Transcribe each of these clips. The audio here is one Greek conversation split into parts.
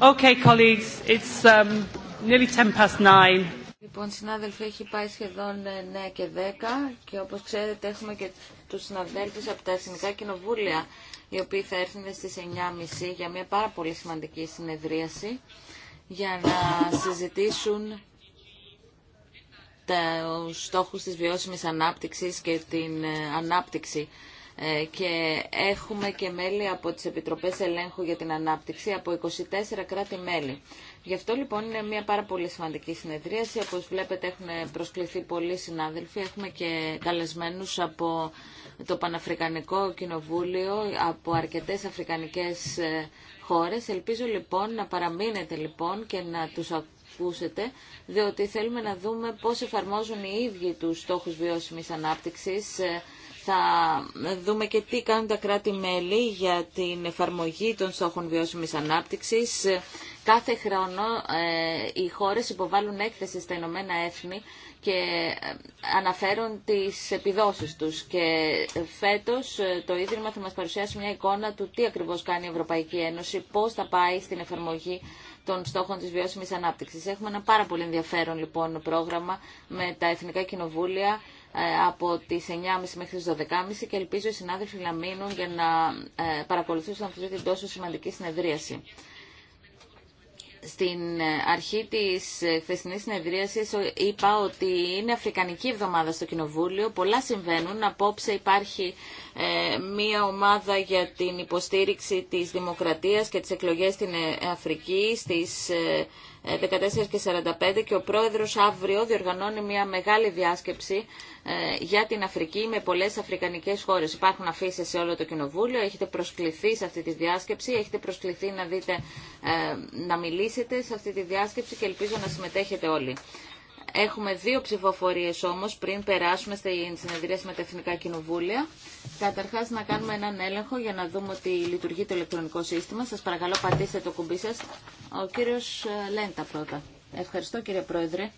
Um, λοιπόν, συνάδελφοι, έχει πάει σχεδόν 9 ε, ναι και 10 και όπως ξέρετε έχουμε και τους συναδέλφους από τα Εθνικά Κοινοβούλια οι οποίοι θα έρθουν στις 9.30 για μια πάρα πολύ σημαντική συνεδρίαση για να συζητήσουν τους ε, στόχους της βιώσιμης ανάπτυξης και την ε, ανάπτυξη ε, και έχουμε και μέλη από τις Επιτροπές Ελέγχου για την Ανάπτυξη από 24 κράτη-μέλη. Γι' αυτό λοιπόν είναι μια πάρα πολύ σημαντική συνεδρίαση. Όπως βλέπετε έχουν προσκληθεί πολλοί συνάδελφοι. Έχουμε και καλεσμένους από το Παναφρικανικό Κοινοβούλιο, από αρκετές αφρικανικές ε, χώρες. Ελπίζω λοιπόν να παραμείνετε λοιπόν και να τους ακούσετε, διότι θέλουμε να δούμε πώς εφαρμόζουν οι ίδιοι τους στόχους βιώσιμης ανάπτυξης ε, θα δούμε και τι κάνουν τα κράτη-μέλη για την εφαρμογή των στόχων βιώσιμης ανάπτυξης. Κάθε χρόνο ε, οι χώρες υποβάλλουν έκθεση στα Ηνωμένα Έθνη και ε, αναφέρουν τις επιδόσεις τους. Και φέτος ε, το Ίδρυμα θα μας παρουσιάσει μια εικόνα του τι ακριβώς κάνει η Ευρωπαϊκή Ένωση, πώς θα πάει στην εφαρμογή των στόχων της βιώσιμης ανάπτυξης. Έχουμε ένα πάρα πολύ ενδιαφέρον λοιπόν πρόγραμμα με τα Εθνικά Κοινοβούλια ε, από τις 9.30 μέχρι τις 12.30 και ελπίζω οι συνάδελφοι να μείνουν για να ε, παρακολουθήσουν αυτή την τόσο σημαντική συνεδρίαση. Στην ε, αρχή της χθεσινής συνεδρίασης είπα ότι είναι Αφρικανική εβδομάδα στο Κοινοβούλιο. Πολλά συμβαίνουν. Απόψε υπάρχει μία ομάδα για την υποστήριξη της δημοκρατίας και τις εκλογές στην Αφρική, στις 14 ε, και 45 και ο πρόεδρος αύριο διοργανώνει μια μεγάλη διάσκεψη ε, για την Αφρική με πολλές αφρικανικές χώρες. Υπάρχουν αφήσει σε όλο το κοινοβούλιο, έχετε προσκληθεί σε αυτή τη διάσκεψη, έχετε προσκληθεί να δείτε, ε, να μιλήσετε σε αυτή τη διάσκεψη και ελπίζω να συμμετέχετε όλοι. Έχουμε δύο ψηφοφορίε όμω πριν περάσουμε στην συνεδρία με τα Εθνικά Κοινοβούλια. Καταρχά να κάνουμε έναν έλεγχο για να δούμε ότι λειτουργεί το ηλεκτρονικό σύστημα. Σα παρακαλώ πατήστε το κουμπί σα. Ο κύριο ε, Λέντα πρώτα. Ευχαριστώ κύριε Πρόεδρε.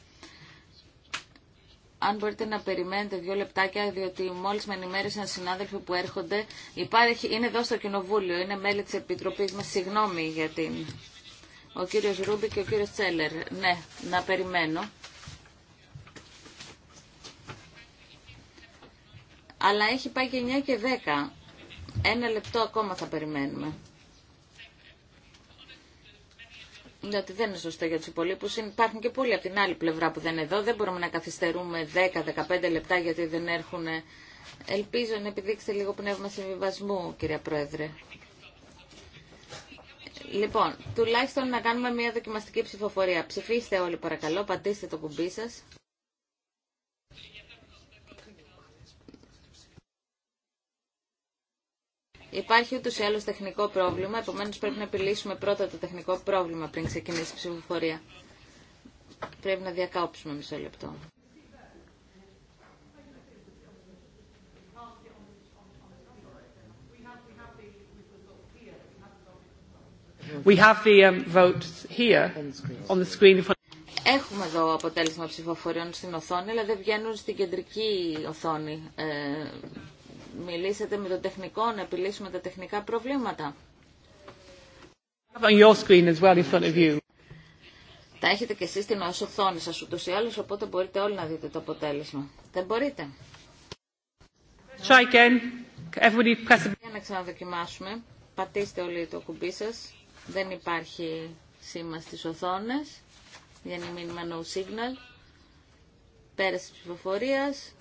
Αν μπορείτε να περιμένετε δύο λεπτάκια, διότι μόλι με ενημέρωσαν συνάδελφοι που έρχονται, υπάρχει, είναι εδώ στο Κοινοβούλιο, είναι μέλη τη Επιτροπή. Με συγγνώμη για την... Ο κύριο Ρούμπι και ο κύριο Τσέλερ. Ναι, να περιμένω. αλλά έχει πάει και 9 και 10. Ένα λεπτό ακόμα θα περιμένουμε. Διότι δεν είναι σωστό για του υπολείπου. Υπάρχουν και πολλοί από την άλλη πλευρά που δεν είναι εδώ. Δεν μπορούμε να καθυστερούμε 10-15 λεπτά γιατί δεν έρχουν. Ελπίζω να επιδείξετε λίγο πνεύμα συμβιβασμού, κυρία Πρόεδρε. Λοιπόν, τουλάχιστον να κάνουμε μια δοκιμαστική ψηφοφορία. Ψηφίστε όλοι παρακαλώ, πατήστε το κουμπί σας. Υπάρχει ούτως ή άλλως τεχνικό πρόβλημα, επομένως πρέπει να επιλύσουμε πρώτα το τεχνικό πρόβλημα πριν ξεκινήσει η ψηφοφορία. Πρέπει να διακάψουμε μισό λεπτό. We have the um, here on the screen. Έχουμε εδώ αποτέλεσμα ψηφοφοριών στην οθόνη, αλλά δεν βγαίνουν στην κεντρική οθόνη ε, μιλήσετε με τον τεχνικό να επιλύσουμε τα τεχνικά προβλήματα. On your screen as well in front of you. Τα έχετε και εσείς στην οθόνη σας ούτως ή άλλως, οπότε μπορείτε όλοι να δείτε το αποτέλεσμα. Δεν μπορείτε. Για να ξαναδοκιμάσουμε. Πατήστε όλοι το κουμπί σας. Δεν υπάρχει σήμα στις οθόνες. Για να μην no signal. Πέρασε της ψηφοφορίας.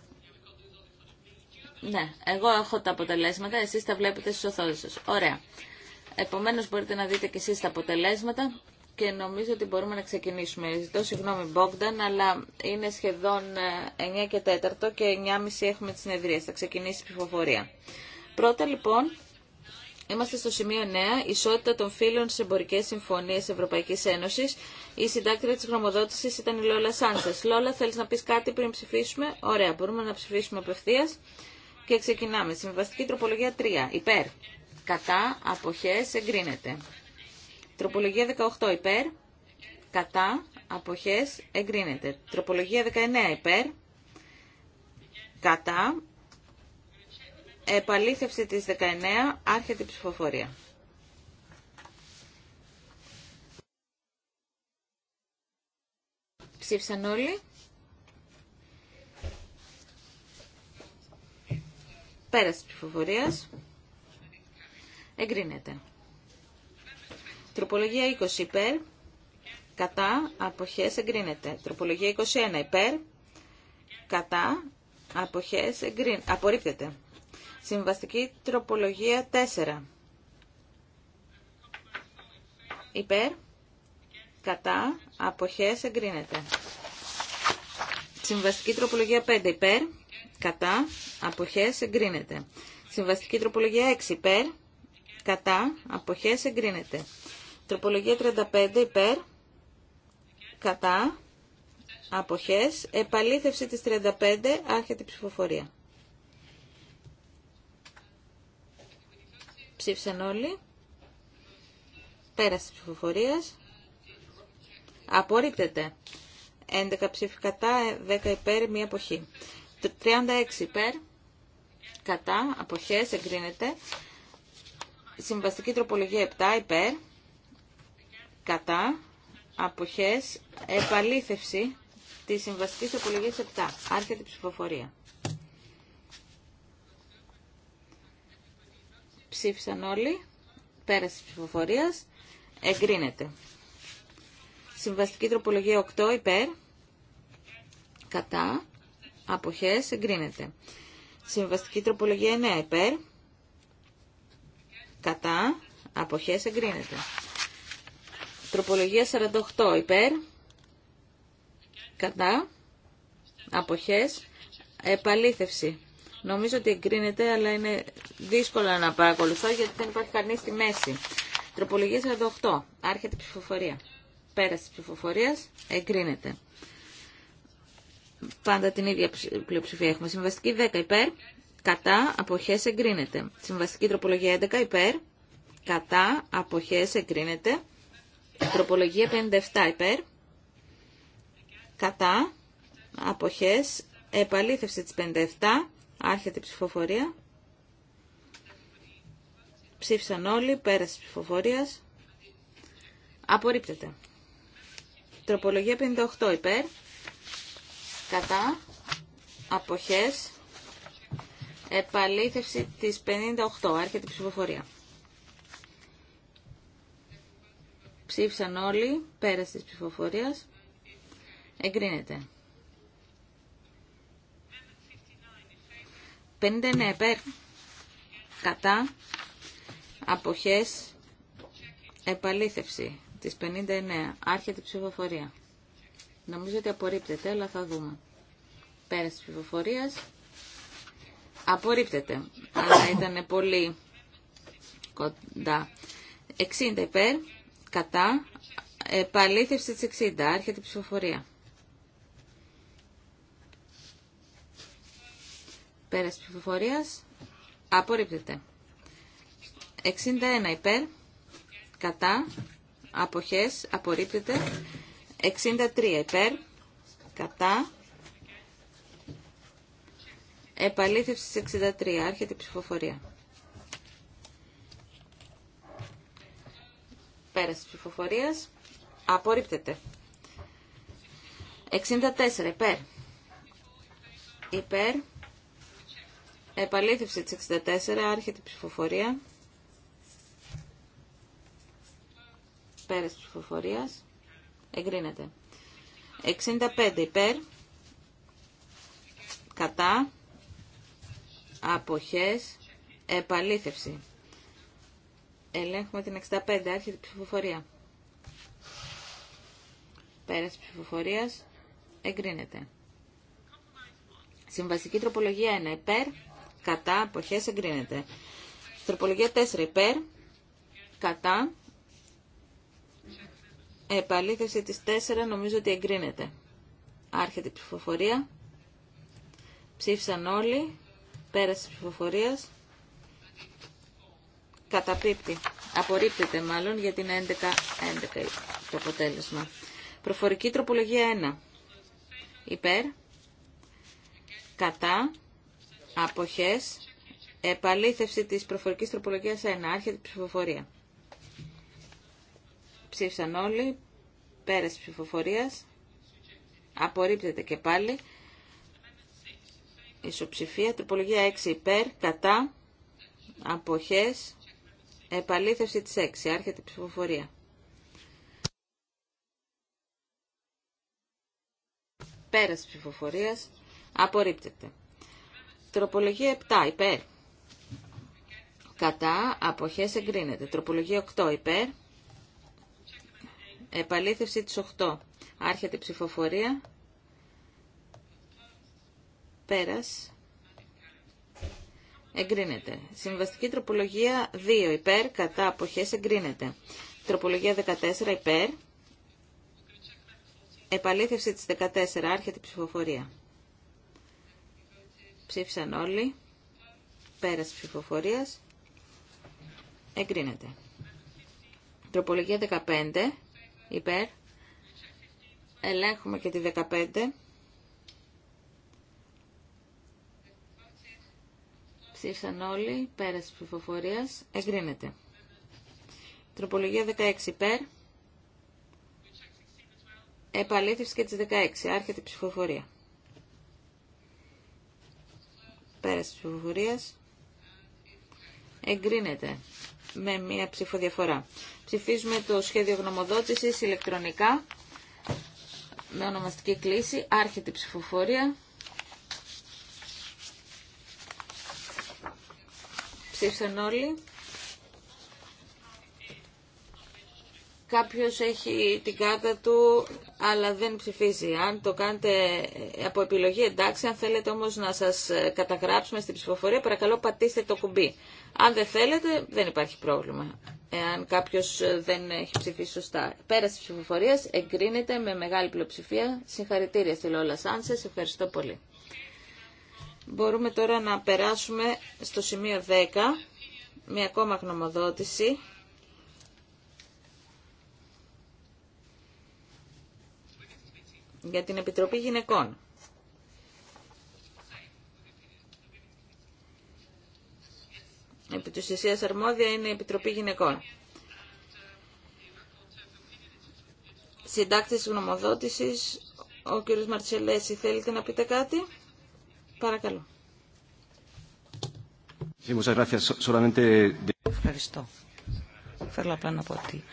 Ναι, εγώ έχω τα αποτελέσματα, εσείς τα βλέπετε στις οθόνες σας. Ωραία. Επομένως μπορείτε να δείτε και εσείς τα αποτελέσματα και νομίζω ότι μπορούμε να ξεκινήσουμε. Ζητώ συγγνώμη Μπόγκταν, αλλά είναι σχεδόν 9 ε, και 4 και 9.30 έχουμε τις συνεδρίες. Θα ξεκινήσει η ψηφοφορία. Πρώτα λοιπόν, είμαστε στο σημείο 9, ισότητα των φίλων στις εμπορικές συμφωνίες Ευρωπαϊκής Ένωσης. Η συντάκτρια της γνωμοδότησης ήταν η Λόλα Σάνσες. Λόλα, θέλεις να πεις κάτι πριν ψηφίσουμε? Ωραία, μπορούμε να ψηφίσουμε απευθείας. Και ξεκινάμε. Συμβαστική τροπολογία 3. Υπέρ. Κατά. Αποχές. Εγκρίνεται. Τροπολογία 18. Υπέρ. Κατά. Αποχές. Εγκρίνεται. Τροπολογία 19. Υπέρ. Κατά. Επαλήθευση της 19. Άρχεται η ψηφοφορία. Ψήφισαν όλοι. Πέραση της Εγκρίνεται. Τροπολογία 20 υπέρ. Κατά. Αποχές εγκρίνεται. Τροπολογία 21 υπέρ. Κατά. Αποχές εγκρίνεται. Συμβαστική τροπολογία 4. Υπέρ. Κατά. Αποχές εγκρίνεται. Συμβαστική τροπολογία 5 υπέρ κατά, αποχές, εγκρίνεται. Συμβαστική τροπολογία 6 υπέρ, κατά, αποχές, εγκρίνεται. Τροπολογία 35 υπέρ, κατά, αποχές, επαλήθευση της 35, άρχεται η ψηφοφορία. Ψήφισαν όλοι. Πέραση ψηφοφορία. ψηφοφορίας. Απορρίπτεται. 11 ψήφι κατά, 10 υπέρ, μία αποχή. 36 υπέρ, κατά, αποχές, εγκρίνεται. Συμβαστική τροπολογία 7 υπέρ, κατά, αποχές, επαλήθευση της συμβαστικής τροπολογίας 7. Άρχεται η ψηφοφορία. Ψήφισαν όλοι. Πέραση της ψηφοφορίας. Εγκρίνεται. Συμβαστική τροπολογία 8 υπέρ. Κατά αποχές εγκρίνεται. Συμβαστική τροπολογία 9 υπέρ, κατά, αποχές εγκρίνεται. Τροπολογία 48 υπέρ, κατά, αποχές, επαλήθευση. Νομίζω ότι εγκρίνεται, αλλά είναι δύσκολο να παρακολουθώ γιατί δεν υπάρχει κανεί στη μέση. Τροπολογία 48. Άρχεται ψηφοφορία. Πέραση τη ψηφοφορία. Εγκρίνεται. Πάντα την ίδια πλειοψηφία έχουμε. Συμβαστική 10 υπέρ, κατά, αποχές εγκρίνεται. Συμβαστική τροπολογία 11 υπέρ, κατά, αποχές εγκρίνεται. Τροπολογία 57 υπέρ, κατά, αποχές, επαλήθευση της 57, άρχεται η ψηφοφορία. Ψήφισαν όλοι, πέρασε ψηφοφορίας. Απορρίπτεται. Τροπολογία 58 υπέρ, κατά αποχές επαλήθευση της 58 άρχεται η ψηφοφορία ψήφισαν όλοι πέρας της ψηφοφορίας εγκρίνεται 59 υπέρ κατά αποχές επαλήθευση της 59 άρχεται η ψηφοφορία Νομίζω ότι απορρίπτεται, αλλά θα δούμε. Πέρα τη ψηφοφορίας. Απορρίπτεται. Αλλά ήταν πολύ κοντά. 60 υπέρ, κατά, επαλήθευση της 60, άρχεται η ψηφοφορία. Πέρα της ψηφοφορίας. Απορρίπτεται. 61 υπέρ, κατά, αποχές, απορρίπτεται. 63 υπέρ, κατά, επαλήθευση 63, άρχεται η ψηφοφορία. Πέραση ψηφοφορίας, απορρίπτεται. 64 υπέρ, υπέρ, επαλήθευση 64, άρχεται η ψηφοφορία. Πέραση ψηφοφορίας Εγκρίνεται. 65 υπέρ. Κατά. Αποχές. Επαλήθευση. Ελέγχουμε την 65. Άρχεται η ψηφοφορία. Πέρας ψηφοφορίας. Εγκρίνεται. Συμβαστική τροπολογία 1 υπέρ. Κατά. Αποχές. Εγκρίνεται. Τροπολογία 4 υπέρ. Κατά. Επαλήθευση της 4 νομίζω ότι εγκρίνεται. Άρχεται η ψηφοφορία. Ψήφισαν όλοι. Πέρασε της ψηφοφορίας. Καταπίπτει. Απορρίπτεται μάλλον για την 11-11 το αποτέλεσμα. Προφορική τροπολογία 1. Υπέρ. Κατά. Αποχές. Επαλήθευση της προφορικής τροπολογίας 1. Άρχεται η ψηφοφορία. Ψήφισαν όλοι. Πέρας ψηφοφορίας. Απορρίπτεται και πάλι. Ισοψηφία. Τροπολογία 6 υπέρ. Κατά. Αποχές. Επαλήθευση της 6. Άρχεται η ψηφοφορία. Πέρας ψηφοφορίας. Απορρίπτεται. Τροπολογία 7 υπέρ. Κατά. Αποχές εγκρίνεται. Τροπολογία 8 υπέρ. Επαλήθευση της 8. Άρχεται η ψηφοφορία. Πέρας. Εγκρίνεται. Συμβαστική τροπολογία 2 υπέρ, κατά αποχές εγκρίνεται. Τροπολογία 14 υπέρ. Επαλήθευση της 14. Άρχεται η ψηφοφορία. Ψήφισαν όλοι. Πέρας ψηφοφορίας. Εγκρίνεται. Τροπολογία 15 υπέρ. Ελέγχουμε και τη 15. Ψήφισαν όλοι, πέρας της ψηφοφορίας, εγκρίνεται. Τροπολογία 16 υπέρ. Επαλήθευση και τις 16, άρχεται η ψηφοφορία. Πέρας της ψηφοφορίας, εγκρίνεται με μία ψηφοδιαφορά Ψηφίζουμε το σχέδιο γνωμοδότησης ηλεκτρονικά με ονομαστική κλίση. Άρχεται η ψηφοφορία. Ψήφισαν όλοι. Κάποιος έχει την κάρτα του, αλλά δεν ψηφίζει. Αν το κάνετε από επιλογή, εντάξει. Αν θέλετε όμως να σας καταγράψουμε στην ψηφοφορία, παρακαλώ πατήστε το κουμπί. Αν δεν θέλετε, δεν υπάρχει πρόβλημα εάν κάποιο δεν έχει ψηφίσει σωστά. Πέραση τη ψηφοφορίας εγκρίνεται με μεγάλη πλειοψηφία. Συγχαρητήρια στη Λόλα Σάνσες. Ευχαριστώ πολύ. Μπορούμε τώρα να περάσουμε στο σημείο 10, μια ακόμα γνωμοδότηση. για την Επιτροπή Γυναικών. επί της ουσίας αρμόδια είναι η Επιτροπή Γυναικών. Συντάκτης γνωμοδότησης, ο κύριος Μαρτσελέση, θέλετε να πείτε κάτι. Παρακαλώ. Ευχαριστώ. Θέλω απλά να πω ότι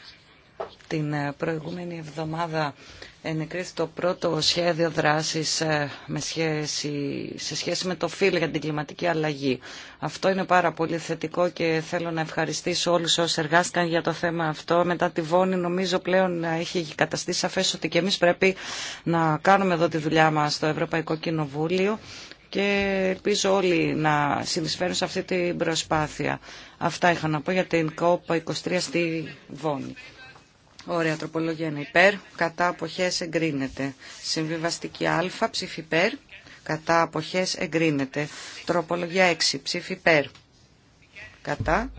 την ε, προηγούμενη εβδομάδα ενεκρίθη το πρώτο σχέδιο δράσης ε, με σχέση, σε σχέση με το φίλ για την κλιματική αλλαγή. Αυτό είναι πάρα πολύ θετικό και θέλω να ευχαριστήσω όλους όσοι εργάστηκαν για το θέμα αυτό. Μετά τη Βόνη νομίζω πλέον έχει καταστήσει σαφές ότι και εμείς πρέπει να κάνουμε εδώ τη δουλειά μας στο Ευρωπαϊκό Κοινοβούλιο και ελπίζω όλοι να συνεισφέρουν σε αυτή την προσπάθεια. Αυτά είχα να πω για την COP23 στη Βόνη. Ωραία, τροπολογία είναι υπέρ. Κατά αποχές εγκρίνεται. Συμβιβαστική α, ψήφι υπέρ. Κατά αποχές εγκρίνεται. Τροπολογία 6, ψήφι υπέρ. Κατά.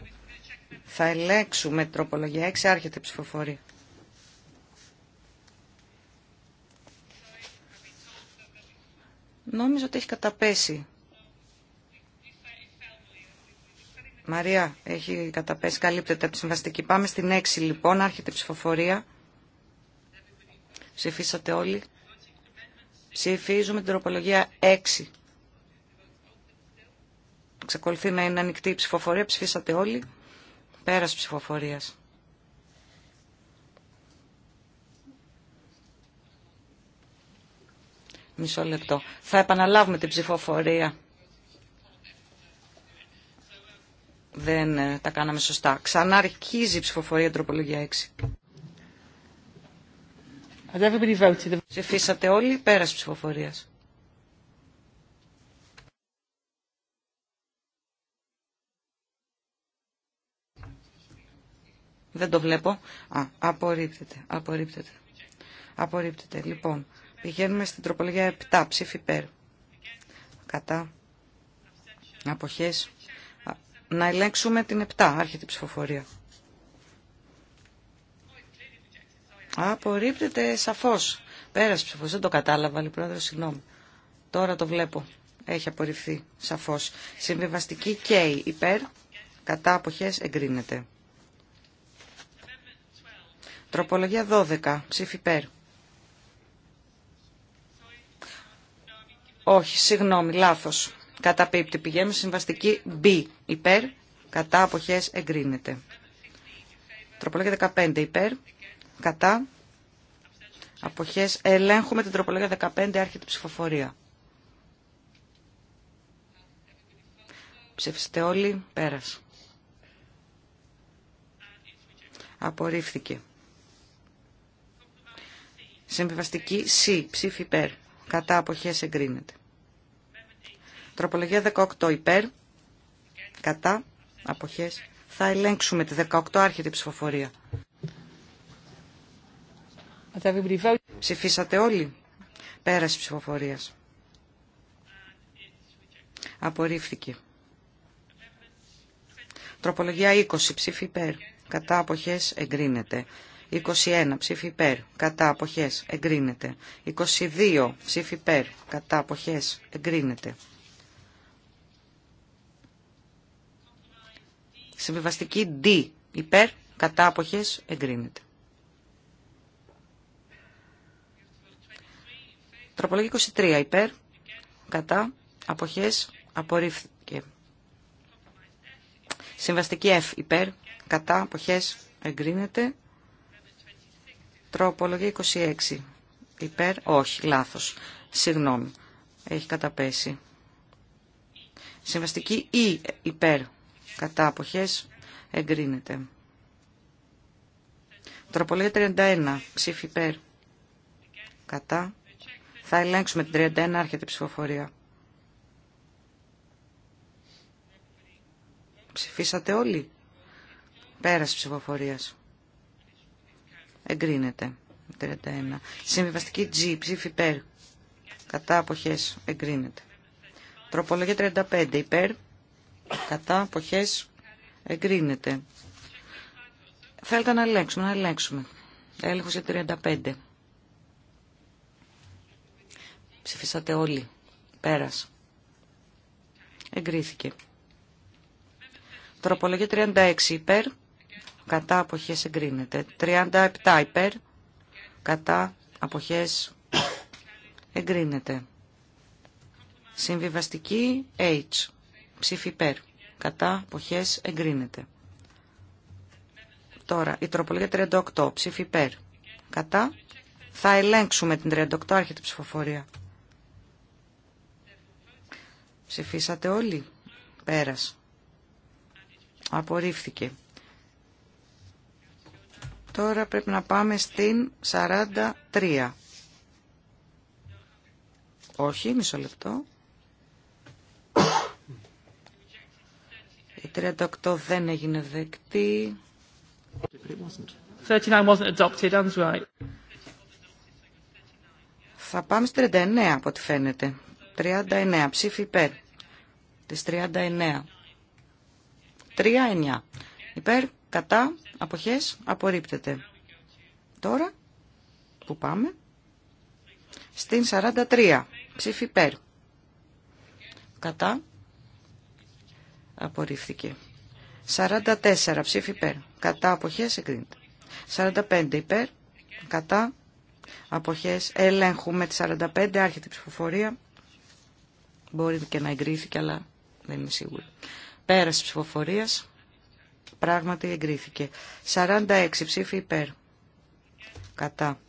Θα ελέξουμε τροπολογία 6, άρχεται ψηφοφορία. Νόμιζα ότι έχει καταπέσει Μαρία, έχει καταπέσει, καλύπτεται από τη συμβαστική. Πάμε στην 6 λοιπόν, άρχεται η ψηφοφορία. Ψηφίσατε όλοι. Ψηφίζουμε την τροπολογία 6. Ξεκολουθεί να είναι ανοιχτή η ψηφοφορία. Ψηφίσατε όλοι. Πέρας ψηφοφορίας. Μισό λεπτό. Θα επαναλάβουμε την ψηφοφορία. δεν ε, τα κάναμε σωστά. Ξανά αρχίζει η ψηφοφορία τροπολογία 6. Ψηφίσατε όλοι πέρας ψηφοφορία. Δεν το βλέπω. Α, απορρίπτεται, απορρίπτεται. Απορρίπτεται. Λοιπόν, πηγαίνουμε στην τροπολογία 7, ψήφι υπέρ. Κατά. Αποχές. Να ελέγξουμε την 7, άρχεται η ψηφοφορία. Απορρίπτεται σαφώς. Πέρασε ψηφοφορία, δεν το κατάλαβα, λοιπόν, πρόεδρο, συγγνώμη. Τώρα το βλέπω. Έχει απορριφθεί, σαφώς. Συμβιβαστική K, υπέρ, κατά αποχές, εγκρίνεται. Τροπολογία 12, ψήφι υπέρ. Όχι, συγγνώμη, λάθος. Καταπίπτει. Πηγαίνουμε στη συμβαστική B. Υπέρ. Κατά αποχές εγκρίνεται. Τροπολογία 15. Υπέρ. Κατά αποχές ελέγχουμε την τροπολογία 15. Άρχεται ψηφοφορία. Ψηφίστε όλοι. Πέρας. Απορρίφθηκε. Συμβιβαστική C. Ψήφι υπέρ. Κατά αποχές εγκρίνεται. Τροπολογία 18 υπέρ, κατά, αποχές. Θα ελέγξουμε τη 18 άρχεται η ψηφοφορία. Ψηφίσατε όλοι. Πέραση ψηφοφορίας. Απορρίφθηκε. Τροπολογία 20 ψήφι υπέρ. Κατά αποχές εγκρίνεται. 21 ψήφι υπέρ. Κατά αποχές εγκρίνεται. 22 ψήφι υπέρ. Κατά αποχές εγκρίνεται. Συμβαστική D υπέρ κατά αποχές εγκρίνεται. Τροπολογία 23 υπέρ κατά αποχές απορρίφθηκε. Συμβαστική F υπέρ κατά αποχές εγκρίνεται. Τροπολογία 26 υπέρ όχι λάθος. Συγγνώμη. Έχει καταπέσει. Συμβαστική E υπέρ κατά αποχές εγκρίνεται. Τροπολογία 31, ψήφι υπέρ, κατά. Θα ελέγξουμε την 31, άρχεται ψηφοφορία. Ψηφίσατε όλοι. Πέρασε ψηφοφορίας. Εγκρίνεται. 31. Συμβιβαστική G, ψήφι υπέρ. Κατά αποχές, εγκρίνεται. Τροπολογία 35, υπέρ κατά αποχές εγκρίνεται. Θέλετε να ελέγξουμε, να ελέγξουμε. Έλεγχος για 35. Ψηφίσατε όλοι. Πέρας. Εγκρίθηκε. Τροπολογία 36 υπέρ. Κατά αποχές εγκρίνεται. 37 υπέρ. Κατά αποχές εγκρίνεται. Συμβιβαστική H ψήφι Κατά ποχέ εγκρίνεται. Τώρα, η τροπολογία 38, ψήφι υπέρ. Κατά. Θα ελέγξουμε την 38, άρχεται ψηφοφορία. Ψηφίσατε όλοι. Πέρας. Απορρίφθηκε. Τώρα πρέπει να πάμε στην 43. Όχι, μισό λεπτό. 38 δεν έγινε δεκτή. 39 wasn't adopted, right. Θα πάμε στη 39 από ό,τι φαίνεται. 39 ψήφι υπέρ. Τη 39. 39. Υπέρ, κατά, αποχές, απορρίπτεται. Τώρα, που πάμε, στην 43. Ψήφι υπέρ. Κατά, Απορρίφθηκε. 44 ψήφι υπέρ. Κατά αποχές εγκρίνεται. 45 υπέρ. Κατά αποχές. Ελέγχουμε τις 45. Άρχεται η ψηφοφορία. Μπορεί και να εγκρίθηκε αλλά δεν είμαι σίγουρη. Πέραση ψηφοφορίας. Πράγματι εγκρίθηκε. 46 ψήφι υπέρ. Κατά.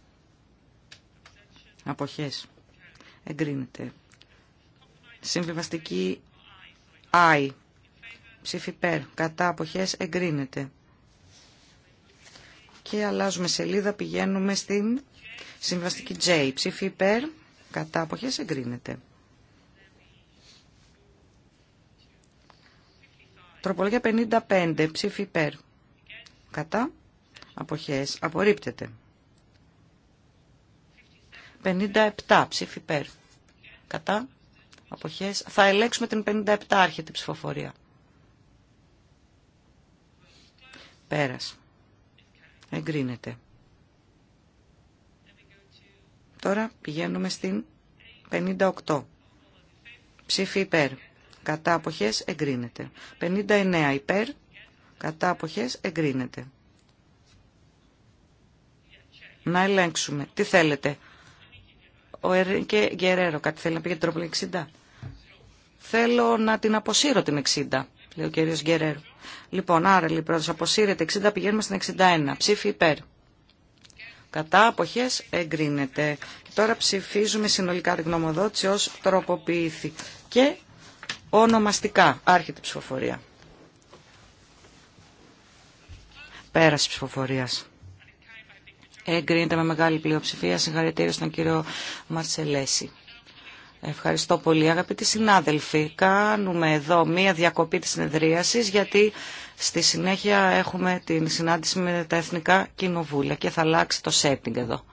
Αποχές. Εγκρίνεται. Συμβιβαστική I ψήφι κατά αποχές εγκρίνεται. Και αλλάζουμε σελίδα, πηγαίνουμε στην συμβαστική J. Ψήφι περ κατά αποχές εγκρίνεται. Τροπολογία 55, ψήφι Κατά, αποχές, απορρίπτεται. 57, ψήφι περ Κατά, αποχές. Θα ελέγξουμε την 57, άρχεται η ψηφοφορία. Πέρας. Εγκρίνεται. Τώρα πηγαίνουμε στην 58. Ψήφι υπέρ. Κατά αποχές εγκρίνεται. 59 υπέρ. Κατά αποχές εγκρίνεται. Να ελέγξουμε. Τι θέλετε. Ο Ερνικέ Γκερέρο κάτι θέλει να πει για την τρόπο 60. Θέλω να την αποσύρω την 60 λέει ο κύριο Γκερέρο. Λοιπόν, άρα λοιπόν, αποσύρεται 60, πηγαίνουμε στην 61. Ψήφι υπέρ. Κατά απόχε, εγκρίνεται. Τώρα ψηφίζουμε συνολικά την γνωμοδότηση ω τροποποιήθη και ονομαστικά άρχεται η ψηφοφορία. Πέραση ψηφοφορίας. Εγκρίνεται με μεγάλη πλειοψηφία. Συγχαρητήρια στον κύριο Μαρσελέση. Ευχαριστώ πολύ αγαπητοί συνάδελφοι. Κάνουμε εδώ μία διακοπή της συνεδρίασης γιατί στη συνέχεια έχουμε την συνάντηση με τα Εθνικά Κοινοβούλια και θα αλλάξει το setting εδώ.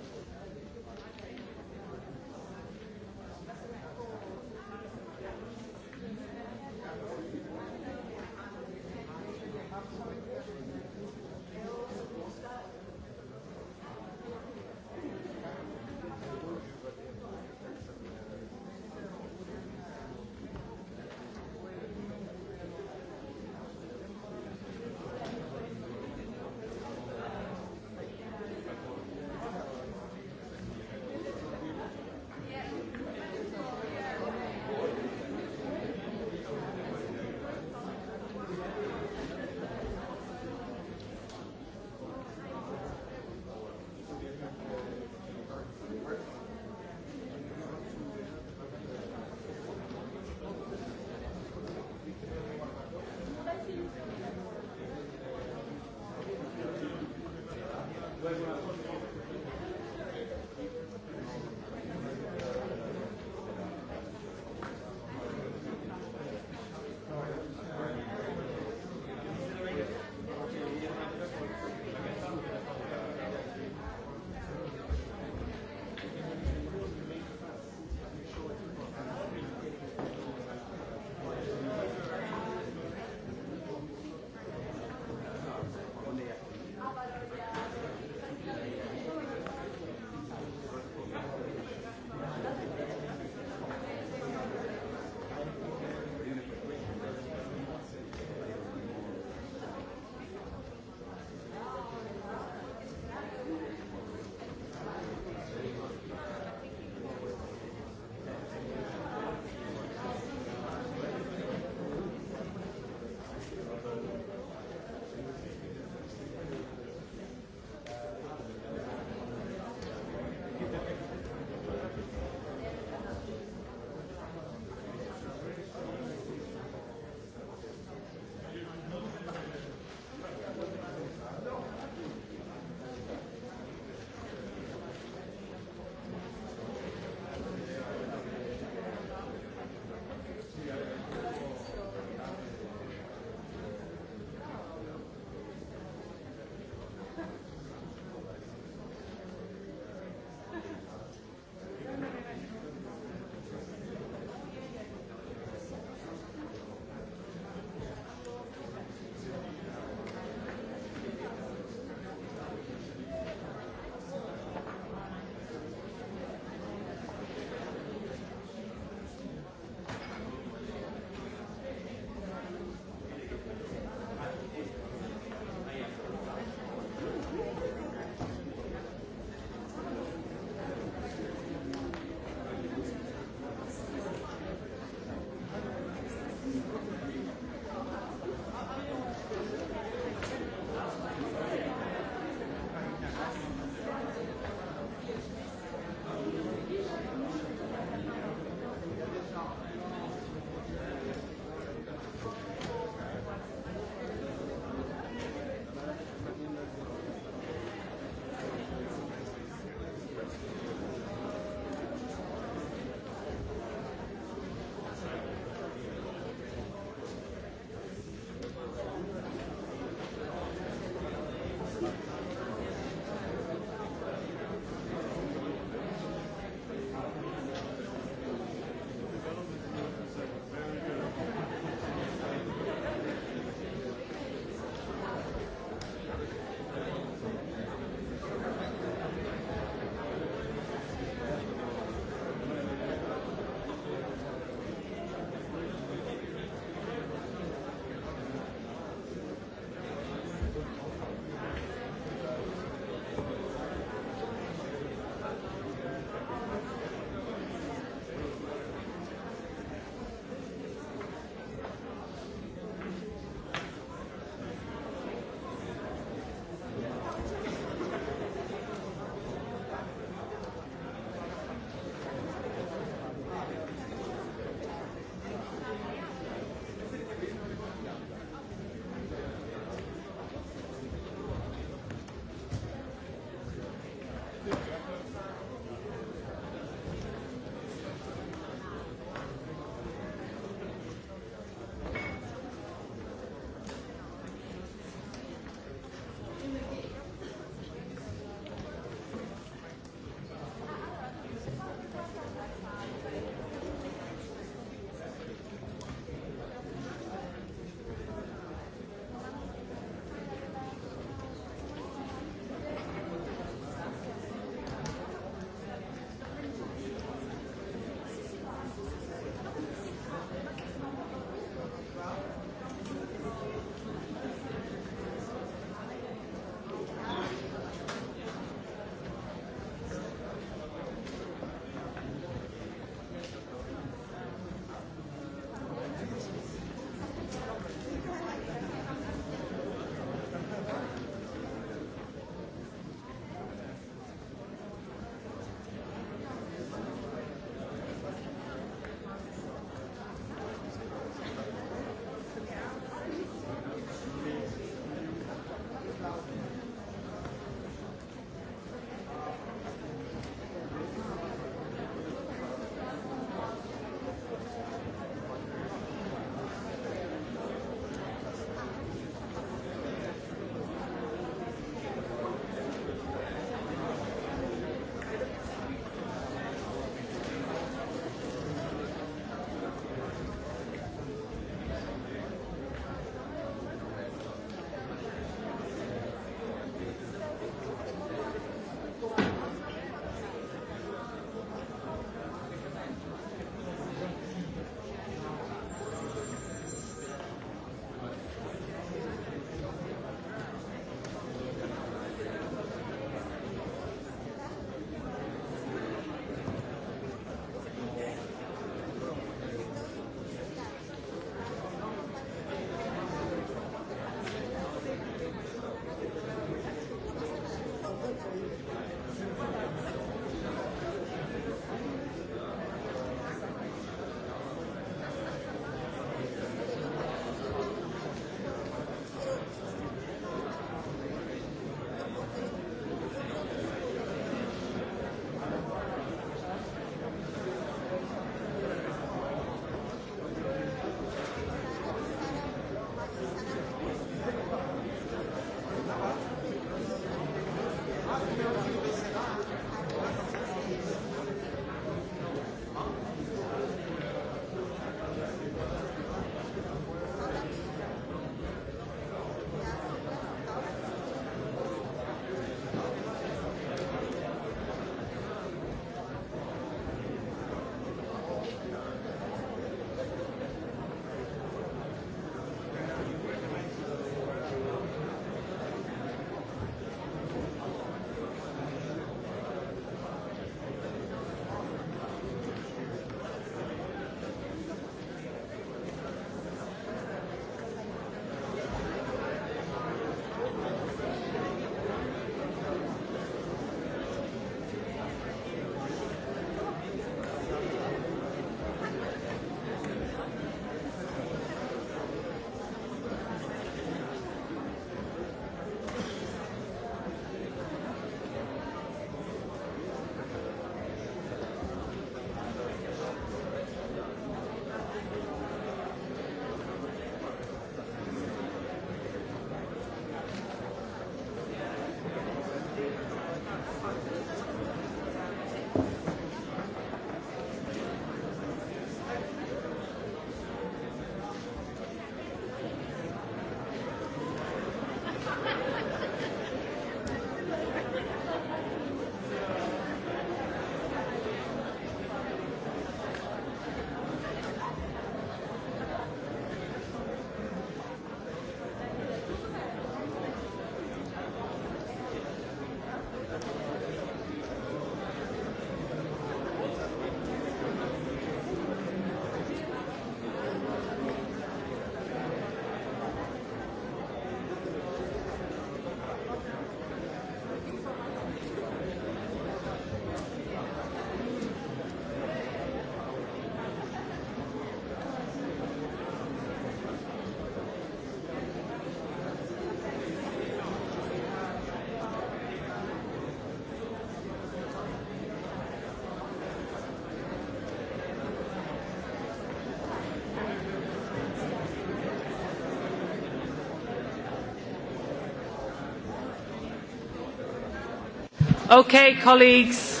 Okay, colleagues,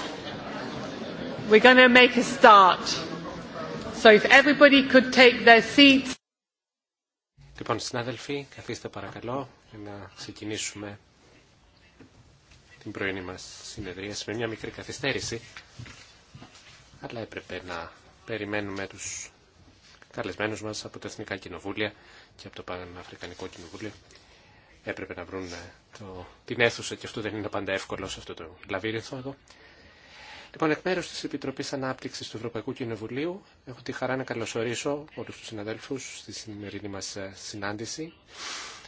we're going to make a start. So if everybody could take their seats. Λοιπόν, συνάδελφοι, καθίστε παρακαλώ για να ξεκινήσουμε την πρωινή μας συνεδρία με μια μικρή καθυστέρηση, αλλά έπρεπε να περιμένουμε τους καλεσμένους μας από τα Εθνικά Κοινοβούλια και από το Παναφρικανικό Κοινοβούλιο έπρεπε να βρουν το, την αίθουσα και αυτό δεν είναι πάντα εύκολο σε αυτό το λαβύρινθο εδώ. Λοιπόν, εκ μέρου τη Επιτροπή Ανάπτυξη του Ευρωπαϊκού Κοινοβουλίου, έχω τη χαρά να καλωσορίσω όλου του συναδέλφου στη σημερινή μα ε, συνάντηση.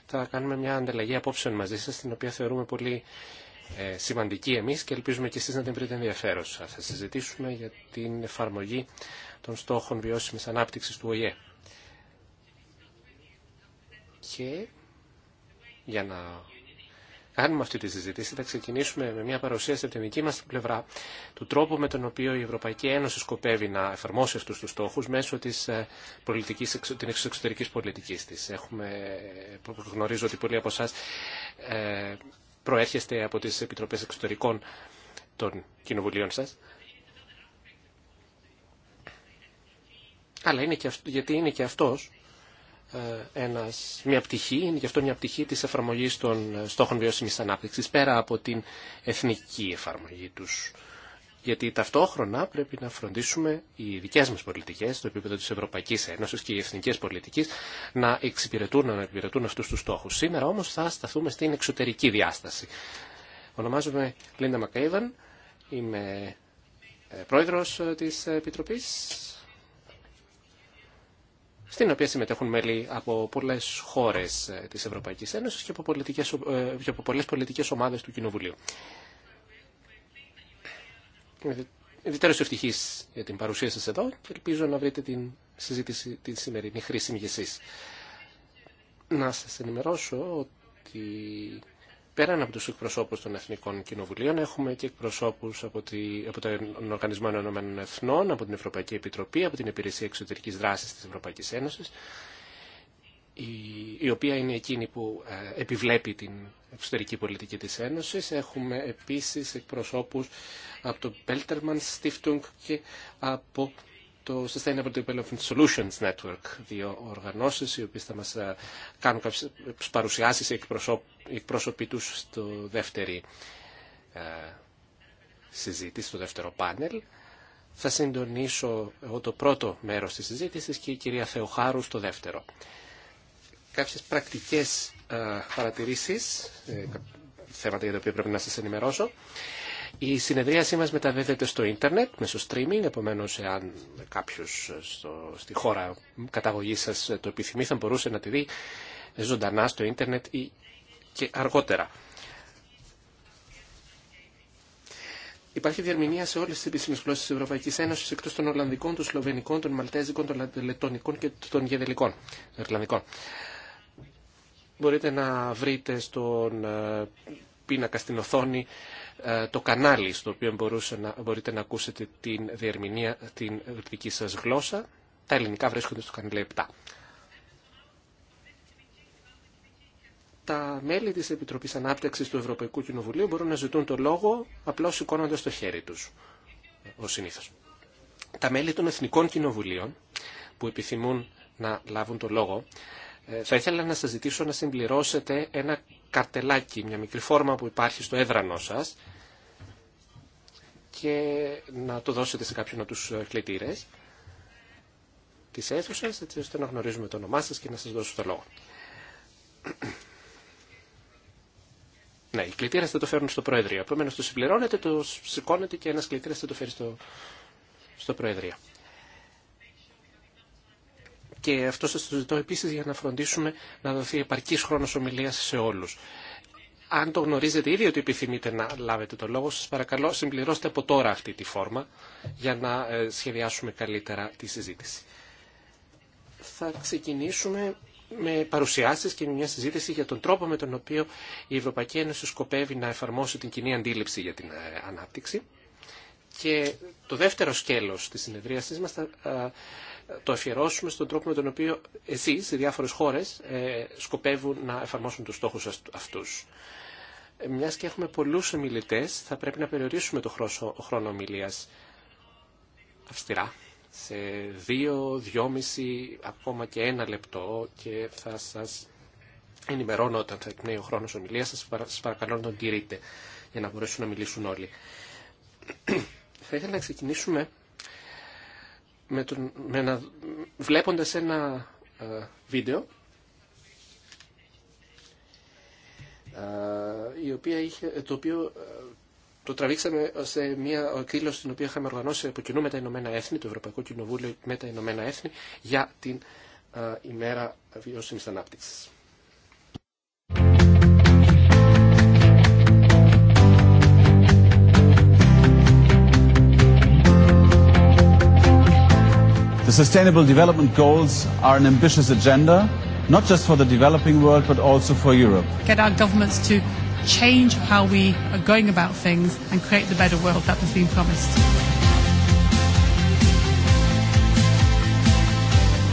Θα κάνουμε μια ανταλλαγή απόψεων μαζί σα, την οποία θεωρούμε πολύ ε, σημαντική εμεί και ελπίζουμε και εσεί να την βρείτε ενδιαφέρουσα. Θα συζητήσουμε για την εφαρμογή των στόχων βιώσιμη ανάπτυξη του ΟΗΕ για να κάνουμε αυτή τη συζήτηση, θα ξεκινήσουμε με μια παρουσίαση από την δική μα πλευρά του τρόπου με τον οποίο η Ευρωπαϊκή Ένωση σκοπεύει να εφαρμόσει αυτού του στόχου μέσω τη ε, πολιτικής, της εξωτερική πολιτική τη. Έχουμε, γνωρίζω ότι πολλοί από εσά ε, προέρχεστε από τι επιτροπέ εξωτερικών των κοινοβουλίων σα. Αλλά είναι γιατί είναι και αυτός ε, ένας, μια πτυχή, είναι γι' αυτό μια πτυχή της εφαρμογής των ε, στόχων βιώσιμης ανάπτυξης πέρα από την εθνική εφαρμογή τους. Γιατί ταυτόχρονα πρέπει να φροντίσουμε οι δικές μας πολιτικές, στο επίπεδο της Ευρωπαϊκής Ένωσης και οι εθνικές πολιτικές, να εξυπηρετούν, να εξυπηρετούν αυτούς τους στόχους. Σήμερα όμως θα σταθούμε στην εξωτερική διάσταση. Ονομάζομαι Λίντα Μακαίβαν, είμαι ε, πρόεδρος της Επιτροπής στην οποία συμμετέχουν μέλη από πολλές χώρες ε, της Ευρωπαϊκής Ένωσης και από, πολιτικές, ε, από πολλές πολιτικές ομάδες του Κοινοβουλίου. Ιδιαίτερως ευτυχής για την παρουσία σας εδώ και ελπίζω να βρείτε την συζήτηση τη σημερινή χρήσιμη για εσείς. Να σας ενημερώσω ότι πέραν από τους εκπροσώπους των Εθνικών Κοινοβουλίων έχουμε και εκπροσώπους από, από τον Οργανισμό Ενωμένων Εθνών, από την Ευρωπαϊκή Επιτροπή, από την Υπηρεσία Εξωτερικής Δράσης της Ευρωπαϊκής Ένωσης, η, οποία είναι εκείνη που ε, επιβλέπει την εξωτερική πολιτική της Ένωσης. Έχουμε επίσης εκπροσώπους από το Πέλτερμαν Stiftung και από το Sustainable Development Solutions Network, δύο οργανώσεις οι οποίες θα μας ε, κάνουν κάποιες παρουσιάσεις εκπρόσωποι τους στο δεύτερη ε, συζήτηση, στο δεύτερο πάνελ. Θα συντονίσω εγώ το πρώτο μέρος της συζήτησης και η κυρία Θεοχάρου στο δεύτερο. Κάποιες πρακτικές ε, παρατηρήσεις, θέματα για τα οποία πρέπει να σα ενημερώσω. Η συνεδρίασή μας μεταδίδεται στο ίντερνετ, μέσω streaming, επομένως εάν κάποιος στο, στη χώρα καταγωγής σας το επιθυμεί θα μπορούσε να τη δει ζωντανά στο ίντερνετ ή και αργότερα. Υπάρχει διερμηνία σε όλες τις επίσημε γλώσσε τη Ευρωπαϊκή Ένωση εκτό των Ολλανδικών, των Σλοβενικών, των Μαλτέζικων, των Λετωνικών και των Γεδελικών. Μπορείτε να βρείτε στον ε, πίνακα στην οθόνη ε, το κανάλι στο οποίο μπορούσε να, μπορείτε να ακούσετε την διερμηνία την δική σας γλώσσα. Τα ελληνικά βρίσκονται στο κανάλι 7. Τα μέλη της Επιτροπής Ανάπτυξης του Ευρωπαϊκού Κοινοβουλίου μπορούν να ζητούν το λόγο απλώς σηκώνοντας το χέρι τους, ε, ως συνήθως. Τα μέλη των Εθνικών Κοινοβουλίων που επιθυμούν να λάβουν το λόγο, ε, θα ήθελα να σας ζητήσω να συμπληρώσετε ένα καρτελάκι, μια μικρή φόρμα που υπάρχει στο έδρανό σας, και να το δώσετε σε κάποιον από τους ε, κλητήρες της αίθουσας, έτσι ώστε να γνωρίζουμε το όνομά σας και να σας δώσω το λόγο. Ναι, οι κλητήρες θα το φέρουν στο Προεδρείο. Επομένω, το συμπληρώνετε, το σηκώνετε και ένας κλητήρας θα το φέρει στο, στο Προεδρείο. Και αυτό σας το ζητώ επίση για να φροντίσουμε να δοθεί επαρκής χρόνος ομιλίας σε όλους... Αν το γνωρίζετε ήδη ότι επιθυμείτε να λάβετε το λόγο, σας παρακαλώ συμπληρώστε από τώρα αυτή τη φόρμα για να ε, σχεδιάσουμε καλύτερα τη συζήτηση. Θα ξεκινήσουμε με παρουσιάσεις και με μια συζήτηση για τον τρόπο με τον οποίο η Ευρωπαϊκή Ένωση σκοπεύει να εφαρμόσει την κοινή αντίληψη για την ε, ανάπτυξη. Και το δεύτερο σκέλος της συνεδρίασής μας θα ε, το αφιερώσουμε στον τρόπο με τον οποίο εσείς, οι διάφορες χώρες, σκοπεύουν να εφαρμόσουν τους στόχους αυτούς μιας και έχουμε πολλούς ομιλητές, θα πρέπει να περιορίσουμε το χρόνο ομιλίας αυστηρά σε δύο, δυόμιση, ακόμα και ένα λεπτό και θα σας ενημερώνω όταν θα εκπνέει ο χρόνος ομιλίας. Σας παρακαλώ να τον κηρύτε για να μπορέσουν να μιλήσουν όλοι. θα ήθελα να ξεκινήσουμε με με ένα, βλέποντας ένα ε, βίντεο Ε, η οποία είχε, το οποίο ε, το τραβήξαμε σε μια εκδήλωση την οποία είχαμε οργανώσει από κοινού με τα Ηνωμένα Έθνη, το Ευρωπαϊκό Κοινοβούλιο με τα Ηνωμένα Έθνη, για την ε, ημέρα βιώσιμη ανάπτυξη. The Sustainable Development Goals are an ambitious agenda not just for the developing world, but also for Europe. Get our governments to change how we are going about things and create the better world that has been promised.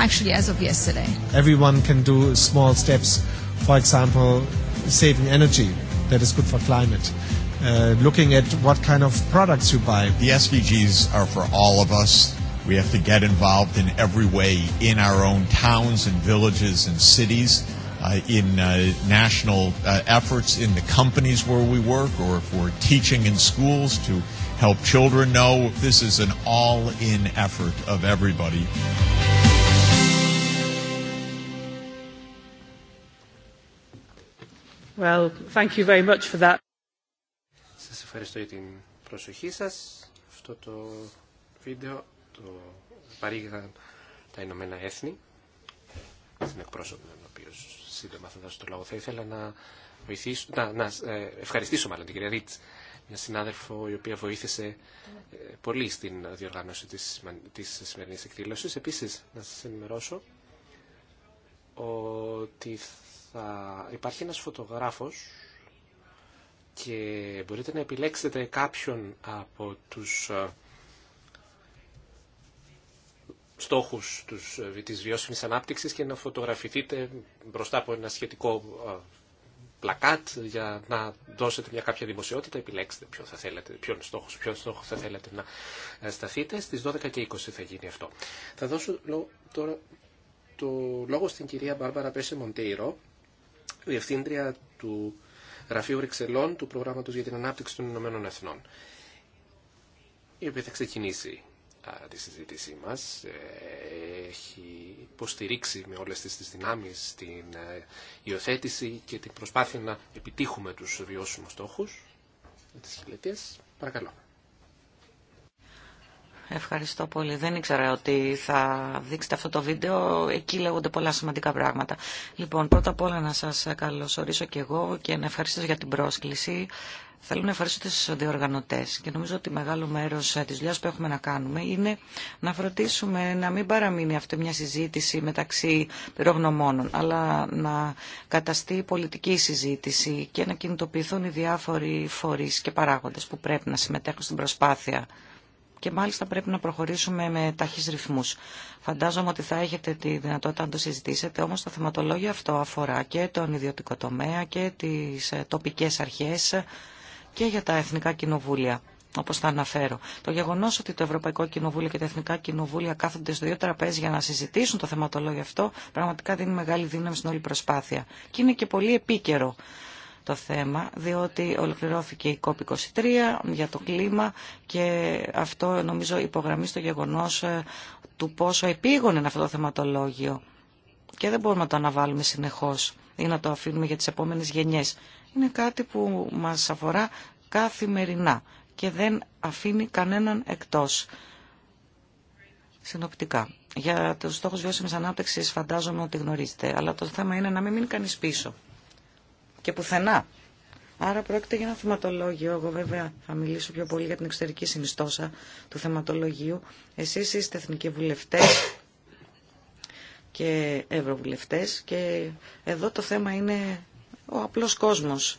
actually as of yesterday. Everyone can do small steps, for example, saving energy. That is good for climate. Looking at what kind of products you buy. The SDGs are for all of us. We have to get involved in every way in our own towns and villages and cities, in national efforts in the companies where we work, or if we're teaching in schools to help children know this is an all-in effort of everybody. Well, Σας ευχαριστώ για την προσοχή σας. Αυτό το βίντεο το παρήγαγαν τα Ηνωμένα Έθνη στην εκπρόσωπο με τον οποίο σύντομα θα δώσω το λόγο. Θα ήθελα να, βοηθήσω, να, να ε, ευχαριστήσω μάλλον την κυρία Ρίτς, μια συνάδελφο η οποία βοήθησε ε, πολύ στην διοργάνωση της, της σημερινής εκδήλωσης. Επίσης, να σας ενημερώσω ότι θα υπάρχει ένας φωτογράφος και μπορείτε να επιλέξετε κάποιον από τους ε, στόχους τους, ε, της βιώσιμης ανάπτυξης και να φωτογραφηθείτε μπροστά από ένα σχετικό ε, πλακάτ για να δώσετε μια κάποια δημοσιότητα, επιλέξτε ποιο θα θέλετε, ποιον στόχο, ποιον στόχο θα θέλετε να σταθείτε. Στις 12 και 20 θα γίνει αυτό. Θα δώσω τώρα το λόγο στην κυρία Μπάρμπαρα Πέσε Μοντέιρο, διευθύντρια του Γραφείου Ρεξελών, του Προγράμματος για την Ανάπτυξη των Ηνωμένων Εθνών, η οποία θα ξεκινήσει τη συζήτησή μας. Ε, έχει υποστηρίξει με όλες τις δυνάμεις την ε, υιοθέτηση και την προσπάθεια να επιτύχουμε τους βιώσιμους στόχους της χιλιετίας. Παρακαλώ. Ευχαριστώ πολύ. Δεν ήξερα ότι θα δείξετε αυτό το βίντεο. Εκεί λέγονται πολλά σημαντικά πράγματα. Λοιπόν, πρώτα απ' όλα να σας καλωσορίσω και εγώ και να ευχαριστήσω για την πρόσκληση. Θέλω να ευχαριστήσω τους διοργανωτές και νομίζω ότι μεγάλο μέρος ε, της δουλειά που έχουμε να κάνουμε είναι να φροντίσουμε να μην παραμείνει αυτή μια συζήτηση μεταξύ πυρογνωμόνων, αλλά να καταστεί πολιτική συζήτηση και να κινητοποιηθούν οι διάφοροι φορείς και παράγοντες που πρέπει να συμμετέχουν στην προσπάθεια και μάλιστα πρέπει να προχωρήσουμε με ταχύς ρυθμούς. Φαντάζομαι ότι θα έχετε τη δυνατότητα να το συζητήσετε, όμως το θεματολόγιο αυτό αφορά και τον ιδιωτικό τομέα και τις ε, τοπικές αρχές και για τα εθνικά κοινοβούλια όπω θα αναφέρω. Το γεγονό ότι το Ευρωπαϊκό Κοινοβούλιο και τα Εθνικά Κοινοβούλια κάθονται στο δύο τραπέζι για να συζητήσουν το θεματολόγιο αυτό, πραγματικά δίνει μεγάλη δύναμη στην όλη προσπάθεια. Και είναι και πολύ επίκαιρο το θέμα, διότι ολοκληρώθηκε η COP23 για το κλίμα και αυτό νομίζω υπογραμμίζει το γεγονός ε, του πόσο επίγον είναι αυτό το θεματολόγιο. Και δεν μπορούμε να το αναβάλουμε συνεχώς ή να το αφήνουμε για τις επόμενες γενιές. Είναι κάτι που μας αφορά καθημερινά και δεν αφήνει κανέναν εκτός. Συνοπτικά. Για τους στόχους βιώσιμης ανάπτυξης φαντάζομαι ότι γνωρίζετε, αλλά το θέμα είναι να μην μείνει κανείς πίσω και πουθενά. Άρα πρόκειται για ένα θεματολόγιο. Εγώ βέβαια θα μιλήσω πιο πολύ για την εξωτερική συνιστόσα του θεματολογίου. Εσείς είστε εθνικοί βουλευτές και ευρωβουλευτές και εδώ το θέμα είναι ο απλός κόσμος.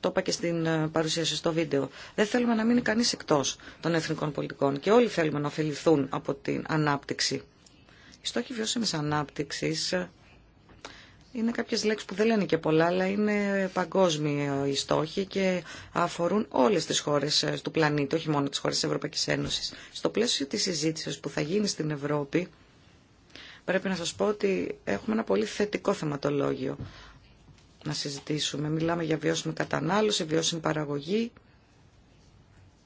Το είπα και στην ε, παρουσίαση στο βίντεο. Δεν θέλουμε να μείνει κανείς εκτός των εθνικών πολιτικών και όλοι θέλουμε να ωφεληθούν από την ανάπτυξη. στόχοι βιώσιμης ανάπτυξης είναι κάποιες λέξεις που δεν λένε και πολλά, αλλά είναι παγκόσμιοι ε, οι στόχοι και αφορούν όλες τις χώρες ε, του πλανήτη, όχι μόνο τις χώρες της Ευρωπαϊκής Ένωσης. Στο πλαίσιο της συζήτησης που θα γίνει στην Ευρώπη, πρέπει να σας πω ότι έχουμε ένα πολύ θετικό θεματολόγιο να συζητήσουμε. Μιλάμε για βιώσιμη κατανάλωση, βιώσιμη παραγωγή,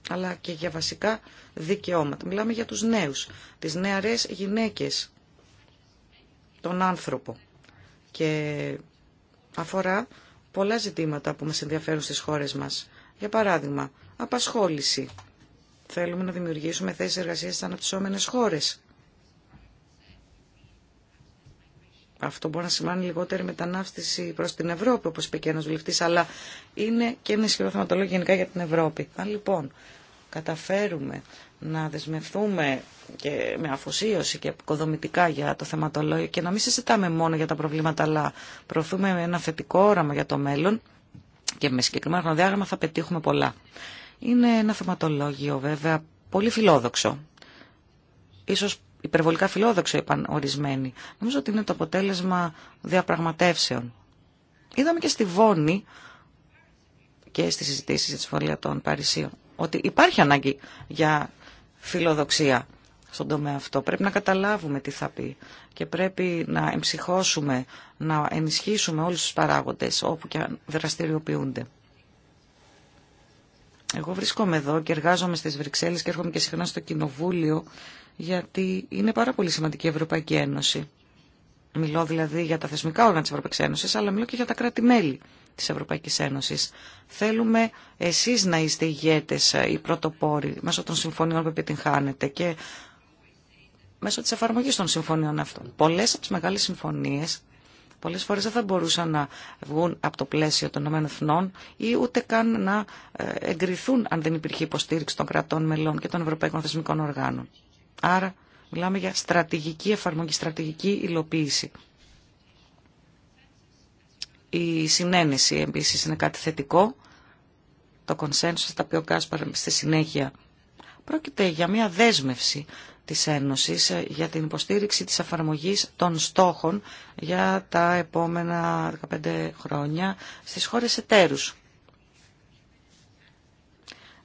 αλλά και για βασικά δικαιώματα. Μιλάμε για τους νέους, τις νεαρές γυναίκες, τον άνθρωπο και αφορά πολλά ζητήματα που μας ενδιαφέρουν στις χώρες μας. Για παράδειγμα, απασχόληση. Θέλουμε να δημιουργήσουμε θέσεις εργασίας στις αναπτυσσόμενες χώρες. Αυτό μπορεί να σημαίνει λιγότερη μετανάστευση προς την Ευρώπη, όπως είπε και ένας βουλευτής, αλλά είναι και ένα ισχυρό θεματολόγιο γενικά για την Ευρώπη. Αν λοιπόν καταφέρουμε να δεσμευτούμε και με αφοσίωση και οικοδομητικά για το θεματολόγιο και να μην συζητάμε μόνο για τα προβλήματα, αλλά προωθούμε ένα θετικό όραμα για το μέλλον και με συγκεκριμένο διάγραμμα θα πετύχουμε πολλά. Είναι ένα θεματολόγιο βέβαια πολύ φιλόδοξο. Ίσως υπερβολικά φιλόδοξο είπαν ορισμένοι. Νομίζω ότι είναι το αποτέλεσμα διαπραγματεύσεων. Είδαμε και στη Βόνη και στις συζητήσεις για τη Συμφωνία των Παρισίων ότι υπάρχει ανάγκη για φιλοδοξία στον τομέα αυτό. Πρέπει να καταλάβουμε τι θα πει και πρέπει να εμψυχώσουμε, να ενισχύσουμε όλους τους παράγοντες όπου και δραστηριοποιούνται. Εγώ βρίσκομαι εδώ και εργάζομαι στις Βρυξέλλες και έρχομαι και συχνά στο Κοινοβούλιο γιατί είναι πάρα πολύ σημαντική η Ευρωπαϊκή Ένωση. Μιλώ δηλαδή για τα θεσμικά όργανα της Ευρωπαϊκής Ένωσης αλλά μιλώ και για τα κράτη-μέλη της Ευρωπαϊκής Ένωσης. Θέλουμε εσείς να είστε ηγέτες, ε, οι πρωτοπόροι, μέσω των συμφωνιών που επιτυγχάνετε και μέσω της εφαρμογής των συμφωνιών αυτών. Πολλές από τις μεγάλες συμφωνίες πολλές φορές δεν θα μπορούσαν να βγουν από το πλαίσιο των ΗΕ ή ούτε καν να ε, εγκριθούν αν δεν υπήρχε υποστήριξη των κρατών μελών και των ευρωπαϊκών θεσμικών οργάνων. Άρα μιλάμε για στρατηγική εφαρμογή, στρατηγική υλοποίηση. Η συνένεση επίσης είναι κάτι θετικό, το consensus, τα πει ο Κάσπαρ στη συνέχεια. Πρόκειται για μια δέσμευση της Ένωσης ε, για την υποστήριξη της αφαρμογής των στόχων για τα επόμενα 15 χρόνια στις χώρες εταίρους.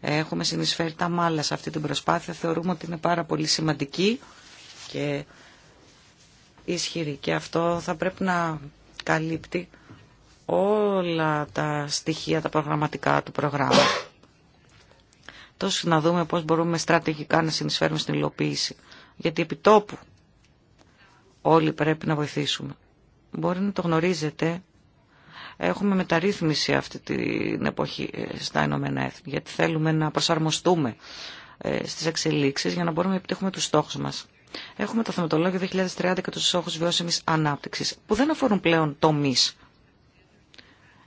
Έχουμε συνεισφέρει τα μάλλα σε αυτή την προσπάθεια. Θεωρούμε ότι είναι πάρα πολύ σημαντική και ισχυρή. Και αυτό θα πρέπει να καλύπτει όλα τα στοιχεία, τα προγραμματικά του προγράμματος. Τόσο να δούμε πώς μπορούμε στρατηγικά να συνεισφέρουμε στην υλοποίηση. Γιατί επί τόπου όλοι πρέπει να βοηθήσουμε. Μπορεί να το γνωρίζετε, έχουμε μεταρρύθμιση αυτή την εποχή ε, στα Ηνωμένα Έθνη, γιατί θέλουμε να προσαρμοστούμε ε, στις εξελίξεις για να μπορούμε να επιτύχουμε τους στόχους μας. Έχουμε το θεματολόγιο 2030 και τους στόχους βιώσιμης ανάπτυξης, που δεν αφορούν πλέον τομείς,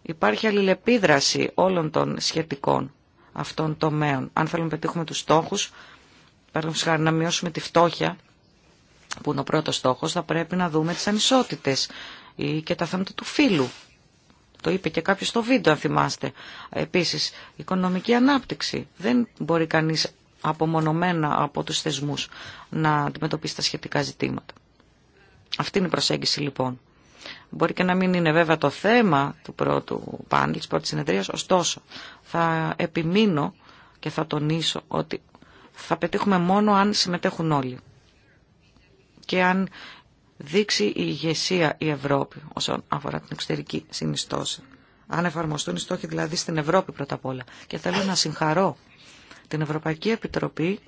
υπάρχει αλληλεπίδραση όλων των σχετικών αυτών τομέων. Αν θέλουμε να πετύχουμε τους στόχους, χάρη να μειώσουμε τη φτώχεια, που είναι ο πρώτος στόχος, θα πρέπει να δούμε τις ανισότητες ή και τα θέματα του φύλου. Το είπε και κάποιος στο βίντεο, αν θυμάστε. Επίσης, οικονομική ανάπτυξη. Δεν μπορεί κανείς απομονωμένα από τους θεσμούς να αντιμετωπίσει τα σχετικά ζητήματα. Αυτή είναι η προσέγγιση λοιπόν Μπορεί και να μην είναι βέβαια το θέμα του πρώτου πάνελ, της πρώτης συνεδρίας, ωστόσο θα επιμείνω και θα τονίσω ότι θα πετύχουμε μόνο αν συμμετέχουν όλοι και αν δείξει η ηγεσία η Ευρώπη όσον αφορά την εξωτερική συνιστόση. Αν εφαρμοστούν οι στόχοι δηλαδή στην Ευρώπη πρώτα απ' όλα. Και θέλω να συγχαρώ την Ευρωπαϊκή Επιτροπή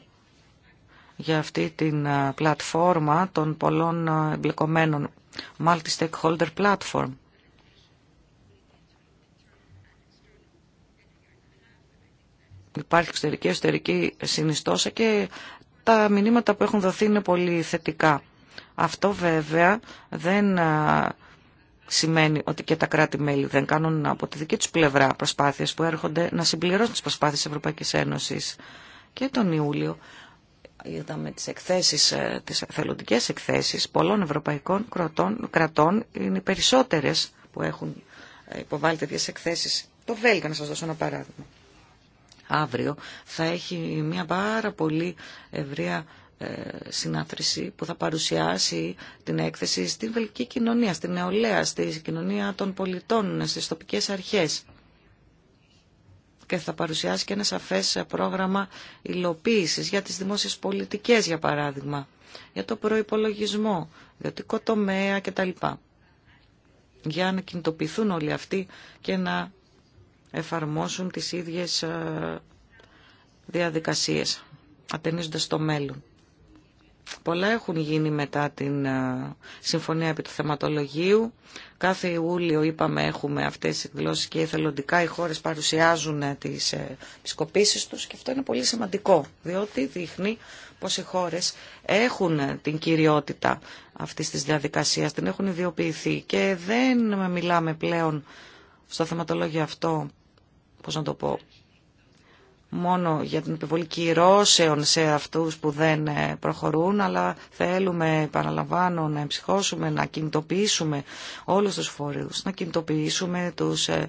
για αυτή την ε, πλατφόρμα των πολλών ε, εμπλεκομένων multi-stakeholder platform. Υπάρχει εξωτερική, εσωτερική συνιστόσα και τα μηνύματα που έχουν δοθεί είναι πολύ θετικά. Αυτό βέβαια δεν σημαίνει ότι και τα κράτη-μέλη δεν κάνουν από τη δική τους πλευρά προσπάθειες που έρχονται να συμπληρώσουν τις προσπάθειες της Ευρωπαϊκής Ένωσης. Και τον Ιούλιο είδαμε τις εκθέσεις, ε, τις εθελοντικές εκθέσεις πολλών ευρωπαϊκών κρατών, κρατών είναι οι περισσότερες που έχουν ε, υποβάλει τέτοιες εκθέσεις. Το Βέλγιο, να σας δώσω ένα παράδειγμα. Αύριο θα έχει μια πάρα πολύ ευρεία ε, συνάθρηση που θα παρουσιάσει την έκθεση στην βελική κοινωνία, στην νεολαία, στη κοινωνία των πολιτών, στις τοπικές αρχές και θα παρουσιάσει και ένα σαφές πρόγραμμα υλοποίησης για τις δημόσιες πολιτικές, για παράδειγμα, για το προϋπολογισμό, και τομέα κτλ. Για να κινητοποιηθούν όλοι αυτοί και να εφαρμόσουν τις ίδιες ε, διαδικασίες, ατενίζοντας το μέλλον. Πολλά έχουν γίνει μετά την ε, Συμφωνία επί του Θεματολογίου. Κάθε Ιούλιο, είπαμε, έχουμε αυτές τις εκδηλώσεις και εθελοντικά οι χώρες παρουσιάζουν ε, τις ε, επισκοπήσεις τους και αυτό είναι πολύ σημαντικό, διότι δείχνει πως οι χώρες έχουν την κυριότητα αυτής της διαδικασίας, την έχουν ιδιοποιηθεί και δεν μιλάμε πλέον στο θεματολόγιο αυτό, πώς να το πω, μόνο για την επιβολή κυρώσεων σε αυτούς που δεν ε, προχωρούν, αλλά θέλουμε, παραλαμβάνω, να εμψυχώσουμε, να κινητοποιήσουμε όλους τους φορείς, να κινητοποιήσουμε τους ε,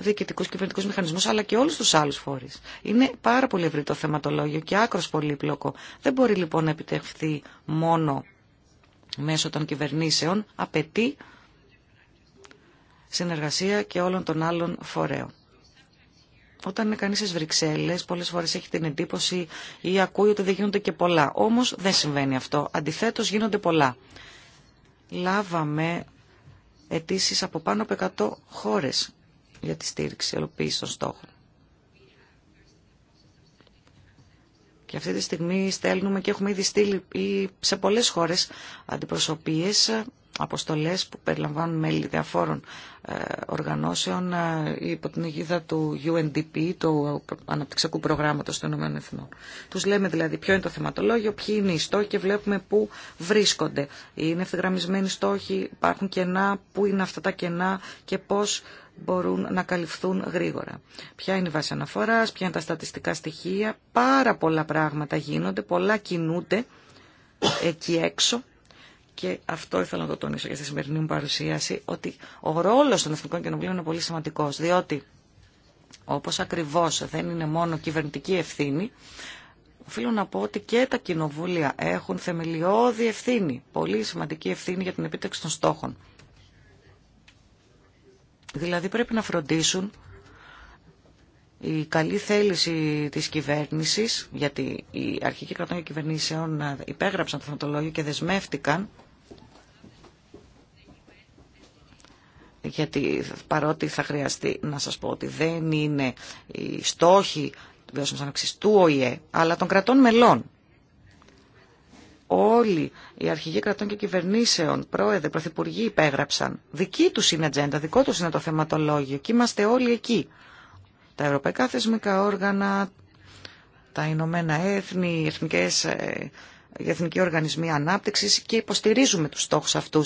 διοικητικούς κυβερνητικούς μηχανισμούς, αλλά και όλους τους άλλους φορείς. Είναι πάρα πολύ ευρύ το θεματολόγιο και άκρος πολύπλοκο. Δεν μπορεί λοιπόν να επιτευχθεί μόνο μέσω των κυβερνήσεων, απαιτεί συνεργασία και όλων των άλλων φορέων. Όταν είναι κανεί στι Βρυξέλλες, πολλές φορές έχει την εντύπωση ή ακούει ότι δεν γίνονται και πολλά. Όμως δεν συμβαίνει αυτό. Αντιθέτω, γίνονται πολλά. Λάβαμε αιτήσει από πάνω από 100 χώρες για τη στήριξη ελοποίηση των στόχων. Και αυτή τη στιγμή στέλνουμε και έχουμε ήδη στείλει σε πολλές χώρες αντιπροσωπείες αποστολές που περιλαμβάνουν μέλη διαφόρων ε, οργανώσεων ε, υπό την αιγίδα του UNDP, του Αναπτυξιακού Προγράμματος των ΗΕ. ΕΕ. Τους λέμε δηλαδή ποιο είναι το θεματολόγιο, ποιοι είναι οι στόχοι και βλέπουμε πού βρίσκονται. Είναι ευθυγραμμισμένοι στόχοι, υπάρχουν κενά, πού είναι αυτά τα κενά και πώς μπορούν να καλυφθούν γρήγορα. Ποια είναι η βάση αναφοράς, ποια είναι τα στατιστικά στοιχεία. Πάρα πολλά πράγματα γίνονται, πολλά κινούνται εκεί έξω και αυτό ήθελα να το τονίσω για τη σημερινή μου παρουσίαση, ότι ο ρόλος των Εθνικών Κοινοβουλίων είναι πολύ σημαντικός, διότι όπως ακριβώς δεν είναι μόνο κυβερνητική ευθύνη, οφείλω να πω ότι και τα κοινοβούλια έχουν θεμελιώδη ευθύνη, πολύ σημαντική ευθύνη για την επίτευξη των στόχων. Δηλαδή πρέπει να φροντίσουν η καλή θέληση της κυβέρνησης, γιατί οι αρχικοί κρατών και κυβερνήσεων υπέγραψαν το θεματολόγιο και δεσμεύτηκαν γιατί παρότι θα χρειαστεί να σας πω ότι δεν είναι οι στόχοι του βιώσιμης ανάπτυξης του ΟΗΕ, αλλά των κρατών μελών. Όλοι οι αρχηγοί κρατών και κυβερνήσεων, πρόεδρε, πρωθυπουργοί υπέγραψαν. Δική του είναι ατζέντα, δικό τους είναι το θεματολόγιο και είμαστε όλοι εκεί. Τα ευρωπαϊκά θεσμικά όργανα, τα Ηνωμένα Έθνη, οι εθνικές, ε, οι εθνικοί οργανισμοί ανάπτυξη και υποστηρίζουμε τους στόχους αυτού.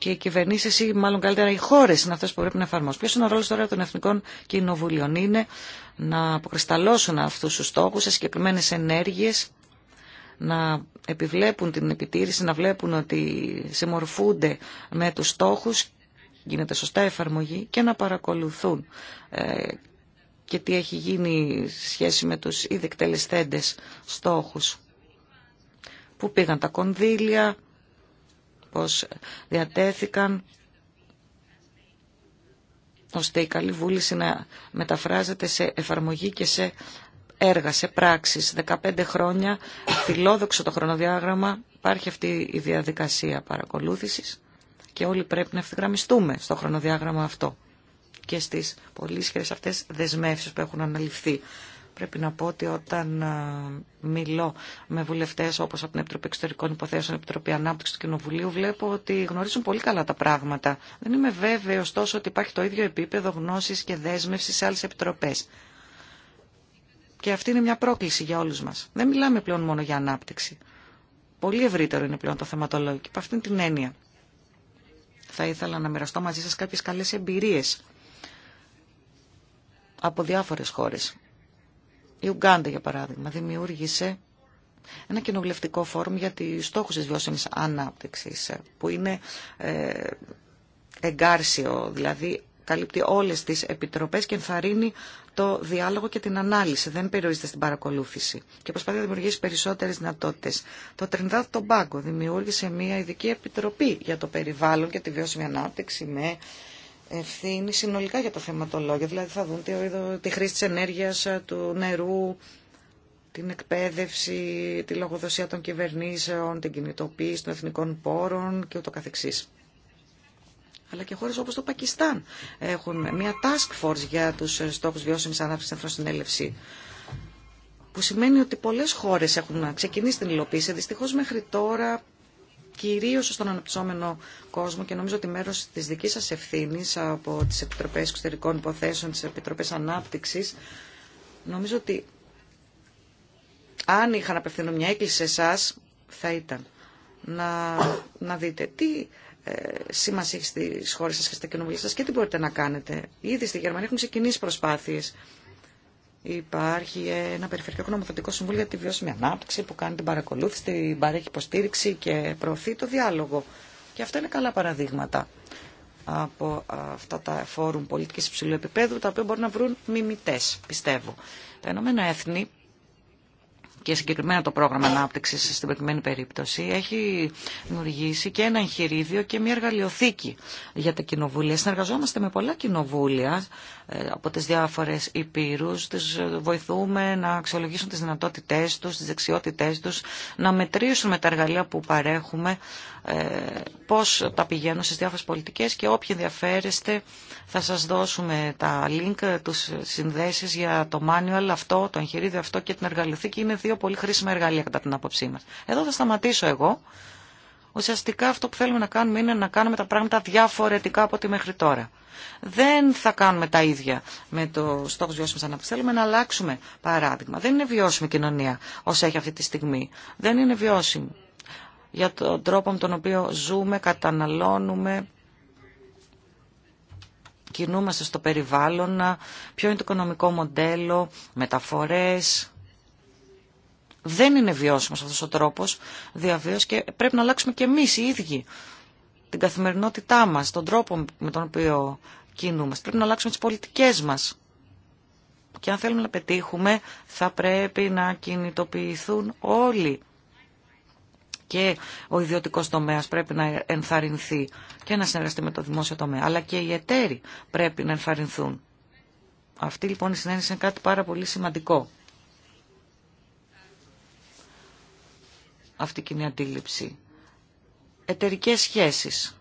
και οι κυβερνήσει ή μάλλον καλύτερα οι χώρε είναι αυτέ που πρέπει να εφαρμόσουν. Ποιο είναι ο ρόλο τώρα των Εθνικών Κοινοβουλίων, είναι να αποκρισταλώσουν αυτού του στόχου σε συγκεκριμένε ενέργειε, να επιβλέπουν την επιτήρηση, να βλέπουν ότι συμμορφούνται με του στόχου, γίνεται σωστά εφαρμογή και παρακολουθούν ε, και τι έχει γίνει σχέση με τους ήδη εκτελεσθέντες στόχους. Πού πήγαν τα κονδύλια, πως διατέθηκαν ώστε η καλή βούληση να μεταφράζεται σε εφαρμογή και σε έργα, σε πράξεις. 15 χρόνια, φιλόδοξο το χρονοδιάγραμμα, υπάρχει αυτή η διαδικασία παρακολούθησης και όλοι πρέπει να ευθυγραμμιστούμε στο χρονοδιάγραμμα αυτό και στις πολύ ισχυρές αυτές δεσμεύσεις που έχουν αναλυφθεί Πρέπει να πω ότι όταν ε, μιλώ με βουλευτέ όπω από την Επιτροπή Εξωτερικών Υποθέσεων, Επιτροπή Ανάπτυξη του Κοινοβουλίου, βλέπω ότι γνωρίζουν πολύ καλά τα πράγματα. Δεν είμαι βέβαιο τόσο ότι υπάρχει το ίδιο επίπεδο γνώση και δέσμευση σε άλλε επιτροπέ. Και αυτή είναι μια πρόκληση για όλου μα. Δεν μιλάμε πλέον μόνο για ανάπτυξη. Πολύ ευρύτερο είναι πλέον το θεματολόγιο. Και αυτήν την έννοια θα ήθελα να μοιραστώ μαζί σας κάποιες καλές εμπειρίες από διάφορες χώρες η Ουγγάντα, για παράδειγμα, δημιούργησε ένα κοινοβουλευτικό φόρουμ για τις στόχους της βιώσιμης ανάπτυξης, που είναι ε, εγκάρσιο, δηλαδή καλύπτει όλες τις επιτροπές και ενθαρρύνει το διάλογο και την ανάλυση, δεν περιορίζεται στην παρακολούθηση και προσπαθεί να δημιουργήσει περισσότερες δυνατότητες. Το Τρινδάτ τον Πάγκο δημιούργησε μια ειδική επιτροπή για το περιβάλλον και τη βιώσιμη ανάπτυξη με ευθύνη συνολικά για το θεματολόγιο. Δηλαδή θα δουν τη χρήση της ενέργειας, του νερού, την εκπαίδευση, τη λογοδοσία των κυβερνήσεων, την κινητοποίηση των εθνικών πόρων και ούτω καθεξής. Αλλά και χώρες όπως το Πακιστάν έχουν μια task force για τους ε, στόχους βιώσιμης ανάπτυξης στην συνέλευση. Που σημαίνει ότι πολλές χώρες έχουν ξεκινήσει την υλοποίηση. Δυστυχώς μέχρι τώρα κυρίως στον αναπτυσσόμενο κόσμο και νομίζω ότι μέρος της δικής σας ευθύνης από τις Επιτροπές Εξωτερικών Υποθέσεων, τις Επιτροπές Ανάπτυξης, νομίζω ότι αν είχα να απευθύνω μια έκκληση σε εσά, θα ήταν να, να δείτε τι ε, σημασία έχει στις χώρες σας και στα κοινοβουλία σας και τι μπορείτε να κάνετε. Ήδη στη Γερμανία έχουν ξεκινήσει προσπάθειες Υπάρχει ένα περιφερειακό νομοθετικό συμβούλιο για τη βιώσιμη ανάπτυξη που κάνει την παρακολούθηση, την παρέχει υποστήριξη και προωθεί το διάλογο. Και αυτά είναι καλά παραδείγματα από αυτά τα φόρουμ πολιτικής υψηλού επίπεδου, τα οποία μπορούν να βρουν μιμητές, πιστεύω. Τα Ηνωμένα Έθνη και συγκεκριμένα το πρόγραμμα ανάπτυξη στην προκειμένη περίπτωση έχει δημιουργήσει και ένα εγχειρίδιο και μια εργαλειοθήκη για τα κοινοβούλια. Συνεργαζόμαστε με πολλά κοινοβούλια ε, από τι διάφορε υπήρου. τι βοηθούμε να αξιολογήσουν τι δυνατότητε του, τι δεξιότητέ του, να μετρήσουν με τα εργαλεία που παρέχουμε ε, πώ τα πηγαίνουν στι διάφορε πολιτικέ και όποιοι ενδιαφέρεστε θα σα δώσουμε τα link, ε, του συνδέσει για το manual αυτό, το εγχειρίδιο αυτό και την εργαλειοθήκη δύο πολύ χρήσιμα εργαλεία κατά την άποψή μα. Εδώ θα σταματήσω εγώ. Ουσιαστικά αυτό που θέλουμε να κάνουμε είναι να κάνουμε τα πράγματα διαφορετικά από ό,τι μέχρι τώρα. Δεν θα κάνουμε τα ίδια με το στόχο βιώσιμη ανάπτυξη. Θέλουμε να αλλάξουμε παράδειγμα. Δεν είναι βιώσιμη κοινωνία όσα έχει αυτή τη στιγμή. Δεν είναι βιώσιμη για τον τρόπο με τον οποίο ζούμε, καταναλώνουμε, κινούμαστε στο περιβάλλον, ποιο είναι το οικονομικό μοντέλο, μεταφορές, δεν είναι βιώσιμος αυτός ο τρόπο διαβίωση και πρέπει να αλλάξουμε και εμείς οι ίδιοι την καθημερινότητά μα, τον τρόπο με τον οποίο κινούμαστε. Πρέπει να αλλάξουμε τις πολιτικές μας. Και αν θέλουμε να πετύχουμε θα πρέπει να κινητοποιηθούν όλοι. Και ο ιδιωτικός τομέας πρέπει να ενθαρρυνθεί και να συνεργαστεί με το δημόσιο τομέα. Αλλά και οι εταίροι πρέπει να ενθαρρυνθούν. Αυτή λοιπόν η συνέντευξη είναι κάτι πάρα πολύ σημαντικό. αυτή η αντίληψη. Εταιρικέ σχέσει.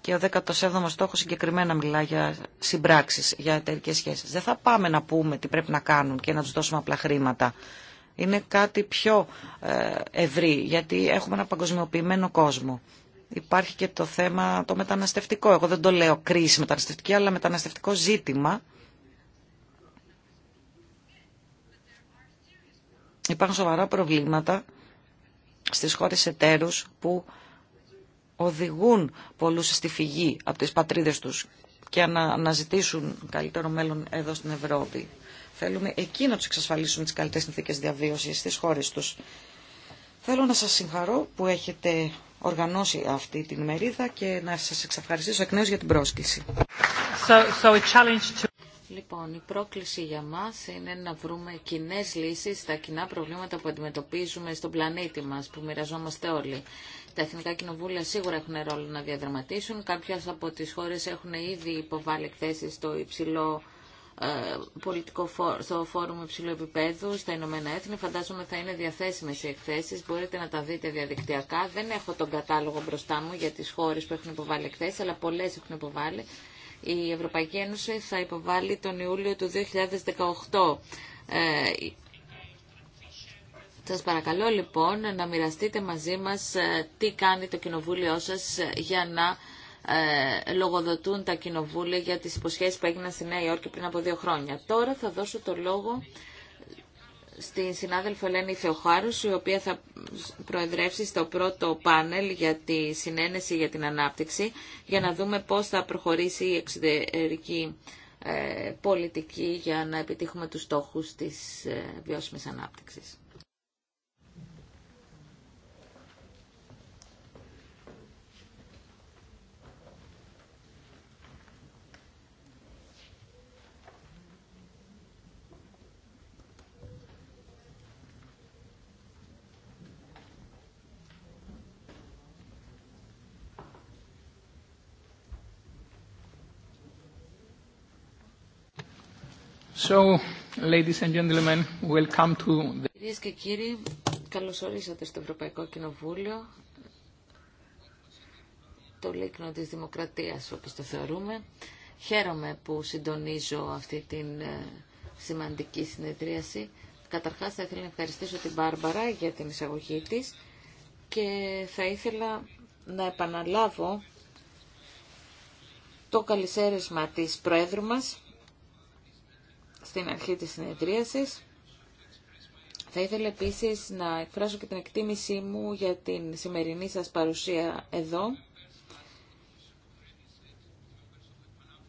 Και ο 17ο στόχο συγκεκριμένα μιλά για συμπράξει, για εταιρικέ σχέσει. Δεν θα πάμε να πούμε τι πρέπει να κάνουν και να του δώσουμε απλά χρήματα. Είναι κάτι πιο ε, ευρύ, γιατί έχουμε ένα παγκοσμιοποιημένο κόσμο. Υπάρχει και το θέμα το μεταναστευτικό. Εγώ δεν το λέω κρίση μεταναστευτική, αλλά μεταναστευτικό ζήτημα. Υπάρχουν σοβαρά προβλήματα στις χώρες εταίρους που οδηγούν πολλούς στη φυγή από τις πατρίδες τους και να αναζητήσουν καλύτερο μέλλον εδώ στην Ευρώπη. Θέλουμε εκεί να τους εξασφαλίσουμε τις καλύτερες συνθήκες διαβίωσης στις χώρες τους. Θέλω να σας συγχαρώ που έχετε οργανώσει αυτή την μερίδα και να σας ευχαριστήσω εκ νέου για την πρόσκληση. so Λοιπόν, η πρόκληση για μας είναι να βρούμε κοινέ λύσεις στα κοινά προβλήματα που αντιμετωπίζουμε στον πλανήτη μας, που μοιραζόμαστε όλοι. Τα εθνικά κοινοβούλια σίγουρα έχουν ρόλο να διαδραματίσουν. Κάποιες από τις χώρες έχουν ήδη υποβάλει εκθέσεις στο υψηλό ε, πολιτικό στο φόρουμ υψηλού επίπεδου στα Ηνωμένα Έθνη. Φαντάζομαι θα είναι διαθέσιμε οι εκθέσει. Μπορείτε να τα δείτε διαδικτυακά. Δεν έχω τον κατάλογο μπροστά μου για τι χώρε που έχουν υποβάλει εκθέσει, αλλά πολλέ έχουν υποβάλει. Η Ευρωπαϊκή Ένωση θα υποβάλει τον Ιούλιο του 2018. Ε, σας παρακαλώ λοιπόν να μοιραστείτε μαζί μας ε, τι κάνει το κοινοβούλιο σας ε, για να ε, λογοδοτούν τα κοινοβούλια για τις υποσχέσεις που έγιναν στη Νέα Υόρκη πριν από δύο χρόνια. Τώρα θα δώσω το λόγο στην συνάδελφο Ελένη Θεοχάρου, η οποία θα προεδρεύσει στο πρώτο πάνελ για τη συνένεση για την ανάπτυξη, για να δούμε πώς θα προχωρήσει η εξωτερική ε, πολιτική για να επιτύχουμε τους στόχους της ε, βιώσιμης ανάπτυξης. Κυρίε Κυρίες και κύριοι, καλώς ορίσατε στο Ευρωπαϊκό Κοινοβούλιο, το λίκνο της δημοκρατίας όπως το θεωρούμε. Χαίρομαι που συντονίζω αυτή την ε, σημαντική συνεδρίαση. Καταρχάς θα ήθελα να ευχαριστήσω την Μπάρμπαρα για την εισαγωγή της και θα ήθελα να επαναλάβω το καλησέρισμα της Προέδρου μας στην αρχή της συνεδρίασης. Θα ήθελα επίσης να εκφράσω και την εκτίμησή μου για την σημερινή σας παρουσία εδώ.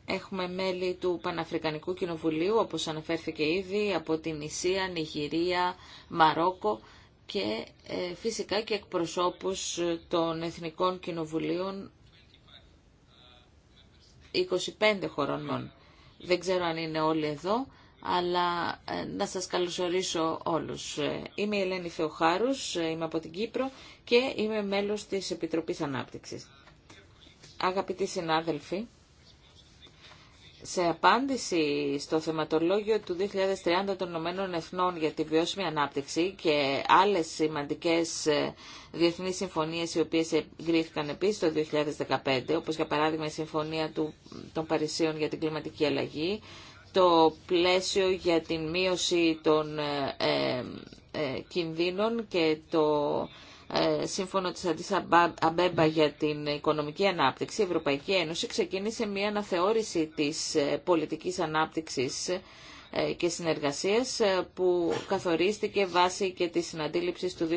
Έχουμε μέλη του Παναφρικανικού Κοινοβουλίου, όπως αναφέρθηκε ήδη, από την Ισία, Νιγηρία, Μαρόκο και ε, φυσικά και εκπροσώπους των Εθνικών Κοινοβουλίων 25 χωρών Δεν ξέρω αν είναι όλοι εδώ, αλλά ε, να σας καλωσορίσω όλους. Ε, είμαι η Ελένη Θεοχάρους, ε, είμαι από την Κύπρο και είμαι μέλος της Επιτροπής Ανάπτυξης. Αγαπητοί συνάδελφοι, σε απάντηση στο θεματολόγιο του 2030 των Ηνωμένων Εθνών για τη βιώσιμη ανάπτυξη και άλλες σημαντικές διεθνείς συμφωνίες οι οποίες εγκρίθηκαν επίσης το 2015, όπως για παράδειγμα η Συμφωνία των Παρισίων για την κλιματική αλλαγή, το πλαίσιο για την μείωση των ε, ε, ε κινδύνων και το ε, σύμφωνο της Αντίσα Αμπέμπα για την οικονομική ανάπτυξη, η Ευρωπαϊκή Ένωση ξεκίνησε μια αναθεώρηση της πολιτικής ανάπτυξης και συνεργασίας που καθορίστηκε βάσει και της συναντήληψης του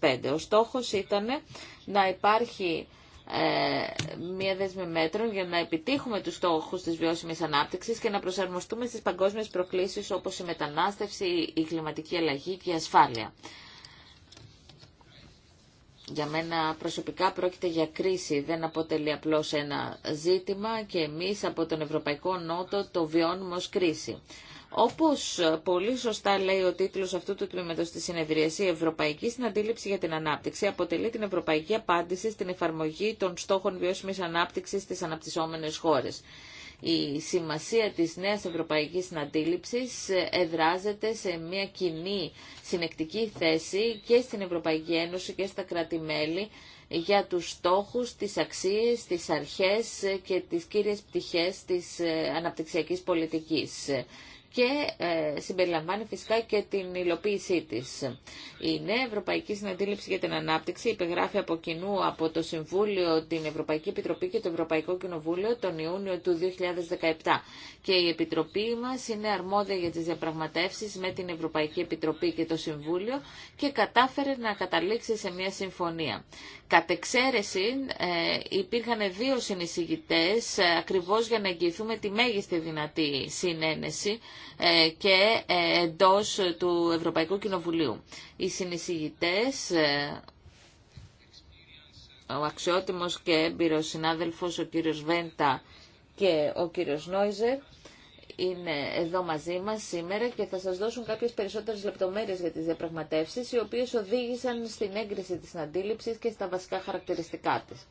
2005. Ο στόχος ήταν να υπάρχει ε, μία δέσμη μέτρων για να επιτύχουμε τους στόχους της βιώσιμης ανάπτυξης και να προσαρμοστούμε στις παγκόσμιες προκλήσεις όπως η μετανάστευση, η κλιματική αλλαγή και η ασφάλεια. Για μένα προσωπικά πρόκειται για κρίση, δεν αποτελεί απλώς ένα ζήτημα και εμείς από τον Ευρωπαϊκό Νότο το βιώνουμε ως κρίση. Όπω ε, πολύ σωστά λέει ο τίτλο αυτού του τμήματο τη συνεδρία, η Ευρωπαϊκή Συναντήληψη για την Ανάπτυξη αποτελεί την ευρωπαϊκή απάντηση στην εφαρμογή των στόχων βιώσιμη ανάπτυξη στι αναπτυσσόμενες χώρε. Η σημασία της νέας ευρωπαϊκής συναντήληψης ε, εδράζεται σε μια κοινή συνεκτική θέση και στην Ευρωπαϊκή Ένωση και στα κράτη-μέλη για τους στόχους, τις αξίες, τις αρχές ε, και τις κύριες πτυχές της αναπτυξιακής πολιτικής και ε, συμπεριλαμβάνει φυσικά και την υλοποίησή της. Η Νέα Ευρωπαϊκή Συναντήληψη για την Ανάπτυξη υπεγράφει από κοινού από το Συμβούλιο, την Ευρωπαϊκή Επιτροπή και το Ευρωπαϊκό Κοινοβούλιο τον Ιούνιο του 2017 και η Επιτροπή μας είναι αρμόδια για τις διαπραγματεύσεις με την Ευρωπαϊκή Επιτροπή και το Συμβούλιο και κατάφερε να καταλήξει σε μια συμφωνία. Κατ' εξαίρεση ε, υπήρχαν δύο συνεισηγητές ε, ακριβώς για να εγγυηθούμε τη μέγιστη δυνατή συνένεση ε, και ε, εντός του Ευρωπαϊκού Κοινοβουλίου. Οι συνεισηγητές, ε, ο αξιότιμος και έμπειρος συνάδελφος ο κύριος Βέντα και ο κύριος Νόιζερ, είναι εδώ μαζί μας σήμερα και θα σας δώσουν κάποιες περισσότερες λεπτομέρειες για τις διαπραγματεύσεις, οι οποίες οδήγησαν στην έγκριση της αντίληψης και στα βασικά χαρακτηριστικά της.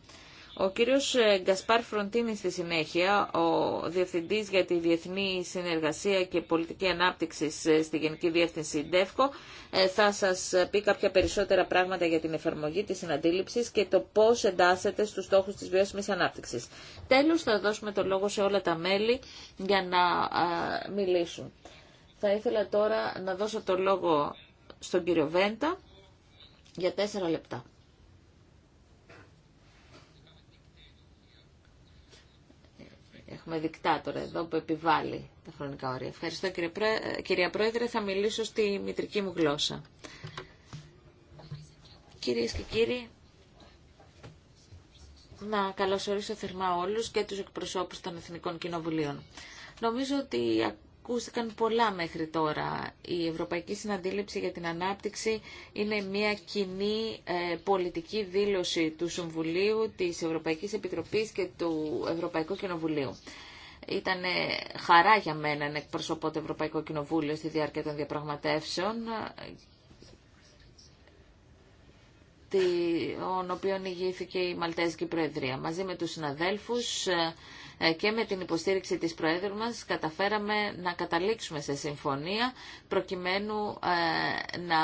Ο κύριος ε, Γκασπάρ Φροντίνη στη συνέχεια, ο Διευθυντής για τη Διεθνή Συνεργασία και Πολιτική Ανάπτυξη ε, στη Γενική Διεύθυνση ΔΕΦΚΟ, ε, θα σας πει κάποια περισσότερα πράγματα για την εφαρμογή της συναντήληψης και το πώς εντάσσεται στους στόχους της βιώσιμης ανάπτυξης. Τέλος, θα δώσουμε το λόγο σε όλα τα μέλη για να μιλήσουν. Θα ήθελα τώρα να δώσω το λόγο στον κύριο Βέντα για τέσσερα λεπτά. με δικτάτορα εδώ που επιβάλλει τα χρονικά όρια. Ευχαριστώ κύριε Πρόεδρε. Κυρία Πρόεδρε, θα μιλήσω στη μητρική μου γλώσσα. Κυρίες και κύριοι, να καλωσορίσω θερμά όλους και τους εκπροσώπους των Εθνικών Κοινοβουλίων. Νομίζω ότι Ακούστηκαν πολλά μέχρι τώρα. Η Ευρωπαϊκή Συναντήληψη για την Ανάπτυξη είναι μια κοινή ε, πολιτική δήλωση του Συμβουλίου, της Ευρωπαϊκής Επιτροπής και του Ευρωπαϊκού Κοινοβουλίου. Ήταν χαρά για μένα να εκπροσωπώ το Ευρωπαϊκό Κοινοβούλιο στη διάρκεια των διαπραγματεύσεων των οποίων ηγήθηκε η Μαλτέζικη Προεδρία. Μαζί με τους συναδέλφους ε, ε, και με την υποστήριξη της Προέδρου μας καταφέραμε να καταλήξουμε σε συμφωνία προκειμένου ε, να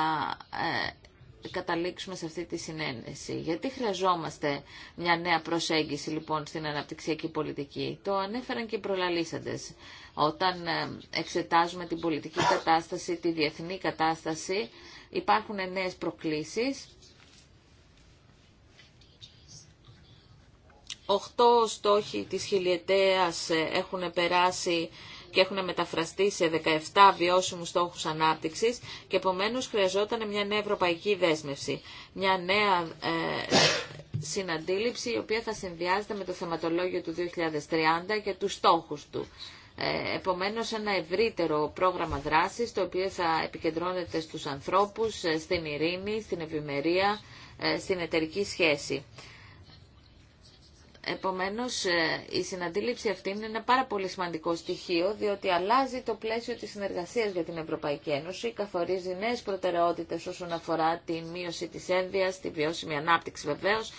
ε, καταλήξουμε σε αυτή τη συνένεση. Γιατί χρειαζόμαστε μια νέα προσέγγιση λοιπόν στην αναπτυξιακή πολιτική. Το ανέφεραν και οι προλαλήσαντες. Όταν εξετάζουμε την πολιτική κατάσταση, τη διεθνή κατάσταση, υπάρχουν νέες προκλήσεις Οχτώ στόχοι της χιλιετέας ε, έχουν περάσει και έχουν μεταφραστεί σε 17 βιώσιμους στόχους ανάπτυξης και επομένως χρειαζόταν μια νέα ευρωπαϊκή δέσμευση, μια νέα ε, συναντήληψη η οποία θα συνδυάζεται με το θεματολόγιο του 2030 και τους στόχους του. Ε, επομένως ένα ευρύτερο πρόγραμμα δράσης το οποίο θα επικεντρώνεται στους ανθρώπους, ε, στην ειρήνη, στην ευημερία, στην εταιρική σχέση. Επομένως, ε, η συναντήληψη αυτή είναι ένα πάρα πολύ σημαντικό στοιχείο, διότι αλλάζει το πλαίσιο της συνεργασίας για την Ευρωπαϊκή Ένωση, καθορίζει νέες προτεραιότητες όσον αφορά τη μείωση της ένδυας, τη βιώσιμη ανάπτυξη βεβαίως,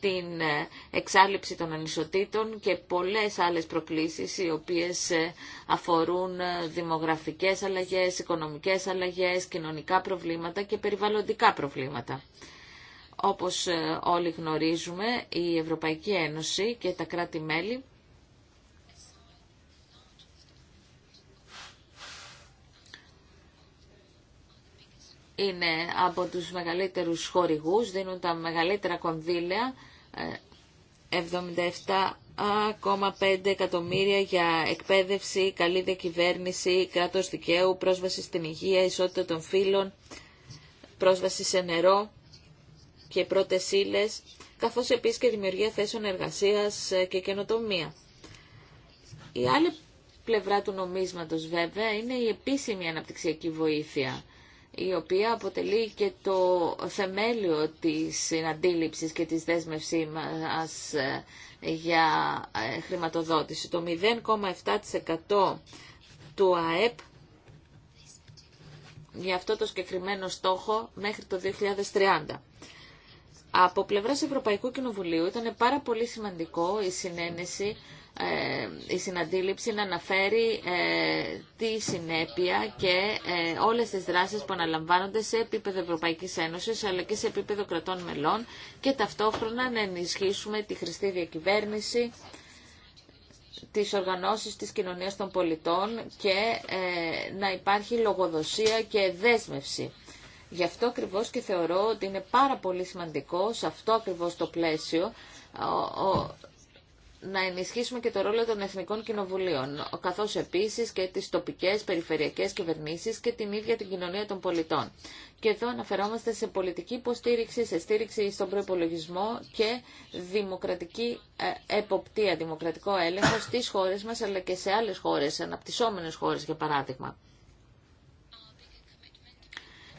την ε, εξάλληψη των ανισοτήτων και πολλές άλλες προκλήσεις οι οποίες ε, αφορούν δημογραφικές αλλαγές, οικονομικές αλλαγές, κοινωνικά προβλήματα και περιβαλλοντικά προβλήματα. Όπως ε, όλοι γνωρίζουμε, η Ευρωπαϊκή Ένωση και τα κράτη-μέλη είναι από τους μεγαλύτερους χορηγούς, δίνουν τα μεγαλύτερα κονδύλια, 77,5 ε, εκατομμύρια για εκπαίδευση, καλή διακυβέρνηση, κράτος δικαίου, πρόσβαση στην υγεία, ισότητα των φύλων, πρόσβαση σε νερό και πρώτες ύλε, καθώς επίσης και δημιουργία θέσεων εργασίας ε, και καινοτομία. Η άλλη πλευρά του νομίσματος βέβαια είναι η επίσημη αναπτυξιακή βοήθεια, η οποία αποτελεί και το θεμέλιο της συναντήληψης και της δέσμευσή μας ε, για ε, χρηματοδότηση. Το 0,7% του ΑΕΠ για αυτό το συγκεκριμένο στόχο μέχρι το 2030. Από πλευράς Ευρωπαϊκού Κοινοβουλίου ήταν πάρα πολύ σημαντικό η συνένεση, ε, η συναντήληψη να αναφέρει ε, τη συνέπεια και ε, όλες τις δράσεις που αναλαμβάνονται σε επίπεδο Ευρωπαϊκής Ένωσης αλλά και σε επίπεδο κρατών μελών και ταυτόχρονα να ενισχύσουμε τη χρηστή διακυβέρνηση τις οργανώσεις της κοινωνίας των πολιτών και να υπάρχει λογοδοσία και δέσμευση. Γι' αυτό ακριβώς και θεωρώ ότι είναι πάρα πολύ σημαντικό σε αυτό ακριβώς το πλαίσιο ο, ο, να ενισχύσουμε και το ρόλο των εθνικών κοινοβουλίων, καθώς επίσης και τις τοπικές, περιφερειακές κυβερνήσεις και την ίδια την κοινωνία των πολιτών. Και εδώ αναφερόμαστε σε πολιτική υποστήριξη, σε στήριξη στον προπολογισμό και δημοκρατική ε, εποπτεία, δημοκρατικό έλεγχο στις χώρες μας, αλλά και σε άλλες χώρες, αναπτυσσόμενες χώρες για παράδειγμα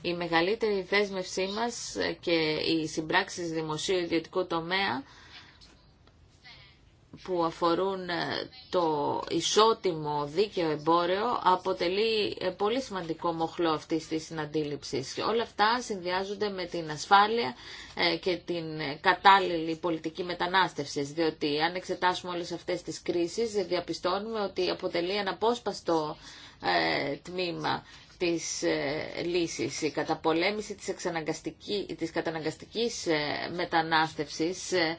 η μεγαλύτερη δέσμευσή μας και οι συμπράξεις δημοσίου ιδιωτικού τομέα που αφορούν ε, το ισότιμο δίκαιο εμπόριο, αποτελεί ε, πολύ σημαντικό μοχλό αυτής της συναντήληψης. Όλα αυτά συνδυάζονται με την ασφάλεια ε, και την κατάλληλη πολιτική μετανάστευσης, διότι αν εξετάσουμε όλες αυτές τις κρίσεις διαπιστώνουμε ότι αποτελεί ένα πόσπαστο τμήμα της ε, λύσης. Η καταπολέμηση της, εξαναγκαστικής, της καταναγκαστικής ε, μετανάστευσης ε,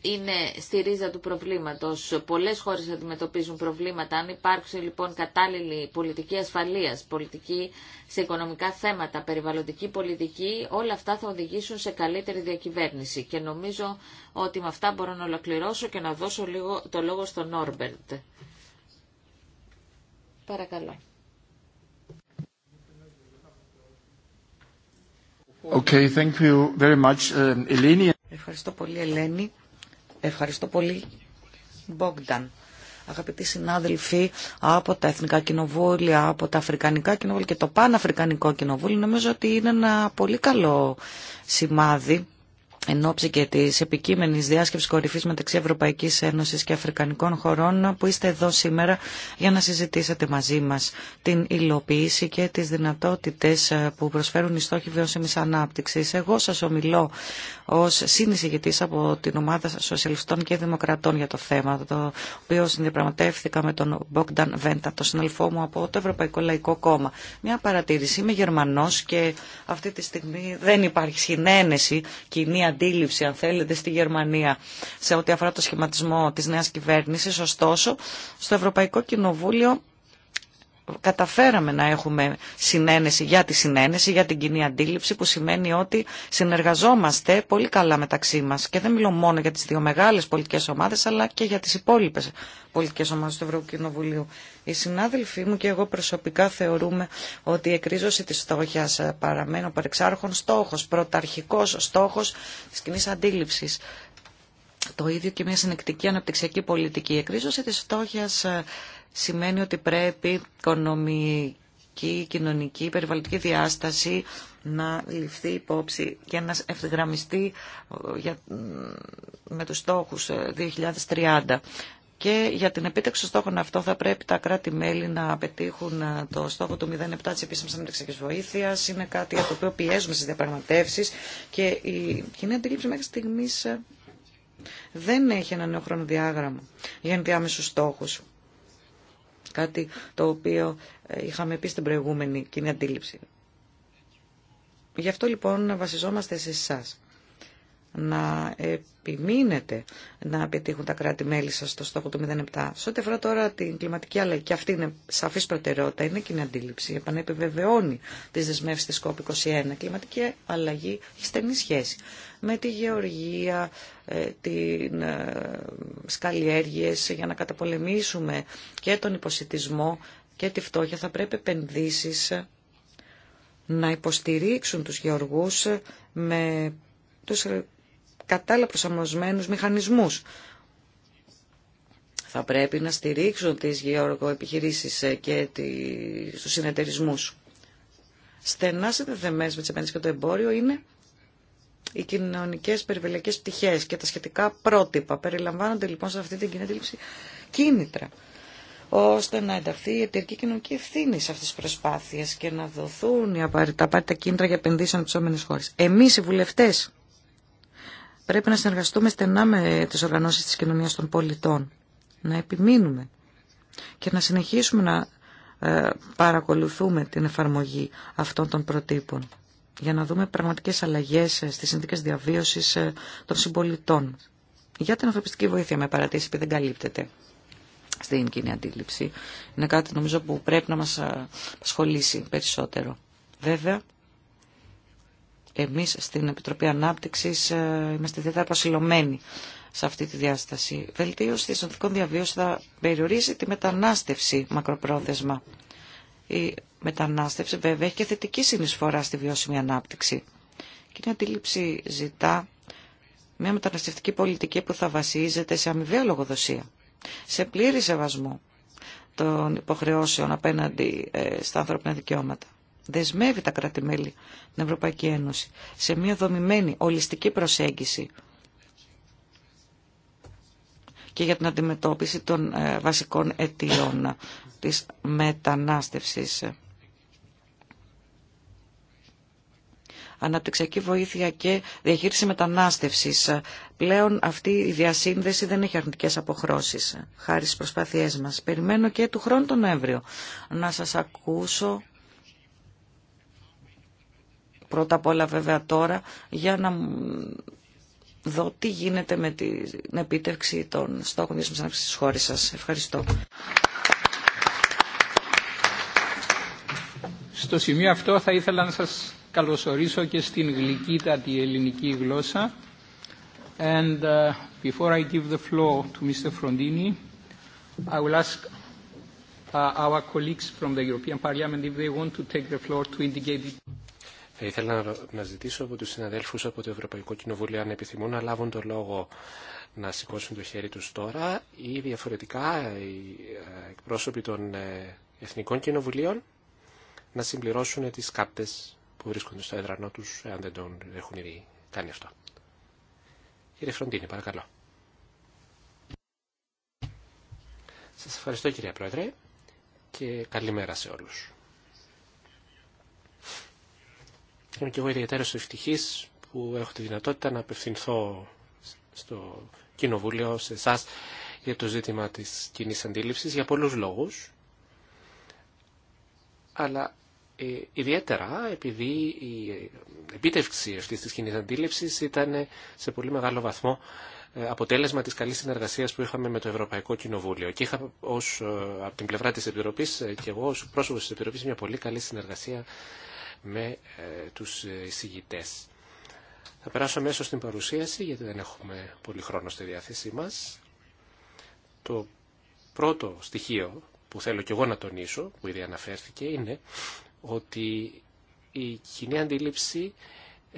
είναι στη ρίζα του προβλήματος. Πολλές χώρες αντιμετωπίζουν προβλήματα. Αν υπάρξει λοιπόν κατάλληλη πολιτική ασφαλείας, πολιτική σε οικονομικά θέματα, περιβαλλοντική πολιτική, όλα αυτά θα οδηγήσουν σε καλύτερη διακυβέρνηση. Και νομίζω ότι με αυτά μπορώ να ολοκληρώσω και να δώσω λίγο το λόγο στον Όρμπερντ. Παρακαλώ. Okay, thank you very much. Uh, Eleni. Ευχαριστώ πολύ Ελένη. Ευχαριστώ πολύ Μπόγκταν. Αγαπητοί συνάδελφοι από τα Εθνικά Κοινοβούλια, από τα Αφρικανικά Κοινοβούλια και το Παναφρικανικό Κοινοβούλιο, νομίζω ότι είναι ένα πολύ καλό σημάδι εν ώψη και τη επικείμενη διάσκεψη κορυφή μεταξύ Ευρωπαϊκή Ένωση και Αφρικανικών χωρών, που είστε εδώ σήμερα για να συζητήσετε μαζί μα την υλοποίηση και τι δυνατότητε ε, που προσφέρουν οι στόχοι βιώσιμη ανάπτυξη. Εγώ σα ομιλώ ω συνεισηγητή από την ομάδα Σοσιαλιστών και Δημοκρατών για το θέμα, το οποίο συνδιαπραγματεύθηκα με τον Μπόγκταν Βέντα, το συναλφό μου από το Ευρωπαϊκό Λαϊκό Κόμμα. Μια παρατήρηση. Είμαι Γερμανό και αυτή τη στιγμή δεν υπάρχει συνένεση κοινή αντίληψη, αν θέλετε, στη Γερμανία σε ό,τι αφορά το σχηματισμό της νέας κυβέρνησης. Ωστόσο, στο Ευρωπαϊκό Κοινοβούλιο καταφέραμε να έχουμε συνένεση για τη συνένεση, για την κοινή αντίληψη που σημαίνει ότι συνεργαζόμαστε πολύ καλά μεταξύ μας και δεν μιλώ μόνο για τις δύο μεγάλες πολιτικές ομάδες αλλά και για τις υπόλοιπες πολιτικές ομάδες του Ευρωκοινοβουλίου. Οι συνάδελφοί μου και εγώ προσωπικά θεωρούμε ότι η εκρίζωση της στόχιας ε, παραμένει ο παρεξάρχων στόχος, πρωταρχικός στόχος της κοινή αντίληψης. Το ίδιο και μια συνεκτική αναπτυξιακή πολιτική. Η εκρίζωση της ε, σημαίνει ότι πρέπει οικονομική, κοινωνική, περιβαλλοντική διάσταση να ληφθεί υπόψη και να ευθυγραμμιστεί ε, για, με τους στόχους 2030. Ε, και για την επίτευξη των στόχων αυτό θα πρέπει τα κράτη-μέλη να πετύχουν ε, το στόχο του 0,7 τη επίσημη ανεπτυξιακή βοήθεια. Είναι κάτι για το οποίο πιέζουμε στι διαπραγματεύσει και η κοινή αντίληψη μέχρι στιγμή δεν έχει ένα νέο χρονοδιάγραμμα για ενδιάμεσου στόχου. Κάτι το οποίο ε, είχαμε πει στην προηγούμενη κοινή αντίληψη. Γι' αυτό λοιπόν βασιζόμαστε σε εσά να επιμείνετε να πετύχουν τα κράτη-μέλη σας στο στόχο του 0,7. Σε ό,τι αφορά τώρα την κλιματική αλλαγή, και αυτή είναι σαφής προτεραιότητα, είναι κοινή αντίληψη, επανεπιβεβαιώνει τις δεσμεύσεις της COP21. Η κλιματική αλλαγή έχει στενή σχέση με τη γεωργία, ε, την σκαλλιέργειες ε, για να καταπολεμήσουμε και τον υποσυτισμό και τη φτώχεια θα πρέπει επενδύσει να υποστηρίξουν τους γεωργούς με τους κατάλληλα προσαρμοσμένους μηχανισμούς. Θα πρέπει να στηρίξουν τις γεωργοεπιχειρήσεις ε, και τους συνεταιρισμούς. Στενά συνδεδεμένες με τις επένδυσεις και το εμπόριο είναι οι κοινωνικές περιβελιακές πτυχές και τα σχετικά πρότυπα. Περιλαμβάνονται λοιπόν σε αυτή την κοινή αντίληψη κίνητρα ώστε να ενταχθεί η εταιρική κοινωνική ευθύνη σε αυτές τις προσπάθειες και να δοθούν τα απαραίτητα κίνητρα για επενδύσεις τι όμενε χώρε. Εμείς οι βουλευτές πρέπει να συνεργαστούμε στενά με τις οργανώσεις της κοινωνίας των πολιτών, να επιμείνουμε και να συνεχίσουμε να ε, παρακολουθούμε την εφαρμογή αυτών των προτύπων για να δούμε πραγματικές αλλαγές ε, στις συνθήκες διαβίωσης ε, των συμπολιτών. Για την ανθρωπιστική βοήθεια με παρατήσει επειδή δεν καλύπτεται στην κοινή αντίληψη. Είναι κάτι νομίζω που πρέπει να μας ασχολήσει περισσότερο. Βέβαια, εμείς στην Επιτροπή Ανάπτυξης ε, είμαστε ιδιαίτερα προσιλωμένοι σε αυτή τη διάσταση. Βελτίωση της οδικών διαβίωσης θα περιορίσει τη μετανάστευση μακροπρόθεσμα. Η μετανάστευση βέβαια έχει και θετική συνεισφορά στη βιώσιμη ανάπτυξη. Και η αντίληψη ζητά μια μεταναστευτική πολιτική που θα βασίζεται σε αμοιβαία λογοδοσία, σε πλήρη σεβασμό των υποχρεώσεων απέναντι ε, στα ανθρώπινα δικαιώματα δεσμεύει τα κράτη-μέλη την Ευρωπαϊκή Ένωση σε μια δομημένη ολιστική προσέγγιση και για την αντιμετώπιση των ε, βασικών αιτιών της μετανάστευσης. Αναπτυξιακή βοήθεια και διαχείριση μετανάστευσης. Πλέον αυτή η διασύνδεση δεν έχει αρνητικές αποχρώσεις, χάρη στις προσπάθειές μας. Περιμένω και του χρόνου τον Νοέμβριο να σας ακούσω Πρώτα απ' όλα βέβαια τώρα για να δω τι γίνεται με την επίτευξη των στόχων της ανάπτυξης της χώρας σας. Ευχαριστώ. Στο σημείο αυτό θα ήθελα να σας καλωσορίσω και στην γλυκύτατη ελληνική γλώσσα. And uh, before I give the floor to Mr. Frondini, I will ask uh, our colleagues from the European Parliament if they want to take the floor to indicate it. Θα ήθελα να ζητήσω από τους συναδέλφους από το Ευρωπαϊκό Κοινοβούλιο αν επιθυμούν να λάβουν το λόγο να σηκώσουν το χέρι τους τώρα ή διαφορετικά οι ε, εκπρόσωποι των ε, Εθνικών Κοινοβουλίων να συμπληρώσουν τις κάρτες που βρίσκονται στο έδρανό τους αν δεν τον έχουν ήδη κάνει αυτό. Κύριε Φροντίνη, παρακαλώ. Σας ευχαριστώ κύριε Πρόεδρε και καλημέρα σε όλους. Είμαι και εγώ ιδιαίτερα ευτυχή που έχω τη δυνατότητα να απευθυνθώ στο Κοινοβούλιο, σε εσά, για το ζήτημα τη κοινή αντίληψη για πολλού λόγου. αλλά ε, ιδιαίτερα επειδή η επίτευξη αυτή τη κοινή αντίληψη ήταν σε πολύ μεγάλο βαθμό ε, αποτέλεσμα της καλής συνεργασίας που είχαμε με το Ευρωπαϊκό Κοινοβούλιο. Και είχα ως, ε, από την πλευρά της Επιτροπής ε, και εγώ ως πρόσωπος της Επιτροπής μια πολύ καλή συνεργασία με ε, τους ε, εισηγητές. Θα περάσω αμέσω στην παρουσίαση γιατί δεν έχουμε πολύ χρόνο στη διάθεσή μας. Το πρώτο στοιχείο που θέλω και εγώ να τονίσω, που ήδη αναφέρθηκε, είναι ότι η κοινή αντίληψη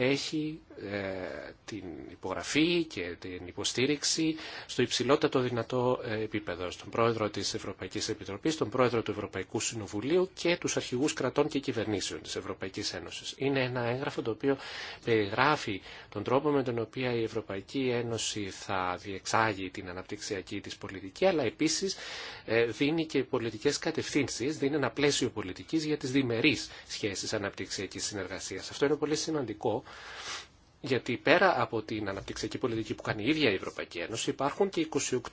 έχει ε, την υπογραφή και την υποστήριξη στο υψηλότερο δυνατό ε, επίπεδο. Στον πρόεδρο της Ευρωπαϊκής Επιτροπής, τον πρόεδρο του Ευρωπαϊκού Συνοβουλίου και τους αρχηγούς κρατών και κυβερνήσεων της Ευρωπαϊκής Ένωσης. Είναι ένα έγγραφο το οποίο περιγράφει τον τρόπο με τον οποίο η Ευρωπαϊκή Ένωση θα διεξάγει την αναπτυξιακή της πολιτική, αλλά επίσης ε, δίνει και πολιτικές κατευθύνσεις, δίνει ένα πλαίσιο πολιτικής για τις διμερείς σχέσεις αναπτυξιακής συνεργασίας. Αυτό είναι πολύ σημαντικό γιατί πέρα από την αναπτυξιακή πολιτική που κάνει η ίδια η Ευρωπαϊκή Ένωση, υπάρχουν και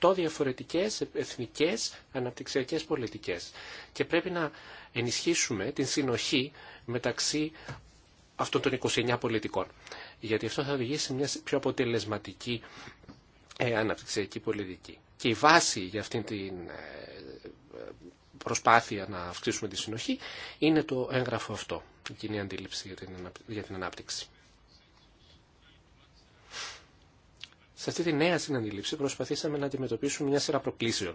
28 διαφορετικές εθνικές αναπτυξιακέ πολιτικέ. Και πρέπει να ενισχύσουμε την συνοχή μεταξύ αυτών των 29 πολιτικών. Γιατί αυτό θα οδηγήσει σε μια πιο αποτελεσματική ε, αναπτυξιακή πολιτική. Και η βάση για αυτήν την ε, προσπάθεια να αυξήσουμε τη συνοχή είναι το έγγραφο αυτό, η κοινή αντίληψη για την ανάπτυξη. Σε αυτή τη νέα συναντήληψη προσπαθήσαμε να αντιμετωπίσουμε μια σειρά προκλήσεων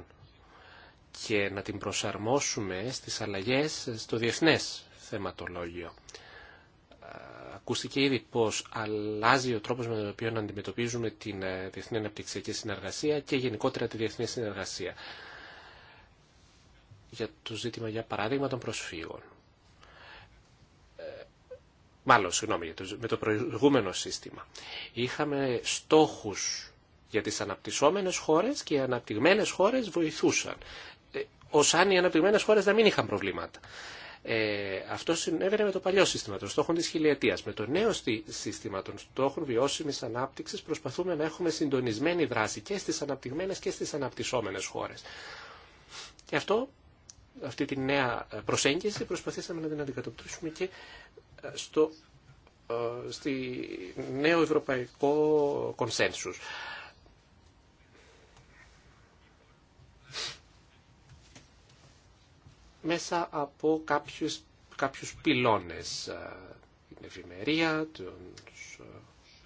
και να την προσαρμόσουμε στις αλλαγές στο διεθνές θεματολόγιο. Ακούστηκε ήδη πως αλλάζει ο τρόπος με τον οποίο να αντιμετωπίζουμε την ε, διεθνή αναπτυξιακή συνεργασία και γενικότερα τη διεθνή συνεργασία. Για το ζήτημα, για παράδειγμα, των προσφύγων μάλλον συγγνώμη, με το προηγούμενο σύστημα. Είχαμε στόχους για τις αναπτυσσόμενες χώρες και οι αναπτυγμένες χώρες βοηθούσαν. Ε, ως αν οι αναπτυγμένες χώρες να μην είχαν προβλήματα. Ε, αυτό συνέβαινε με το παλιό σύστημα των στόχων της χιλιετίας. Με το νέο σύστημα των στόχων βιώσιμης ανάπτυξης προσπαθούμε να έχουμε συντονισμένη δράση και στις αναπτυγμένες και στις αναπτυσσόμενες χώρες. Και αυτό αυτή τη νέα προσέγγιση προσπαθήσαμε να την αντικατοπτρίσουμε και στο ε, στη νέο ευρωπαϊκό κονσένσους. Μέσα από κάποιους, κάποιους πυλώνες, ε, την ευημερία, τους ε,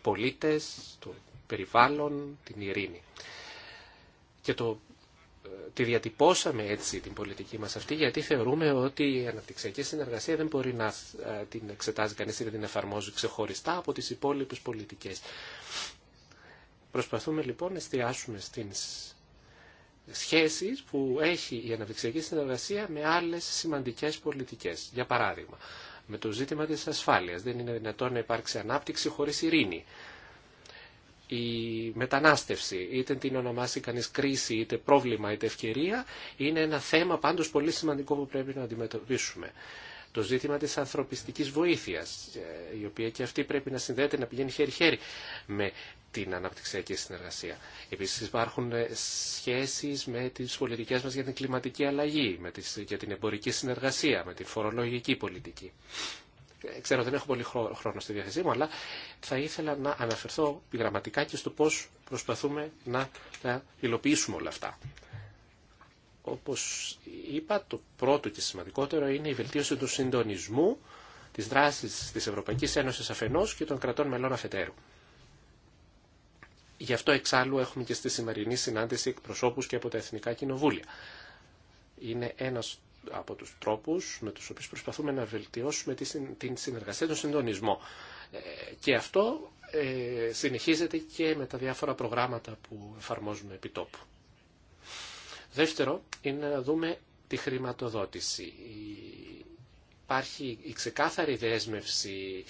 πολίτες, το περιβάλλον, την ειρήνη. Και το τη διατυπώσαμε έτσι την πολιτική μας αυτή γιατί θεωρούμε ότι η αναπτυξιακή συνεργασία δεν μπορεί να ε, την εξετάζει κανείς ή να την εφαρμόζει ξεχωριστά από τις υπόλοιπες πολιτικές. Προσπαθούμε λοιπόν να εστιάσουμε στις σχέσεις που έχει η αναπτυξιακή συνεργασία με άλλες σημαντικές πολιτικές. Για παράδειγμα, με το ζήτημα της ασφάλειας. Δεν είναι δυνατόν να υπάρξει ανάπτυξη χωρίς ειρήνη η μετανάστευση, είτε την ονομάσει κανείς κρίση, είτε πρόβλημα, είτε ευκαιρία, είναι ένα θέμα πάντως πολύ σημαντικό που πρέπει να αντιμετωπίσουμε. Το ζήτημα της ανθρωπιστικής βοήθειας, ε, η οποία και αυτή πρέπει να συνδέεται, να πηγαίνει χέρι-χέρι με την αναπτυξιακή συνεργασία. Επίσης υπάρχουν ε, σχέσεις με τις πολιτικές μας για την κλιματική αλλαγή, με τις, για την εμπορική συνεργασία, με την φορολογική πολιτική ξέρω δεν έχω πολύ χρόνο στη διάθεσή μου, αλλά θα ήθελα να αναφερθώ πειγραμματικά και στο πώς προσπαθούμε να, τα υλοποιήσουμε όλα αυτά. Όπως είπα, το πρώτο και σημαντικότερο είναι η βελτίωση του συντονισμού της δράσης της Ευρωπαϊκής Ένωσης αφενός και των κρατών μελών αφετέρου. Γι' αυτό εξάλλου έχουμε και στη σημερινή συνάντηση εκπροσώπους και από τα Εθνικά Κοινοβούλια. Είναι ένας από τους τρόπους με τους οποίους προσπαθούμε να βελτιώσουμε την συνεργασία, τον συντονισμό. Ε, και αυτό ε, συνεχίζεται και με τα διάφορα προγράμματα που εφαρμόζουμε επί τόπου. Δεύτερο είναι να δούμε τη χρηματοδότηση. Υπάρχει η ξεκάθαρη δέσμευση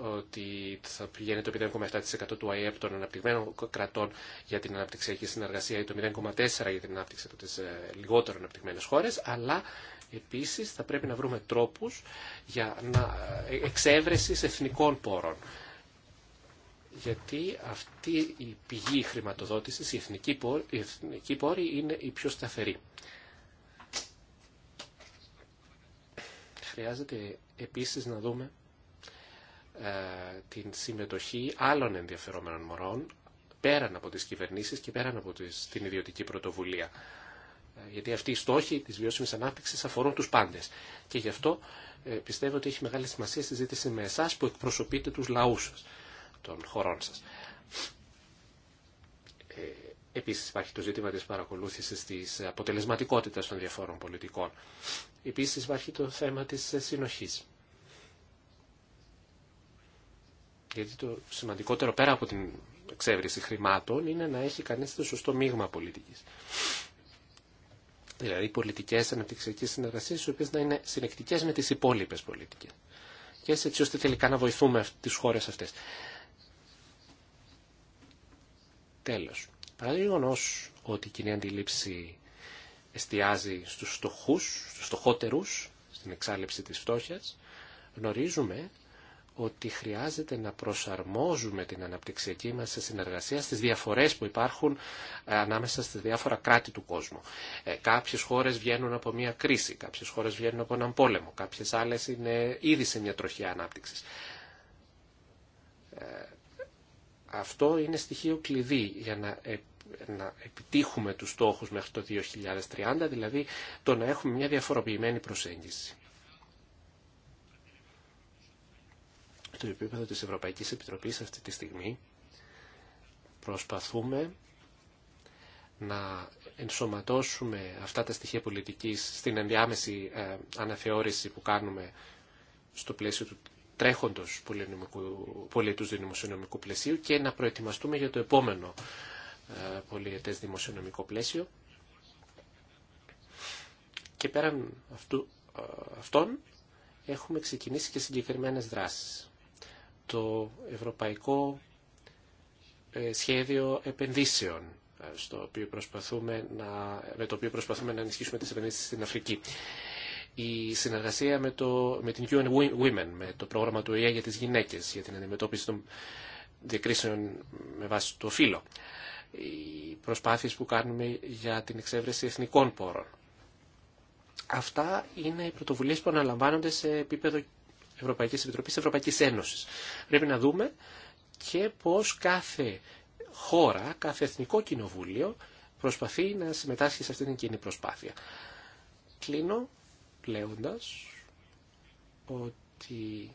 ότι θα πηγαίνει το 0,7% του ΑΕΠ των αναπτυγμένων κρατών για την αναπτυξιακή συνεργασία ή το 0,4% για την ανάπτυξη από τις ε, λιγότερο αναπτυγμένες χώρες, αλλά επίσης θα πρέπει να βρούμε τρόπους για να ε, εθνικών πόρων. Γιατί αυτή η πηγή χρηματοδότησης, η εθνική, πόρη, είναι η πιο σταθερή. Χρειάζεται επίσης να δούμε ε, την συμμετοχή άλλων ενδιαφερόμενων μωρών πέραν από τις κυβερνήσεις και πέραν από την ιδιωτική πρωτοβουλία. Ε, γιατί αυτοί οι στόχοι της βιώσιμης ανάπτυξης αφορούν τους πάντες. Και γι' αυτό ε, πιστεύω ότι έχει μεγάλη σημασία συζήτηση με εσά που εκπροσωπείτε τους λαούς των χωρών σας. Επίσης υπάρχει το ζήτημα της παρακολούθησης της αποτελεσματικότητας των διαφόρων πολιτικών. Επίσης υπάρχει το θέμα της συνοχής. Γιατί το σημαντικότερο πέρα από την εξέβριση χρημάτων είναι να έχει κανείς το σωστό μείγμα πολιτικής. Δηλαδή πολιτικές αναπτυξιακές συνεργασίε, οι οποίες να είναι συνεκτικές με τις υπόλοιπε πολιτικές. Και έτσι ώστε τελικά να βοηθούμε τις χώρες αυτές. Τέλος. Παρά γεγονό ότι η κοινή αντιλήψη εστιάζει στους στοχούς, στους στοχότερους, στην εξάλληψη της φτώχειας, γνωρίζουμε ότι χρειάζεται να προσαρμόζουμε την αναπτυξιακή μας συνεργασία στις διαφορές που υπάρχουν ε, ανάμεσα στις διάφορα κράτη του κόσμου. Ε, κάποιες χώρες βγαίνουν από μια κρίση, κάποιες χώρες βγαίνουν από έναν πόλεμο, κάποιες άλλες είναι ήδη σε μια τροχιά ανάπτυξης. Ε, αυτό είναι στοιχείο κλειδί για να να επιτύχουμε τους στόχους μέχρι το 2030, δηλαδή το να έχουμε μια διαφοροποιημένη προσέγγιση. το επίπεδο της Ευρωπαϊκής Επιτροπής αυτή τη στιγμή προσπαθούμε να ενσωματώσουμε αυτά τα στοιχεία πολιτικής στην ενδιάμεση ε, αναθεώρηση που κάνουμε στο πλαίσιο του τρέχοντος πολιετούς δημοσιονομικού πλαισίου και να προετοιμαστούμε για το επόμενο ε, πολιετές δημοσιονομικό πλαίσιο. Και πέραν αυτού, ε, αυτών έχουμε ξεκινήσει και συγκεκριμένες δράσεις το ευρωπαϊκό ε, σχέδιο επενδύσεων ε, στο οποίο προσπαθούμε να, με το οποίο προσπαθούμε να ενισχύσουμε τις επενδύσεις στην Αφρική. Η συνεργασία με, το, με την UN Women, με το πρόγραμμα του ΕΕ για τις γυναίκες, για την αντιμετώπιση των διακρίσεων με βάση το φύλλο. Οι προσπάθειες που κάνουμε για την εξέβρεση εθνικών πόρων. Αυτά είναι οι πρωτοβουλίες που αναλαμβάνονται σε επίπεδο Ευρωπαϊκής Επιτροπή Ευρωπαϊκής Ένωσης. Πρέπει να δούμε και πώς κάθε χώρα, κάθε εθνικό κοινοβούλιο προσπαθεί να συμμετάσχει σε αυτή την κοινή προσπάθεια. Κλείνω λέγοντας ότι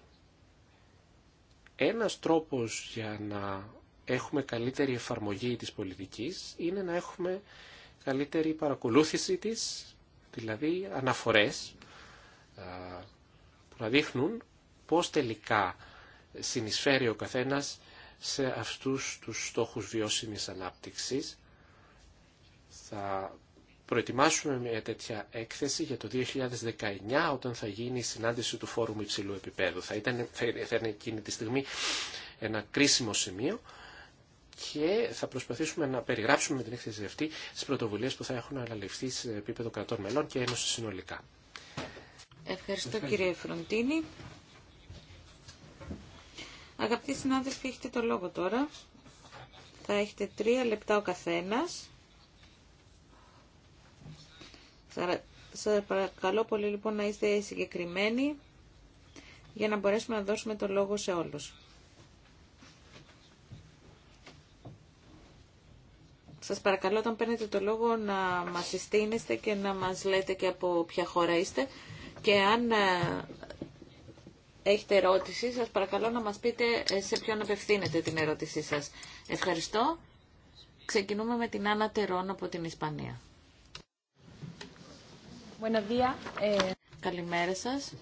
ένας τρόπος για να έχουμε καλύτερη εφαρμογή της πολιτικής είναι να έχουμε καλύτερη παρακολούθηση της, δηλαδή αναφορές να δείχνουν πώς τελικά συνεισφέρει ο καθένας σε αυτούς τους στόχους βιώσιμης ανάπτυξης. Θα προετοιμάσουμε μια τέτοια έκθεση για το 2019 όταν θα γίνει η συνάντηση του Φόρουμ Υψηλού Επιπέδου. Θα ήταν, θα εκείνη τη στιγμή ένα κρίσιμο σημείο και θα προσπαθήσουμε να περιγράψουμε με την έκθεση αυτή τις πρωτοβουλίες που θα έχουν αναλυφθεί σε επίπεδο κρατών μελών και ένωση συνολικά. Ευχαριστώ κύριε Φροντίνη. Αγαπητοί συνάδελφοι, έχετε το λόγο τώρα. Θα έχετε τρία λεπτά ο καθένας. Σας παρακαλώ πολύ λοιπόν να είστε συγκεκριμένοι για να μπορέσουμε να δώσουμε το λόγο σε όλους. Σας παρακαλώ όταν παίρνετε το λόγο να μας συστήνεστε και να μας λέτε και από ποια χώρα είστε και αν ε, έχετε ερώτηση, σας παρακαλώ να μας πείτε ε, σε ποιον απευθύνετε την ερώτησή σας. Ευχαριστώ. Ξεκινούμε με την Άννα Τερών από την Ισπανία. Ε. Καλημέρα σας.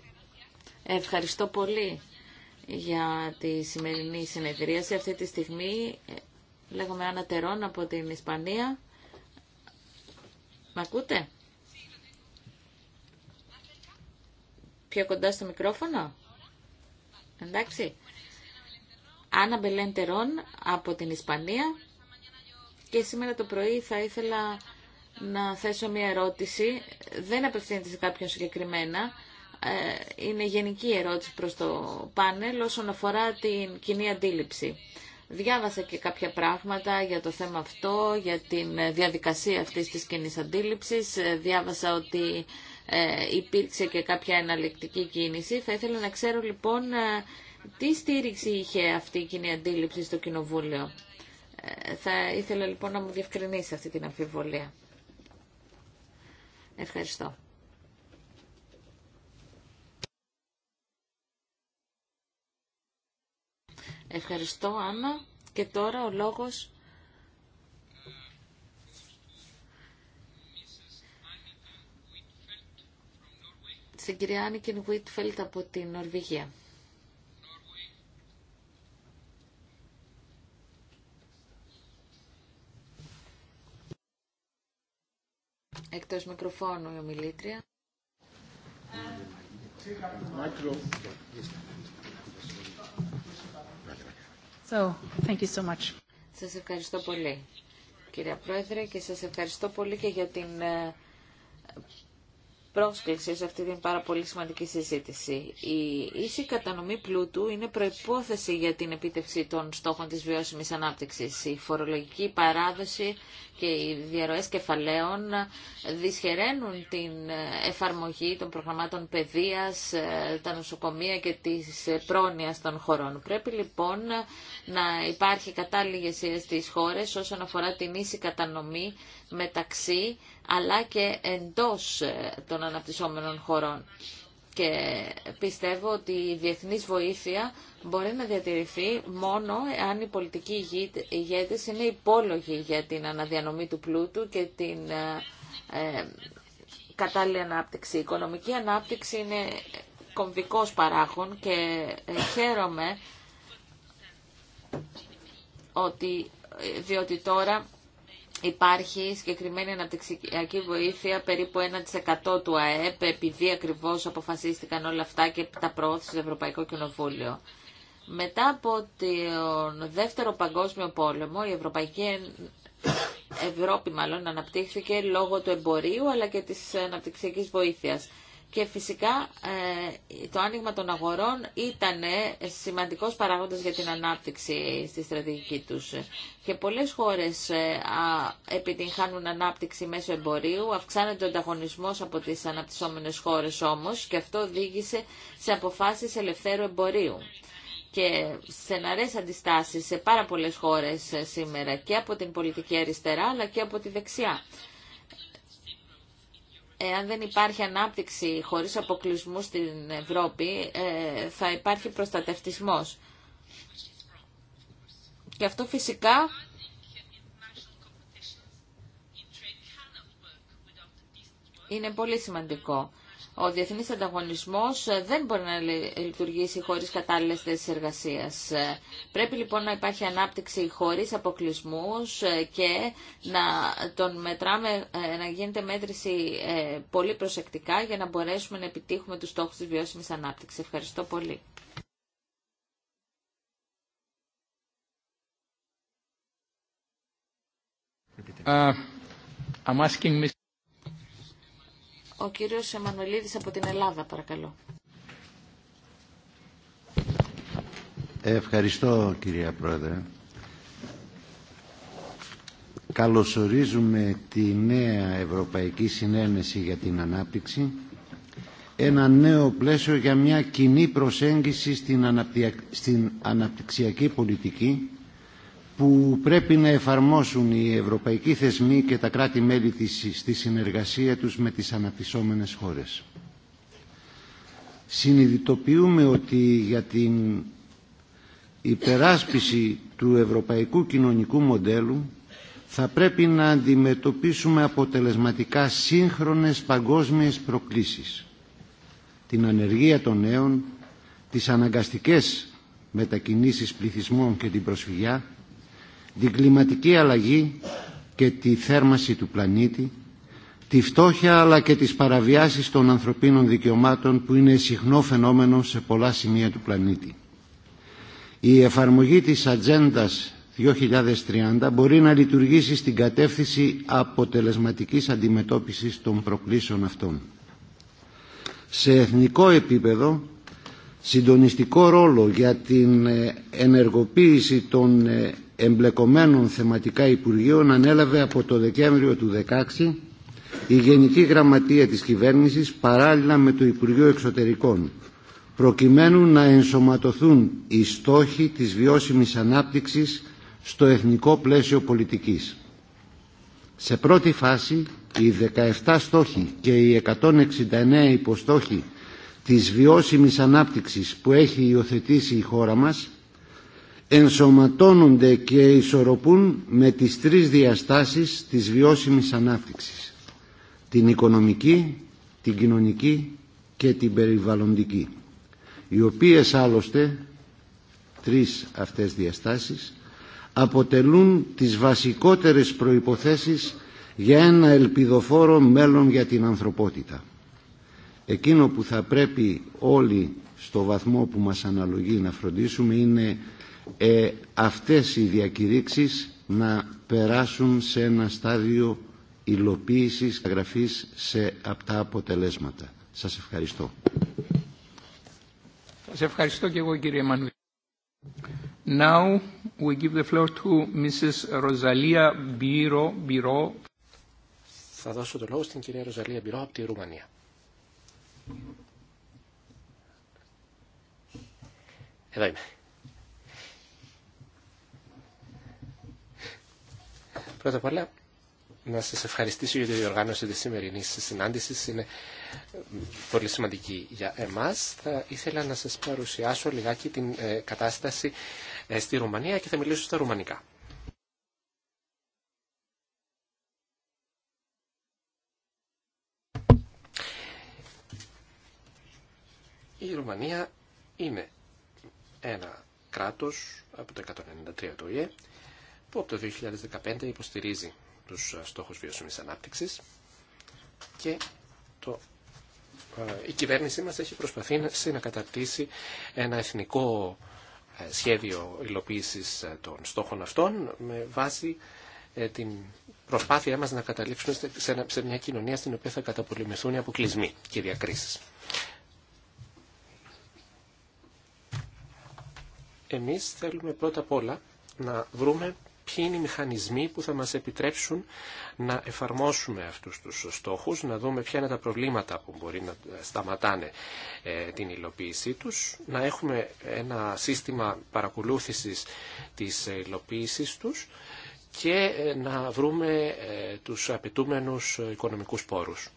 Ευχαριστώ πολύ για τη σημερινή συνεδρίαση. Αυτή τη στιγμή λέγομαι Άννα Τερών από την Ισπανία. Μ' ακούτε? Πιο κοντά στο μικρόφωνο. Εντάξει. Άννα Μπελέντερον από την Ισπανία. Και σήμερα το πρωί θα ήθελα να θέσω μια ερώτηση. Δεν απευθύνεται σε κάποιον συγκεκριμένα. Ε, είναι γενική ερώτηση προς το πάνελ όσον αφορά την κοινή αντίληψη. Διάβασα και κάποια πράγματα για το θέμα αυτό, για την διαδικασία αυτής της κοινή αντίληψης. Ε, διάβασα ότι ε, υπήρξε και κάποια εναλλεκτική κίνηση. Θα ήθελα να ξέρω λοιπόν ε, τι στήριξη είχε αυτή η κοινή αντίληψη στο Κοινοβούλιο. Ε, θα ήθελα λοιπόν να μου διευκρινίσει αυτή την αμφιβολία. Ευχαριστώ. Ευχαριστώ, Άννα. Και τώρα ο λόγος στην κυρία Άνικιν Βουίτφελτ από την Νορβηγία. Εκτός μικροφώνου η ομιλήτρια. So, thank you so much. Σας ευχαριστώ πολύ, κυρία Πρόεδρε, και σας ευχαριστώ πολύ και για την ε, πρόσκληση σε αυτή την πάρα πολύ σημαντική συζήτηση. Η ίση κατανομή πλούτου είναι προϋπόθεση για την επίτευξη των στόχων της βιώσιμης ανάπτυξης. Η φορολογική παράδοση και οι διαρροές κεφαλαίων δυσχεραίνουν την εφαρμογή των προγραμμάτων παιδείας, τα νοσοκομεία και της πρόνοιας των χωρών. Πρέπει λοιπόν να υπάρχει κατάλληλη ηγεσία στις χώρες όσον αφορά την ίση κατανομή μεταξύ αλλά και εντός ε, των αναπτυσσόμενων χωρών. Και πιστεύω ότι η διεθνής βοήθεια μπορεί να διατηρηθεί μόνο αν οι πολιτικοί ηγέτες είναι υπόλογη για την αναδιανομή του πλούτου και την ε, ε, κατάλληλη ανάπτυξη. Η οικονομική ανάπτυξη είναι κομβικός παράχων... και χαίρομαι ότι διότι τώρα Υπάρχει συγκεκριμένη αναπτυξιακή βοήθεια, περίπου 1% του ΑΕΠ, επειδή ακριβώς αποφασίστηκαν όλα αυτά και τα προώθησε το Ευρωπαϊκό Κοινοβούλιο. Μετά από τον Δεύτερο Παγκόσμιο Πόλεμο, η Ευρωπαϊκή Ευρώπη μάλλον αναπτύχθηκε λόγω του εμπορίου αλλά και της αναπτυξιακής βοήθειας και φυσικά ε, το άνοιγμα των αγορών ήταν σημαντικός παράγοντας για την ανάπτυξη στη στρατηγική τους. Και πολλές χώρες ε, επιτυγχάνουν ανάπτυξη μέσω εμπορίου, αυξάνεται ο ανταγωνισμός από τις αναπτυσσόμενες χώρες όμως και αυτό οδήγησε σε αποφάσεις ελευθέρου εμπορίου και στεναρές αντιστάσεις σε πάρα πολλές χώρες ε, σήμερα και από την πολιτική αριστερά αλλά και από τη δεξιά εάν δεν υπάρχει ανάπτυξη χωρίς αποκλεισμού στην Ευρώπη, ε, θα υπάρχει προστατευτισμός. Και αυτό φυσικά είναι πολύ σημαντικό. Ο διεθνής ανταγωνισμός ε, δεν μπορεί να λειτουργήσει χωρίς κατάλληλες θέσεις εργασίας. Ε, πρέπει λοιπόν να υπάρχει ανάπτυξη χωρίς αποκλεισμούς ε, και να τον μετράμε, να γίνεται μέτρηση πολύ προσεκτικά για να μπορέσουμε να επιτύχουμε τους στόχους της βιώσιμης ανάπτυξης. Ευχαριστώ πολύ. Uh, ο κύριος Εμμανουελίδης από την Ελλάδα, παρακαλώ. Ευχαριστώ, κυρία Πρόεδρε. Καλωσορίζουμε τη νέα Ευρωπαϊκή Συνένεση για την Ανάπτυξη, ένα νέο πλαίσιο για μια κοινή προσέγγιση στην αναπτυξιακή πολιτική, που πρέπει να εφαρμόσουν οι ευρωπαϊκοί θεσμοί και τα κράτη-μέλη της στη συνεργασία τους με τις αναπτυσσόμενες χώρες. Συνειδητοποιούμε ότι για την υπεράσπιση του ευρωπαϊκού κοινωνικού μοντέλου θα πρέπει να αντιμετωπίσουμε αποτελεσματικά σύγχρονες παγκόσμιες προκλήσεις. Την ανεργία των νέων, τις αναγκαστικές μετακινήσεις πληθυσμών και την προσφυγιά, την κλιματική αλλαγή και τη θέρμαση του πλανήτη, τη φτώχεια αλλά και τις παραβιάσεις των ανθρωπίνων δικαιωμάτων που είναι συχνό φαινόμενο σε πολλά σημεία του πλανήτη. Η εφαρμογή της Ατζέντα 2030 μπορεί να λειτουργήσει στην κατεύθυνση αποτελεσματικής αντιμετώπισης των προκλήσεων αυτών. Σε εθνικό επίπεδο, συντονιστικό ρόλο για την ενεργοποίηση των ε, εμπλεκομένων θεματικά Υπουργείων ανέλαβε από το Δεκέμβριο του 2016 η Γενική Γραμματεία της Κυβέρνησης παράλληλα με το Υπουργείο Εξωτερικών προκειμένου να ενσωματωθούν οι στόχοι της βιώσιμης ανάπτυξης στο εθνικό πλαίσιο πολιτικής. Σε πρώτη φάση, οι 17 στόχοι και οι 169 υποστόχοι της βιώσιμης ανάπτυξης που έχει υιοθετήσει η χώρα μας ενσωματώνονται και ισορροπούν με τις τρεις διαστάσεις της βιώσιμης ανάπτυξης την οικονομική, την κοινωνική και την περιβαλλοντική οι οποίες άλλωστε τρεις αυτές διαστάσεις αποτελούν τις βασικότερες προϋποθέσεις για ένα ελπιδοφόρο μέλλον για την ανθρωπότητα. Εκείνο που θα πρέπει όλοι στο βαθμό που μας αναλογεί να φροντίσουμε είναι ε, αυτές οι διακηρύξεις να περάσουν σε ένα στάδιο υλοποίησης γραφής σε αυτά αποτελέσματα. Σας ευχαριστώ. Σας ευχαριστώ και εγώ κύριε Μανουή. Now we give the floor to Mrs. Rosalia Biro, Biro. Θα δώσω το λόγο στην κυρία Ροζαλία Μπυρό από τη Ρουμανία. Εδώ είμαι. Πρώτα απ' όλα, να σας ευχαριστήσω για τη διοργάνωση τη σημερινή συνάντηση. Είναι πολύ σημαντική για εμάς. Θα ήθελα να σας παρουσιάσω λιγάκι την ε, κατάσταση ε, στη Ρουμανία και θα μιλήσω στα ρουμανικά. Η Ρουμανία είναι ένα κράτος από το 193 του ΙΕ που από το 2015 υποστηρίζει τους ε, στόχους βιώσιμης ανάπτυξης και το, ε, η κυβέρνησή μας έχει προσπαθήσει να καταρτήσει ένα εθνικό ε, σχέδιο υλοποίησης των στόχων αυτών με βάση την προσπάθειά μας να καταλήξουμε σε μια κοινωνία στην οποία θα καταπολεμηθούν οι αποκλεισμοί και οι διακρίσεις. Εμείς θέλουμε πρώτα απ' όλα να βρούμε ποιοι είναι οι μηχανισμοί που θα μας επιτρέψουν να εφαρμόσουμε αυτούς τους στόχους, να δούμε ποια είναι τα προβλήματα που μπορεί να σταματάνε ε, την υλοποίησή τους, να έχουμε ένα σύστημα παρακολούθησης της υλοποίησης τους και ε, να βρούμε ε, τους απαιτούμενους οικονομικούς πόρους.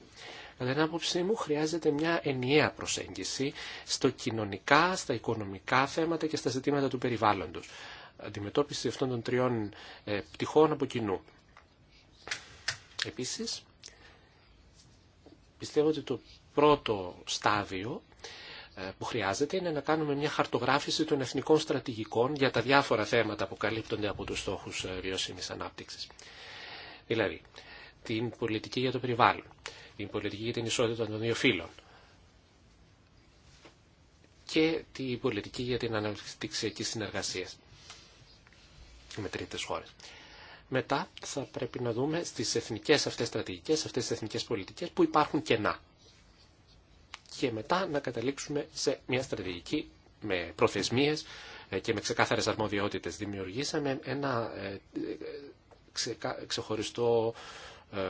Κατά την άποψή μου χρειάζεται μια ενιαία προσέγγιση στο κοινωνικά, στα οικονομικά θέματα και στα ζητήματα του περιβάλλοντος αντιμετώπιση αυτών των τριών ε, πτυχών από κοινού. Επίσης, πιστεύω ότι το πρώτο στάδιο ε, που χρειάζεται είναι να κάνουμε μια χαρτογράφηση των εθνικών στρατηγικών για τα διάφορα θέματα που καλύπτονται από τους στόχους ε, βιώσιμη ανάπτυξης. Δηλαδή, την πολιτική για το περιβάλλον, την πολιτική για την ισότητα των δύο φύλων και την πολιτική για την αναπτυξιακή συνεργασία με τρίτε χώρες. Μετά θα πρέπει να δούμε στις εθνικές αυτές στρατηγικές, αυτέ τι εθνικές πολιτικές που υπάρχουν κενά. Και μετά να καταλήξουμε σε μια στρατηγική με προθεσμίες ε, και με ξεκάθαρες αρμοδιότητε Δημιουργήσαμε ένα ε, ξεχωριστό ε,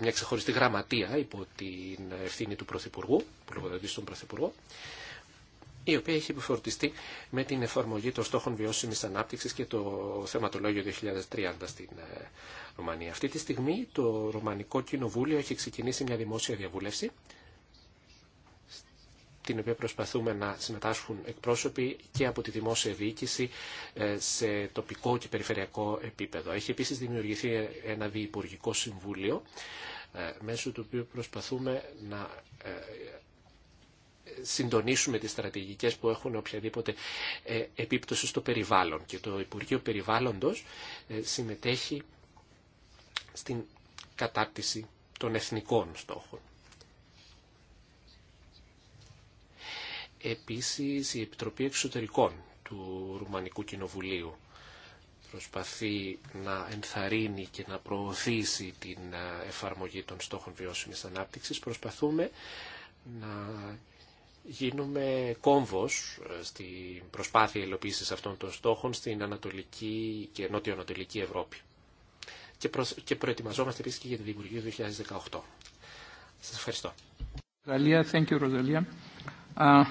μια ξεχωριστή γραμματεία υπό την ευθύνη του Πρωθυπουργού, που λογοδοτεί στον Πρωθυπουργό, η οποία έχει επιφορτιστεί με την εφαρμογή των στόχων βιώσιμης ανάπτυξης και το θεματολόγιο 2030 στην ε, Ρουμανία. Αυτή τη στιγμή το Ρουμανικό Κοινοβούλιο έχει ξεκινήσει μια δημόσια διαβούλευση την οποία προσπαθούμε να συμμετάσχουν εκπρόσωποι και από τη δημόσια διοίκηση ε, σε τοπικό και περιφερειακό επίπεδο. Έχει επίσης δημιουργηθεί ε, ένα διυπουργικό συμβούλιο μέσω του οποίου προσπαθούμε να συντονίσουμε τις στρατηγικές που έχουν οποιαδήποτε ε, επίπτωση στο περιβάλλον. Και το Υπουργείο Περιβάλλοντος ε, συμμετέχει στην κατάρτιση των εθνικών στόχων. Επίσης, η Επιτροπή Εξωτερικών του Ρουμανικού Κοινοβουλίου προσπαθεί να ενθαρρύνει και να προωθήσει την ε, εφαρμογή των στόχων βιώσιμης ανάπτυξης. Προσπαθούμε να γίνουμε κόμβος ε, στην προσπάθεια υλοποίησης αυτών των στόχων στην Ανατολική και Νότιο-Ανατολική Ευρώπη. Και, προετοιμαζόμαστε επίσης και για τη δημιουργία 2018. Σας ευχαριστώ. Thank you, uh,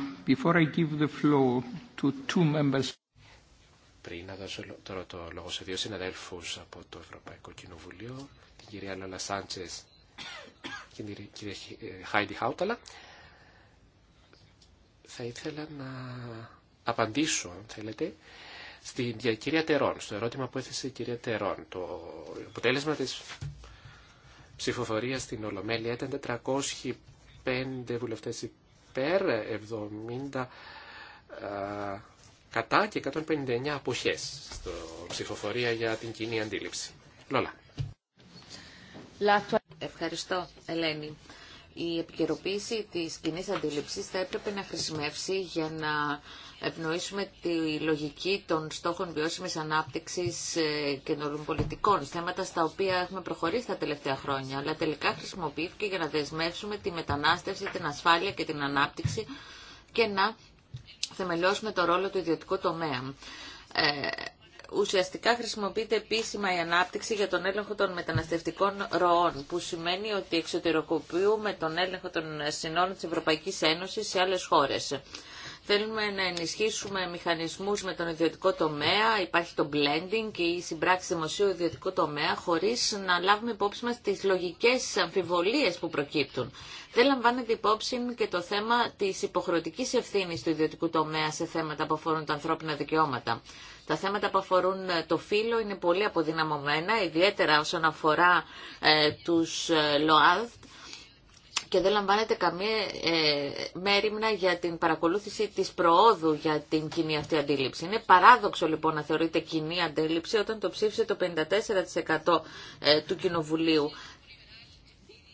Πριν να δώσω τώρα το λόγο σε δύο συναδέλφους από το Ευρωπαϊκό Κοινοβουλίο, την κυρία Λόλα Σάντσες και την κυρία ε, Χάιντι Χάουταλα, θα ήθελα να απαντήσω, αν θέλετε, στην κυρία Τερών, στο ερώτημα που έθεσε η κυρία Τερών. Το αποτέλεσμα της ψηφοφορίας στην Ολομέλεια ήταν 405 βουλευτές υπέρ, 70 κατά και 159 αποχές στο ψηφοφορία για την κοινή αντίληψη. Λόλα. Ευχαριστώ, Ελένη η επικαιροποίηση της κοινή αντίληψης θα έπρεπε να χρησιμεύσει για να ευνοήσουμε τη λογική των στόχων βιώσιμης ανάπτυξης ε, και των πολιτικών, θέματα στα οποία έχουμε προχωρήσει τα τελευταία χρόνια, αλλά τελικά χρησιμοποιήθηκε για να δεσμεύσουμε τη μετανάστευση, την ασφάλεια και την ανάπτυξη και να θεμελιώσουμε το ρόλο του ιδιωτικού τομέα. Ε, ουσιαστικά χρησιμοποιείται επίσημα η ανάπτυξη για τον έλεγχο των μεταναστευτικών ροών, που σημαίνει ότι εξωτερικοποιούμε τον έλεγχο των συνόρων της Ευρωπαϊκής Ένωσης σε άλλες χώρες. Θέλουμε να ενισχύσουμε μηχανισμούς με τον ιδιωτικό τομέα, υπάρχει το blending και η συμπράξη δημοσίου ιδιωτικού τομέα, χωρίς να λάβουμε υπόψη μας τις λογικές αμφιβολίες που προκύπτουν. Δεν λαμβάνεται υπόψη και το θέμα της υποχρεωτικής ευθύνης του ιδιωτικού τομέα σε θέματα που αφορούν τα ανθρώπινα δικαιώματα. Τα θέματα που αφορούν ε, το φύλλο είναι πολύ αποδυναμωμένα, ιδιαίτερα όσον αφορά ε, τους ε, ΛΟΑΔ και δεν λαμβάνεται καμία ε, μέρημνα για την παρακολούθηση της προόδου για την κοινή αυτή αντίληψη. Είναι παράδοξο λοιπόν να θεωρείται κοινή αντίληψη όταν το ψήφισε το 54% του Κοινοβουλίου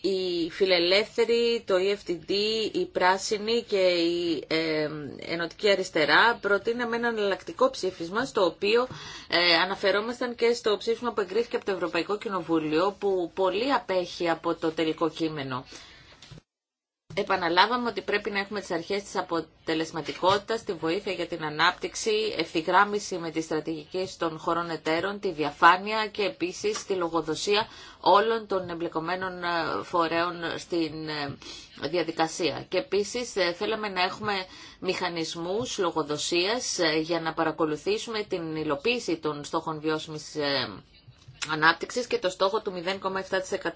οι φιλελεύθεροι, το EFTD, η πράσινοι και η ε, ενωτική αριστερά προτείναμε ένα εναλλακτικό ψήφισμα στο οποίο ε, αναφερόμασταν και στο ψήφισμα που εγκρίθηκε από το Ευρωπαϊκό Κοινοβούλιο που πολύ απέχει από το τελικό κείμενο επαναλάβαμε ότι πρέπει να έχουμε τις αρχές της αποτελεσματικότητας, τη βοήθεια για την ανάπτυξη, ευθυγράμμιση με τις στρατηγικές των χωρών εταίρων, τη διαφάνεια και επίσης τη λογοδοσία όλων των εμπλεκομένων ε, φορέων στην ε, διαδικασία. Και επίσης ε, θέλαμε να έχουμε μηχανισμούς λογοδοσίας για να παρακολουθήσουμε την υλοποίηση των στόχων βιώσιμης ανάπτυξης και το στόχο του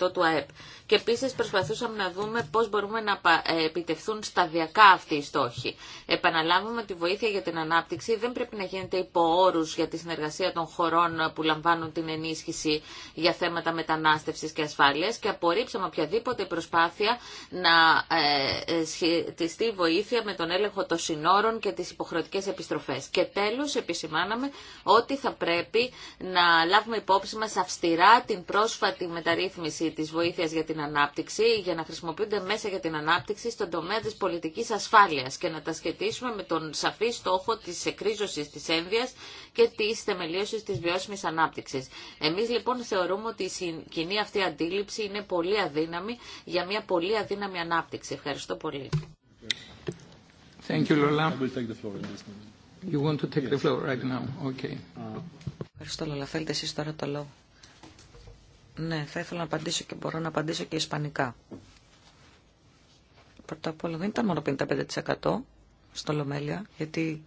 0,7% του ΑΕΠ. Και επίσης προσπαθούσαμε να δούμε πώς μπορούμε να ε, επιτευθούν σταδιακά αυτοί οι στόχοι. Επαναλάβουμε ότι η βοήθεια για την ανάπτυξη δεν πρέπει να γίνεται υπό όρους για τη συνεργασία των χωρών που λαμβάνουν την ενίσχυση για θέματα μετανάστευσης και ασφάλειας και απορρίψαμε οποιαδήποτε προσπάθεια να ε, ε, σχετιστεί βοήθεια με τον έλεγχο των συνόρων και τις υποχρεωτικές επιστροφές. Και τέλος επισημάναμε ότι θα πρέπει να λάβουμε υπόψη μας μας αυστηρά την πρόσφατη μεταρρύθμιση της βοήθειας για την ανάπτυξη για να χρησιμοποιούνται μέσα για την ανάπτυξη στον τομέα της πολιτικής ασφάλειας και να τα σχετίσουμε με τον σαφή στόχο της εκρίζωσης της ένδυας και της θεμελίωσης της βιώσιμης ανάπτυξης. Εμείς λοιπόν θεωρούμε ότι η κοινή αυτή αντίληψη είναι πολύ αδύναμη για μια πολύ αδύναμη ανάπτυξη. Ευχαριστώ πολύ. Ευχαριστώ, Λόλα. Θέλετε τώρα το λόγο. Ναι, θα ήθελα να απαντήσω και μπορώ να απαντήσω και ισπανικά. Πρώτα απ' όλα δεν ήταν μόνο 55% στο Λομέλια, γιατί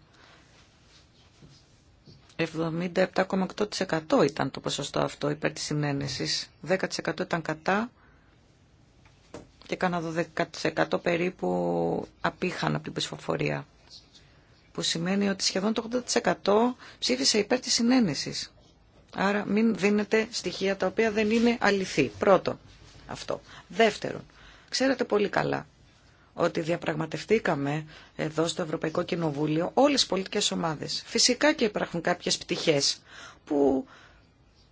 77,8% ήταν το ποσοστό αυτό υπέρ της συνένεσης. 10% ήταν κατά και κάνα 12% περίπου απήχαν από την ψηφοφορία. Που σημαίνει ότι σχεδόν το 80% ψήφισε υπέρ της συνένεσης. Άρα μην δίνετε στοιχεία τα οποία δεν είναι αληθή. Πρώτον αυτό. Δεύτερον, ξέρετε πολύ καλά ότι διαπραγματευτήκαμε εδώ στο Ευρωπαϊκό Κοινοβούλιο όλες τις πολιτικές ομάδες. Φυσικά και υπάρχουν κάποιες πτυχές που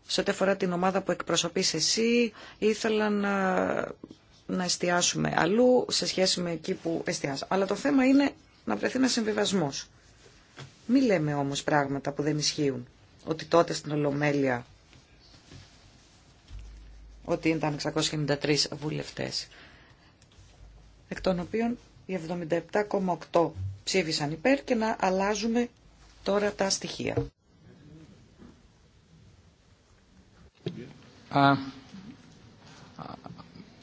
σε ό,τι αφορά την ομάδα που εκπροσωπείς εσύ ήθελα ε, να, εστιάσουμε αλλού σε σχέση με εκεί που εστιάζα. Αλλά το θέμα είναι να βρεθεί ένα συμβιβασμός. Μη λέμε όμως πράγματα που δεν ισχύουν ότι τότε στην Ολομέλεια ότι ήταν 693 βουλευτές, εκ των οποίων οι 77,8 ψήφισαν υπέρ και να αλλάζουμε τώρα τα στοιχεία.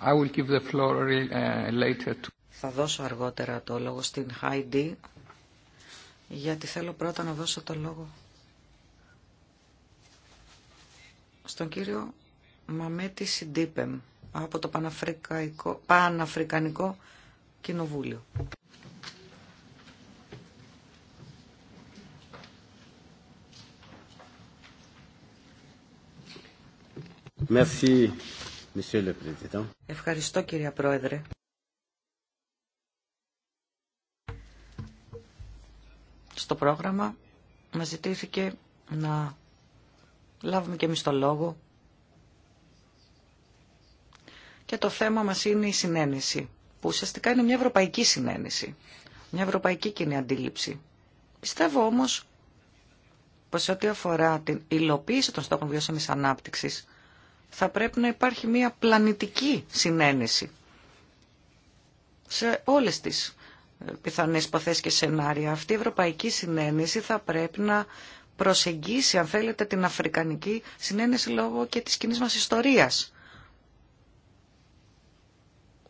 I will give the floor uh, later to... Θα δώσω αργότερα το λόγο στην Heidi, γιατί θέλω πρώτα να δώσω το λόγο στον κύριο Μαμέτη Σιντίπεμ από το Παναφρικανικό, Παναφρικανικό Κοινοβούλιο. Merci, Ευχαριστώ κύριε Πρόεδρε. Στο πρόγραμμα μας ζητήθηκε να λάβουμε και εμείς το λόγο. Και το θέμα μας είναι η συνένεση, που ουσιαστικά είναι μια ευρωπαϊκή συνένεση, μια ευρωπαϊκή κοινή αντίληψη. Πιστεύω όμως πως σε ό,τι αφορά την υλοποίηση των στόχων βιώσιμης ανάπτυξης, θα πρέπει να υπάρχει μια πλανητική συνένεση σε όλες τις ε, πιθανές υποθέσεις και σενάρια. Αυτή η ευρωπαϊκή συνένεση θα πρέπει να προσεγγίσει, αν θέλετε, την Αφρικανική συνένεση λόγω και της κοινή μας ιστορίας.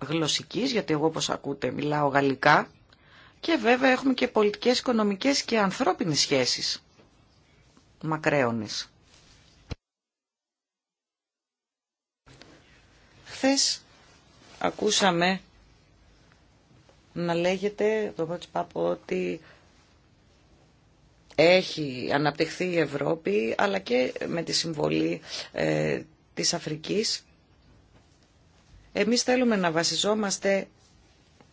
Γλωσσικής, γιατί εγώ όπως ακούτε μιλάω γαλλικά, και βέβαια έχουμε και πολιτικές, οικονομικές και ανθρώπινες σχέσεις μακραίωνες. Χθες ακούσαμε να λέγεται το Πάπο ότι έχει αναπτυχθεί η Ευρώπη αλλά και με τη συμβολή ε, της Αφρικής. Εμείς θέλουμε να βασιζόμαστε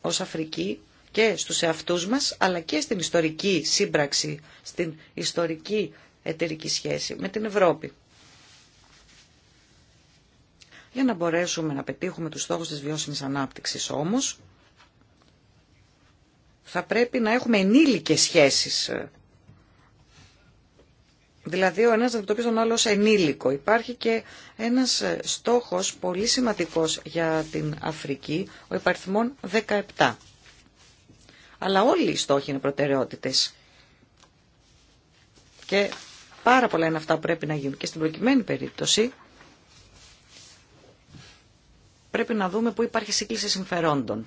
ως Αφρική και στους εαυτούς μας αλλά και στην ιστορική σύμπραξη, στην ιστορική εταιρική σχέση με την Ευρώπη. Για να μπορέσουμε να πετύχουμε τους στόχους της βιώσιμης ανάπτυξης όμως, θα πρέπει να έχουμε ενήλικες σχέσεις ε, Δηλαδή ο ένας αντιμετωπίζει τον άλλο ως ενήλικο. Υπάρχει και ένας ε, στόχος πολύ σημαντικός για την Αφρική, ο υπαριθμών 17. Αλλά όλοι οι στόχοι είναι προτεραιότητες. Και πάρα πολλά είναι αυτά που πρέπει να γίνουν. Και στην προκειμένη περίπτωση πρέπει να δούμε πού υπάρχει σύγκληση συμφερόντων.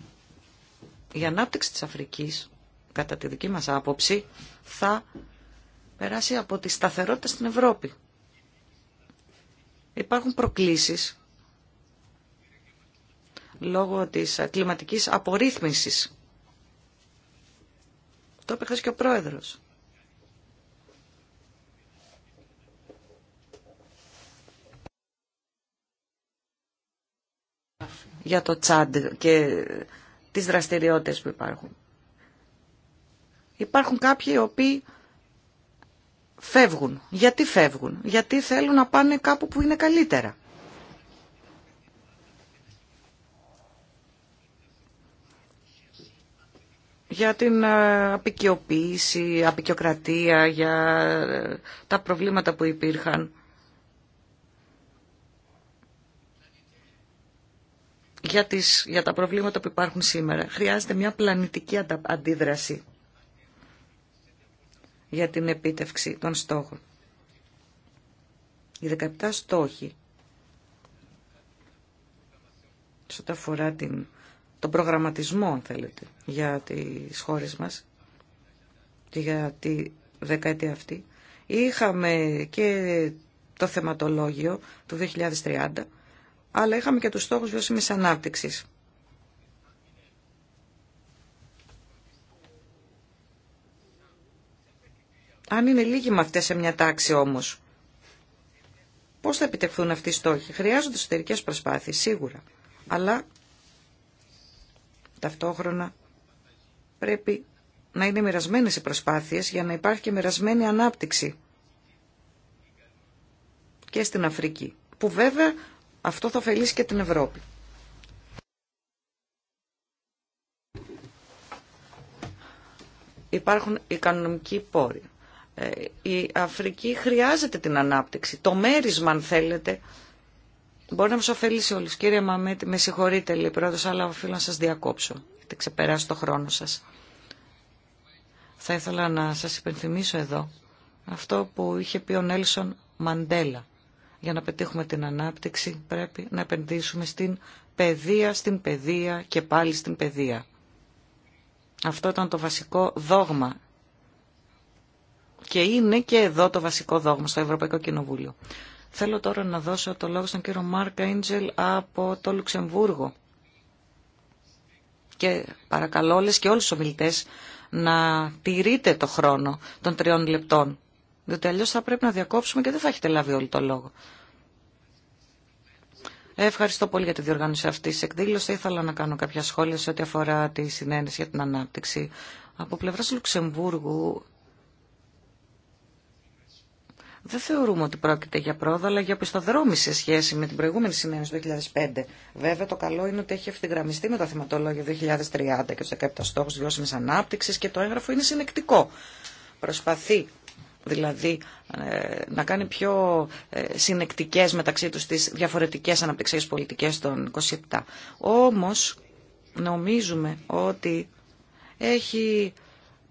Η ανάπτυξη της Αφρικής, κατά τη δική μας άποψη, θα περάσει από τη σταθερότητα στην Ευρώπη. Υπάρχουν προκλήσεις λόγω της κλιματικής απορρίθμισης. Το είπε και ο πρόεδρος. για το τσάντ και τις δραστηριότητες που υπάρχουν. Υπάρχουν κάποιοι οι οποίοι φεύγουν. Γιατί φεύγουν. Γιατί θέλουν να πάνε κάπου που είναι καλύτερα. για την ε, απεικιοποίηση, απεικιοκρατία, για ε, τα προβλήματα που υπήρχαν. Για, τις, για τα προβλήματα που υπάρχουν σήμερα. Χρειάζεται μια πλανητική αντίδραση για την επίτευξη των στόχων. Οι 17 στόχοι σε ό,τι αφορά την, τον προγραμματισμό, αν θέλετε, για τις χώρες μας και για τη δεκαετία αυτή. Είχαμε και το θεματολόγιο του 2030, αλλά είχαμε και τους στόχους βιώσιμης ανάπτυξης. Αν είναι λίγοι μαθητές σε μια τάξη όμως, πώς θα επιτευχθούν αυτοί οι στόχοι. Χρειάζονται εσωτερικέ προσπάθειες, σίγουρα. Αλλά ταυτόχρονα πρέπει να είναι μοιρασμένε οι προσπάθειες για να υπάρχει και μοιρασμένη ανάπτυξη και στην Αφρική, που βέβαια αυτό θα ωφελήσει και την Ευρώπη. Υπάρχουν οικονομικοί πόροι η Αφρική χρειάζεται την ανάπτυξη. Το μέρισμα, αν θέλετε, μπορεί να μας ωφελήσει όλους. Κύριε Μαμέτη, με συγχωρείτε, λέει πρόεδρος, αλλά οφείλω να σας διακόψω. Έχετε ξεπεράσει το χρόνο σας. Θα ήθελα να σας υπενθυμίσω εδώ αυτό που είχε πει ο Νέλσον Μαντέλα. Για να πετύχουμε την ανάπτυξη πρέπει να επενδύσουμε στην παιδεία, στην παιδεία και πάλι στην παιδεία. Αυτό ήταν το βασικό δόγμα και είναι και εδώ το βασικό δόγμα στο Ευρωπαϊκό Κοινοβούλιο. Θέλω τώρα να δώσω το λόγο στον κύριο Μάρκ Έντζελ από το Λουξεμβούργο. Και παρακαλώ όλες και όλους τους ομιλητές να τηρείτε το χρόνο των τριών λεπτών. Διότι αλλιώς θα πρέπει να διακόψουμε και δεν θα έχετε λάβει όλο το λόγο. Ευχαριστώ πολύ για τη διοργάνωση αυτή τη εκδήλωση. Θα ήθελα να κάνω κάποια σχόλια σε ό,τι αφορά τη συνένεση για την ανάπτυξη. Από πλευρά Λουξεμβούργου δεν θεωρούμε ότι πρόκειται για πρόοδο, αλλά για πιστοδρόμηση σε σχέση με την προηγούμενη συνένωση του 2005. Βέβαια, το καλό είναι ότι έχει ευθυγραμμιστεί με το θεματολόγιο 2030 και του 17 στόχου βιώσιμη ανάπτυξη και το έγγραφο είναι συνεκτικό. Προσπαθεί δηλαδή ε, να κάνει πιο ε, συνεκτικές μεταξύ τους τις διαφορετικές αναπτυξιακές πολιτικές των 27. Όμως, νομίζουμε ότι έχει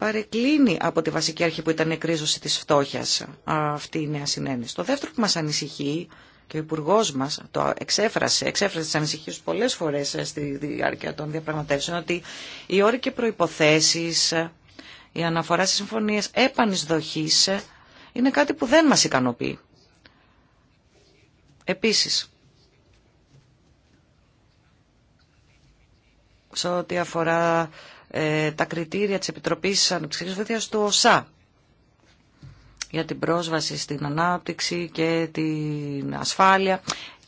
παρεκκλίνει από τη βασική αρχή που ήταν η κρίζωση της φτώχειας αυτή η νέα συνένεση. Το δεύτερο που μας ανησυχεί και ο υπουργό μα το εξέφρασε, εξέφρασε τι ανησυχίε του πολλέ φορέ ε, στη διάρκεια των διαπραγματεύσεων, ότι οι όροι και προποθέσει, ε, η αναφορά σε συμφωνίε επανεισδοχή ε, είναι κάτι που δεν μα ικανοποιεί. Επίση, σε ό,τι αφορά ε, τα κριτήρια της Επιτροπής Αναπτυξιακής Βοήθειας του ΟΣΑ για την πρόσβαση στην ανάπτυξη και την ασφάλεια.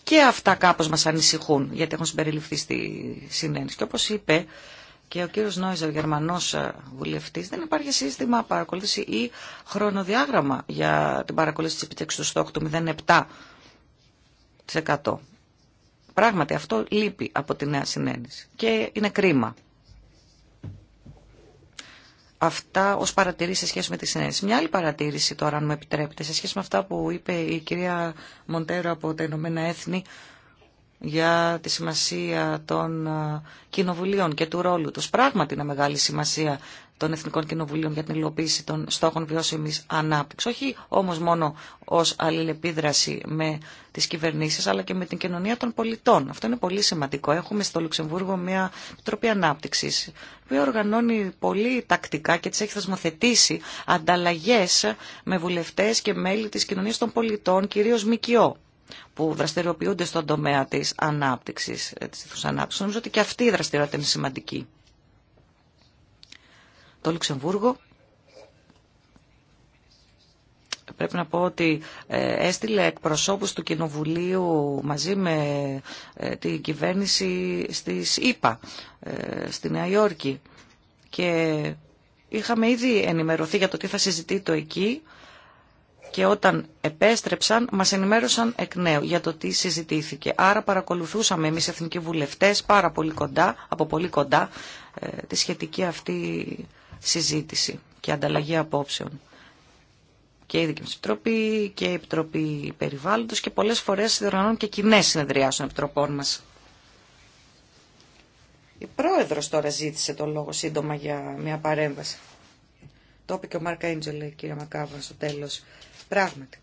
Και αυτά κάπως μας ανησυχούν, γιατί έχουν συμπεριληφθεί στη συνέντευξη. Και όπως είπε και ο κύριος Νόιζα, ο Γερμανός ε, βουλευτής, δεν υπάρχει σύστημα παρακολούθηση ή χρονοδιάγραμμα για την παρακολούθηση της επιτέξης του στόχου του 0,7%. Πράγματι αυτό λείπει από τη νέα συνένεση και είναι κρίμα. Αυτά ως παρατηρήσει σε σχέση με τη συνέντευξη. Μια άλλη παρατήρηση τώρα, αν μου επιτρέπετε, σε σχέση με αυτά που είπε η κυρία Μοντέρο από τα Ηνωμένα Έθνη για τη σημασία των ε, κοινοβουλίων και του ρόλου τους. Πράγματι είναι μεγάλη σημασία των Εθνικών Κοινοβουλίων για την υλοποίηση των στόχων βιώσιμη ανάπτυξη, Όχι όμω μόνο ω αλληλεπίδραση με τι κυβερνήσει, αλλά και με την κοινωνία των πολιτών. Αυτό είναι πολύ σημαντικό. Έχουμε στο Λουξεμβούργο μια Επιτροπή ανάπτυξης, που οργανώνει πολύ τακτικά και τι έχει θεσμοθετήσει ανταλλαγέ με βουλευτέ και μέλη τη κοινωνία των πολιτών, κυρίω ΜΚΟ που δραστηριοποιούνται στον τομέα της ανάπτυξης, ε, της ανάπτυξης. Νομίζω ότι και αυτή η δραστηριότητα είναι σημαντική. Το Λουξεμβούργο πρέπει να πω ότι ε, έστειλε εκπροσώπους του Κοινοβουλίου μαζί με ε, την κυβέρνηση στις ΗΠΑ, ε, στη Νέα Υόρκη. Και είχαμε ήδη ενημερωθεί για το τι θα συζητεί το εκεί και όταν επέστρεψαν μας ενημέρωσαν εκ νέου για το τι συζητήθηκε. Άρα παρακολουθούσαμε εμείς εθνικοί βουλευτές πάρα πολύ κοντά, από πολύ κοντά, τη σχετική αυτή συζήτηση και ανταλλαγή απόψεων. Και η Δική Επιτροπή και η Επιτροπή Περιβάλλοντος και πολλές φορές διοργανώνουν και κοινέ συνεδριάσεις των επιτροπών μας. Η πρόεδρος τώρα ζήτησε το λόγο σύντομα για μια παρέμβαση. Το είπε και ο Μάρκα Έντζελε, κύριε Μακάβα, στο τέλος. Πράγματι,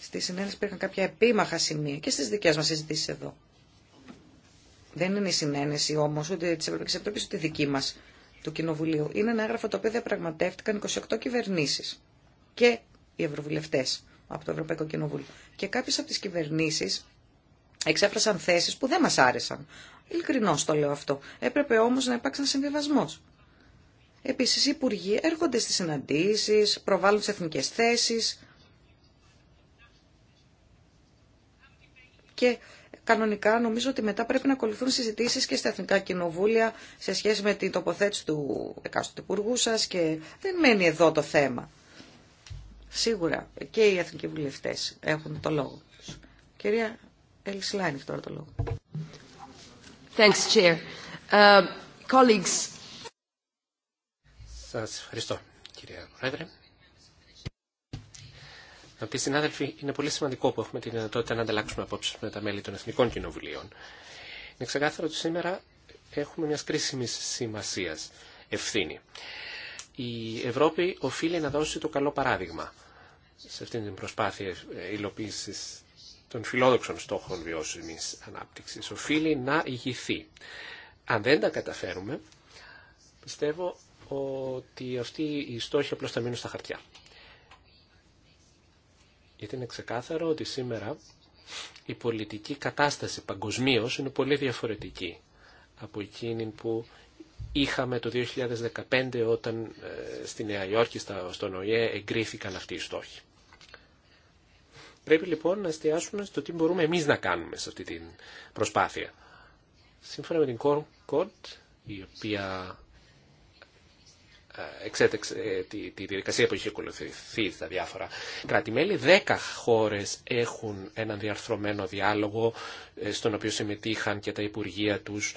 στη συνέντευξη υπήρχαν κάποια επίμαχα σημεία και στις δικές μας συζητήσεις εδώ. Δεν είναι η συνένεση όμως ούτε της Ευρωπαϊκής Επιτροπή ούτε δική μας του Κοινοβουλίου. Είναι ένα έγγραφο το οποίο διαπραγματεύτηκαν 28 κυβερνήσεις και οι ευρωβουλευτές από το Ευρωπαϊκό Κοινοβούλιο. Και κάποιε από τις κυβερνήσεις εξέφρασαν θέσεις που δεν μας άρεσαν. Ειλικρινώ το λέω αυτό. Έπρεπε όμως να υπάρξει ένα συμβιβασμό. Επίσης οι υπουργοί έρχονται στις συναντήσεις, προβάλλουν τις εθνικές θέσεις και κανονικά νομίζω ότι μετά πρέπει να ακολουθούν συζητήσεις και στα Εθνικά Κοινοβούλια σε σχέση με την τοποθέτηση του εκάστοτε υπουργού σα και δεν μένει εδώ το θέμα. Σίγουρα και οι εθνικοί βουλευτές έχουν το λόγο Κυρία Έλλης τώρα το λόγο. Thanks, Chair. Uh, colleagues. Σας ευχαριστώ, κυρία Πρόεδρε. Αγαπητοί συνάδελφοι, είναι πολύ σημαντικό που έχουμε τη δυνατότητα να ανταλλάξουμε απόψει με τα μέλη των Εθνικών Κοινοβουλίων. Είναι ξεκάθαρο ότι σήμερα έχουμε μια κρίσιμη σημασία ευθύνη. Η Ευρώπη οφείλει να δώσει το καλό παράδειγμα σε αυτή την προσπάθεια υλοποίηση των φιλόδοξων στόχων βιώσιμη ανάπτυξη. Οφείλει να ηγηθεί. Αν δεν τα καταφέρουμε, πιστεύω ότι αυτοί οι στόχοι απλώ θα μείνουν στα χαρτιά. Γιατί είναι ξεκάθαρο ότι σήμερα η πολιτική κατάσταση παγκοσμίω είναι πολύ διαφορετική από εκείνη που είχαμε το 2015 όταν ε, στη Νέα Υόρκη, στα, στον ΟΗΕ, εγκρίθηκαν αυτοί οι στόχοι. Πρέπει λοιπόν να εστιάσουμε στο τι μπορούμε εμείς να κάνουμε σε αυτή την προσπάθεια. Σύμφωνα με την Concord, η οποία εξέταξε ε, τη, διαδικασία που είχε ακολουθηθεί στα διάφορα κράτη-μέλη. Δέκα χώρες έχουν έναν διαρθρωμένο διάλογο ε, στον οποίο συμμετείχαν και τα Υπουργεία τους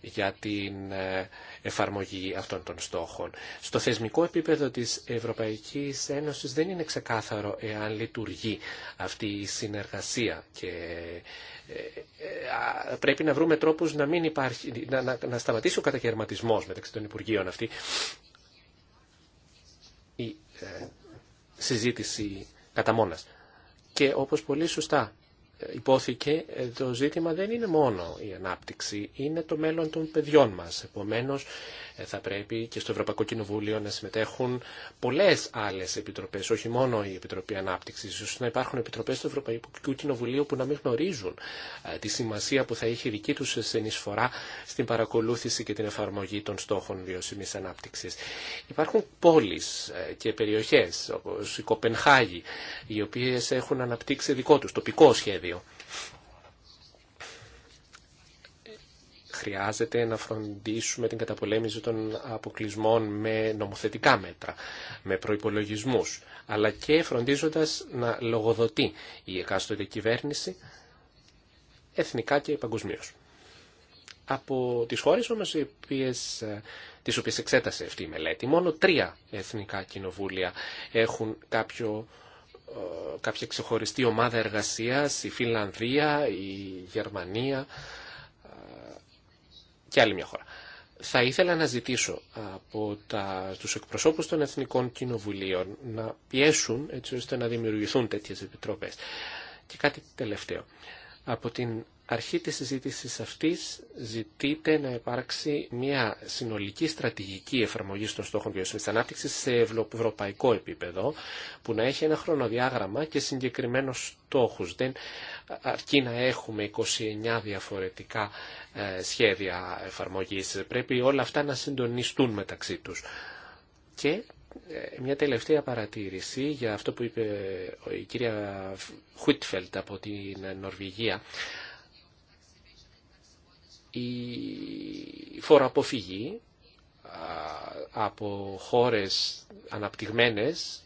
για την ε, εφαρμογή αυτών των στόχων. Στο θεσμικό επίπεδο της Ευρωπαϊκής Ένωσης δεν είναι ξεκάθαρο εάν λειτουργεί αυτή η συνεργασία και πρέπει να βρούμε τρόπους να, μην υπάρχει, να, να, σταματήσει ο μεταξύ των Υπουργείων αυτή ε, συζήτηση κατά μόνας. Και όπως πολύ σωστά ε, υπόθηκε, ε, το ζήτημα δεν είναι μόνο η ανάπτυξη, είναι το μέλλον των παιδιών μας. Επομένως, θα πρέπει και στο Ευρωπαϊκό Κοινοβούλιο να συμμετέχουν πολλέ άλλες επιτροπές, όχι μόνο η Επιτροπή Ανάπτυξης, ώστε να υπάρχουν επιτροπές του Ευρωπαϊκού Κοινοβουλίου που να μην γνωρίζουν τη σημασία που θα έχει η δική του συνεισφορά στην παρακολούθηση και την εφαρμογή των στόχων βιώσιμη ανάπτυξη. Υπάρχουν πόλεις ε, και περιοχέ, όπω η Κοπενχάγη, οι οποίε έχουν αναπτύξει δικό του τοπικό σχέδιο χρειάζεται να φροντίσουμε την καταπολέμηση των αποκλεισμών με νομοθετικά μέτρα, με προϋπολογισμούς, αλλά και φροντίζοντας να λογοδοτεί η εκάστοτε κυβέρνηση εθνικά και παγκοσμίω. Από τις χώρες όμως οι οποίες, τις οποίες εξέτασε αυτή η μελέτη, μόνο τρία εθνικά κοινοβούλια έχουν κάποιο ε, κάποια ξεχωριστή ομάδα εργασίας, η Φιλανδία, η Γερμανία και άλλη μια χώρα. Θα ήθελα να ζητήσω από τα, τους εκπροσώπους των Εθνικών Κοινοβουλίων να πιέσουν έτσι ώστε να δημιουργηθούν τέτοιες επιτροπές. Και κάτι τελευταίο. Από την αρχή της συζήτηση αυτής ζητείται να υπάρξει μια συνολική στρατηγική εφαρμογή των στόχων βιώσιμης ανάπτυξης σε ευρωπαϊκό επίπεδο που να έχει ένα χρονοδιάγραμμα και συγκεκριμένους στόχους. Δεν αρκεί να έχουμε 29 διαφορετικά ε, σχέδια εφαρμογής. Πρέπει όλα αυτά να συντονιστούν μεταξύ τους. Και ε, μια τελευταία παρατήρηση για αυτό που είπε η κυρία Χουίτφελτ από την Νορβηγία η φοροαποφυγή από χώρες αναπτυγμένες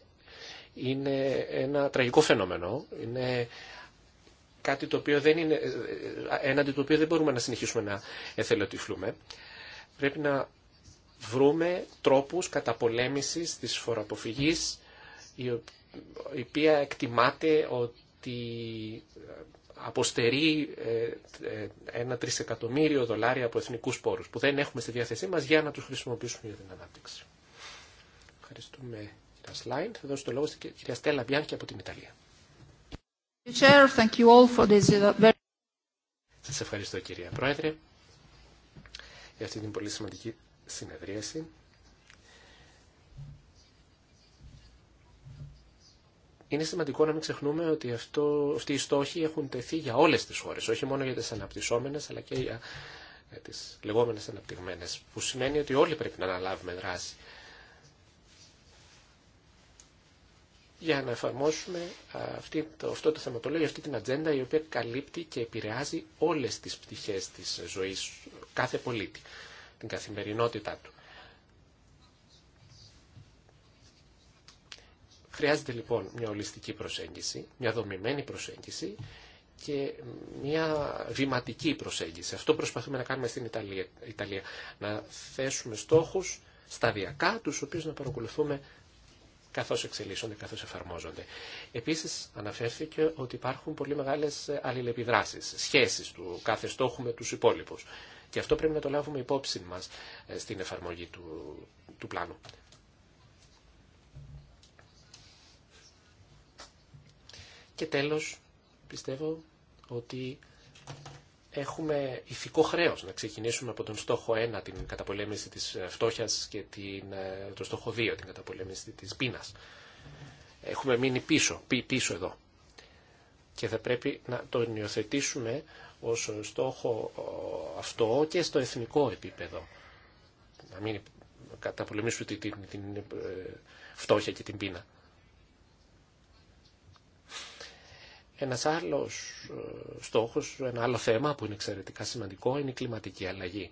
είναι ένα τραγικό φαινόμενο. Είναι κάτι το οποίο δεν είναι, έναντι το οποίο δεν μπορούμε να συνεχίσουμε να εθελοτυφλούμε. Πρέπει να βρούμε τρόπους καταπολέμησης της φοροαποφυγής η οποία εκτιμάται ότι αποστερεί ε, ε, ένα τρισεκατομμύριο δολάρια από εθνικούς πόρους που δεν έχουμε στη διάθεσή μας για να τους χρησιμοποιήσουμε για την ανάπτυξη. Ευχαριστούμε κυρία Σλάιν. Θα δώσω το λόγο στην κυρία Στέλλα Μπιάνκη από την Ιταλία. Uh, Σα ευχαριστώ κυρία Πρόεδρε για αυτή την πολύ σημαντική συνεδρίαση. είναι σημαντικό να μην ξεχνούμε ότι αυτό, αυτοί οι στόχοι έχουν τεθεί για όλες τις χώρες, όχι μόνο για τις αναπτυσσόμενες, αλλά και για τις λεγόμενες αναπτυγμένες, που σημαίνει ότι όλοι πρέπει να αναλάβουμε δράση για να εφαρμόσουμε αυτή, το, αυτό το θεματολόγιο, αυτή την ατζέντα η οποία καλύπτει και επηρεάζει όλες τις πτυχές της ζωής κάθε πολίτη, την καθημερινότητά του. Χρειάζεται λοιπόν μια ολιστική προσέγγιση, μια δομημένη προσέγγιση και μια βηματική προσέγγιση. Αυτό προσπαθούμε να κάνουμε στην Ιταλία. Ιταλία. Να θέσουμε στόχους σταδιακά, τους οποίους να παρακολουθούμε καθώς εξελίσσονται, καθώς εφαρμόζονται. Επίσης αναφέρθηκε ότι υπάρχουν πολύ μεγάλες αλληλεπιδράσεις, σχέσεις του κάθε στόχου με τους υπόλοιπους. Και αυτό πρέπει να το λάβουμε υπόψη μας ε, στην εφαρμογή του, του πλάνου. Και τέλος, πιστεύω ότι έχουμε ηθικό χρέος να ξεκινήσουμε από τον στόχο 1, την καταπολέμηση της ε, φτώχειας και την, ε, τον στόχο 2, την καταπολέμηση της πείνας. Έχουμε μείνει πίσω, πίσω εδώ. Και θα πρέπει να το υιοθετήσουμε ως στόχο αυτό και στο εθνικό επίπεδο. Να μην καταπολεμήσουμε την, την, την ε, φτώχεια και την πείνα. Ένας άλλος ε, στόχος, ένα άλλο θέμα που είναι εξαιρετικά σημαντικό είναι η κλιματική αλλαγή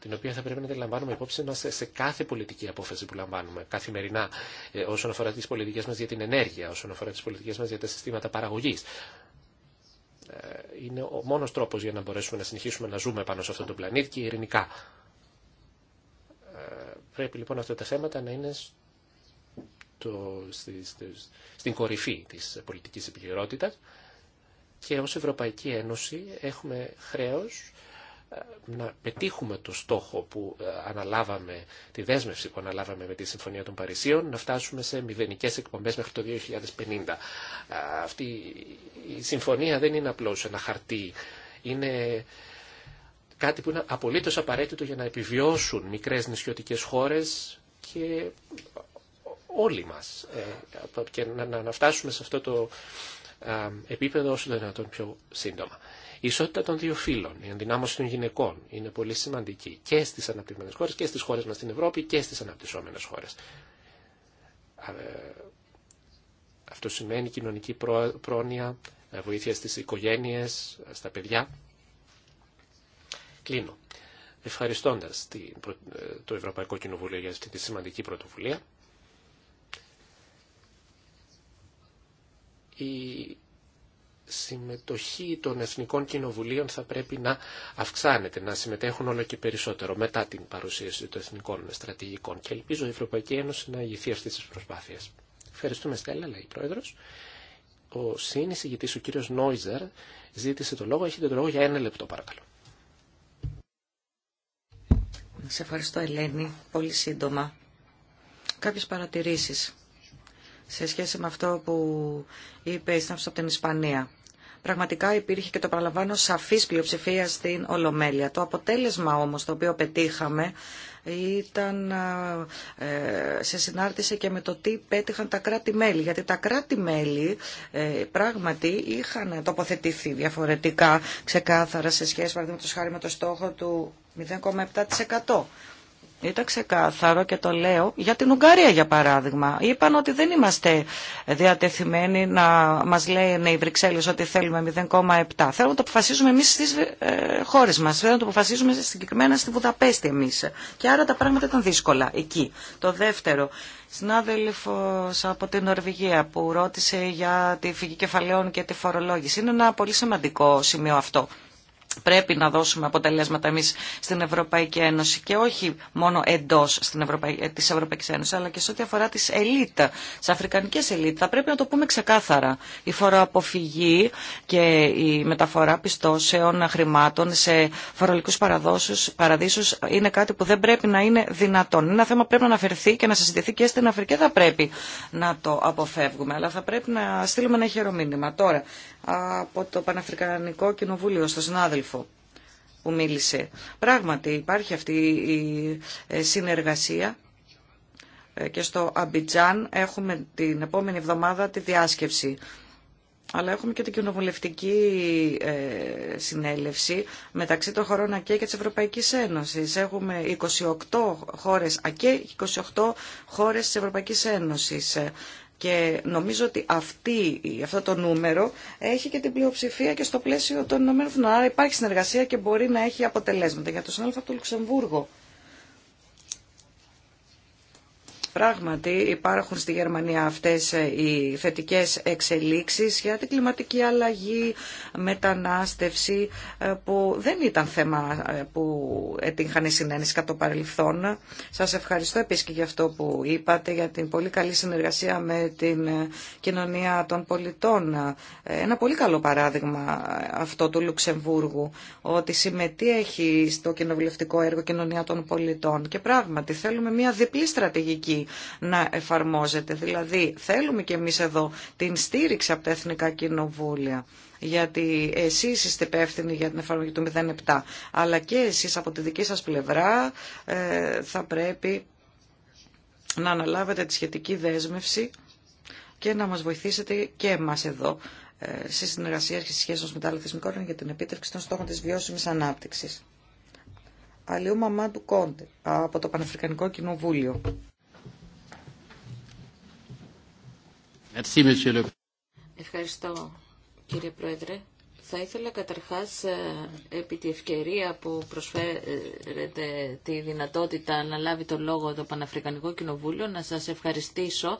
την οποία θα πρέπει να την λαμβάνουμε υπόψη μα σε κάθε πολιτική απόφαση που λαμβάνουμε καθημερινά ε, όσον αφορά τις πολιτικές μας για την ενέργεια, όσον αφορά τις πολιτικές μας για τα συστήματα παραγωγής. Ε, είναι ο μόνος τρόπος για να μπορέσουμε να συνεχίσουμε να ζούμε πάνω σε αυτόν τον πλανήτη και ειρηνικά. Πρέπει λοιπόν αυτά τα θέματα να είναι στο, στη, στη, στην κορυφή της πολιτικής επικαιρότητας και ως Ευρωπαϊκή Ένωση έχουμε χρέος ε, να πετύχουμε το στόχο που ε, αναλάβαμε, τη δέσμευση που αναλάβαμε με τη Συμφωνία των Παρισίων, να φτάσουμε σε μηδενικέ εκπομπέ μέχρι το 2050. Ε, αυτή η συμφωνία δεν είναι απλώ ένα χαρτί. Είναι κάτι που είναι απολύτω απαραίτητο για να επιβιώσουν μικρέ νησιωτικέ χώρε και όλοι μα και να φτάσουμε σε αυτό το επίπεδο όσο το δυνατόν πιο σύντομα. Η ισότητα των δύο φύλων, η ενδυνάμωση των γυναικών είναι πολύ σημαντική και στι αναπτυγμένε χώρε και στι χώρε μα στην Ευρώπη και στι αναπτυσσόμενες χώρε. Ε, αυτό σημαίνει κοινωνική πρόνοια, ε, βοήθεια στι οικογένειε, ε, στα παιδιά. Κλείνω. Ευχαριστώντα το Ευρωπαϊκό Κοινοβούλιο για αυτή τη σημαντική πρωτοβουλία η συμμετοχή των Εθνικών Κοινοβουλίων θα πρέπει να αυξάνεται, να συμμετέχουν όλο και περισσότερο μετά την παρουσίαση των Εθνικών Στρατηγικών και ελπίζω η Ευρωπαϊκή Ένωση να ηγηθεί αυτή τη προσπάθεια. Ευχαριστούμε Στέλλα, λέει η Πρόεδρος. Ο συνεισηγητής, ο κύριος Νόιζερ, ζήτησε το λόγο. Έχετε το λόγο για ένα λεπτό, παρακαλώ. Σε ευχαριστώ, Ελένη. Πολύ σύντομα. Κάποιες παρατηρήσεις σε σχέση με αυτό που είπε η Στάμψη από την Ισπανία. Πραγματικά υπήρχε και το παραλαμβάνω σαφής πλειοψηφία στην Ολομέλεια. Το αποτέλεσμα όμως το οποίο πετύχαμε ήταν ε, σε συνάρτηση και με το τι πέτυχαν τα κράτη-μέλη. Γιατί τα κράτη-μέλη ε, πράγματι είχαν τοποθετηθεί διαφορετικά ξεκάθαρα σε σχέση παραδείγματος χάρη με το στόχο του 0,7%. Ήταν ξεκάθαρο και το λέω για την Ουγγαρία για παράδειγμα. Είπαν ότι δεν είμαστε διατεθειμένοι να μας λένε οι Βρυξέλλες ότι θέλουμε 0,7. Θέλουμε να το αποφασίζουμε εμείς στις ε, χώρες μας. Θέλουμε να το αποφασίζουμε συγκεκριμένα στη Βουδαπέστη εμείς. Και άρα τα πράγματα ήταν δύσκολα εκεί. Το δεύτερο, συνάδελφος από την Νορβηγία που ρώτησε για τη φυγή κεφαλαίων και τη φορολόγηση. Είναι ένα πολύ σημαντικό σημείο αυτό πρέπει να δώσουμε αποτελέσματα εμείς στην Ευρωπαϊκή Ένωση και όχι μόνο εντός στην Ευρωπαϊκή, ε, της Ευρωπαϊκής Ένωσης αλλά και σε ό,τι αφορά τις ελίτ, τις αφρικανικές ελίτ. Θα πρέπει να το πούμε ξεκάθαρα. Η φοροαποφυγή και η μεταφορά πιστώσεων χρημάτων σε φορολογικούς παραδόσους, παραδείσους είναι κάτι που δεν πρέπει να είναι δυνατόν. Είναι ένα θέμα που πρέπει να αναφερθεί και να συζητηθεί και στην Αφρική. Δεν θα πρέπει να το αποφεύγουμε, αλλά θα πρέπει να στείλουμε ένα χειρομήνυμα. Τώρα, από το Παναφρικανικό Κοινοβούλιο, στον συνάδελφο που μίλησε. Πράγματι υπάρχει αυτή η ε, συνεργασία ε, και στο Αμπιτζάν έχουμε την επόμενη εβδομάδα τη διάσκεψη. Αλλά έχουμε και την κοινοβουλευτική ε, συνέλευση μεταξύ των χωρών ΑΚΕ και της Ευρωπαϊκής Ένωσης. Έχουμε 28 χώρες ΑΚΕ και 28 χώρες της Ευρωπαϊκής Ένωσης. Και νομίζω ότι αυτή, αυτό το νούμερο έχει και την πλειοψηφία και στο πλαίσιο των ΗΠΑ. Άρα υπάρχει συνεργασία και μπορεί να έχει αποτελέσματα. Για το συνάδελφο του το Λουξεμβούργο Πράγματι υπάρχουν στη Γερμανία αυτές ε, οι θετικές εξελίξεις για την κλιματική αλλαγή, μετανάστευση ε, που δεν ήταν θέμα ε, που οι συνένεση κατά το παρελθόν. Σας ευχαριστώ επίσης και για αυτό που είπατε, για την πολύ καλή συνεργασία με την κοινωνία των πολιτών. Ένα πολύ καλό παράδειγμα αυτό του Λουξεμβούργου, ότι συμμετέχει στο κοινοβουλευτικό έργο κοινωνία των πολιτών και πράγματι θέλουμε μια διπλή στρατηγική να εφαρμόζεται. Δηλαδή θέλουμε και εμείς εδώ την στήριξη από τα Εθνικά Κοινοβούλια γιατί εσείς είστε υπεύθυνοι για την εφαρμογή του 07, αλλά και εσείς από τη δική σας πλευρά ε, θα πρέπει να αναλάβετε τη σχετική δέσμευση και να μας βοηθήσετε και εμάς εδώ ε, σε συνεργασία και σχέση με τα άλλα για την επίτευξη των στόχων της βιώσιμης ανάπτυξης. Αλλιούμα Μαμά του Κόντε από το Πανεφρικανικό Κοινοβούλιο. Ευχαριστώ κύριε Πρόεδρε. Θα ήθελα καταρχάς ε, επί τη ευκαιρία που προσφέρετε τη δυνατότητα να λάβει το λόγο το Παναφρικανικό Κοινοβούλιο να σας ευχαριστήσω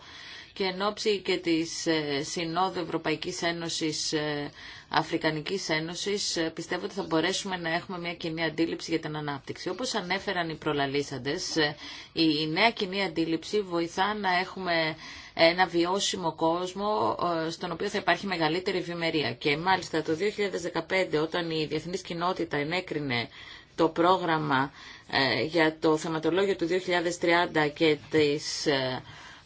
και εν ώψη και της ε, Συνόδου Ευρωπαϊκής Ένωσης ε, Αφρικανικής Ένωσης ε, πιστεύω ότι θα μπορέσουμε να έχουμε μια κοινή αντίληψη για την ανάπτυξη. Όπως ανέφεραν οι προλαλήσαντες, η νέα κοινή αντίληψη βοηθά να έχουμε ένα βιώσιμο κόσμο στον οποίο θα υπάρχει μεγαλύτερη ευημερία. Και μάλιστα το 2015 όταν η διεθνής κοινότητα ενέκρινε το πρόγραμμα για το θεματολόγιο του 2030 και τις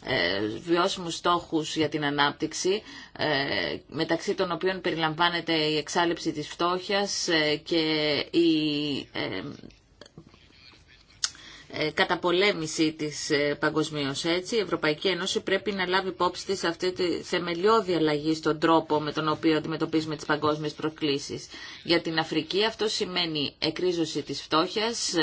ε, βιώσιμους στόχους για την ανάπτυξη, ε, μεταξύ των οποίων περιλαμβάνεται η εξάλληψη της φτώχειας ε, και η καταπολέμηση της παγκοσμίω έτσι. Η Ευρωπαϊκή Ένωση πρέπει να λάβει υπόψη της αυτή τη θεμελιώδη αλλαγή στον τρόπο με τον οποίο αντιμετωπίζουμε τις παγκόσμιες προκλήσεις. Για την Αφρική αυτό σημαίνει εκρίζωση της φτώχειας,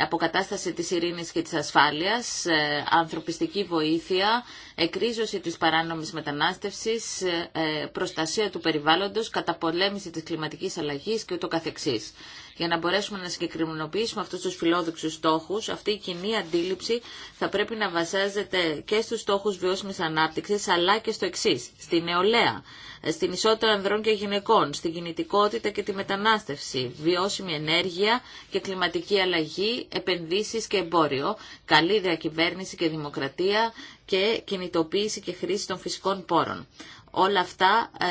αποκατάσταση της ειρήνης και της ασφάλειας, ε, ανθρωπιστική βοήθεια, εκρίζωση της παράνομης μετανάστευσης, ε, ε, προστασία του περιβάλλοντος, καταπολέμηση της κλιματικής αλλαγής και ούτω καθεξής. Για να μπορέσουμε να συγκεκριμενοποιήσουμε αυτούς τους φιλόδοξους στόχους, αυτή η κοινή αντίληψη θα πρέπει να βασίζεται και στους στόχους βιώσιμης ανάπτυξης, αλλά και στο εξή, στη νεολαία, στην ισότητα ανδρών και γυναικών, στην κινητικότητα και τη μετανάστευση, βιώσιμη ενέργεια και κλιματική αλλαγή, επενδύσεις και εμπόριο, καλή διακυβέρνηση και δημοκρατία και κινητοποίηση και χρήση των φυσικών πόρων. Όλα αυτά ε,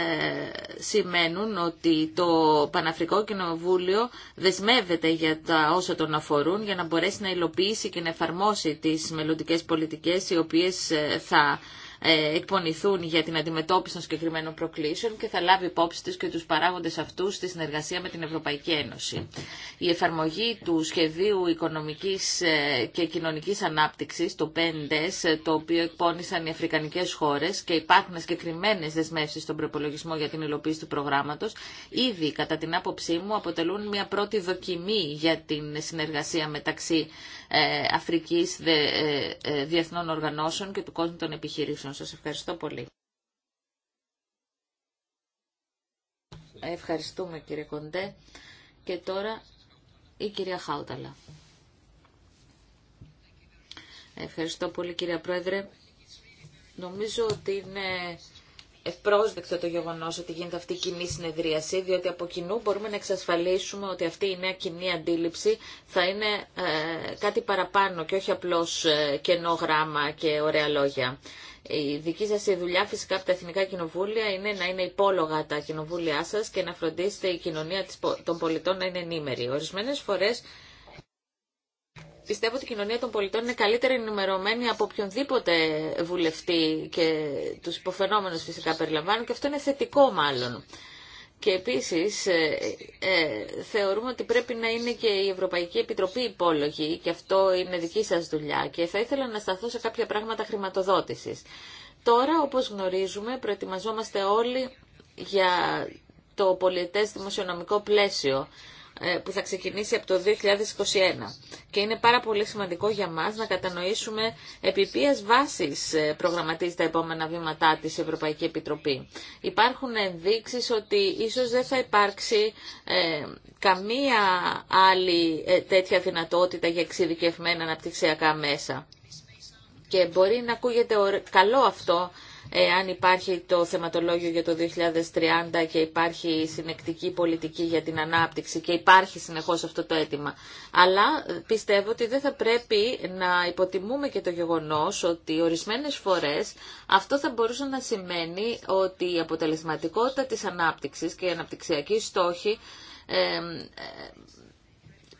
σημαίνουν ότι το Παναφρικό Κοινοβούλιο δεσμεύεται για τα όσα τον αφορούν για να μπορέσει να υλοποιήσει και να εφαρμόσει τις μελλοντικέ πολιτικές οι οποίες ε, θα ε, εκπονηθούν για την αντιμετώπιση των συγκεκριμένων προκλήσεων και θα λάβει υπόψη της και του παράγοντε αυτού στη συνεργασία με την Ευρωπαϊκή Ένωση. Η εφαρμογή του Σχεδίου οικονομική ε, και κοινωνική ανάπτυξη, το 5 ε, το οποίο εκπώνησαν οι Αφρικανικέ χώρε και υπάρχουν συγκεκριμένε δεσμεύσει στον προπολογισμό για την υλοποίηση του προγράμματο, ήδη κατά την άποψή μου αποτελούν μια πρώτη δοκιμή για την συνεργασία μεταξύ ε, Αφρικής ε, ε, Διεθνών Οργανώσεων και του κόσμου των επιχειρήσεων. Σας ευχαριστώ πολύ. Ευχαριστούμε κύριε Κοντέ. Και τώρα η κυρία Χάουταλα. Ευχαριστώ πολύ κυρία Πρόεδρε. Νομίζω ότι είναι ευπρόσδεκτο το γεγονός ότι γίνεται αυτή η κοινή συνεδρίαση, διότι από κοινού μπορούμε να εξασφαλίσουμε ότι αυτή η νέα κοινή αντίληψη θα είναι ε, κάτι παραπάνω και όχι απλώς ε, κενό γράμμα και ωραία λόγια. Η δική σα δουλειά φυσικά από τα Εθνικά Κοινοβούλια είναι να είναι υπόλογα τα κοινοβούλια σα και να φροντίσετε η κοινωνία των πολιτών να είναι ενήμερη. Ορισμένε φορέ πιστεύω ότι η κοινωνία των πολιτών είναι καλύτερα ενημερωμένη από οποιονδήποτε βουλευτή και τους υποφαινόμενους φυσικά περιλαμβάνουν και αυτό είναι θετικό μάλλον. Και επίσης ε, ε, θεωρούμε ότι πρέπει να είναι και η Ευρωπαϊκή Επιτροπή υπόλογη και αυτό είναι δική σας δουλειά και θα ήθελα να σταθώ σε κάποια πράγματα χρηματοδότησης. Τώρα, όπως γνωρίζουμε, προετοιμαζόμαστε όλοι για το πολιτές δημοσιονομικό πλαίσιο ε, που θα ξεκινήσει από το 2021. Και είναι πάρα πολύ σημαντικό για μας να κατανοήσουμε επί ποιες βάσεις ε, προγραμματίζει τα επόμενα βήματά της Ευρωπαϊκή Επιτροπή. Υπάρχουν ενδείξεις ότι ίσως δεν θα υπάρξει ε, καμία άλλη τέτοια δυνατότητα για εξειδικευμένα αναπτυξιακά μέσα. Και μπορεί να ακούγεται καλό αυτό, ε, αν υπάρχει το θεματολόγιο για το 2030 και υπάρχει συνεκτική πολιτική για την ανάπτυξη και υπάρχει συνεχώς αυτό το αίτημα. Αλλά ε, πιστεύω ότι δεν θα πρέπει να υποτιμούμε και το γεγονός ότι ορισμένες φορές αυτό θα μπορούσε να σημαίνει ότι η αποτελεσματικότητα της ανάπτυξης και η αναπτυξιακή στόχοι ε,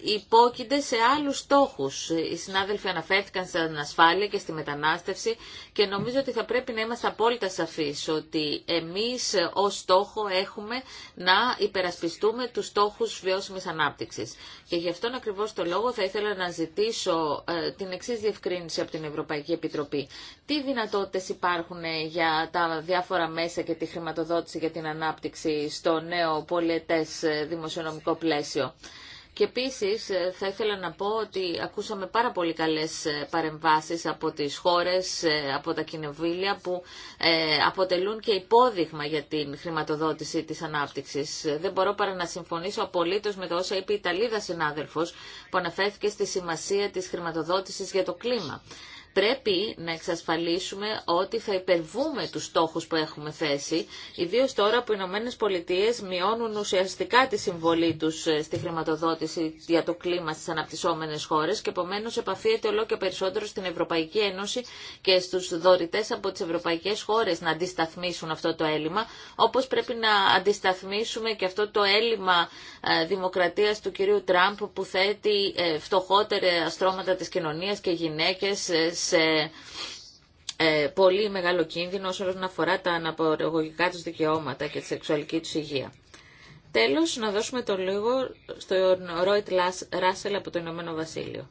υπόκεινται σε άλλους στόχους. Οι συνάδελφοι αναφέρθηκαν στην ασφάλεια και στη μετανάστευση και νομίζω ότι θα πρέπει να είμαστε απόλυτα σαφείς ότι εμείς ως στόχο έχουμε να υπερασπιστούμε τους στόχους βιώσιμης ανάπτυξης. Και γι' αυτόν ακριβώς το λόγο θα ήθελα να ζητήσω ε, την εξή διευκρίνηση από την Ευρωπαϊκή Επιτροπή. Τι δυνατότητες υπάρχουν ε, για τα διάφορα μέσα και τη χρηματοδότηση για την ανάπτυξη στο νέο πολιετές ε, δημοσιονομικό πλαίσιο. Και επίση, ε, θα ήθελα να πω ότι ακούσαμε πάρα πολύ καλές ε, παρεμβάσεις από τις χώρες, ε, από τα κοινοβούλια που αποτελούν και υπόδειγμα για την χρηματοδότηση της ανάπτυξη. Δεν μπορώ παρά να συμφωνήσω απολύτως με το όσα είπε η Ιταλίδα συνάδελφο, που αναφέρθηκε στη σημασία της χρηματοδότησης για το κλίμα πρέπει να εξασφαλίσουμε ότι θα υπερβούμε τους στόχους που έχουμε θέσει, ιδίως τώρα που οι Ηνωμένες Πολιτείες μειώνουν ουσιαστικά τη συμβολή τους ε, στη χρηματοδότηση για το κλίμα στις αναπτυσσόμενες χώρες και επομένως επαφείται όλο και περισσότερο στην Ευρωπαϊκή Ένωση και στους δωρητέ από τις ευρωπαϊκές χώρες να αντισταθμίσουν αυτό το έλλειμμα, όπως πρέπει να αντισταθμίσουμε και αυτό το έλλειμμα ε, δημοκρατίας του κυρίου Τραμπ που θέτει ε, φτωχότερα στρώματα της κοινωνίας και γυναίκες σε ε, πολύ μεγάλο κίνδυνο όσον αφορά τα αναπαραγωγικά τους δικαιώματα και τη σεξουαλική τους υγεία. Τέλος, να δώσουμε το λίγο στον Ρόιτ Ράσελ από το Ηνωμένο Βασίλειο.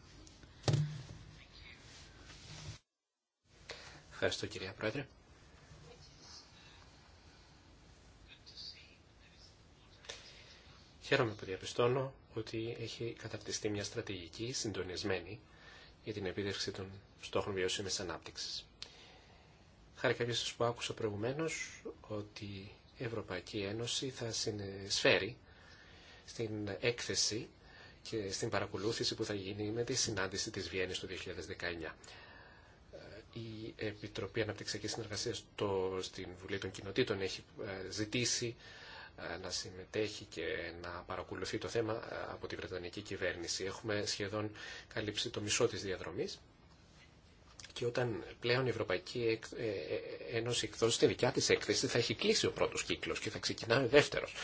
Ευχαριστώ κυρία Πρόεδρε. Χαίρομαι που διαπιστώνω ότι έχει καταρτιστεί μια στρατηγική συντονισμένη για την επίδευξη των στόχων βιώσιμης ανάπτυξη. Χάρηκα και που άκουσα προηγουμένως ότι η Ευρωπαϊκή Ένωση θα συνεισφέρει στην έκθεση και στην παρακολούθηση που θα γίνει με τη συνάντηση της Βιέννης το 2019. Η Επιτροπή Αναπτυξιακής Συνεργασίας στην Βουλή των Κοινοτήτων έχει ε, ζητήσει να συμμετέχει και να παρακολουθεί το θέμα ε, από τη Βρετανική κυβέρνηση. Έχουμε σχεδόν καλύψει το μισό της διαδρομής και όταν πλέον η Ευρωπαϊκή ε, ε, Ένωση εκδώσει τη δικιά της έκθεση θα έχει κλείσει ο πρώτος κύκλος και θα ξεκινάει ο δεύτερος.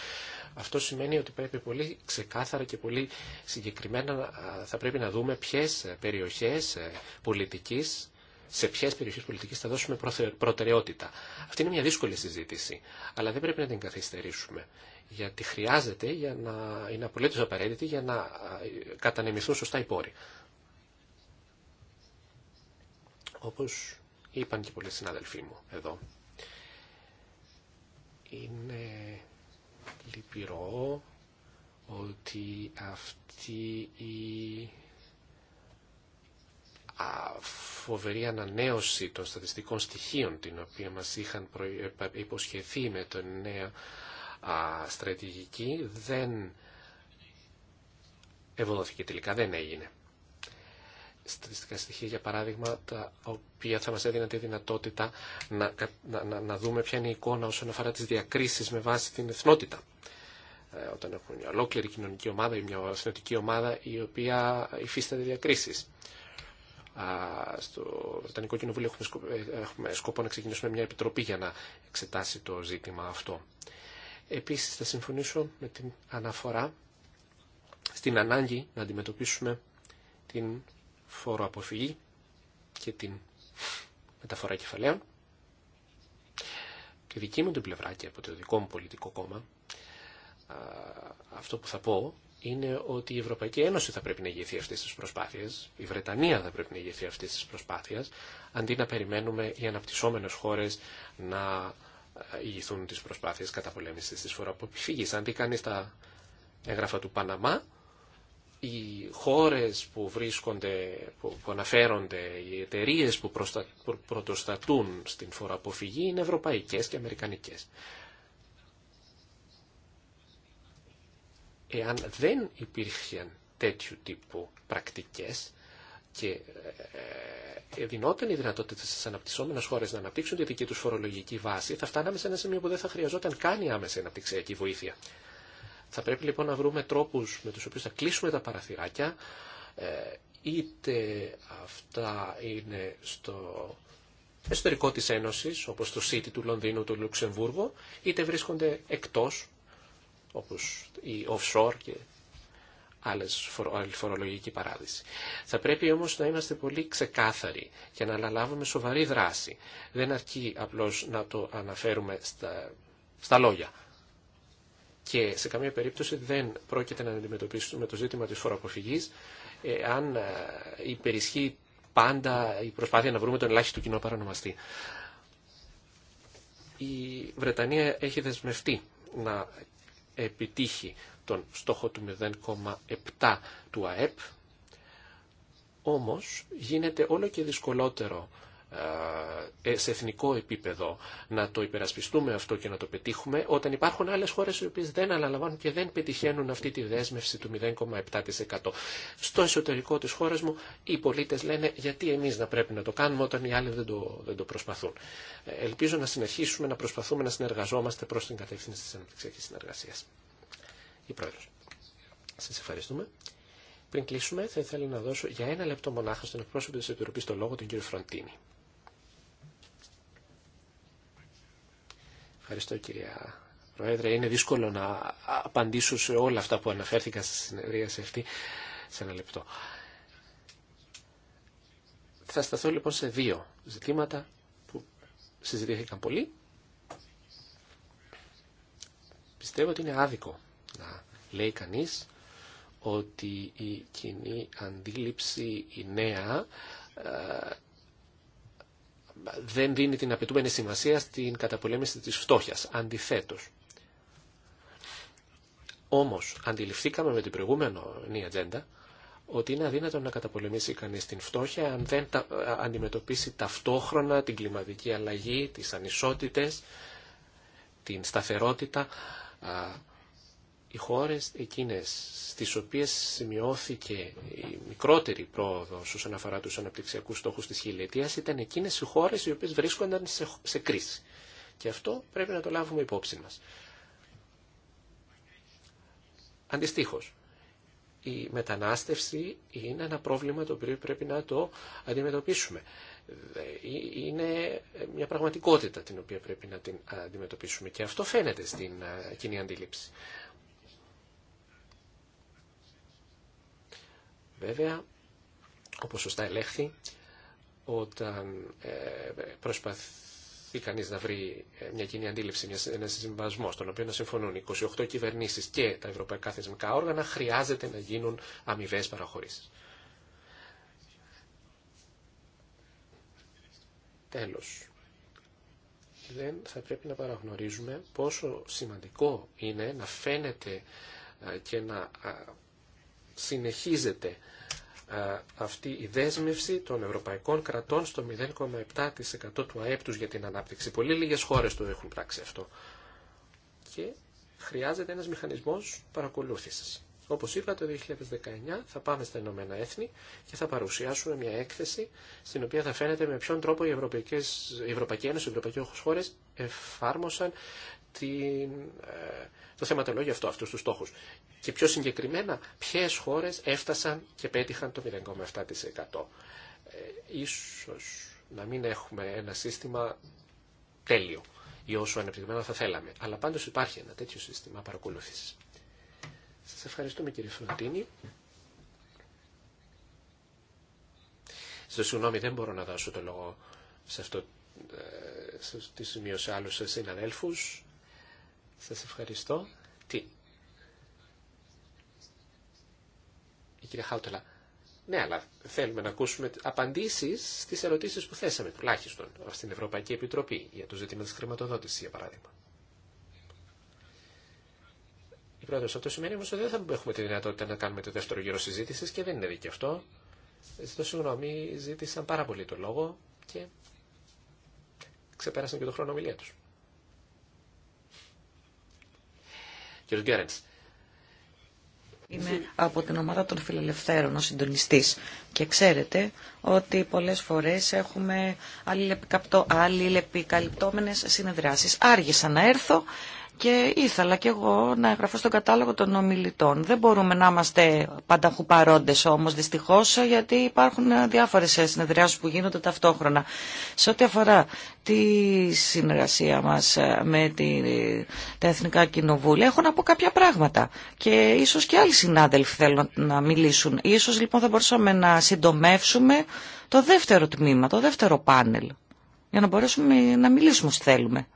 Αυτό σημαίνει ότι πρέπει πολύ ξεκάθαρα και πολύ συγκεκριμένα θα πρέπει να δούμε ποιες περιοχές πολιτικής σε ποιε περιοχέ πολιτική θα δώσουμε προτεραιότητα. Αυτή είναι μια δύσκολη συζήτηση, αλλά δεν πρέπει να την καθυστερήσουμε. Γιατί χρειάζεται, για να είναι απολύτω απαραίτητη για να κατανεμηθούν σωστά οι πόροι. Όπω είπαν και πολλοί συνάδελφοί μου εδώ. Είναι λυπηρό ότι αυτή η φοβερή ανανέωση των στατιστικών στοιχείων την οποία μας είχαν ε, υποσχεθεί με την νέα στρατηγική δεν ευοδόθηκε τελικά, δεν έγινε. Στατιστικά στοιχεία, για παράδειγμα, τα οποία θα μας έδιναν τη δυνατότητα να, να, να δούμε ποια είναι η εικόνα όσον αφορά τις διακρίσεις με βάση την εθνότητα ε, όταν έχουμε μια ολόκληρη κοινωνική ομάδα ή μια εθνοτική ομάδα η μια αθλητικη ομαδα υφίσταται διακρίσεις στο Βρετανικό Κοινοβούλιο ε, έχουμε σκοπό να ξεκινήσουμε μια επιτροπή για να εξετάσει το ζήτημα αυτό. Επίσης θα συμφωνήσω με την αναφορά στην ανάγκη να αντιμετωπίσουμε την φοροαποφυγή και την μεταφορά κεφαλαίων. Και δική μου την πλευρά και από το δικό μου πολιτικό κόμμα αυτό που θα πω είναι ότι η Ευρωπαϊκή Ένωση θα πρέπει να ηγηθεί αυτή τη προσπάθεια, η Βρετανία θα πρέπει να ηγηθεί αυτή τη προσπάθεια, αντί να περιμένουμε οι αναπτύσσόμενε χώρε να ε, ηγηθούν τις προσπάθειες καταπολέμησης της φοροαποφυγής. Αν δει κάνει τα έγγραφα του Παναμά, οι χώρε που βρίσκονται, που, αναφέρονται, οι εταιρείε που, πρωτοστατούν στην φοροαποφυγή είναι ευρωπαϊκέ και Αμερικανικέ. εάν δεν υπήρχαν τέτοιου τύπου πρακτικές και ε, ε, δινόταν η δυνατότητα στι αναπτυσσόμενες χώρες να αναπτύξουν τη δική τους φορολογική βάση, θα φτάναμε σε ένα σημείο που δεν θα χρειαζόταν καν η άμεση αναπτυξιακή βοήθεια. Θα πρέπει λοιπόν να βρούμε τρόπους με τους οποίους θα κλείσουμε τα παραθυράκια, ε, είτε αυτά είναι στο εσωτερικό της Ένωσης, όπως το City του Λονδίνου, του Λουξεμβούργου, είτε βρίσκονται εκτός όπως η offshore και άλλες φορολογική παράδειση. Θα πρέπει όμως να είμαστε πολύ ξεκάθαροι και να αναλάβουμε σοβαρή δράση. Δεν αρκεί απλώς να το αναφέρουμε στα, στα λόγια. Και σε καμία περίπτωση δεν πρόκειται να αντιμετωπίσουμε το ζήτημα της φοροαποφυγής ε, αν ε, υπερισχύει πάντα η προσπάθεια να βρούμε τον ελάχιστο κοινό παρανομαστή. Η Βρετανία έχει δεσμευτεί να επιτύχει τον στόχο του 0,7 του ΑΕΠ, όμως γίνεται όλο και δυσκολότερο ε, σε εθνικό επίπεδο να το υπερασπιστούμε αυτό και να το πετύχουμε όταν υπάρχουν άλλες χώρες οι οποίες δεν αναλαμβάνουν και δεν πετυχαίνουν αυτή τη δέσμευση του 0,7%. Στο εσωτερικό της χώρας μου οι πολίτες λένε γιατί εμείς να πρέπει να το κάνουμε όταν οι άλλοι δεν το, δεν το προσπαθούν. Ε, ελπίζω να συνεχίσουμε να προσπαθούμε να συνεργαζόμαστε προς την κατεύθυνση της αναπτυξιακής συνεργασίας. Η Πρόεδρος. Σας ευχαριστούμε. Πριν κλείσουμε, θα ήθελα να δώσω για ένα λεπτό μονάχα στον εκπρόσωπο τη Επιτροπή το λόγο, τον κύριο Φροντίνη. Ευχαριστώ κυρία Πρόεδρε. Είναι δύσκολο να απαντήσω σε όλα αυτά που αναφέρθηκαν στη συνεδρία σε αυτή σε ένα λεπτό. Θα σταθώ λοιπόν σε δύο ζητήματα που συζητήθηκαν πολύ. Πιστεύω ότι είναι άδικο να λέει κανείς ότι η κοινή αντίληψη, η νέα, ε, δεν δίνει την απαιτούμενη σημασία στην καταπολέμηση της φτώχειας. Αντιθέτως. Όμως, αντιληφθήκαμε με την προηγούμενη ατζέντα ότι είναι αδύνατο να καταπολεμήσει κανείς την φτώχεια αν δεν ε, αντιμετωπίσει ταυτόχρονα την κλιματική αλλαγή, τις ανισότητες, την σταθερότητα οι χώρες εκείνες στις οποίες σημειώθηκε η μικρότερη πρόοδος όσον αφορά τους αναπτυξιακούς στόχους της χιλιετίας ήταν εκείνες οι χώρες οι οποίες βρίσκονταν σε, κρίση. Και αυτό πρέπει να το λάβουμε υπόψη μας. Αντιστοίχως, η μετανάστευση είναι ένα πρόβλημα το οποίο πρέπει να το αντιμετωπίσουμε. Ε, είναι μια πραγματικότητα την οποία πρέπει να την αντιμετωπίσουμε και αυτό φαίνεται στην ε, κοινή αντίληψη. Βέβαια, όπως σωστά ελέγχθη, όταν ε, προσπαθεί κανείς να βρει ε, μια κοινή αντίληψη, ένα συμβασμό στον οποίο να συμφωνούν 28 κυβερνήσεις και τα ευρωπαϊκά θεσμικά όργανα, χρειάζεται να γίνουν αμοιβέ παραχωρήσεις. Τέλος, δεν θα πρέπει να παραγνωρίζουμε πόσο σημαντικό είναι να φαίνεται ε, και να συνεχίζεται ε, αυτή η δέσμευση των ευρωπαϊκών κρατών στο 0,7% του ΑΕΠ τους για την ανάπτυξη. Πολύ λίγες χώρες το έχουν πράξει αυτό. Και χρειάζεται ένας μηχανισμός παρακολούθησης. Όπως είπα το 2019 θα πάμε στα Ηνωμένα Έθνη και θα παρουσιάσουμε μια έκθεση στην οποία θα φαίνεται με ποιον τρόπο η Ευρωπαϊκή Ένωση, οι Ευρωπαϊκές χώρες εφάρμοσαν ε, το θεματολόγιο αυτό, αυτούς τους στόχους. Και πιο συγκεκριμένα, ποιες χώρες έφτασαν και πέτυχαν το 0,7%. Ε, ίσως να μην έχουμε ένα σύστημα τέλειο ή όσο ανεπτυγμένο θα θέλαμε. Αλλά πάντως υπάρχει ένα τέτοιο σύστημα παρακολούθησης. Σας ευχαριστούμε κύριε Φροντίνη. Στο συγγνώμη δεν μπορώ να δώσω το λόγο σε αυτό, ε, στη σημείο σε άλλους σας ευχαριστώ. Τι. Η κυρία Χάουτελα. Ναι, αλλά θέλουμε να ακούσουμε απαντήσεις στις ερωτήσεις που θέσαμε, τουλάχιστον στην Ευρωπαϊκή Επιτροπή, για το ζήτημα της χρηματοδότησης, για παράδειγμα. Η πρόεδρο, αυτό σημαίνει όμω ότι δεν θα έχουμε τη δυνατότητα να κάνουμε το δεύτερο γύρο συζήτηση και δεν είναι δίκαιο αυτό. Ζητώ συγγνώμη, ζήτησαν πάρα πολύ το λόγο και ξεπέρασαν και το χρόνο ομιλία του. Είμαι από την ομάδα των φιλελευθέρων ο συντονιστή. και ξέρετε ότι πολλές φορές έχουμε αλληλεπικαλυπτόμενε συνεδράσεις. Άργησα να έρθω και ήθελα κι εγώ να εγγραφώ στον κατάλογο των ομιλητών. Δεν μπορούμε να είμαστε πανταχού παρόντες όμως δυστυχώς γιατί υπάρχουν διάφορες συνεδριάσεις που γίνονται ταυτόχρονα. Σε ό,τι αφορά τη συνεργασία μας ε, με τη, τα Εθνικά Κοινοβούλια έχω να πω κάποια πράγματα και ίσως και άλλοι συνάδελφοι θέλουν να μιλήσουν. Ίσως λοιπόν θα μπορούσαμε να συντομεύσουμε το δεύτερο τμήμα, το δεύτερο πάνελ για να μπορέσουμε να μιλήσουμε όσοι θέλουμε.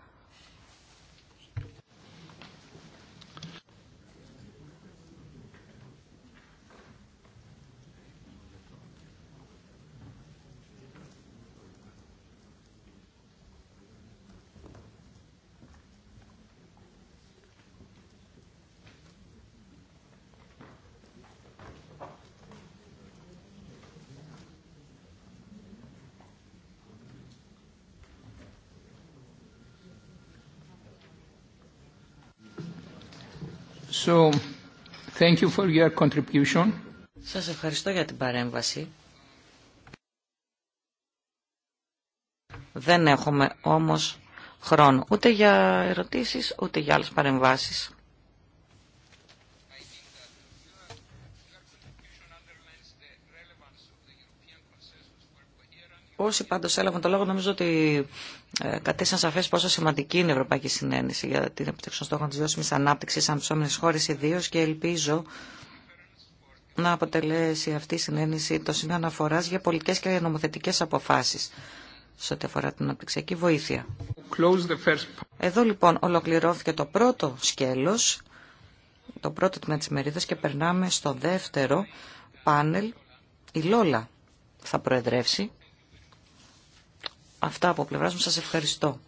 So, Σας ευχαριστώ για την παρέμβαση. Δεν έχουμε όμως χρόνο ούτε για ερωτήσεις ούτε για άλλες παρεμβάσεις. Όσοι πάντως έλαβαν το λόγο νομίζω ότι ε, κατέστησαν σαφές πόσο σημαντική είναι η Ευρωπαϊκή Συνένεση για την επιτυχία των στόχων της βιώσιμης ανάπτυξης σε αναπτυσσόμενες χώρες ιδίως και ελπίζω να αποτελέσει αυτή η συνένεση το σημείο αναφοράς για πολιτικές και νομοθετικές αποφάσεις σε ό,τι αφορά την αναπτυξιακή βοήθεια. Εδώ λοιπόν ολοκληρώθηκε το πρώτο σκέλος, το πρώτο τμήμα της μερίδας και περνάμε στο δεύτερο πάνελ. Η Λόλα θα προεδρεύσει. Αυτά από πλευρά μου. Σας ευχαριστώ.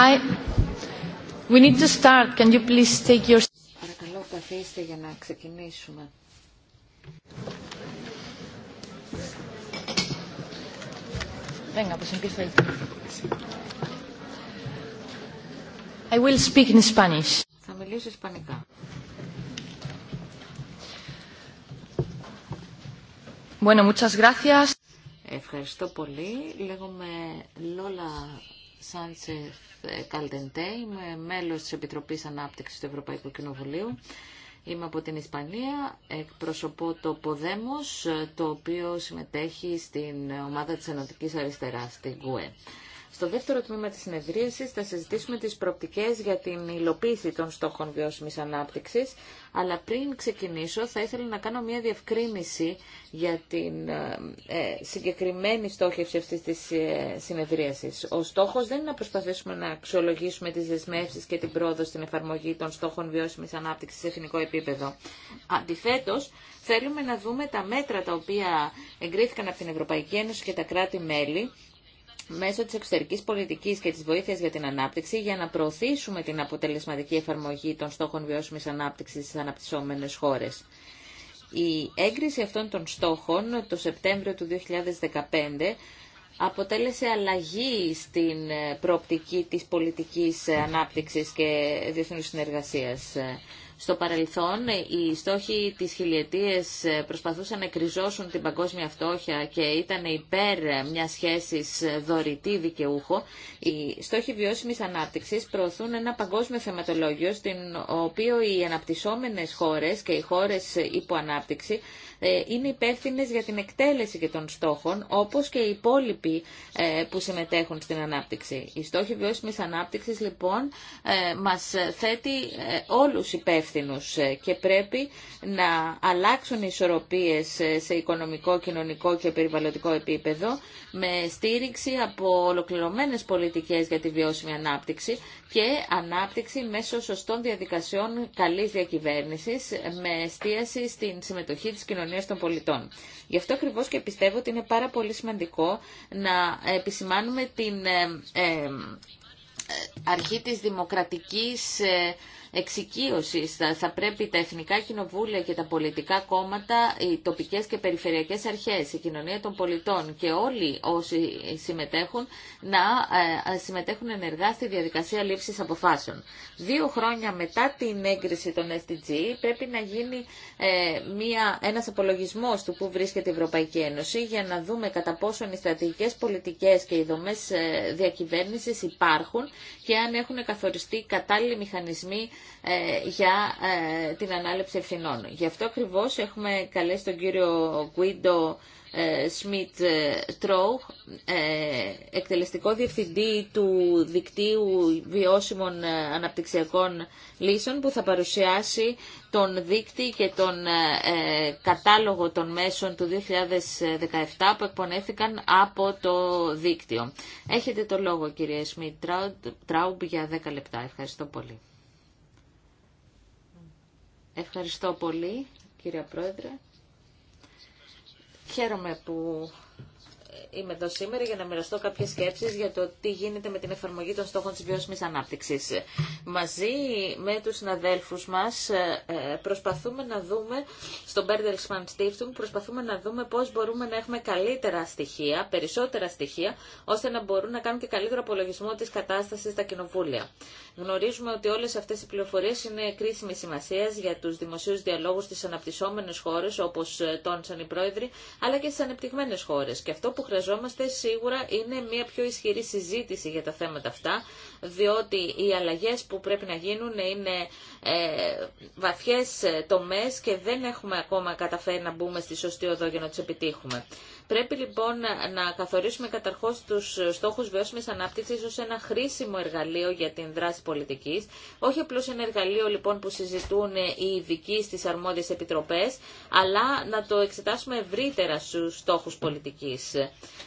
Hi. We need to start. Can you please take your... Παρακαλώ καθίστε για να ξεκινήσουμε. Venga, pues empieza I will speak in Spanish. Θα μιλήσω ισπανικά. Bueno, muchas gracias. Ευχαριστώ πολύ. Λέγομαι Λόλα Σάντσεφ Καλτεντέ, είμαι μέλος της Επιτροπής Ανάπτυξης του Ευρωπαϊκού Κοινοβουλίου. Είμαι από την Ισπανία, εκπροσωπώ το Ποδέμος, το οποίο συμμετέχει στην ομάδα της Ενωτικής Αριστεράς, την ΚΟΕ. Στο δεύτερο τμήμα της συνεδρίασης θα συζητήσουμε τις προοπτικές για την υλοποίηση των στόχων βιώσιμης ανάπτυξης, αλλά πριν ξεκινήσω θα ήθελα να κάνω μια διευκρίνηση για την ε, ε, συγκεκριμένη στόχευση αυτής της ε, συνεδρίασης. Ο στόχος δεν είναι να προσπαθήσουμε να αξιολογήσουμε τις δεσμεύσεις και την πρόοδο στην εφαρμογή των στόχων βιώσιμης ανάπτυξης σε εθνικό επίπεδο. Αντιθέτως, θέλουμε να δούμε τα μέτρα τα οποία εγκρίθηκαν από την Ευρωπαϊκή Ένωση και τα κράτη-μέλη μέσω της εξωτερικής πολιτικής και της βοήθειας για την ανάπτυξη για να προωθήσουμε την αποτελεσματική εφαρμογή των στόχων βιώσιμης ανάπτυξης στις αναπτυσσόμενες χώρες. Η έγκριση αυτών των στόχων το Σεπτέμβριο του 2015 αποτέλεσε αλλαγή στην προοπτική της πολιτικής ανάπτυξης και διεθνούς συνεργασίας. Στο παρελθόν, οι στόχοι της χιλιετίες ε, προσπαθούσαν να κρυζώσουν την παγκόσμια φτώχεια και ήταν υπέρ ε, μια σχέσης ε, δωρητή δικαιούχο. Οι στόχοι βιώσιμης ανάπτυξης προωθούν ένα παγκόσμιο θεματολόγιο, στην οποίο οι αναπτύσσόμενε χώρες και οι χώρες υποανάπτυξη ανάπτυξη ε, είναι υπεύθυνε για την εκτέλεση και των στόχων, όπως και οι υπόλοιποι ε, που συμμετέχουν στην ανάπτυξη. Η στόχη βιώσιμης ανάπτυξης, λοιπόν, ε, μας θέτει όλους υπεύθυνου και πρέπει να αλλάξουν οι ισορροπίες σε οικονομικό, κοινωνικό και περιβαλλοντικό επίπεδο, με στήριξη από ολοκληρωμένε πολιτικές για τη βιώσιμη ανάπτυξη και ανάπτυξη μέσω σωστών διαδικασιών καλής διακυβέρνησης, με εστίαση στην συμμετοχή πολιτών. Γι' αυτό ακριβώ και πιστεύω ότι είναι πάρα πολύ σημαντικό να επισημάνουμε την ε, ε, ε, αρχή της δημοκρατικής εξοικείωσης. Θα πρέπει τα εθνικά κοινοβούλια και τα πολιτικά κόμματα, οι τοπικές και περιφερειακές αρχές, η κοινωνία των πολιτών και όλοι όσοι συμμετέχουν να ε, συμμετέχουν ενεργά στη διαδικασία λήψης αποφάσεων. Δύο χρόνια μετά την έγκριση των SDG πρέπει να γίνει ε, μια, ένας απολογισμός του που βρίσκεται η Ευρωπαϊκή Ένωση για να δούμε κατά πόσον οι στρατηγικές πολιτικές και οι δομές ε, διακυβέρνησης υπάρχουν και αν έχουν καθοριστεί κατάλληλοι μηχανισμοί ε, για ε, την ανάληψη ευθυνών. Γι' αυτό ακριβώς έχουμε καλέσει τον κύριο Γκουίντο ε, Σμιτ Τρόου, εκτελεστικό διευθυντή του δικτύου βιώσιμων αναπτυξιακών λύσεων που θα παρουσιάσει τον δίκτυ και τον κατάλογο των μέσων του 2017 που εκπονέθηκαν από το δίκτυο. Έχετε το λόγο κύριε Σμιτ Τράουμπ για 10 λεπτά. Ευχαριστώ πολύ. Ευχαριστώ πολύ, κύριε Πρόεδρε. Χαίρομαι που είμαι εδώ σήμερα για να μοιραστώ κάποιε σκέψει για το τι γίνεται με την εφαρμογή των στόχων τη βιώσιμη ανάπτυξη. Μαζί με του συναδέλφου μα ε, ε, προσπαθούμε να δούμε, στον Bertelsmann Stiftung, προσπαθούμε να δούμε πώ μπορούμε να έχουμε καλύτερα στοιχεία, περισσότερα στοιχεία, ώστε να μπορούν να κάνουν και καλύτερο απολογισμό τη κατάσταση στα κοινοβούλια. Γνωρίζουμε ότι όλες αυτές οι πληροφορίες είναι κρίσιμη σημασία για τους δημοσίου διαλόγους στι αναπτυσσόμενε χώρε, όπως ε, τόνισαν οι πρόεδροι, αλλά και στις ανεπτυγμένε χώρες. Και αυτό που χρειαζόμαστε σίγουρα είναι μια πιο ισχυρή συζήτηση για τα θέματα αυτά, διότι οι αλλαγές που πρέπει να γίνουν είναι ε, βαθιές ε, και δεν έχουμε ακόμα καταφέρει να μπούμε στη σωστή οδό για να τι επιτύχουμε. Πρέπει λοιπόν να καθορίσουμε καταρχώς τους στόχους βιώσιμης ανάπτυξης ως ένα χρήσιμο εργαλείο για την δράση πολιτικής. Όχι απλώς ένα εργαλείο λοιπόν που συζητούν οι ειδικοί στις αρμόδιες επιτροπές, αλλά να το εξετάσουμε ευρύτερα στους στόχους πολιτικής.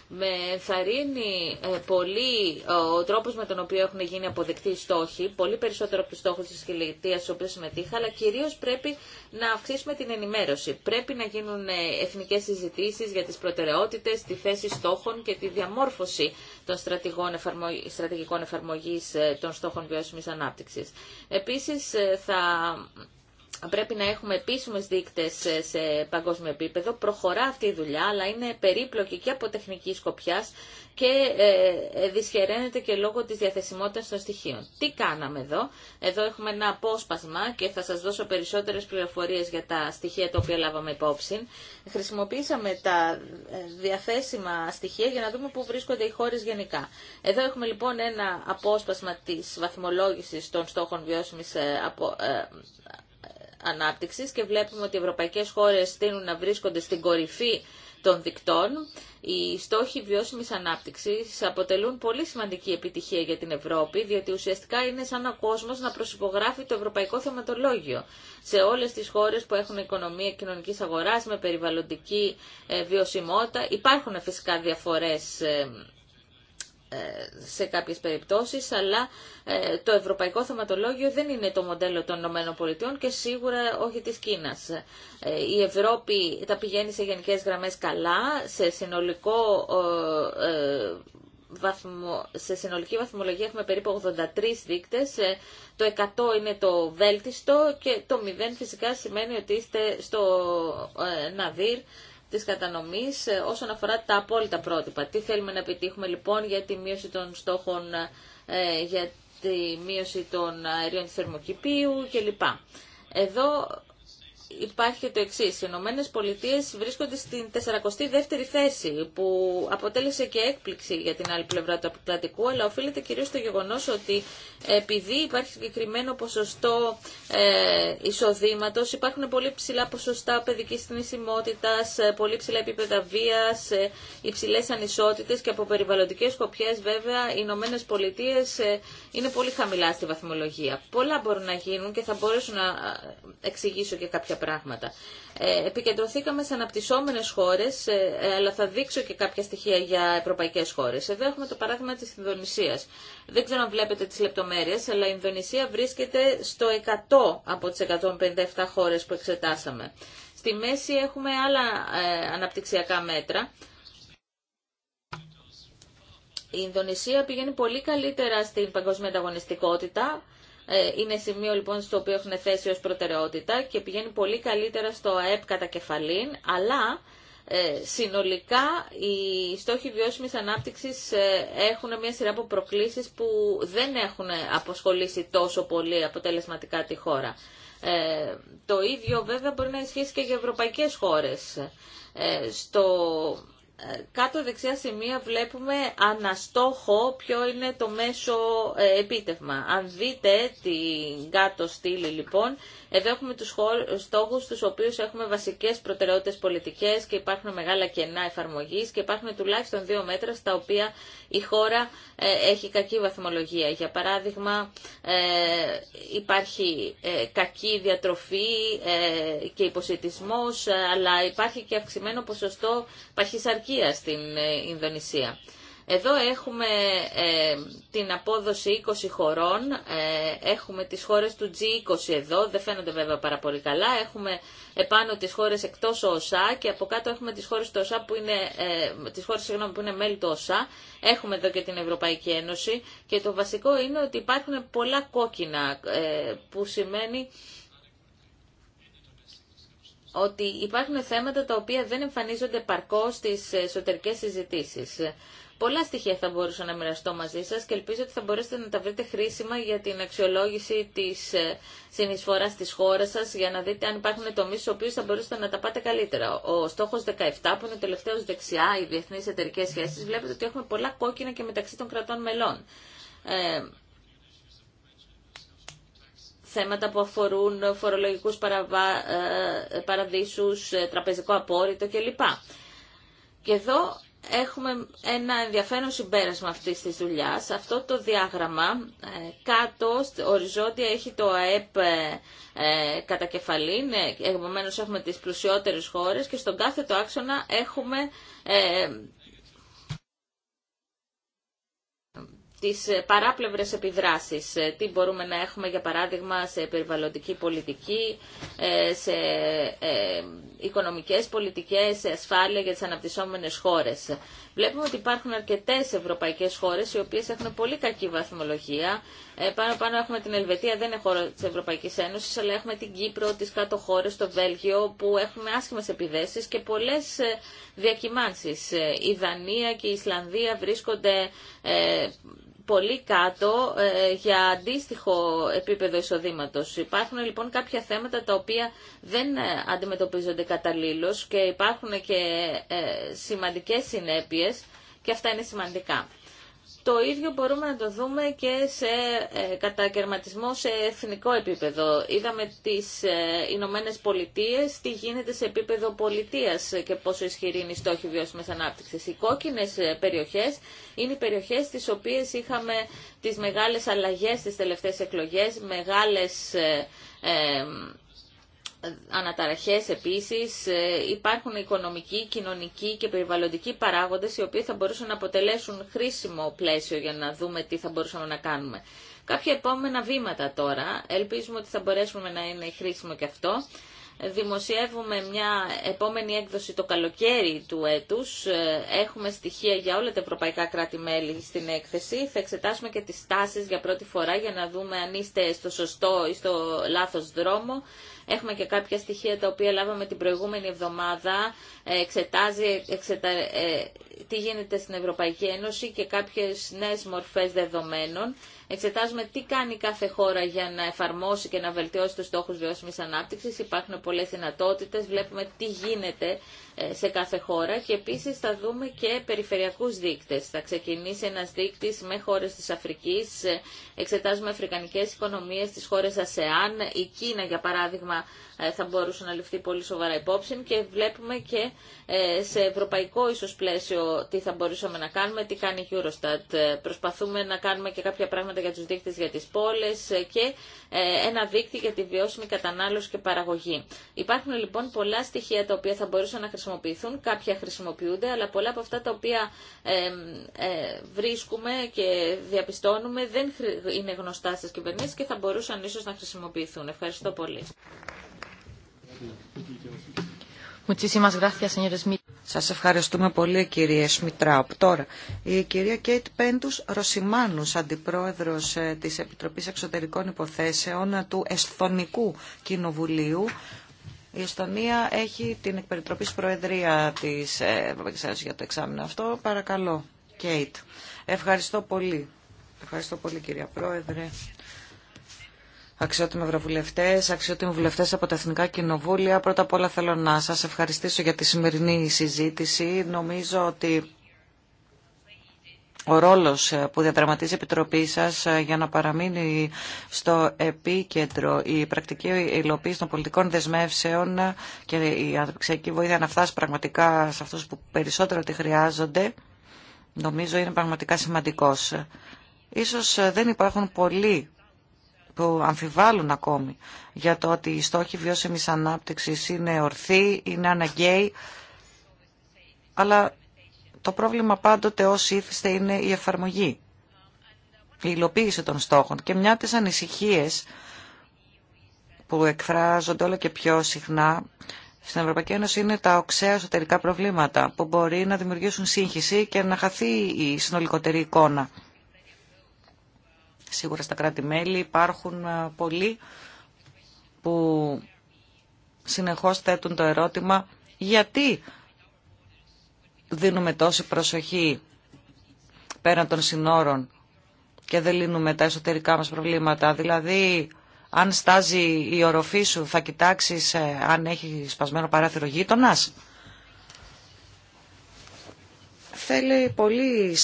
Με ενθαρρύνει ε, πολύ ε, ο τρόπος με τον οποίο έχουν γίνει αποδεκτοί οι στόχοι, πολύ περισσότερο από τους στόχους της χιλιετίας στους οποίους συμμετείχα, αλλά κυρίως πρέπει να αυξήσουμε την ενημέρωση. Πρέπει να γίνουν ε, εθνικές συζητήσεις για τις προτεραιότητες τη θέση στόχων και τη διαμόρφωση των στρατηγικών εφαρμογής ε, των στόχων βιώσιμης ανάπτυξης. Επίσης, ε, θα πρέπει να έχουμε επίσημες δείκτες ε, σε παγκόσμιο επίπεδο. Προχωρά αυτή η δουλειά, αλλά είναι περίπλοκη και από τεχνική σκοπιάς και ε, ε, δυσχεραίνεται και λόγω της διαθεσιμότητας των στοιχείων. Τι κάναμε εδώ. Εδώ έχουμε ένα απόσπασμα και θα σας δώσω περισσότερες πληροφορίες για τα στοιχεία τα οποία λάβαμε υπόψη. Χρησιμοποίησαμε τα ε, διαθέσιμα στοιχεία για να δούμε πού βρίσκονται οι χώρες γενικά. Εδώ έχουμε λοιπόν ένα απόσπασμα της βαθμολόγησης των στόχων βιώσιμης απο... Ανάπτυξης και βλέπουμε ότι οι ευρωπαϊκές χώρες στείλουν να βρίσκονται στην κορυφή των δικτών. Οι στόχοι βιώσιμης ανάπτυξης αποτελούν πολύ σημαντική επιτυχία για την Ευρώπη, διότι ουσιαστικά είναι σαν ο κόσμος να προσυπογράφει το ευρωπαϊκό θεματολόγιο σε όλες τις χώρες που έχουν οικονομία κοινωνικής αγοράς με περιβαλλοντική ε, βιωσιμότητα. Υπάρχουν φυσικά διαφορές ε, ε, σε κάποιες περιπτώσεις, αλλά ε, το ευρωπαϊκό θεματολόγιο δεν είναι το μοντέλο των ΗΠΑ και σίγουρα όχι της Κίνας. Ε, η Ευρώπη τα πηγαίνει σε γενικές γραμμές καλά, σε συνολικό βαθμο, σε συνολική βαθμολογία έχουμε περίπου 83 δείκτες, το 100 είναι το βέλτιστο και το 0 φυσικά σημαίνει ότι είστε στο ναδύρ τη κατανομής ε, όσον αφορά τα απόλυτα πρότυπα. Τι θέλουμε να επιτύχουμε λοιπόν για τη μείωση των στόχων, ε, για τη μείωση των αερίων θερμοκηπίου κλπ. Εδώ υπάρχει και το εξή. Οι Ηνωμένε Πολιτείε βρίσκονται στην 42η θέση, που αποτέλεσε και έκπληξη για την άλλη πλευρά του αποκλατικού, αλλά οφείλεται κυρίω στο γεγονό ότι επειδή υπάρχει συγκεκριμένο ποσοστό ε, εισοδήματο, υπάρχουν πολύ ψηλά ποσοστά παιδική θνησιμότητα, ε, πολύ ψηλά επίπεδα βία, ε, υψηλέ ανισότητε και από περιβαλλοντικέ σκοπιέ, βέβαια, οι Ηνωμένε Πολιτείε ε, είναι πολύ χαμηλά στη βαθμολογία. Πολλά μπορούν να γίνουν και θα μπορέσω να ε, εξηγήσω και κάποια πράγματα. Ε, επικεντρωθήκαμε σε αναπτυσσόμενες χώρες, ε, αλλά θα δείξω και κάποια στοιχεία για ευρωπαϊκέ χώρε. Εδώ έχουμε το παράδειγμα τη Ινδονησίας. Δεν ξέρω αν βλέπετε τι λεπτομέρειε, αλλά η Ινδονησία βρίσκεται στο 100 από τι 157 χώρε που εξετάσαμε. Στη μέση έχουμε άλλα ε, αναπτυξιακά μέτρα. Η Ινδονησία πηγαίνει πολύ καλύτερα στην παγκοσμία ανταγωνιστικότητα ε, είναι σημείο λοιπόν στο οποίο έχουν θέσει ως προτεραιότητα και πηγαίνει πολύ καλύτερα στο ΑΕΠ κατά κεφαλήν, αλλά ε, συνολικά οι στόχοι βιώσιμης ανάπτυξης ε, έχουν μια σειρά από προκλήσεις που δεν έχουν αποσχολήσει τόσο πολύ αποτελεσματικά τη χώρα. Ε, το ίδιο βέβαια μπορεί να ισχύσει και για ευρωπαϊκές χώρες. Ε, στο κάτω δεξιά σημεία βλέπουμε αναστόχο ποιο είναι το μέσο ε, επίτευμα. Αν δείτε την κάτω στήλη λοιπόν εδώ έχουμε τους στόχους στους οποίους έχουμε βασικές προτεραιότητες πολιτικές και υπάρχουν μεγάλα κενά εφαρμογής και υπάρχουν τουλάχιστον δύο μέτρα στα οποία η χώρα ε, έχει κακή βαθμολογία. Για παράδειγμα ε, υπάρχει ε, κακή διατροφή και υποσυτισμός αλλά υπάρχει και αυξημένο ποσοστό παχυσαρκίας στην Ινδονησία. Εδώ έχουμε ε, την απόδοση 20 χωρών, ε, έχουμε τις χώρες του G20 εδώ, δεν φαίνονται βέβαια πάρα πολύ καλά, έχουμε επάνω τις χώρες εκτός ΟΣΑ και από κάτω έχουμε τις χώρες, του ΟΣΑ που, είναι, ε, τις χώρες συγγνώμη, που είναι μέλη του ΟΣΑ, έχουμε εδώ και την Ευρωπαϊκή Ένωση και το βασικό είναι ότι υπάρχουν πολλά κόκκινα που σημαίνει ότι υπάρχουν θέματα τα οποία δεν εμφανίζονται παρκώς στις εσωτερικές συζητήσεις. Πολλά στοιχεία θα μπορούσα να μοιραστώ μαζί σα και ελπίζω ότι θα μπορέσετε να τα βρείτε χρήσιμα για την αξιολόγηση τη ε, συνεισφορά τη χώρα σα, για να δείτε αν υπάρχουν τομείς στους οποίου θα μπορούσατε να τα πάτε καλύτερα. Ο στόχο 17 που είναι ο δεξιά, οι διεθνεί εταιρικέ σχέσει, βλέπετε ότι έχουμε πολλά κόκκινα και μεταξύ των κρατών μελών. Ε, θέματα που αφορούν φορολογικούς παραβα... Ε, παραδείσους, ε, τραπεζικό απόρριτο κλπ. Και εδώ έχουμε ένα ενδιαφέρον συμπέρασμα αυτή της δουλειάς. Αυτό το διάγραμμα ε, κάτω, οριζόντια, έχει το ΑΕΠ ε, ε κατά κεφαλή, ε, επομένως έχουμε τις πλουσιότερες χώρες και στον κάθε το άξονα έχουμε τις ε, παράπλευρες επιδράσεις. Ε, τι μπορούμε να έχουμε, για παράδειγμα, σε περιβαλλοντική πολιτική, ε, σε οικονομικές πολιτικές, σε ασφάλεια για τις αναπτυσσόμενες χώρες. Βλέπουμε ότι υπάρχουν αρκετές ευρωπαϊκές χώρες οι οποίες έχουν πολύ κακή βαθμολογία. Πάνω πάνω έχουμε την Ελβετία, δεν είναι χώρο της Ευρωπαϊκής Ένωσης, αλλά έχουμε την Κύπρο, τις κάτω χώρες, το Βέλγιο, που έχουν άσχημες επιδέσεις και πολλές διακυμάνσεις. Η Δανία και η Ισλανδία βρίσκονται πολύ κάτω ε, για αντίστοιχο επίπεδο εισοδήματος. Υπάρχουν λοιπόν κάποια θέματα τα οποία δεν ε, αντιμετωπίζονται καταλήλως και υπάρχουν και ε, σημαντικές συνέπειες και αυτά είναι σημαντικά. Το ίδιο μπορούμε να το δούμε και σε ε, κατακαιρματισμό σε εθνικό επίπεδο. Είδαμε τις ε, Ηνωμένε Πολιτείε, τι γίνεται σε επίπεδο πολιτείας και πόσο ισχυρή είναι η στόχη βιώσιμης ανάπτυξης. Οι κόκκινες ε, περιοχές είναι οι περιοχές στις οποίες είχαμε τις μεγάλες αλλαγές στις τελευταίες εκλογές, μεγάλες αναταραχές επίσης, ε, υπάρχουν οικονομικοί, κοινωνικοί και περιβαλλοντικοί παράγοντες οι οποίοι θα μπορούσαν να αποτελέσουν χρήσιμο πλαίσιο για να δούμε τι θα μπορούσαμε να κάνουμε. Κάποια επόμενα βήματα τώρα, ελπίζουμε ότι θα μπορέσουμε να είναι χρήσιμο και αυτό. Δημοσιεύουμε μια επόμενη έκδοση το καλοκαίρι του έτους. Ε, έχουμε στοιχεία για όλα τα ευρωπαϊκά κράτη-μέλη στην έκθεση. Θα εξετάσουμε και τις τάσεις για πρώτη φορά για να δούμε αν είστε στο σωστό ή στο λάθος δρόμο. Έχουμε και κάποια στοιχεία τα οποία λάβαμε την προηγούμενη εβδομάδα. Εξετάζει εξετα... Ε, τι γίνεται στην Ευρωπαϊκή Ένωση και κάποιες νέες μορφές δεδομένων. Εξετάζουμε τι κάνει κάθε χώρα για να εφαρμόσει και να βελτιώσει τους στόχους βιώσιμης ανάπτυξης. Υπάρχουν πολλές δυνατότητες, βλέπουμε τι γίνεται ε, σε κάθε χώρα και επίσης θα δούμε και περιφερειακούς δείκτες. Θα ξεκινήσει ένας δείκτης με χώρες της Αφρικής, ε, εξετάζουμε αφρικανικές οικονομίες τις χώρες ΑΣΕΑΝ, η Κίνα για παράδειγμα ε, θα μπορούσε να ληφθεί πολύ σοβαρά υπόψη και βλέπουμε και σε ευρωπαϊκό ίσως πλαίσιο τι θα μπορούσαμε να κάνουμε, τι κάνει η Eurostat. Προσπαθούμε να κάνουμε και κάποια πράγματα για τους δείκτες για τις πόλεις και ε, ένα δείκτη για τη βιώσιμη κατανάλωση και παραγωγή. Υπάρχουν λοιπόν πολλά στοιχεία τα οποία θα μπορούσαν να χρησιμοποιηθούν, κάποια χρησιμοποιούνται, αλλά πολλά από αυτά τα οποία ε, βρίσκουμε και διαπιστώνουμε δεν είναι γνωστά στις κυβερνήσεις και θα μπορούσαν ίσως να χρησιμοποιηθούν. Ευχαριστώ πολύ. Σας ευχαριστούμε πολύ κύριε Σμιτράουπ. Τώρα, η κυρία Κέιτ Πέντους Ρωσιμάνους, αντιπρόεδρος ε, της Επιτροπής Εξωτερικών Υποθέσεων ε, του Εσθονικού Κοινοβουλίου. Η Εσθονία έχει την εκπεριτροπής προεδρία της ε, Ευρωπαϊκής για το εξάμεινο αυτό. Παρακαλώ, Κέιτ. Ευχαριστώ πολύ. Ευχαριστώ πολύ κυρία Πρόεδρε αξιότιμοι ευρωβουλευτέ, αξιότιμοι βουλευτέ από τα Εθνικά Κοινοβούλια. Πρώτα απ' όλα θέλω να σα ευχαριστήσω για τη σημερινή συζήτηση. Νομίζω ότι ο ρόλος που διαδραματίζει η Επιτροπή σας ε, για να παραμείνει στο επίκεντρο η πρακτική υλοποίηση των πολιτικών δεσμεύσεων ε, και η ανθρωπιστική βοήθεια να φτάσει πραγματικά σε αυτούς που περισσότερο τη χρειάζονται, νομίζω είναι πραγματικά σημαντικός. Ίσως ε, δεν υπάρχουν πολλοί που αμφιβάλλουν ακόμη για το ότι οι στόχοι βιώσιμης ανάπτυξης είναι ορθοί, είναι αναγκαίοι, αλλά το πρόβλημα πάντοτε όσοι ήθιστε είναι η εφαρμογή, η υλοποίηση των στόχων. Και μια από τις ανησυχίες που εκφράζονται όλο και πιο συχνά στην Ευρωπαϊκή Ένωση είναι τα οξέα εσωτερικά προβλήματα που μπορεί να δημιουργήσουν σύγχυση και να χαθεί η συνολικότερη εικόνα Σίγουρα στα κράτη-μέλη υπάρχουν ε, πολλοί που συνεχώς θέτουν το ερώτημα γιατί δίνουμε τόση προσοχή πέραν των συνόρων και δεν λύνουμε τα εσωτερικά μας προβλήματα. Δηλαδή, αν στάζει η οροφή σου, θα κοιτάξεις ε, αν έχει σπασμένο παράθυρο γείτονας θέλει πολύ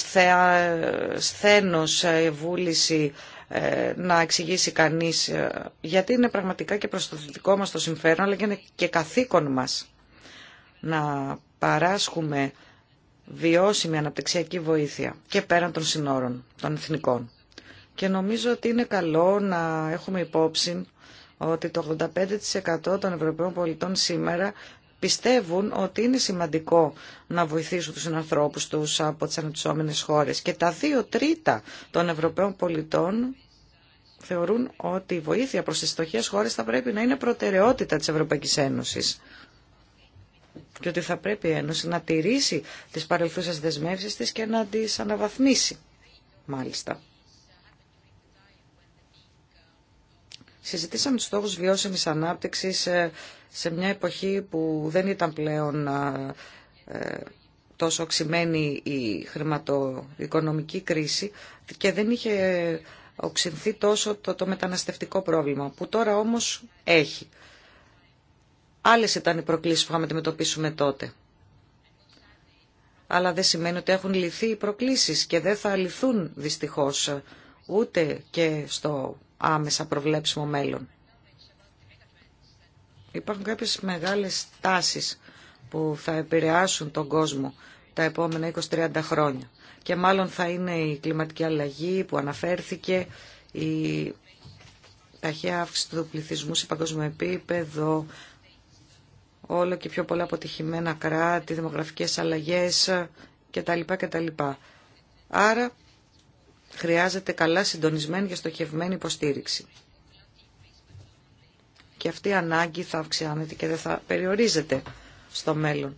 σθένος ε, βούληση ε, να εξηγήσει κανείς ε, γιατί είναι πραγματικά και προς το δυτικό μας το συμφέρον αλλά και είναι και καθήκον μας να παράσχουμε βιώσιμη αναπτυξιακή βοήθεια και πέραν των συνόρων των εθνικών. Και νομίζω ότι είναι καλό να έχουμε υπόψη ότι το 85% των Ευρωπαίων πολιτών σήμερα πιστεύουν ότι είναι σημαντικό να βοηθήσουν τους ανθρώπους τους από τις ανεπτυσσόμενες χώρες. Και τα δύο τρίτα των Ευρωπαίων πολιτών θεωρούν ότι η βοήθεια προς τις στοχές χώρες θα πρέπει να είναι προτεραιότητα της Ευρωπαϊκής Ένωσης και ότι θα πρέπει η Ένωση να τηρήσει τις παρελθούσες δεσμεύσεις της και να τις αναβαθμίσει, μάλιστα. Συζητήσαμε τους στόχους βιώσιμης ανάπτυξης ε, σε μια εποχή που δεν ήταν πλέον ε, ε, τόσο οξυμένη η χρηματοοικονομική κρίση και δεν είχε οξυνθεί τόσο το, μεταναστευτικό πρόβλημα, που τώρα όμως έχει. Άλλες ήταν οι προκλήσεις που είχαμε αντιμετωπίσουμε τότε. Αλλά δεν σημαίνει ότι έχουν λυθεί οι προκλήσεις και δεν θα λυθούν δυστυχώς ούτε και στο άμεσα προβλέψιμο μέλλον. Υπάρχουν κάποιες μεγάλες τάσεις που θα επηρεάσουν τον κόσμο τα επόμενα 20-30 χρόνια. Και μάλλον θα είναι η κλιματική αλλαγή που αναφέρθηκε, η ταχεία αύξηση του πληθυσμού σε παγκόσμιο επίπεδο, όλο και πιο πολλά αποτυχημένα κράτη, δημογραφικές αλλαγές κτλ. κτλ. Άρα χρειάζεται καλά συντονισμένη και στοχευμένη υποστήριξη. Και αυτή η ανάγκη θα αυξάνεται και δεν θα περιορίζεται στο μέλλον.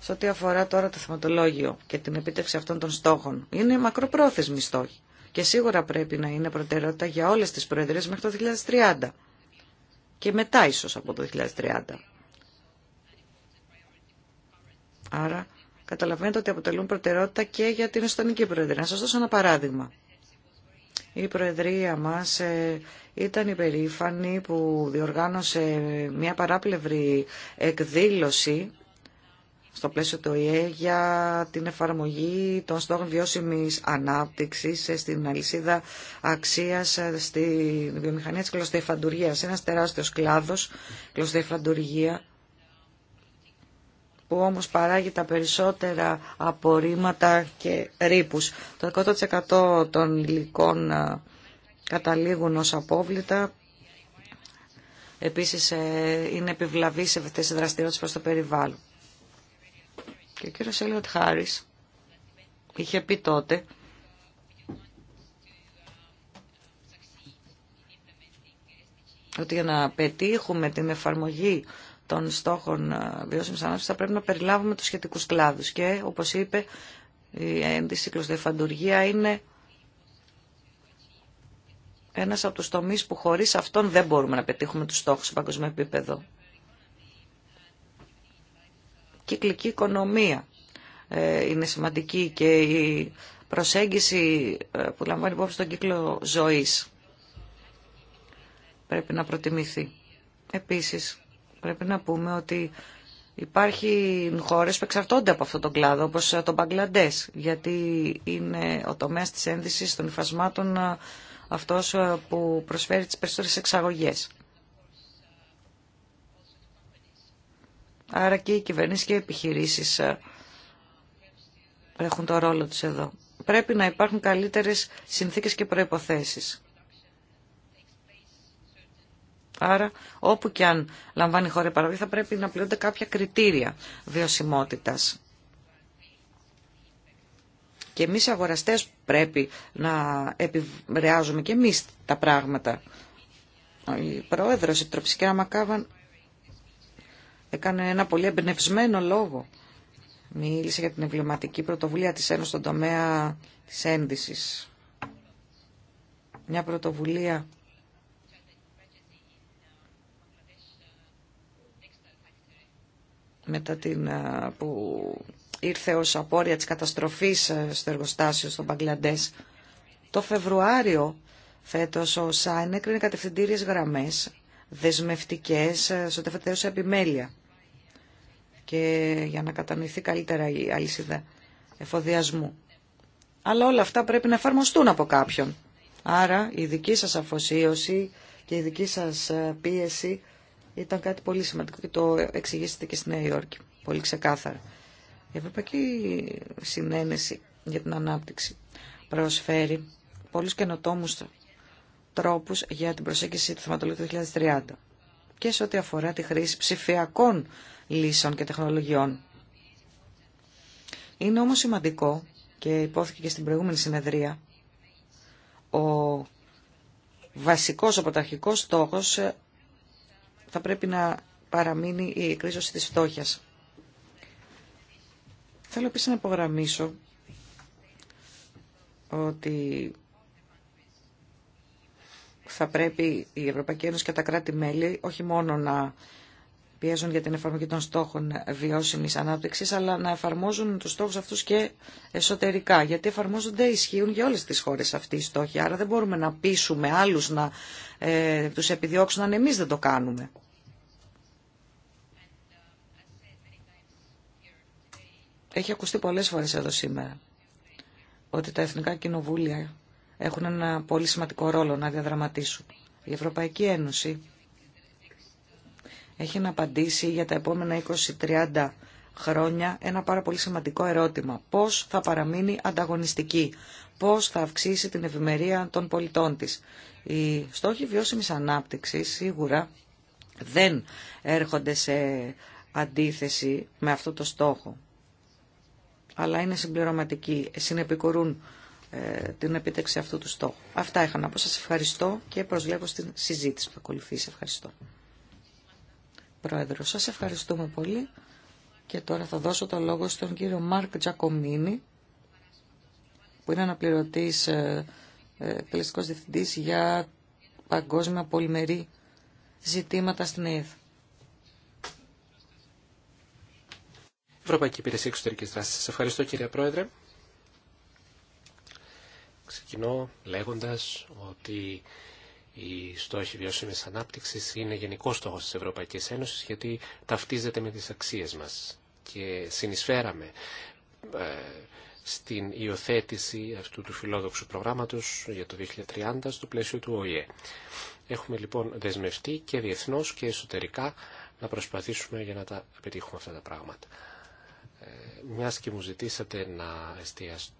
Σε ό,τι αφορά τώρα το θεματολόγιο και την επίτευξη αυτών των στόχων, είναι μακροπρόθεσμη στόχη. και σίγουρα πρέπει να είναι προτεραιότητα για όλες τις προεδρίες μέχρι το 2030 και μετά ίσως από το 2030. Άρα καταλαβαίνετε ότι αποτελούν προτεραιότητα και για την Εστονική Προεδρία. Να σας δώσω ένα παράδειγμα. Η Προεδρία μας ε, ήταν υπερήφανη που διοργάνωσε μια παράπλευρη εκδήλωση στο πλαίσιο του ΙΕ για την εφαρμογή των στόχων βιώσιμη ανάπτυξη ε, στην αλυσίδα αξία ε, στη βιομηχανία τη κλωστοϊφαντουργία. Ένα τεράστιο κλάδο, κλωστοϊφαντουργία, που όμως παράγει τα περισσότερα απορρίμματα και ρήπους. Το 100% των υλικών ε, καταλήγουν ως απόβλητα. Επίσης ε, είναι επιβλαβή σε αυτές δραστηριότητες προς το περιβάλλον. Και ο κύριος Έλιοντ Χάρης είχε πει τότε ότι για να πετύχουμε την εφαρμογή των στόχων ε, βιώσιμη ανάπτυξη θα πρέπει να περιλάβουμε τους σχετικούς κλάδους. Και όπως είπε, η ένδυση κλωστεφαντουργία είναι ένας από τους τομείς που χωρίς αυτόν δεν μπορούμε να πετύχουμε τους στόχους σε παγκοσμίο επίπεδο. Κυκλική οικονομία ε, είναι σημαντική και η προσέγγιση ε, που λαμβάνει υπόψη τον κύκλο ζωής πρέπει να προτιμηθεί. Επίσης, πρέπει να πούμε ότι Υπάρχει χώρες που εξαρτώνται από αυτόν τον κλάδο, όπως ε, το Μπαγκλαντές, γιατί είναι ο τομέας της ένδυσης των υφασμάτων ε, αυτός ε, που προσφέρει τις περισσότερες εξαγωγές. Άρα και οι κυβερνήσεις και οι επιχειρήσεις έχουν το ρόλο τους εδώ. Πρέπει να υπάρχουν καλύτερες συνθήκες και προϋποθέσεις. Άρα, όπου και αν λαμβάνει η χώρα η παραγωγή, θα πρέπει να πληρούνται κάποια κριτήρια βιωσιμότητας. Και εμείς οι αγοραστές πρέπει να επιβρεάζουμε και εμείς τα πράγματα. Ο πρόεδρος, η Τροψικέρα Μακάβαν, έκανε ένα πολύ εμπνευσμένο λόγο. Μίλησε για την εμβληματική πρωτοβουλία της Ένωσης στον τομέα της ένδυσης. Μια πρωτοβουλία μετά την, που ήρθε ως απόρρια της καταστροφής στο εργοστάσιο στον Παγκλαντές. Το Φεβρουάριο φέτος ο Σάιν έκρινε κατευθυντήριες γραμμές δεσμευτικές στο σε επιμέλεια και για να κατανοηθεί καλύτερα η αλυσίδα εφοδιασμού. Αλλά όλα αυτά πρέπει να εφαρμοστούν από κάποιον. Άρα η δική σας αφοσίωση και η δική σας πίεση ήταν κάτι πολύ σημαντικό και το εξηγήσετε και στη Νέα Υόρκη, πολύ ξεκάθαρα. Η Ευρωπαϊκή Συνένεση για την Ανάπτυξη προσφέρει πολλούς καινοτόμους τρόπους για την προσέγγιση του θεματολογίου του 2030 και σε ό,τι αφορά τη χρήση ψηφιακών λύσεων και τεχνολογιών. Είναι όμως σημαντικό, και υπόθηκε και στην προηγούμενη συνεδρία, ο βασικός, ο πρωταρχικός στόχος θα πρέπει να παραμείνει η εκρίζωση της φτώχειας. Θέλω επίσης να υπογραμμίσω ότι θα πρέπει η Ευρωπαϊκή Ένωση και τα κράτη-μέλη όχι μόνο να πιέζουν για την εφαρμογή των στόχων βιώσιμης ανάπτυξης, αλλά να εφαρμόζουν τους στόχους αυτούς και εσωτερικά, γιατί εφαρμόζονται, ισχύουν για όλες τις χώρες αυτοί οι στόχοι, άρα δεν μπορούμε να πείσουμε άλλους να ε, τους επιδιώξουν αν εμείς δεν το κάνουμε. Έχει ακουστεί πολλές φορές εδώ σήμερα ότι τα εθνικά κοινοβούλια έχουν ένα πολύ σημαντικό ρόλο να διαδραματίσουν. Η Ευρωπαϊκή Ένωση έχει να απαντήσει για τα επόμενα 20-30 χρόνια ένα πάρα πολύ σημαντικό ερώτημα. Πώς θα παραμείνει ανταγωνιστική, πώς θα αυξήσει την ευημερία των πολιτών της. Οι στόχοι βιώσιμης ανάπτυξης σίγουρα δεν έρχονται σε αντίθεση με αυτό το στόχο αλλά είναι συμπληρωματικοί, συνεπικορούν ε, την επίτευξη αυτού του στόχου. Αυτά είχα να πω. Σας ευχαριστώ και προσβλέπω στην συζήτηση που θα ακολουθήσει. Ευχαριστώ. Πρόεδρο, σας ευχαριστούμε πολύ και τώρα θα δώσω το λόγο στον κύριο Μάρκ Τζακομίνη που είναι αναπληρωτής ε, ε, εκτελεστικός διευθυντής για παγκόσμια πολυμερή ζητήματα στην ΕΕΘ. Ευρωπαϊκή Υπηρεσία Εξωτερική Δράσης. Σα ευχαριστώ κύριε Πρόεδρε. Ξεκινώ λέγοντα ότι η στόχη βιώσιμη ανάπτυξη είναι γενικό στόχο τη Ευρωπαϊκή Ένωση γιατί ταυτίζεται με τι αξίε μα και συνεισφέραμε ε, στην υιοθέτηση αυτού του φιλόδοξου προγράμματος για το 2030 στο πλαίσιο του ΟΗΕ. Έχουμε λοιπόν δεσμευτεί και διεθνώς και εσωτερικά να προσπαθήσουμε για να τα πετύχουμε αυτά τα πράγματα μιας και μου ζητήσατε να εστιάσω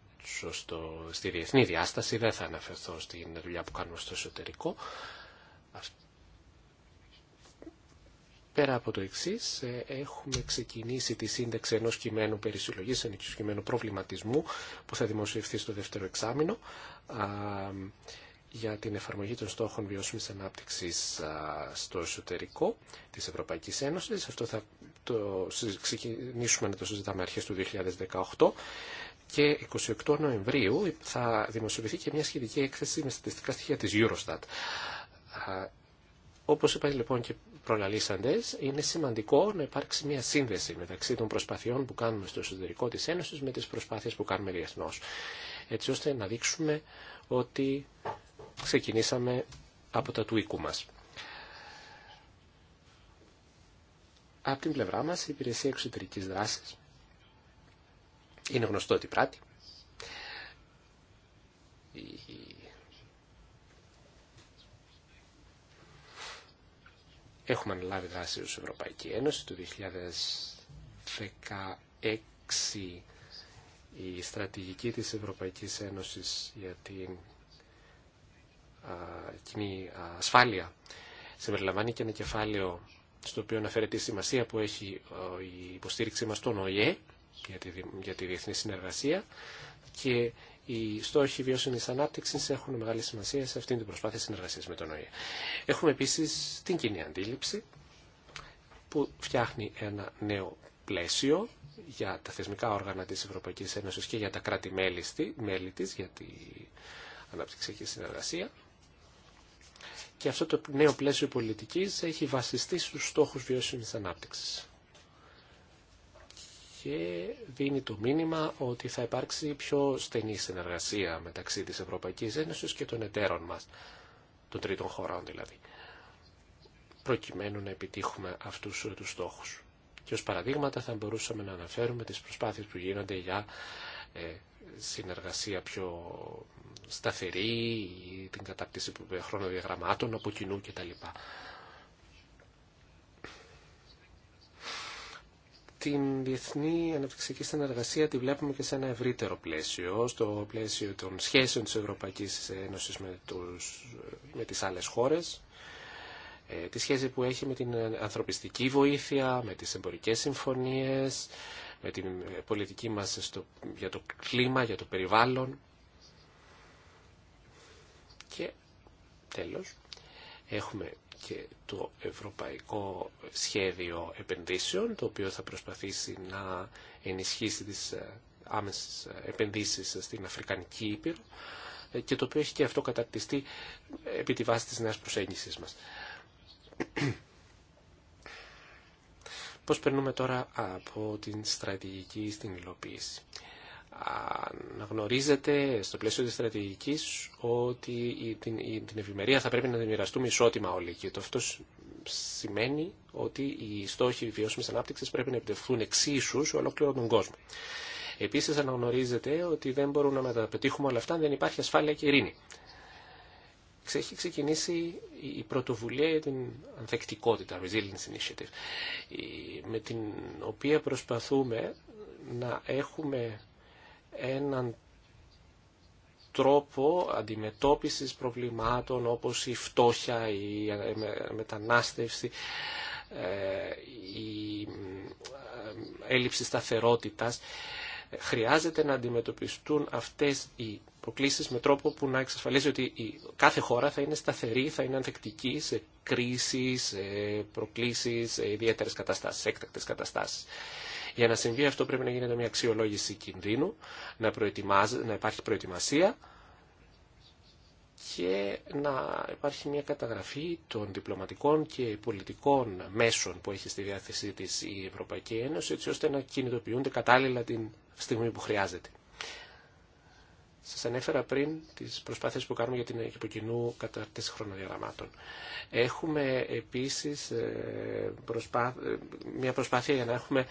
στο, στη διεθνή διάσταση, δεν θα αναφερθώ στην δουλειά που κάνουμε στο εσωτερικό. Πέρα από το εξή, ε, έχουμε ξεκινήσει τη σύνταξη ενό κειμένου περισυλλογή, ενό κειμένου προβληματισμού που θα δημοσιευθεί στο δεύτερο εξάμεινο για την εφαρμογή των στόχων βιώσιμης ανάπτυξης στο εσωτερικό της Ευρωπαϊκής Ένωσης. Αυτό θα το ξεκινήσουμε να το συζητάμε αρχές του 2018 και 28 Νοεμβρίου θα δημοσιοποιηθεί και μια σχετική έκθεση με στατιστικά στοιχεία της Eurostat. Όπως είπα λοιπόν και προλαλήσαντες, είναι σημαντικό να υπάρξει μια σύνδεση μεταξύ των προσπαθειών που κάνουμε στο εσωτερικό της Ένωσης με τις προσπάθειες που κάνουμε διεθνώς, έτσι ώστε να δείξουμε ότι ξεκινήσαμε από τα του οίκου μας. Από την πλευρά μας η υπηρεσία εξωτερικής δράσης είναι γνωστό ότι πράττει. Έχουμε αναλάβει δράση ως Ευρωπαϊκή Ένωση το 2016 η στρατηγική της Ευρωπαϊκής Ένωσης για την κοινή ασφάλεια συμπεριλαμβάνει και ένα κεφάλαιο στο οποίο αναφέρεται η σημασία που έχει η υποστήριξή μας στον ΟΗΕ για τη, για τη διεθνή συνεργασία και οι στόχοι βιώσιμη ανάπτυξη έχουν μεγάλη σημασία σε αυτήν την προσπάθεια συνεργασία με τον ΟΗΕ. Έχουμε επίση την κοινή αντίληψη που φτιάχνει ένα νέο πλαίσιο για τα θεσμικά όργανα της Ευρωπαϊκής Ένωσης και για τα κράτη-μέλη της για την αναπτυξιακή συνεργασία και αυτό το νέο πλαίσιο πολιτικής έχει βασιστεί στους στόχους βιώσιμης ανάπτυξης. Και δίνει το μήνυμα ότι θα υπάρξει πιο στενή συνεργασία μεταξύ της Ευρωπαϊκής Ένωσης και των εταίρων μας, των τρίτων χωρών δηλαδή, προκειμένου να επιτύχουμε αυτούς τους στόχους. Και ως παραδείγματα θα μπορούσαμε να αναφέρουμε τις προσπάθειες που γίνονται για ε, συνεργασία πιο σταθερή, την κατάπτυση χρονοδιαγραμμάτων από κοινού κτλ. την διεθνή αναπτυξιακή συνεργασία τη βλέπουμε και σε ένα ευρύτερο πλαίσιο, στο πλαίσιο των σχέσεων της Ευρωπαϊκής Ένωσης με, τους, με τις άλλες χώρες, ε, τη σχέση που έχει με την ανθρωπιστική βοήθεια, με τις εμπορικές συμφωνίες, με την πολιτική μας στο, για το κλίμα, για το περιβάλλον. Και τέλος, έχουμε και το Ευρωπαϊκό Σχέδιο Επενδύσεων, το οποίο θα προσπαθήσει να ενισχύσει τις ε, άμεσες ε, επενδύσεις στην Αφρικανική Ήπειρο ε, και το οποίο έχει και αυτό καταρτιστεί επί τη βάση της νέας προσέγγισης μας. Πώς περνούμε τώρα από την στρατηγική στην υλοποίηση. γνωρίζετε στο πλαίσιο της στρατηγικής ότι την, την ευημερία θα πρέπει να την μοιραστούμε ισότιμα όλοι και το αυτό σημαίνει ότι οι στόχοι βιώσιμης ανάπτυξης πρέπει να επιτευχθούν εξίσου σε ολόκληρο τον κόσμο. Επίσης αναγνωρίζετε ότι δεν μπορούμε να τα πετύχουμε όλα αυτά αν δεν υπάρχει ασφάλεια και ειρήνη έχει ξεκινήσει η πρωτοβουλία για την ανθεκτικότητα, Resilience Initiative, με την οποία προσπαθούμε να έχουμε έναν τρόπο αντιμετώπισης προβλημάτων όπως η φτώχεια, η ε, μετανάστευση, ε, η ε, έλλειψη σταθερότητας Χρειάζεται να αντιμετωπιστούν αυτές οι προκλήσεις με τρόπο που να εξασφαλίζει ότι κάθε χώρα θα είναι σταθερή, θα είναι ανθεκτική σε κρίσεις, σε προκλήσεις, σε ιδιαίτερες καταστάσεις, έκτακτες καταστάσεις. Για να συμβεί αυτό πρέπει να γίνεται μια αξιολόγηση κινδύνου, να, να υπάρχει προετοιμασία και να υπάρχει μια καταγραφή των διπλωματικών και πολιτικών μέσων που έχει στη διάθεσή της η Ευρωπαϊκή Ένωση έτσι ώστε να κινητοποιούνται κατάλληλα την στιγμή που χρειάζεται. Σας ανέφερα πριν τις προσπάθειες που κάνουμε για την υποκοινού κατάρτιση χρονοδιαγραμμάτων. Έχουμε επίσης ε, ε, μια προσπάθεια για να έχουμε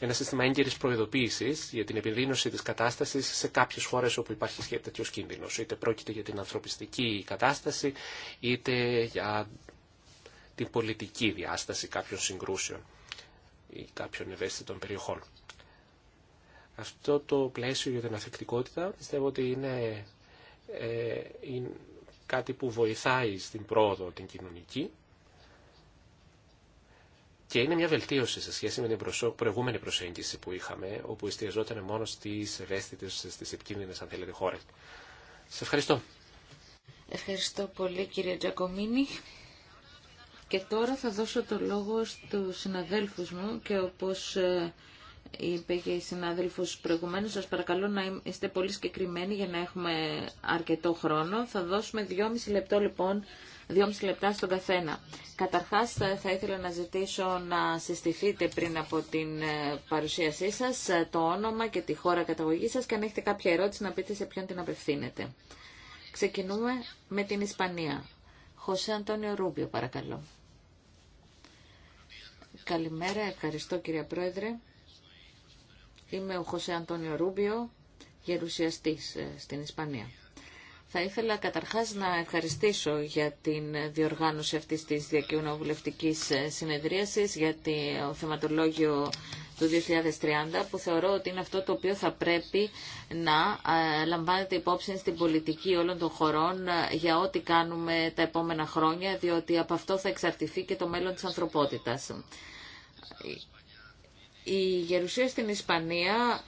ένα σύστημα έγκαιρης προειδοποίησης για την επιδείνωση της κατάστασης σε κάποιες χώρες όπου υπάρχει τέτοιο κίνδυνος. Είτε πρόκειται για την ανθρωπιστική κατάσταση, είτε για την πολιτική διάσταση κάποιων συγκρούσεων ή κάποιων ευαίσθητων περιοχών. Αυτό το πλαίσιο για την αθεκτικότητα πιστεύω ότι είναι, ε, κάτι που βοηθάει στην πρόοδο την κοινωνική και είναι μια βελτίωση σε σχέση με την προηγούμενη προσέγγιση που είχαμε, όπου εστιαζόταν μόνο στι ευαίσθητε, στι επικίνδυνε, αν θέλετε, χώρε. Σα ευχαριστώ. Ευχαριστώ πολύ, κύριε Τζακομίνη. Και τώρα θα δώσω το λόγο στους συναδέλφους μου και όπως ε, είπε και η συνάδελφος προηγουμένως, σας παρακαλώ να είστε πολύ συγκεκριμένοι για να έχουμε αρκετό χρόνο. Θα δώσουμε 2,5 λεπτό λοιπόν, 2,5 λεπτά στον καθένα. Καταρχάς θα ήθελα να ζητήσω να συστηθείτε πριν από την ε, παρουσίασή σας ε, το όνομα και τη χώρα καταγωγής σας και αν έχετε κάποια ερώτηση να πείτε σε ποιον την απευθύνετε. Ξεκινούμε με την Ισπανία. Χωσέ Αντώνιο Ρούμπιο, παρακαλώ. Καλημέρα, ευχαριστώ κύριε Πρόεδρε. Είμαι ο Χωσέ Αντώνιο Ρούμπιο, γερουσιαστής ε, στην Ισπανία. Θα ήθελα καταρχάς να ευχαριστήσω για την διοργάνωση αυτής της διακοινοβουλευτικής ε, συνεδρίασης, για το θεματολόγιο του 2030 που θεωρώ ότι είναι αυτό το οποίο θα πρέπει να ε, λαμβάνεται υπόψη στην πολιτική όλων των χωρών για ό,τι κάνουμε τα επόμενα χρόνια διότι από αυτό θα εξαρτηθεί και το μέλλον της ανθρωπότητας. Η γερουσία στην Ισπανία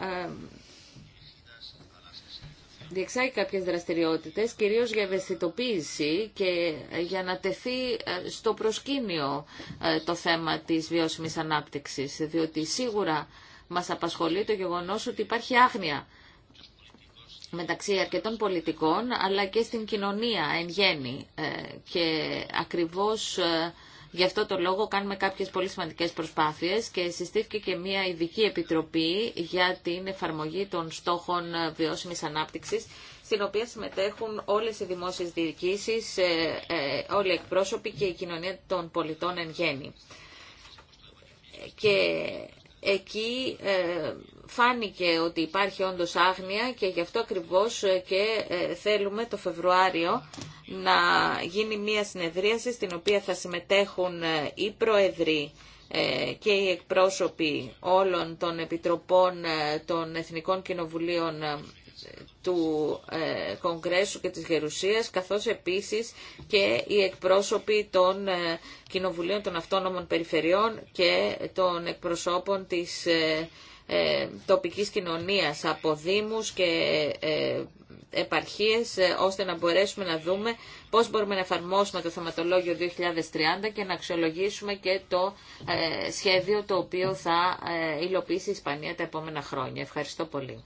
διεξάγει κάποιες δραστηριότητες, κυρίως για ευαισθητοποίηση και για να τεθεί ε, στο προσκήνιο ε, το θέμα της βιώσιμης ανάπτυξης, διότι σίγουρα μας απασχολεί το γεγονός ότι υπάρχει άγνοια μεταξύ αρκετών πολιτικών, αλλά και στην κοινωνία εν γέννη. Ε, και ακριβώς Γι' αυτό το λόγο κάνουμε κάποιες πολύ σημαντικέ προσπάθειες και συστήθηκε και μια ειδική επιτροπή για την εφαρμογή των στόχων βιώσιμη ανάπτυξης στην οποία συμμετέχουν όλες οι δημόσιες διοικήσεις, ε, ε, όλοι οι εκπρόσωποι και η κοινωνία των πολιτών εν γέννη. Και εκεί ε, φάνηκε ότι υπάρχει όντως άγνοια και γι' αυτό ακριβώς ε, και ε, θέλουμε το Φεβρουάριο να γίνει μία συνεδρίαση στην οποία θα συμμετέχουν οι Προεδροί και οι εκπρόσωποι όλων των επιτροπών των Εθνικών Κοινοβουλίων του ε, Κογκρέσου και της Γερουσίας, καθώς επίσης και οι εκπρόσωποι των ε, Κοινοβουλίων των Αυτόνομων Περιφερειών και των εκπροσώπων της ε, ε τοπικής κοινωνίας από δήμους και επαρχίες, ώστε να μπορέσουμε να δούμε πώς μπορούμε να εφαρμόσουμε το θεματολόγιο 2030 και να αξιολογήσουμε και το σχέδιο το οποίο θα υλοποιήσει η Ισπανία τα επόμενα χρόνια. Ευχαριστώ πολύ.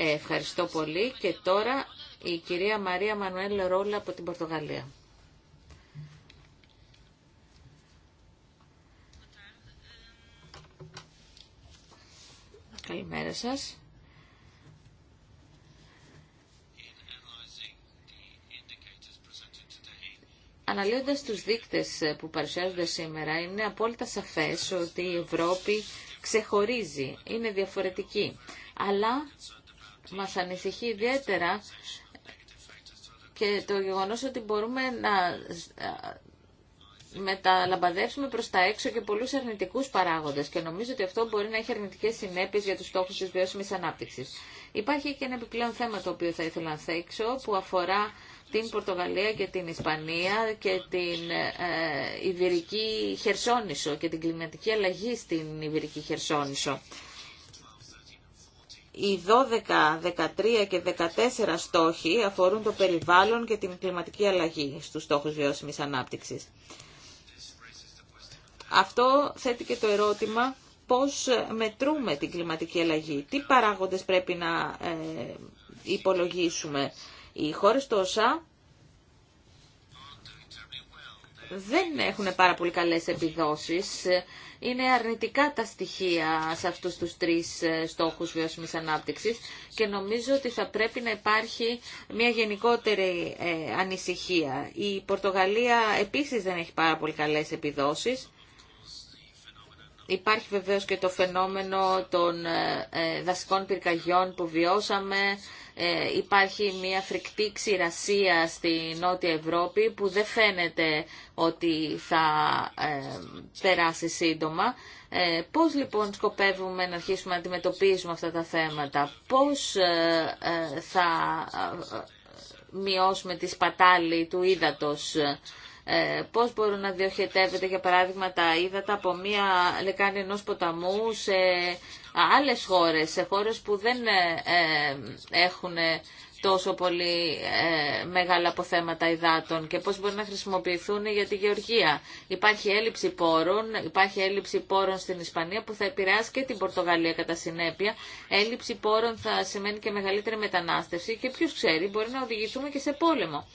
Ευχαριστώ πολύ. Και τώρα η κυρία Μαρία Μανουέλ Ρόλα από την Πορτογαλία. Καλημέρα σας. Αναλύοντας τους δείκτες που παρουσιάζονται σήμερα, είναι απόλυτα σαφές ότι η Ευρώπη ξεχωρίζει, είναι διαφορετική. Αλλά μας ανησυχεί ιδιαίτερα και το γεγονός ότι μπορούμε να μεταλαμπαδεύσουμε προς τα έξω και πολλούς αρνητικούς παράγοντες και νομίζω ότι αυτό μπορεί να έχει αρνητικές συνέπειες για τους στόχους της βιώσιμης ανάπτυξης. Υπάρχει και ένα επιπλέον θέμα το οποίο θα ήθελα να θέξω που αφορά την Πορτογαλία και την Ισπανία και την ε, Ιβηρική Χερσόνησο και την κλιματική αλλαγή στην Ιβηρική Χερσόνησο. Οι 12, 13 και 14 στόχοι αφορούν το περιβάλλον και την κλιματική αλλαγή στους στόχους βιώσιμης ανάπτυξης. Αυτό θέτει και το ερώτημα πώς μετρούμε την κλιματική αλλαγή, τι παράγοντες πρέπει να ε, υπολογίσουμε. Οι χώρες του δεν έχουν πάρα πολύ καλές επιδόσεις. Είναι αρνητικά τα στοιχεία σε αυτούς τους τρεις ε, στόχους βιώσιμης ανάπτυξης και νομίζω ότι θα πρέπει να υπάρχει μια γενικότερη ε, ανησυχία. Η Πορτογαλία επίσης δεν έχει πάρα πολύ καλές επιδόσεις. Υπάρχει βεβαίως και το φαινόμενο των ε, δασικών πυρκαγιών που βιώσαμε, ε, υπάρχει μια φρικτή ξηρασία στη Νότια Ευρώπη που δεν φαίνεται ότι θα ε, περάσει σύντομα. Ε, πώς λοιπόν σκοπεύουμε να αρχίσουμε να αντιμετωπίζουμε αυτά τα θέματα, πώς ε, ε, θα μειώσουμε τη σπατάλη του ύδατος, πώς μπορούν να διοχετεύεται για παράδειγμα τα ύδατα από μια λεκάνη ενός ποταμού σε άλλες χώρες, σε χώρες που δεν ε, ε, έχουν τόσο πολύ ε, μεγάλα αποθέματα υδάτων και πώς μπορεί να χρησιμοποιηθούν για τη γεωργία. Υπάρχει έλλειψη πόρων, υπάρχει έλλειψη πόρων στην Ισπανία που θα επηρεάσει και την Πορτογαλία κατά συνέπεια. Έλλειψη πόρων θα σημαίνει και μεγαλύτερη μετανάστευση και ποιος ξέρει μπορεί να οδηγηθούμε και σε πόλεμο.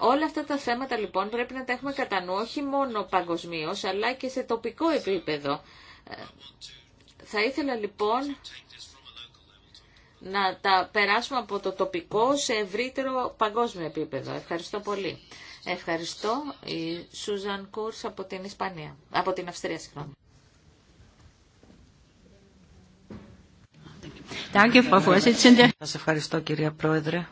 όλα αυτά τα θέματα λοιπόν πρέπει να τα έχουμε κατά νου όχι μόνο παγκοσμίω αλλά και σε τοπικό επίπεδο. Θα ήθελα λοιπόν να τα περάσουμε από το τοπικό σε ευρύτερο παγκόσμιο επίπεδο. Ευχαριστώ πολύ. Ευχαριστώ η Σούζαν Κούρς από την Ισπανία, από την Αυστρία, συγγνώμη. Σας ευχαριστώ κυρία Πρόεδρε.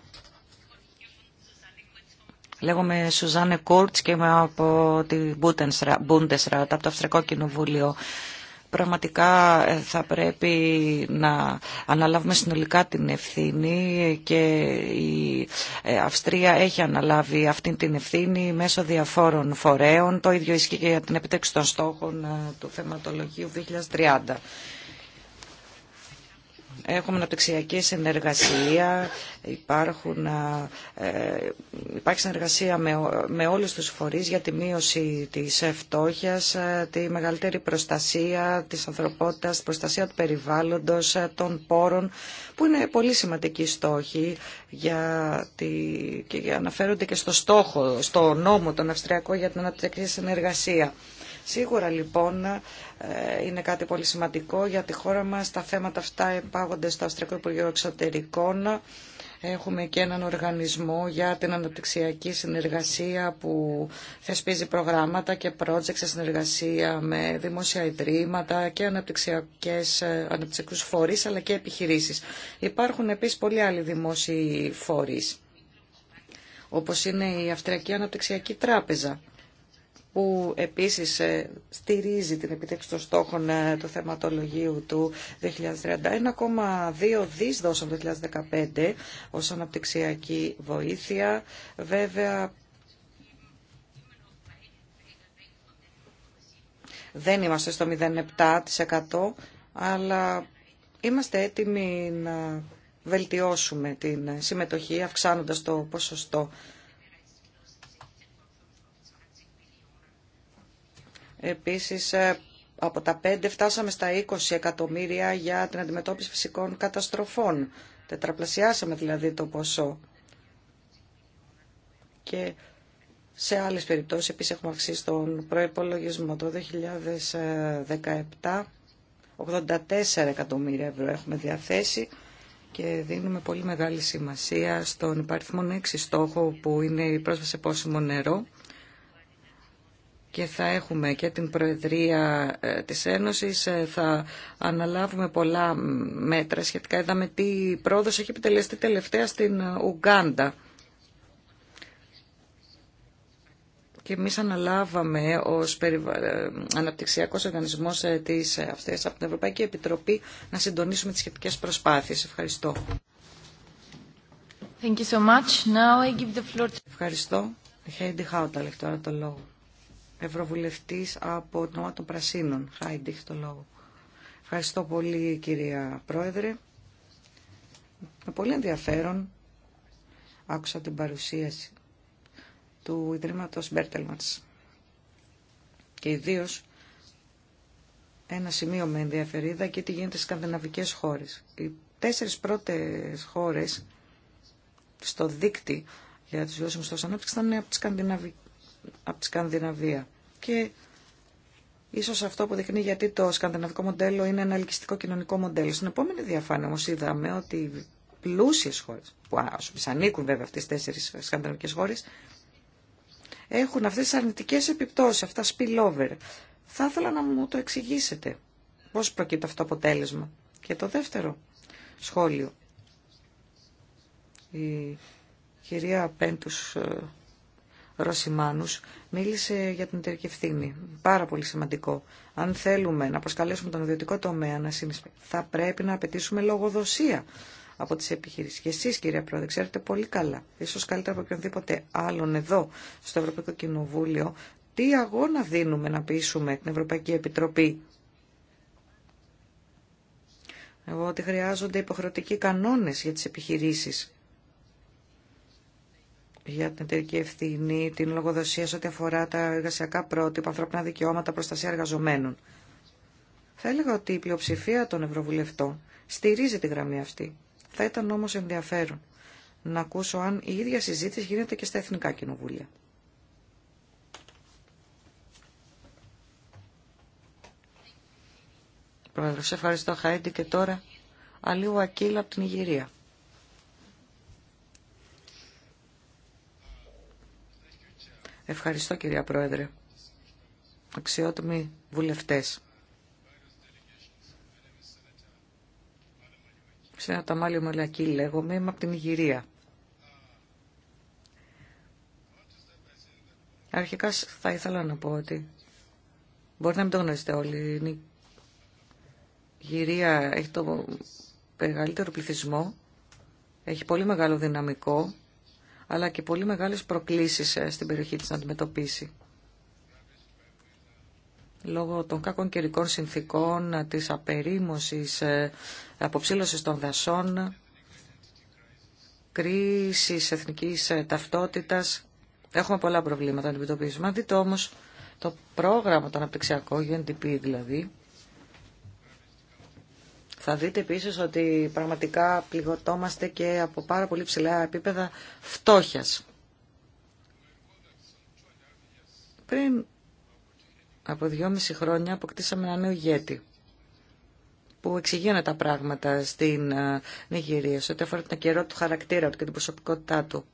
Λέγομαι Σουζάνε Κούρτς και είμαι από την Bundesrat, από το Αυστρικό Κοινοβούλιο. Πραγματικά ε, θα πρέπει να αναλάβουμε συνολικά την ευθύνη και η ε, Αυστρία έχει αναλάβει αυτή την ευθύνη μέσω διαφόρων φορέων. Το ίδιο ισχύει και για την επιτέξη των στόχων ε, του θεματολογίου 2030. Έχουμε αναπτυξιακή συνεργασία, υπάρχουν, ε, υπάρχει συνεργασία με, με όλους τους φορείς για τη μείωση της φτώχειας, τη μεγαλύτερη προστασία της ανθρωπότητας, προστασία του περιβάλλοντος, των πόρων, που είναι πολύ σημαντικοί στόχοι για τη, και αναφέρονται και στο στόχο, στο νόμο τον Αυστριακό για την αναπτυξιακή συνεργασία. Σίγουρα λοιπόν ε, είναι κάτι πολύ σημαντικό για τη χώρα μας. Τα θέματα αυτά επάγονται στο Αυστριακό Υπουργείο Εξωτερικών. Έχουμε και έναν οργανισμό για την αναπτυξιακή συνεργασία που θεσπίζει προγράμματα και projects σε συνεργασία με δημόσια ιδρύματα και αναπτυξιακές, ε, αναπτυξιακούς φορείς αλλά και επιχειρήσεις. Υπάρχουν επίσης πολλοί άλλοι δημόσιοι φορείς όπως είναι η Αυστριακή Αναπτυξιακή Τράπεζα που επίσης ε, στηρίζει την επιτέξη των στόχων ε, του θεματολογίου του 2031. 1,2 δις δώσαμε το 2015 ως αναπτυξιακή βοήθεια. Βέβαια, δεν είμαστε στο 0,7% αλλά είμαστε έτοιμοι να βελτιώσουμε την συμμετοχή αυξάνοντας το ποσοστό Επίσης, ε, από τα 5 φτάσαμε στα 20 εκατομμύρια για την αντιμετώπιση φυσικών καταστροφών. Τετραπλασιάσαμε δηλαδή το ποσό. Και σε άλλες περιπτώσεις επίσης έχουμε αυξήσει τον προϋπολογισμό. Το 2017 84 εκατομμύρια ευρώ έχουμε διαθέσει και δίνουμε πολύ μεγάλη σημασία στον υπαριθμό 6 στόχο που είναι η πρόσβαση σε πόσιμο νερό και θα έχουμε και την Προεδρία ε, της Ένωσης, ε, θα αναλάβουμε πολλά μέτρα σχετικά. Είδαμε τι πρόοδος έχει επιτελεστεί τελευταία στην ε, Ουγκάντα. Και εμείς αναλάβαμε ως περιβα... αναπτυξιακός οργανισμός της αυτής από την Ευρωπαϊκή Επιτροπή να συντονίσουμε τις σχετικές προσπάθειες. Ευχαριστώ. Thank you so much. Now I give the floor to... Ευχαριστώ. το λόγο. Ευρωβουλευτής από το Νόμα των Πρασίνων. Χάιντι, έχει το λόγο. Ευχαριστώ πολύ κυρία Πρόεδρε. Με πολύ ενδιαφέρον άκουσα την παρουσίαση του Ιδρύματος Μπέρτελμαντς. Και ιδίω ένα σημείο με ενδιαφερίδα και τι γίνεται στις σκανδιναβικές χώρες. Οι τέσσερις πρώτες χώρες στο δίκτυ για τους βιώσιμους τόσο ανάπτυξη ήταν από τις σκανδιναβικές από τη Σκανδιναβία. Και ίσως αυτό αποδεικνύει γιατί το σκανδιναβικό μοντέλο είναι ένα ελκυστικό κοινωνικό μοντέλο. Στην επόμενη διαφάνεια όμως είδαμε ότι οι πλούσιες χώρες, που ανήκουν βέβαια αυτές τις τέσσερις σκανδιναβικές χώρες, έχουν αυτές τις αρνητικές επιπτώσεις, αυτά spillover. Θα ήθελα να μου το εξηγήσετε. Πώς προκύπτει αυτό το αποτέλεσμα. Και το δεύτερο σχόλιο. Η κυρία Πέντους ε, Ρωσιμάνους μίλησε για την εταιρική ευθύνη. Πάρα πολύ σημαντικό. Αν θέλουμε να προσκαλέσουμε τον ιδιωτικό τομέα να συνεισφέρει, θα πρέπει να απαιτήσουμε λογοδοσία από τις επιχειρήσεις. Και εσείς κυρία Πρόεδρε ξέρετε πολύ καλά, ίσως καλύτερα από οποιονδήποτε άλλον εδώ στο Ευρωπαϊκό Κοινοβούλιο, τι αγώνα δίνουμε να πείσουμε την Ευρωπαϊκή Επιτροπή ότι χρειάζονται υποχρεωτικοί κανόνες για τις επιχειρήσεις για την εταιρική ευθύνη, την λογοδοσία σε ό,τι αφορά τα εργασιακά πρότυπα, ανθρώπινα δικαιώματα, προστασία εργαζομένων. Θα έλεγα ότι η πλειοψηφία των Ευρωβουλευτών στηρίζει τη γραμμή αυτή. Θα ήταν όμω ενδιαφέρον να ακούσω αν η ίδια συζήτηση γίνεται και στα Εθνικά Κοινοβούλια. Σε ευχαριστώ Χάιντι και τώρα Αλίου Ακίλα από την Ιγυρία. Ευχαριστώ κυρία Πρόεδρε. Αξιότιμοι βουλευτές. Ξένα Ταμάλιο Μολακή λέγομαι, είμαι από την Ιγυρία. Αρχικά θα ήθελα να πω ότι μπορεί να μην το γνωρίζετε όλοι. Η Ιγυρία έχει το μεγαλύτερο πληθυσμό, έχει πολύ μεγάλο δυναμικό αλλά και πολύ μεγάλες προκλήσεις ε, στην περιοχή της να αντιμετωπίσει. Λόγω των κακών καιρικών συνθήκων, ε, της απερίμωσης, ε, αποψήλωσης των δασών, κρίσης εθνικής ταυτότητας, έχουμε πολλά προβλήματα να αντιμετωπίσουμε. Αν δείτε όμως το πρόγραμμα το αναπτυξιακό, UNDP δηλαδή, θα δείτε επίσης ότι πραγματικά πληγωτόμαστε και από πάρα πολύ ψηλά επίπεδα φτώχειας. Πριν από δυόμιση χρόνια αποκτήσαμε ένα νέο ηγέτη που εξηγήνε τα πράγματα στην ε, Νιγηρία σε ό,τι αφορά την καιρό του χαρακτήρα του και την προσωπικότητά του.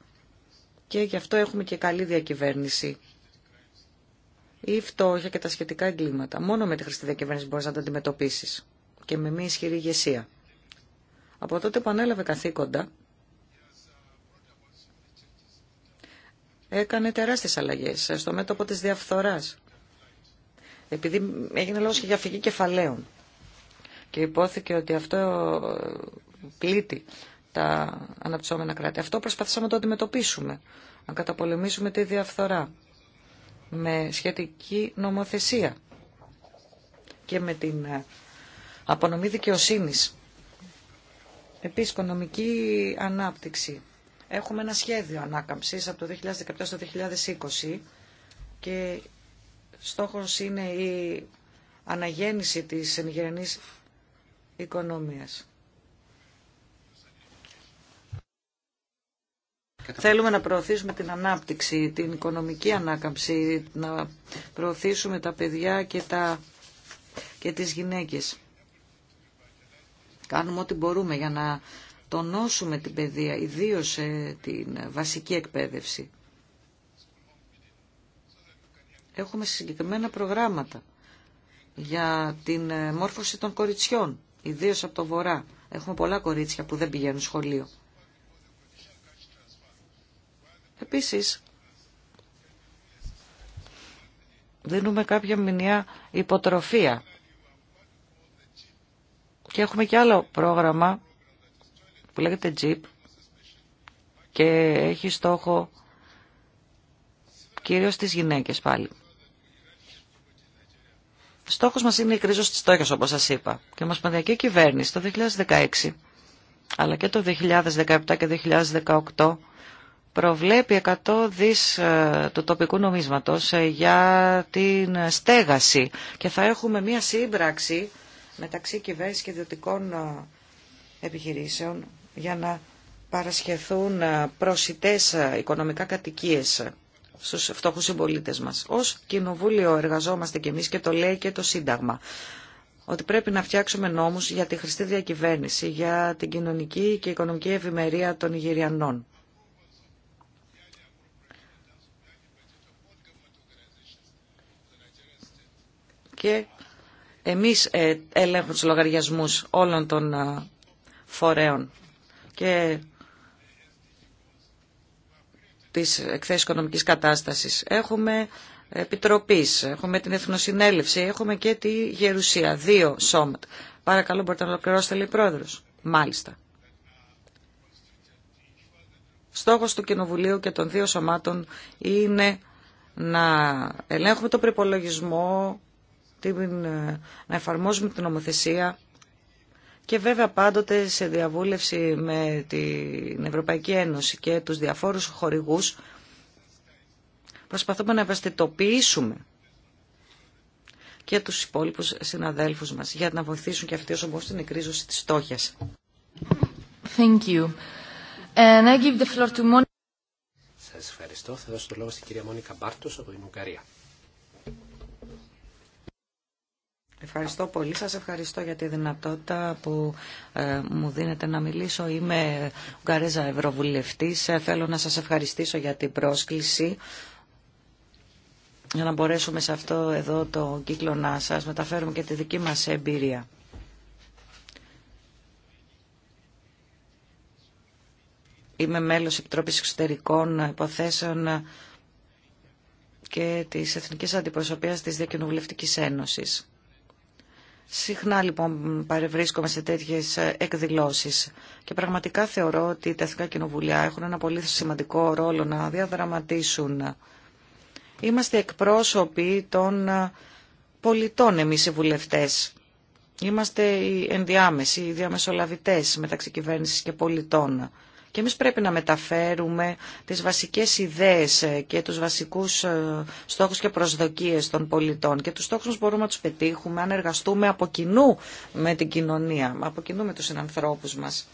Και γι' αυτό έχουμε και καλή διακυβέρνηση. Η φτώχεια και τα σχετικά εγκλήματα. Μόνο με τη χρηστή διακυβέρνηση μπορεί να τα αντιμετωπίσει και με μη ισχυρή ηγεσία. Από τότε που ανέλαβε καθήκοντα, έκανε τεράστιες αλλαγές στο μέτωπο της διαφθοράς. Επειδή έγινε λόγος και για φυγή κεφαλαίων και υπόθηκε ότι αυτό πλήττει τα αναπτυσσόμενα κράτη. Αυτό προσπαθήσαμε να το αντιμετωπίσουμε, να καταπολεμήσουμε τη διαφθορά με σχετική νομοθεσία και με την ε, απονομή δικαιοσύνη. Επίση οικονομική ανάπτυξη. Έχουμε ένα σχέδιο ανάκαμψης από το 2017 στο 2020 και στόχος είναι η αναγέννηση της ενηγενή οικονομίας. Θέλουμε να προωθήσουμε την ανάπτυξη, την οικονομική ανάκαμψη, να προωθήσουμε τα παιδιά και, τα, και τις γυναίκες. Κάνουμε ό,τι μπορούμε για να τονώσουμε την παιδεία, ιδίως ε, την βασική εκπαίδευση. Έχουμε συγκεκριμένα προγράμματα για την ε, μόρφωση των κοριτσιών, ιδίως από το βορρά. Έχουμε πολλά κορίτσια που δεν πηγαίνουν σχολείο. Επίσης, δίνουμε κάποια μηνιαία υποτροφία και έχουμε και άλλο πρόγραμμα που λέγεται JEEP και έχει στόχο κυρίως τις γυναίκες πάλι. Στόχος μας είναι η κρίση της στόχης όπως σας είπα. Και μας Ομοσπονδιακή κυβέρνηση το 2016 αλλά και το 2017 και 2018 προβλέπει 100 δις ε, του τοπικού νομίσματος ε, για την στέγαση και θα έχουμε μια σύμπραξη μεταξύ κυβέρνηση και ιδιωτικών ε, επιχειρήσεων για να παρασχεθούν ε, προσιτές ε, οικονομικά κατοικίες στους φτωχούς συμπολίτε μας. Ως κοινοβούλιο εργαζόμαστε κι εμείς και το λέει και το Σύνταγμα ότι πρέπει να φτιάξουμε νόμους για τη χρηστή διακυβέρνηση, για την κοινωνική και οικονομική ευημερία των Ιγυριανών. Και εμείς ελέγχουμε τους λογαριασμούς όλων των ε, φορέων και της εκθέσης οικονομικής κατάστασης. Έχουμε επιτροπής, έχουμε την Εθνοσυνέλευση, έχουμε και τη Γερουσία, δύο σώματα. Παρακαλώ μπορείτε να ολοκληρώσετε λέει πρόεδρος. Μάλιστα. Στόχος του Κοινοβουλίου και των δύο σωμάτων είναι να ελέγχουμε τον προπολογισμό την, ε, να εφαρμόζουμε την νομοθεσία και βέβαια πάντοτε σε διαβούλευση με την Ευρωπαϊκή Ένωση και τους διαφόρους χορηγούς προσπαθούμε να ευαισθητοποιήσουμε και τους υπόλοιπους συναδέλφους μας για να βοηθήσουν και αυτοί όσο μπορούν στην εκρίζωση της στόχιας. Thank you. And I give the floor to Σας ευχαριστώ. Θα δώσω το λόγο στην κυρία Μόνικα Μπάρτος από την Ουγγαρία. Ευχαριστώ πολύ. Σας ευχαριστώ για τη δυνατότητα που ε, μου δίνετε να μιλήσω. Είμαι Ουγγαρέζα Ευρωβουλευτής. Ε, θέλω να σας ευχαριστήσω για την πρόσκληση για να μπορέσουμε σε αυτό εδώ το κύκλο να σας μεταφέρουμε και τη δική μας εμπειρία. Είμαι μέλος Επιτρόπης Εξωτερικών Υποθέσεων και της Εθνικής Αντιπροσωπείας της Διακοινοβουλευτικής Ένωσης. Συχνά λοιπόν παρευρίσκομαι σε τέτοιες ε, εκδηλώσεις και πραγματικά θεωρώ ότι τα εθνικά κοινοβουλιά έχουν ένα πολύ σημαντικό ρόλο να διαδραματίσουν. Είμαστε εκπρόσωποι των ε, πολιτών εμείς οι βουλευτές. Είμαστε οι ενδιάμεσοι, οι διαμεσολαβητές μεταξύ κυβέρνησης και πολιτών. Και εμείς πρέπει να μεταφέρουμε τις βασικές ιδέες ε, και τους βασικούς ε, στόχους και προσδοκίες των πολιτών. Και τους στόχους μας μπορούμε να τους πετύχουμε αν εργαστούμε από κοινού με την κοινωνία, από κοινού με τους συνανθρώπους μας.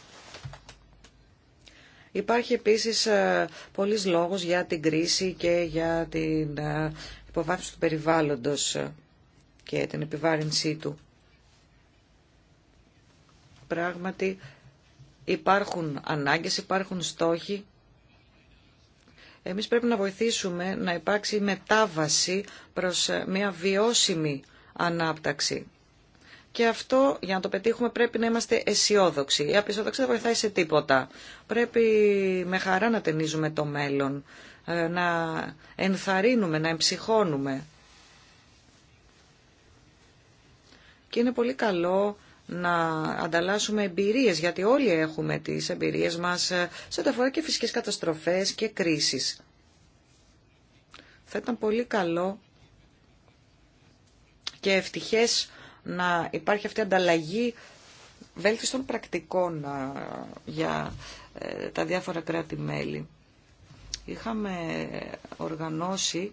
Υπάρχει επίσης ε, πολλής λόγος για την κρίση και για την υποβάθμιση του περιβάλλοντος και την επιβάρυνσή του. Πράγματι, Υπάρχουν ανάγκες, υπάρχουν στόχοι. Εμείς πρέπει να βοηθήσουμε να υπάρξει μετάβαση προς ε, μια βιώσιμη ανάπταξη. Και αυτό για να το πετύχουμε πρέπει να είμαστε αισιόδοξοι. Η απεισόδοξη δεν βοηθάει σε τίποτα. Πρέπει με χαρά να ταινίζουμε το μέλλον, ε, να ενθαρρύνουμε, να εμψυχώνουμε. Και είναι πολύ καλό να ανταλλάσσουμε εμπειρίες, γιατί όλοι έχουμε τις εμπειρίες μας σε ό,τι αφορά και φυσικές καταστροφές και κρίσεις. Θα ήταν πολύ καλό και ευτυχές να υπάρχει αυτή η ανταλλαγή βέλτιστων πρακτικών ε, για ε, τα διάφορα κράτη-μέλη. Είχαμε ε, οργανώσει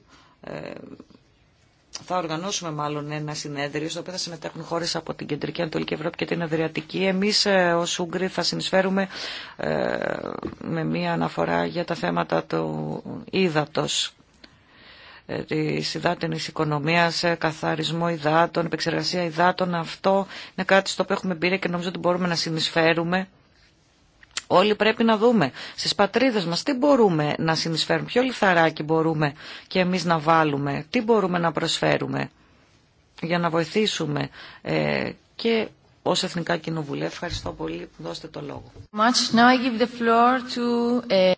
θα οργανώσουμε μάλλον ένα συνέδριο στο οποίο θα συμμετέχουν χώρες από την Κεντρική Ανατολική Ευρώπη και την Αδριατική. Εμείς ε, ως Ούγγροι θα συνεισφέρουμε ε, με μία αναφορά για τα θέματα του ύδατος ε, τη υδάτινης οικονομίας, καθαρισμό υδάτων, επεξεργασία υδάτων. Αυτό είναι κάτι στο οποίο έχουμε μπει και νομίζω ότι μπορούμε να συνεισφέρουμε Όλοι πρέπει να δούμε στις πατρίδες μας τι μπορούμε να συνεισφέρουμε, ποιο λιθαράκι μπορούμε και εμείς να βάλουμε, τι μπορούμε να προσφέρουμε για να βοηθήσουμε ε, και ως Εθνικά Κοινοβουλία. Ευχαριστώ πολύ που δώσετε το λόγο. Now I give the floor to... Ε,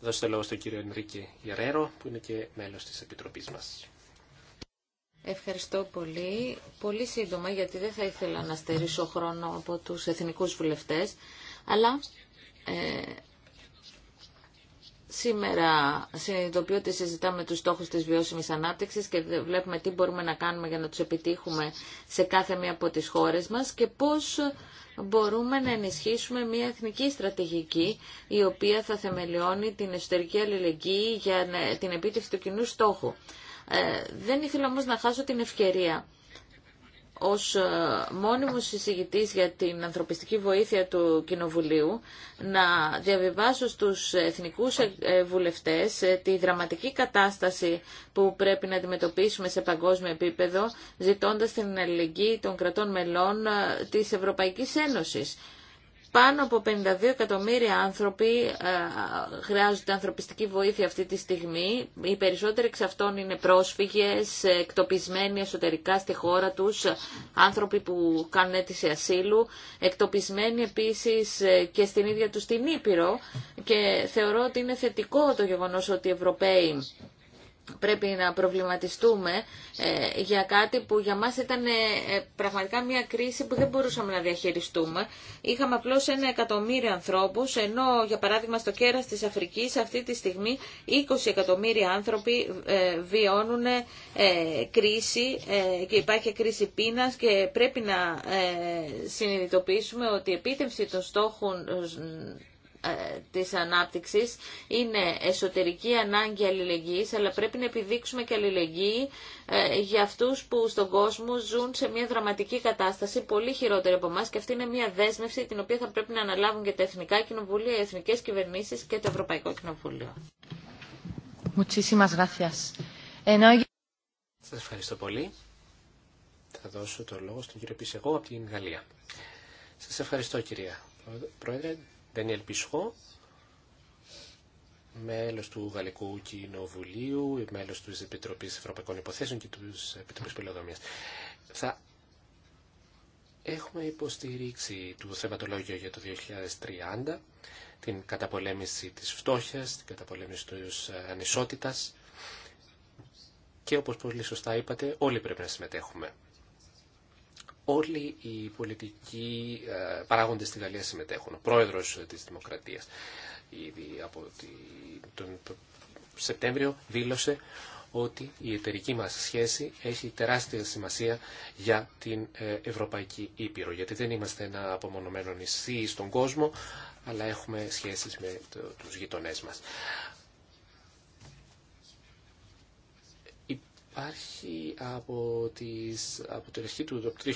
Δώστε λόγο στον κύριο Ενρίκη Γερέρο, που είναι και μέλος της Επιτροπής μας. Ευχαριστώ πολύ. Πολύ σύντομα, γιατί δεν θα ήθελα να στερήσω χρόνο από τους εθνικούς βουλευτές, αλλά ε, σήμερα συνειδητοποιώ ότι συζητάμε τους στόχους της βιώσιμης ανάπτυξης και βλέπουμε τι μπορούμε να κάνουμε για να τους επιτύχουμε σε κάθε μία από τις χώρες μας και πώς μπορούμε να ενισχύσουμε μια εθνική στρατηγική η οποία θα θεμελιώνει την εσωτερική αλληλεγγύη για την επίτευξη του κοινού στόχου. Ε, δεν ήθελα όμως να χάσω την ευκαιρία ως ε, μόνιμος συζητητής για την ανθρωπιστική βοήθεια του Κοινοβουλίου να διαβιβάσω στους εθνικούς ε, βουλευτές τη δραματική κατάσταση που πρέπει να αντιμετωπίσουμε σε παγκόσμιο επίπεδο ζητώντας την αλληλεγγύη των κρατών μελών της Ευρωπαϊκής Ένωσης πάνω από 52 εκατομμύρια άνθρωποι ε, χρειάζονται ανθρωπιστική βοήθεια αυτή τη στιγμή. Οι περισσότεροι εξ αυτών είναι πρόσφυγες, εκτοπισμένοι εσωτερικά στη χώρα τους, άνθρωποι που κάνουν αίτηση ασύλου, εκτοπισμένοι επίσης ε, και στην ίδια τους την Ήπειρο και θεωρώ ότι είναι θετικό το γεγονός ότι οι Ευρωπαίοι πρέπει να προβληματιστούμε ε, για κάτι που για μας ήταν ε, ε, πραγματικά μια κρίση που δεν μπορούσαμε να διαχειριστούμε. Είχαμε απλώς ένα εκατομμύριο ανθρώπους, ενώ για παράδειγμα στο κέρας της Αφρικής αυτή τη στιγμή 20 εκατομμύρια άνθρωποι ε, βιώνουν κρίση και υπάρχει κρίση πείνας και πρέπει να συνειδητοποιήσουμε ότι η επίτευξη των στόχων ε, της ανάπτυξης είναι εσωτερική ανάγκη αλληλεγγύης, αλλά πρέπει να επιδείξουμε και αλληλεγγύη ε, για αυτούς που στον κόσμο ζουν σε μια δραματική κατάσταση, πολύ χειρότερη από εμά και αυτή είναι μια δέσμευση την οποία θα πρέπει να αναλάβουν και τα Εθνικά Κοινοβούλια, οι Εθνικές Κυβερνήσεις και το Ευρωπαϊκό Κοινοβούλιο. Σας ευχαριστώ πολύ. Θα δώσω το λόγο στον κύριο Πισεγό από την Γαλλία. Σας ευχαριστώ κυρία Πρόεδρε. Ντανιέλ Πισχό, μέλος του Γαλλικού Κοινοβουλίου, μέλος της Επιτροπής Ευρωπαϊκών Υποθέσεων και της Επιτροπής Πελοδομίας. Θα έχουμε υποστηρίξει του θεματολόγιο για το 2030, την καταπολέμηση της φτώχειας, την καταπολέμηση της ε, ανισότητας και όπως πολύ σωστά είπατε όλοι πρέπει να συμμετέχουμε όλοι οι πολιτικοί ε, παράγοντες στη Γαλλία συμμετέχουν. Ο πρόεδρος της Δημοκρατίας ήδη από τον Σεπτέμβριο δήλωσε ότι η εταιρική μας σχέση έχει τεράστια σημασία για την ε, Ευρωπαϊκή Ήπειρο, γιατί δεν είμαστε ένα απομονωμένο νησί στον κόσμο, αλλά έχουμε σχέσεις με τους γειτονές μας. υπάρχει από, τις, από την αρχή του το 2010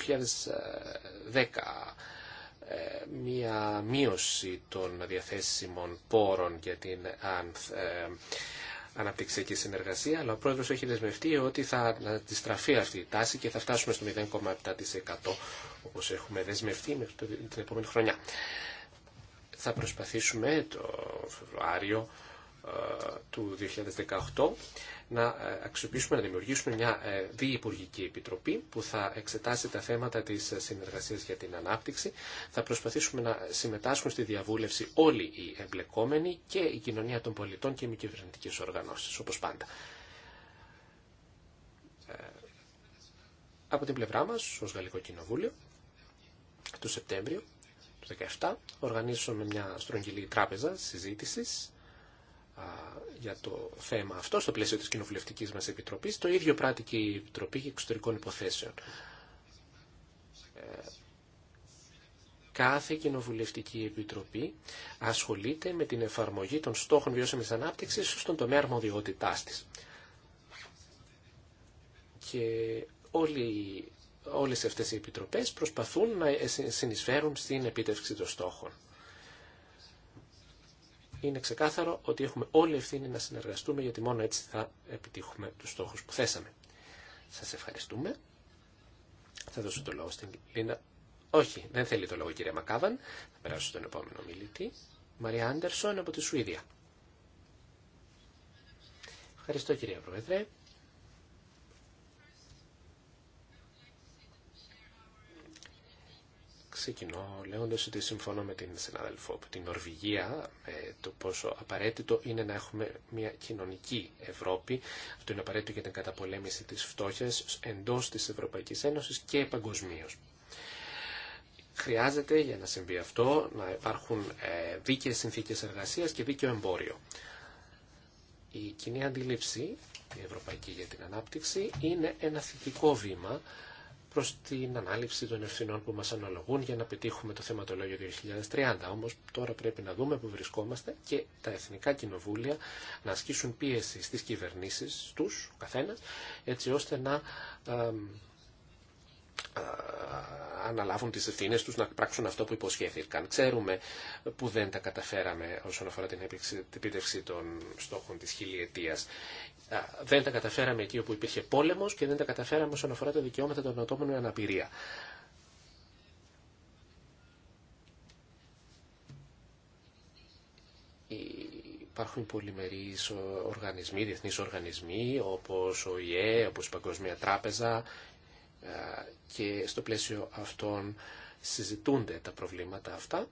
ε, μια μείωση των διαθέσιμων πόρων για την ε, αναπτυξιακή συνεργασία, αλλά ο πρόεδρος έχει δεσμευτεί ότι θα αντιστραφεί αυτή η τάση και θα φτάσουμε στο 0,7% όπως έχουμε δεσμευτεί μέχρι την επόμενη χρονιά. Θα προσπαθήσουμε το Φεβρουάριο ε, του 2018 να ε, αξιοποιήσουμε, να δημιουργήσουμε μια ε, διυπουργική επιτροπή που θα εξετάσει τα θέματα της συνεργασίας για την ανάπτυξη. Θα προσπαθήσουμε να συμμετάσχουν στη διαβούλευση όλοι οι εμπλεκόμενοι και η κοινωνία των πολιτών και οι μη κυβερνητικές οργανώσεις, όπως πάντα. Από την πλευρά μας, ως Γαλλικό Κοινοβούλιο, το Σεπτέμβριο του 2017, οργανίσαμε μια στρογγυλή τράπεζα συζήτησης για το θέμα αυτό στο πλαίσιο της κοινοβουλευτικής μας επιτροπής. Το ίδιο πράττει και η Επιτροπή Εξωτερικών Υποθέσεων. Ε, κάθε κοινοβουλευτική επιτροπή ασχολείται με την εφαρμογή των στόχων βιώσιμης ανάπτυξης στον τομέα αρμοδιότητάς της. Και όλοι, όλες αυτές οι επιτροπές προσπαθούν να συνεισφέρουν στην επίτευξη των στόχων είναι ξεκάθαρο ότι έχουμε όλη ευθύνη να συνεργαστούμε γιατί μόνο έτσι θα επιτύχουμε τους στόχους που θέσαμε. Σας ευχαριστούμε. Θα δώσω το λόγο στην Λίνα. Όχι, δεν θέλει το λόγο η κυρία Μακάβαν. Θα περάσω στον επόμενο μιλητή. Μαρία Άντερσον από τη Σουήδια. Ευχαριστώ κυρία Πρόεδρε. ξεκινώ λέγοντας ότι συμφωνώ με την συναδελφό από την Νορβηγία το πόσο απαραίτητο είναι να έχουμε μια κοινωνική Ευρώπη. Αυτό είναι απαραίτητο για την καταπολέμηση της φτώχεια εντός της Ευρωπαϊκής Ένωσης και παγκοσμίω. Χρειάζεται για να συμβεί αυτό να υπάρχουν ε, δίκαιε συνθήκες εργασίας και δίκαιο εμπόριο. Η κοινή αντίληψη, η ευρωπαϊκή για την ανάπτυξη, είναι ένα θετικό βήμα Προ την ανάληψη των ευθυνών που μα αναλογούν για να πετύχουμε το θεματολόγιο 2030. Όμω τώρα πρέπει να δούμε που βρισκόμαστε και τα εθνικά κοινοβούλια να ασκήσουν πίεση στι κυβερνήσει του, καθένα, έτσι ώστε να ε, αναλάβουν τις ευθύνες τους να πράξουν αυτό που υποσχέθηκαν. Ξέρουμε που δεν τα καταφέραμε όσον αφορά την επίτευξη των στόχων της χιλιετίας. Ε, δεν τα καταφέραμε εκεί όπου υπήρχε πόλεμος και δεν τα καταφέραμε όσον αφορά τα δικαιώματα των ατόμων με αναπηρία. υπάρχουν πολυμερείς οργανισμοί, διεθνείς οργανισμοί, όπως ο ΙΕ, όπως η Παγκοσμία Τράπεζα ε, και στο πλαίσιο αυτών συζητούνται τα προβλήματα αυτά.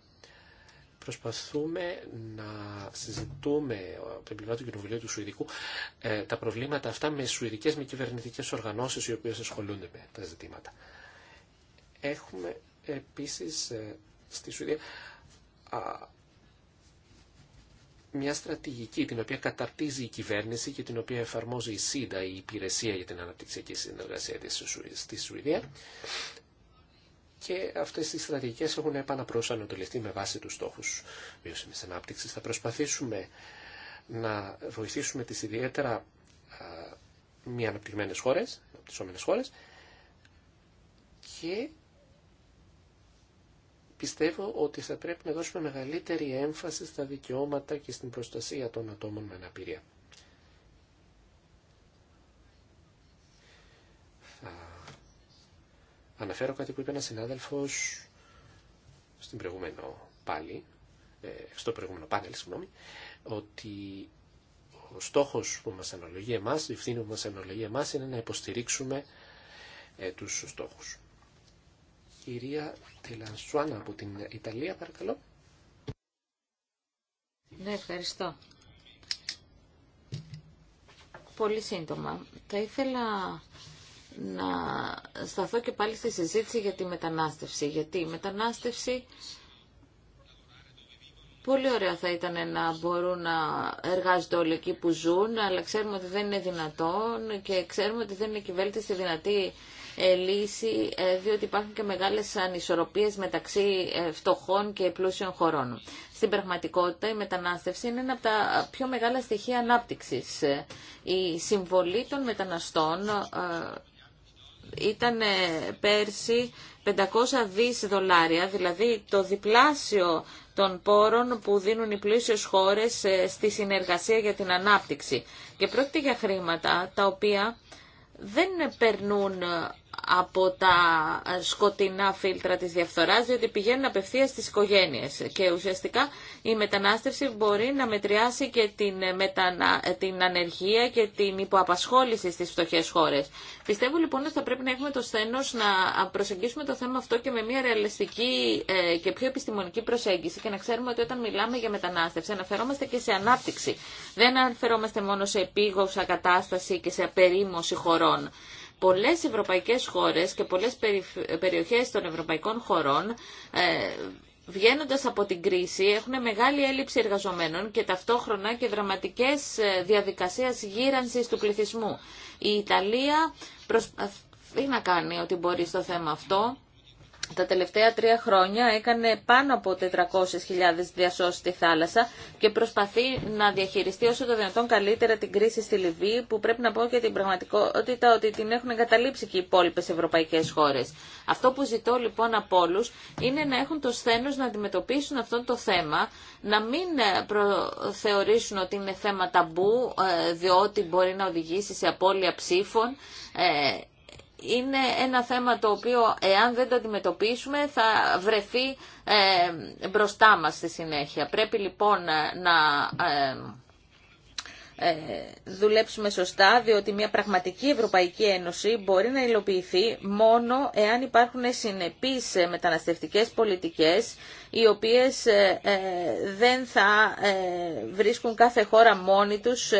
Προσπαθούμε να συζητούμε από την πλευρά του Κοινοβουλίου του Σουηδικού ε, τα προβλήματα αυτά με σουηδικές με κυβερνητικές οργανώσεις οι οποίες ασχολούνται με τα ζητήματα. Έχουμε επίσης ε, στη Σουηδία μια στρατηγική την οποία καταρτίζει η κυβέρνηση και την οποία εφαρμόζει η ΣΥΝΤΑ, η Υπηρεσία για την Αναπτυξιακή Συνεργασία στη Σουηδία. Και αυτέ οι στρατηγικέ έχουν επαναπροσανατολιστεί με βάση του στόχου βιώσιμη ανάπτυξη. Θα προσπαθήσουμε να βοηθήσουμε τι ιδιαίτερα μη αναπτυγμένε χώρε, αναπτυσσόμενε χώρε, και πιστεύω ότι θα πρέπει να δώσουμε μεγαλύτερη έμφαση στα δικαιώματα και στην προστασία των ατόμων με αναπηρία. Θα αναφέρω κάτι που είπε ένα συνάδελφος στην προηγούμενο πάλι, ε, στο προηγούμενο πάνελ, συγγνώμη, ότι ο στόχος που μας αναλογεί εμάς, η ευθύνη που μας αναλογεί εμάς είναι να υποστηρίξουμε ε, τους στόχους κυρία Τελανσουάνα από την Ιταλία, παρακαλώ. Ναι, ευχαριστώ. Πολύ σύντομα. Θα ήθελα να σταθώ και πάλι στη συζήτηση για τη μετανάστευση. Γιατί η μετανάστευση Πολύ ωραία θα ήταν να μπορούν να εργάζονται όλοι εκεί που ζουν, αλλά ξέρουμε ότι δεν είναι δυνατόν και ξέρουμε ότι δεν είναι κυβέρνηση στη δυνατή ε, λύση, ε, διότι υπάρχουν και μεγάλες ανισορροπίες μεταξύ ε, φτωχών και πλούσιων χωρών. Στην πραγματικότητα η μετανάστευση είναι ένα από τα πιο μεγάλα στοιχεία ανάπτυξης. Η συμβολή των μεταναστών ήταν πέρσι 500 δις δολάρια, δηλαδή το διπλάσιο των πόρων που δίνουν οι πλούσιες χώρες στη συνεργασία για την ανάπτυξη. Και πρόκειται για χρήματα τα οποία δεν περνούν από τα σκοτεινά φίλτρα της διαφθοράς, διότι πηγαίνουν απευθείας στις οικογένειες. Και ουσιαστικά η μετανάστευση μπορεί να μετριάσει και την, μετανα... την ανεργία και την υποαπασχόληση στις φτωχές χώρες. Πιστεύω λοιπόν ότι θα πρέπει να έχουμε το σθένος να προσεγγίσουμε το θέμα αυτό και με μια ρεαλιστική ε, και πιο επιστημονική προσέγγιση και να ξέρουμε ότι όταν μιλάμε για μετανάστευση αναφερόμαστε και σε ανάπτυξη. Δεν αναφερόμαστε μόνο σε επίγωσα κατάσταση και σε απερίμωση χωρών πολλές ευρωπαϊκές χώρες και πολλές περιοχές των ευρωπαϊκών χωρών ε, βγαίνοντας από την κρίση έχουν μεγάλη έλλειψη εργαζομένων και ταυτόχρονα και δραματικές ε, διαδικασίες γύρανσης του πληθυσμού. Η Ιταλία προσπαθεί να κάνει ό,τι μπορεί στο θέμα αυτό τα τελευταία τρία χρόνια έκανε πάνω από 400.000 διασώσεις στη θάλασσα και προσπαθεί να διαχειριστεί όσο το δυνατόν καλύτερα την κρίση στη Λιβύη που πρέπει να πω και την πραγματικότητα ότι την έχουν εγκαταλείψει και οι υπόλοιπε ευρωπαϊκές χώρες. Αυτό που ζητώ λοιπόν από όλου είναι να έχουν το σθένος να αντιμετωπίσουν αυτό το θέμα, να μην ε, θεωρήσουν ότι είναι θέμα ταμπού ε, διότι μπορεί να οδηγήσει σε απώλεια ψήφων ε, είναι ένα θέμα το οποίο εάν δεν το αντιμετωπίσουμε θα βρεθεί ε, μπροστά μας στη συνέχεια. Πρέπει λοιπόν ε, να... Ε, ε, δουλέψουμε σωστά, διότι μια πραγματική Ευρωπαϊκή Ένωση μπορεί να υλοποιηθεί μόνο εάν υπάρχουν συνεπείς ε, μεταναστευτικές πολιτικές, οι οποίες ε, δεν θα βρίσκουν κάθε χώρα μόνη τους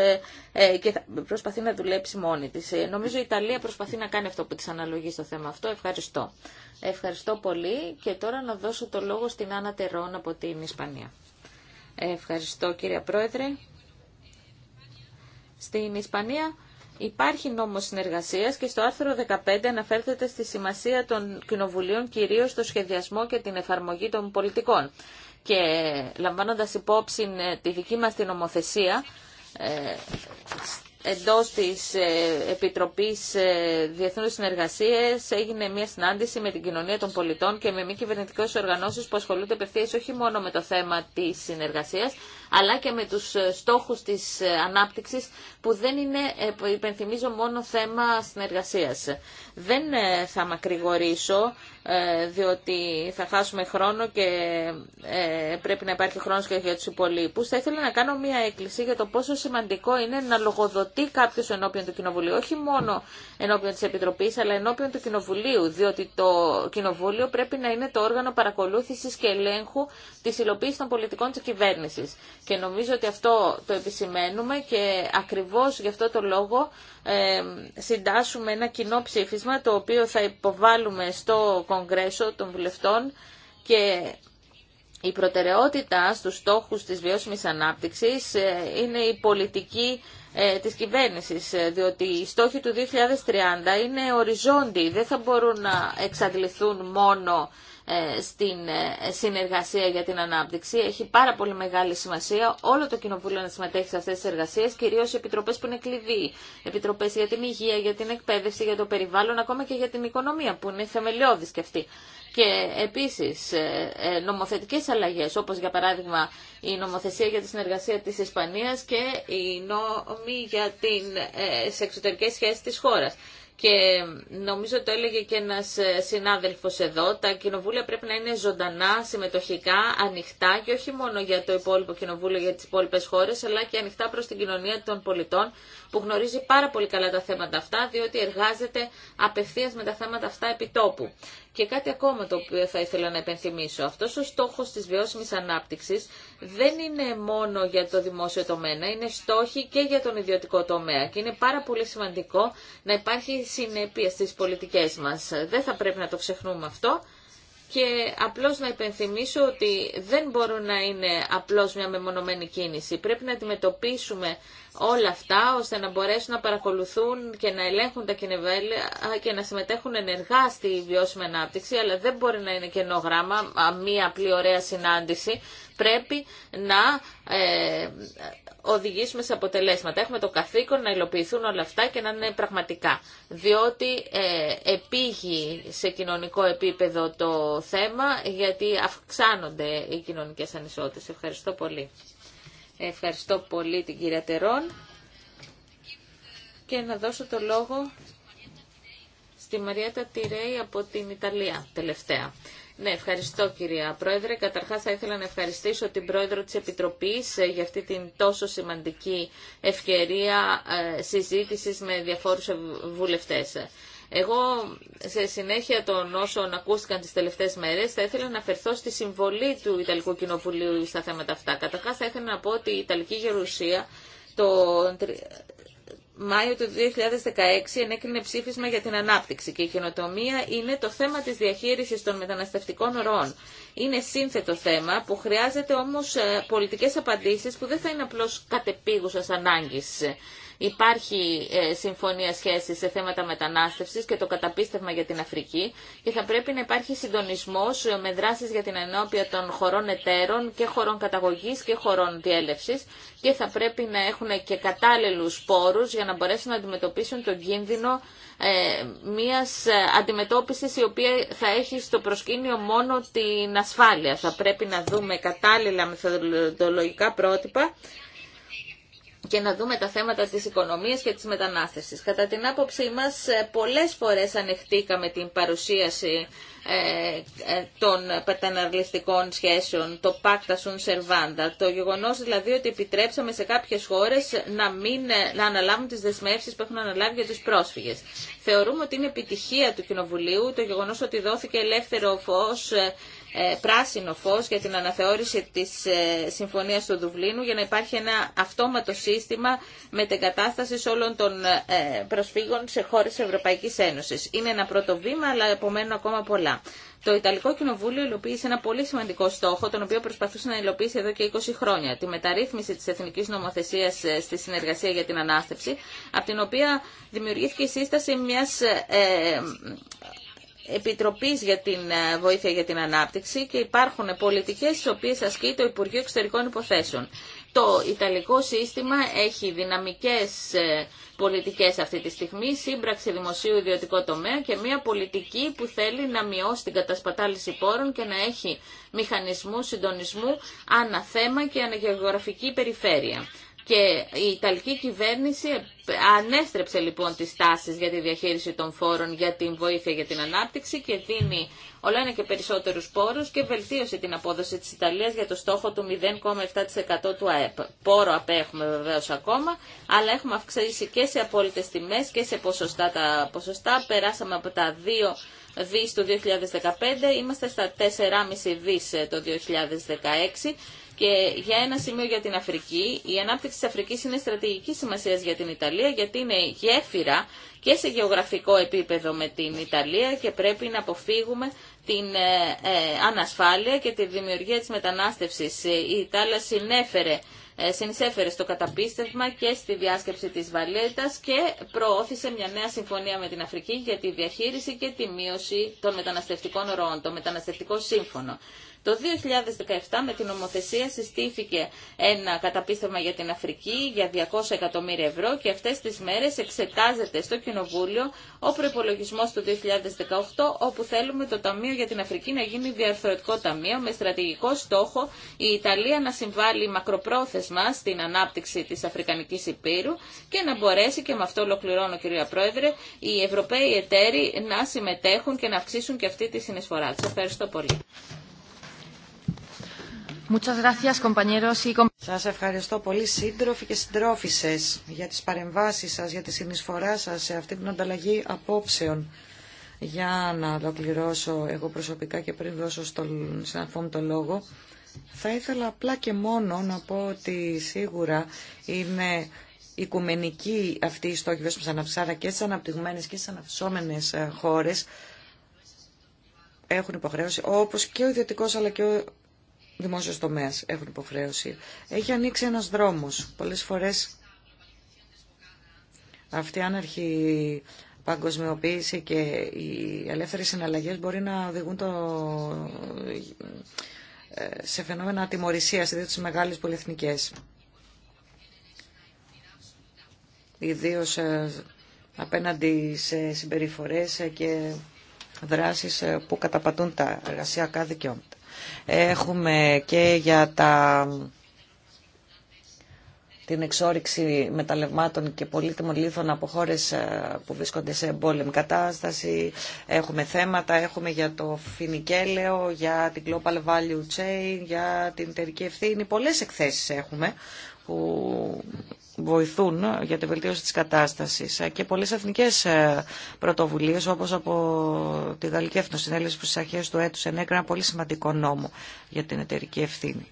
και θα προσπαθεί να δουλέψει μόνη της. Νομίζω η Ιταλία προσπαθεί να κάνει αυτό που της αναλογεί στο θέμα αυτό. Ευχαριστώ. Ευχαριστώ πολύ και τώρα να δώσω το λόγο στην Άννα Τερών από την Ισπανία. Ευχαριστώ κύριε Πρόεδρε. Στην Ισπανία υπάρχει νόμος συνεργασίας και στο άρθρο 15 αναφέρεται στη σημασία των κοινοβουλίων κυρίως στο σχεδιασμό και την εφαρμογή των πολιτικών. Και λαμβάνοντας υπόψη ε, τη δική μας την νομοθεσία, ε, εντός της ε, Επιτροπής Διεθνούς Συνεργασίες έγινε μια συνάντηση με την κοινωνία των πολιτών και με μη κυβερνητικές οργανώσεις που ασχολούνται απευθείας όχι μόνο με το θέμα της συνεργασίας, αλλά και με τους ε, στόχους της ε, ανάπτυξης που δεν είναι, ε, υπενθυμίζω, μόνο θέμα συνεργασίας. Δεν θα μακρηγορήσω, διότι θα χάσουμε χρόνο και πρέπει να υπάρχει χρόνος και για τους υπολείπους. Θα ήθελα να κάνω μία έκκληση για το πόσο σημαντικό είναι να λογοδοτεί κάποιο ενώπιον του Κοινοβουλίου, όχι μόνο ενώπιον της Επιτροπής, αλλά ενώπιον του Κοινοβουλίου, διότι το Κοινοβούλιο πρέπει να είναι το όργανο παρακολούθησης και ελέγχου τη υλοποίησης των πολιτικών της κυβέρνησης. Και νομίζω ότι αυτό το επισημαίνουμε και ακριβώς γι' αυτό το λόγο ε, συντάσσουμε ένα κοινό ψήφισμα το οποίο θα υποβάλουμε στο Κογκρέσο των Βουλευτών και η προτεραιότητα στους στόχους της βιώσιμης ανάπτυξης ε, είναι η πολιτική ε, της κυβέρνησης, ε, διότι οι στόχοι του 2030 είναι οριζόντιοι, δεν θα μπορούν να εξαντληθούν μόνο ε, στην ε, συνεργασία για την ανάπτυξη. Έχει πάρα πολύ μεγάλη σημασία όλο το Κοινοβούλιο να συμμετέχει σε αυτές τις εργασίες, κυρίως οι επιτροπές που είναι κλειδί, επιτροπές για την υγεία, για την εκπαίδευση, για το περιβάλλον, ακόμα και για την οικονομία που είναι θεμελιώδη. και αυτή. Και επίσης ε, νομοθετικές αλλαγές, όπως για παράδειγμα η νομοθεσία για τη συνεργασία τη Ισπανία και οι νόμοι για τι εξωτερικέ σχέσει τη χώρα και νομίζω το έλεγε και ένας ε, συνάδελφος εδώ, τα κοινοβούλια πρέπει να είναι ζωντανά, συμμετοχικά, ανοιχτά και όχι μόνο για το υπόλοιπο κοινοβούλιο, για τις υπόλοιπες χώρες, αλλά και ανοιχτά προς την κοινωνία των πολιτών που γνωρίζει πάρα πολύ καλά τα θέματα αυτά, διότι εργάζεται απευθείας με τα θέματα αυτά επί και κάτι ακόμα το οποίο θα ήθελα να επενθυμίσω. Αυτός ο στόχος της βιώσιμης ανάπτυξης δεν είναι μόνο για το δημόσιο τομέα, είναι στόχοι και για τον ιδιωτικό τομέα. Και είναι πάρα πολύ σημαντικό να υπάρχει συνέπεια στις πολιτικές μας. Δεν θα πρέπει να το ξεχνούμε αυτό. Και απλώς να υπενθυμίσω ότι δεν μπορούν να είναι απλώς μια μεμονωμένη κίνηση. Πρέπει να αντιμετωπίσουμε όλα αυτά ώστε να μπορέσουν να παρακολουθούν και να ελέγχουν τα κινεβέλια και να συμμετέχουν ενεργά στη βιώσιμη ανάπτυξη, αλλά δεν μπορεί να είναι κενό γράμμα, μία απλή ωραία συνάντηση. Πρέπει να ε, οδηγήσουμε σε αποτελέσματα. Έχουμε το καθήκον να υλοποιηθούν όλα αυτά και να είναι πραγματικά. Διότι ε, επήγει σε κοινωνικό επίπεδο το θέμα, γιατί αυξάνονται οι κοινωνικές ανισότητες. Ευχαριστώ πολύ. Ευχαριστώ πολύ την κυρία Τερών και να δώσω το λόγο στη Μαριέτα Τιρέη από την Ιταλία τελευταία. Ναι, ευχαριστώ κυρία Πρόεδρε. Καταρχάς θα ήθελα να ευχαριστήσω την Πρόεδρο της Επιτροπής ε, για αυτή την τόσο σημαντική ευκαιρία ε, συζήτησης με διαφόρους βουλευτές. Εγώ, σε συνέχεια των όσων ακούστηκαν τις τελευταίες μέρες, θα ήθελα να αφαιρθώ στη συμβολή του Ιταλικού Κοινοβουλίου στα θέματα αυτά. Καταρχάς, θα ήθελα να πω ότι η Ιταλική Γερουσία το Μάιο του 2016 ενέκρινε ψήφισμα για την ανάπτυξη και η καινοτομία είναι το θέμα της διαχείρισης των μεταναστευτικών ροών. Είναι σύνθετο θέμα που χρειάζεται όμως ε, πολιτικές απαντήσεις που δεν θα είναι απλώς κατεπίγουσας ανάγκης. Υπάρχει ε, συμφωνία σχέση σε θέματα μετανάστευσης και το καταπίστευμα για την Αφρική και θα πρέπει να υπάρχει συντονισμός ε, με δράσεις για την ενόπια των χωρών εταίρων και χωρών καταγωγής και χωρών διέλευσης και θα πρέπει να έχουν και κατάλληλους πόρους για να μπορέσουν να αντιμετωπίσουν τον κίνδυνο ε, μιας αντιμετώπισης η οποία θα έχει στο προσκήνιο μόνο την ασφάλεια. Θα πρέπει να δούμε κατάλληλα μεθοδολογικά πρότυπα και να δούμε τα θέματα της οικονομίας και της μετανάστευσης. Κατά την άποψή μας, ε, πολλές φορές ανεχτήκαμε την παρουσίαση ε, ε, των πεταναρλιστικών σχέσεων, το Pacta Sunt Servanda, το γεγονός δηλαδή ότι επιτρέψαμε σε κάποιες χώρες να, μην, να αναλάβουν τις δεσμεύσεις που έχουν αναλάβει για τους πρόσφυγες. Θεωρούμε ότι είναι επιτυχία του Κοινοβουλίου το γεγονός ότι δόθηκε ελεύθερο φως ε, πράσινο φως για την αναθεώρηση της ε, Συμφωνίας του Δουβλίνου για να υπάρχει ένα αυτόματο σύστημα μετεγκατάστασης όλων των ε, προσφύγων σε χώρες Ευρωπαϊκής Ένωσης. Είναι ένα πρώτο βήμα, αλλά επομένουν ακόμα πολλά. Το Ιταλικό Κοινοβούλιο υλοποίησε ένα πολύ σημαντικό στόχο, τον οποίο προσπαθούσε να υλοποιήσει εδώ και 20 χρόνια, τη μεταρρύθμιση τη εθνική νομοθεσία στη συνεργασία για την ανάστευση, από την οποία δημιουργήθηκε η σύσταση μια Επιτροπής για την ε, Βοήθεια για την Ανάπτυξη και υπάρχουν πολιτικές στις οποίες ασκεί το Υπουργείο Εξωτερικών Υποθέσεων. Το Ιταλικό σύστημα έχει δυναμικές ε, πολιτικές αυτή τη στιγμή, σύμπραξη δημοσίου ιδιωτικό τομέα και μια πολιτική που θέλει να μειώσει την κατασπατάληση πόρων και να έχει μηχανισμού, συντονισμού αναθέμα και αναγεωγραφική περιφέρεια. Και η Ιταλική κυβέρνηση ανέστρεψε λοιπόν τις τάσεις για τη διαχείριση των φόρων για την βοήθεια για την ανάπτυξη και δίνει όλα ένα και περισσότερους πόρους και βελτίωσε την απόδοση της Ιταλίας για το στόχο του 0,7% του ΑΕΠ. Πόρο απέχουμε βεβαίως ακόμα, αλλά έχουμε αυξήσει και σε απόλυτες τιμές και σε ποσοστά τα ποσοστά. Περάσαμε από τα 2 δις το 2015, είμαστε στα 4,5 δις ε, το 2016 και για ένα σημείο για την Αφρική, η ανάπτυξη της Αφρικής είναι στρατηγική σημασία για την Ιταλία γιατί είναι γέφυρα και σε γεωγραφικό επίπεδο με την Ιταλία και πρέπει να αποφύγουμε την ε, ε, ανασφάλεια και τη δημιουργία της μετανάστευσης. Η Ιτάλα συνέφερε ε, συνεισέφερε στο καταπίστευμα και στη διάσκεψη της Βαλέτας και προώθησε μια νέα συμφωνία με την Αφρική για τη διαχείριση και τη μείωση των μεταναστευτικών ροών, το μεταναστευτικό σύμφωνο. Το 2017 με την νομοθεσία συστήθηκε ένα καταπίστευμα για την Αφρική για 200 εκατομμύρια ευρώ και αυτές τις μέρες εξετάζεται στο Κοινοβούλιο ο προπολογισμό του 2018 όπου θέλουμε το Ταμείο για την Αφρική να γίνει διαρθρωτικό ταμείο με στρατηγικό στόχο η Ιταλία να συμβάλλει μακροπρόθεσμα στην ανάπτυξη της Αφρικανικής Υπήρου και να μπορέσει και με αυτό ολοκληρώνω κυρία Πρόεδρε οι Ευρωπαίοι εταίροι να συμμετέχουν και να αυξήσουν και αυτή τη συνεισφορά. Σας ευχαριστώ πολύ. Σας ευχαριστώ πολύ σύντροφοι και συντρόφισσες για τις παρεμβάσεις σας, για τη συνεισφορά σας σε αυτή την ανταλλαγή απόψεων. Για να ολοκληρώσω εγώ προσωπικά και πριν δώσω στον συναρφό μου το λόγο, θα ήθελα απλά και μόνο να πω ότι σίγουρα είναι οικουμενική αυτή η στόχη που αναψάρα και στις αναπτυγμένες και στις αναψώμενες ε, χώρες έχουν υποχρέωση, όπως και ο ιδιωτικό αλλά και ο Δημόσιο τομέα, έχουν υποχρέωση. Έχει ανοίξει ένας δρόμος. Πολλές φορές αυτή η άναρχη παγκοσμιοποίηση και οι ελεύθερες συναλλαγέ μπορεί να οδηγούν το... Ε, σε φαινόμενα τιμωρησίας, ιδίως στι μεγάλες πολυεθνικέ. Ιδίως ε, απέναντι σε συμπεριφορέ και δράσεις ε, που καταπατούν τα εργασιακά δικαιώματα. Έχουμε και για τα... την εξόριξη μεταλλευμάτων και πολύτιμων λίθων από χώρε ε, που βρίσκονται σε εμπόλεμη κατάσταση. Έχουμε θέματα, έχουμε για το φινικέλαιο, για την Global Value Chain, για την εταιρική ευθύνη. Πολλές εκθέσεις έχουμε που βοηθούν για τη βελτίωση της κατάστασης ε, και πολλές εθνικές ε, πρωτοβουλίες όπως από τη Γαλλική Εθνοσυνέλευση που στις αρχές του έτους ένα πολύ σημαντικό νόμο για την εταιρική ευθύνη.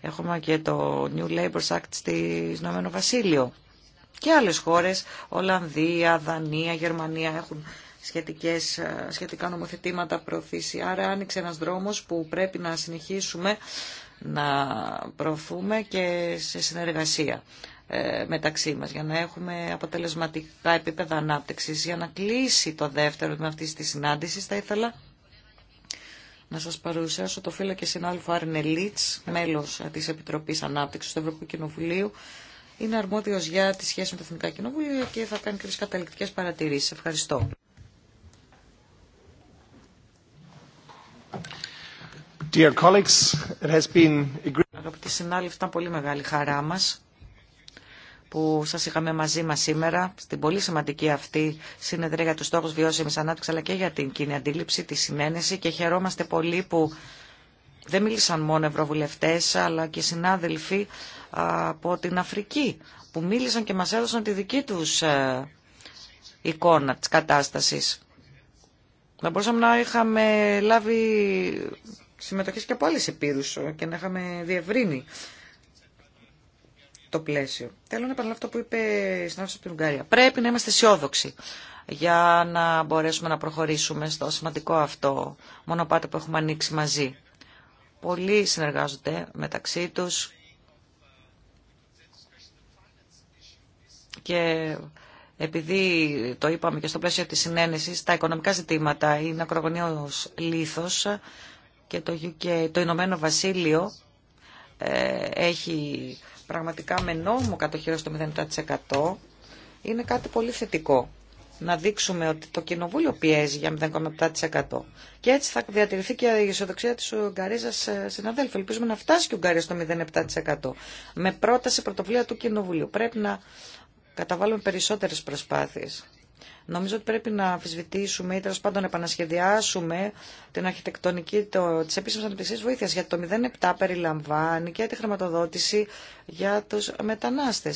Έχουμε και το New Labour Act στη Ηνωμένο Βασίλειο και άλλες χώρες, Ολλανδία, Δανία, Γερμανία έχουν σχετικές, ε, σχετικά νομοθετήματα προωθήσει. Άρα άνοιξε ένας δρόμος που πρέπει να συνεχίσουμε να προωθούμε και σε συνεργασία ε, μεταξύ μας για να έχουμε αποτελεσματικά επίπεδα ανάπτυξης. Για να κλείσει το δεύτερο με αυτή τη συνάντηση θα ήθελα να σας παρουσιάσω το φίλο και συνάδελφο Άρνε Λίτς, μέλος ε, της Επιτροπής Ανάπτυξης του Ευρωπαϊκού Κοινοβουλίου. Είναι αρμόδιος για τη σχέση με το Εθνικό Κοινοβούλιο και θα κάνει κάποιες καταληκτικές παρατηρήσεις. Ευχαριστώ. Dear colleagues, it has been... Αγαπητοί συνάδελφοι, ήταν πολύ μεγάλη χαρά μας που σας είχαμε μαζί μας σήμερα στην πολύ σημαντική αυτή συνεδρία για τους στόχους βιώσιμης ανάπτυξης αλλά και για την κοινή αντίληψη, τη συνένεση και χαιρόμαστε πολύ που δεν μίλησαν μόνο ευρωβουλευτές αλλά και συνάδελφοι από την Αφρική που μίλησαν και μας έδωσαν τη δική τους ε, εικόνα της κατάστασης. Να μπορούσαμε να είχαμε λάβει συμμετοχές και από άλλες επίρους ε, και να είχαμε διευρύνει το πλαίσιο. Θέλω να επαναλάβω αυτό που είπε η συνάδελφο από την Ουγγαρία. Πρέπει να είμαστε αισιόδοξοι για να μπορέσουμε να προχωρήσουμε στο σημαντικό αυτό μονοπάτι που έχουμε ανοίξει μαζί. Πολλοί συνεργάζονται μεταξύ τους και επειδή το είπαμε και στο πλαίσιο της συνένεσης, τα οικονομικά ζητήματα είναι ακρογωνίως λήθος και το, το Ηνωμένο Βασίλειο ε, έχει πραγματικά με νόμο κατοχυρώσει το 0,7% είναι κάτι πολύ θετικό. Να δείξουμε ότι το Κοινοβούλιο πιέζει για 0,7%. Και έτσι θα διατηρηθεί και η ισοδοξία τη Ουγγαρίζα ε, συναδέλφου. Ελπίζουμε να φτάσει και η Ουγγαρία στο 0,7%. Με πρόταση πρωτοβουλία του Κοινοβουλίου. Πρέπει να καταβάλουμε περισσότερε προσπάθειε. Νομίζω ότι πρέπει να αμφισβητήσουμε ή τέλο πάντων επανασχεδιάσουμε την αρχιτεκτονική τη επίσημη ανεπτυξία βοήθεια. Γιατί το 07 περιλαμβάνει και τη χρηματοδότηση για του μετανάστε.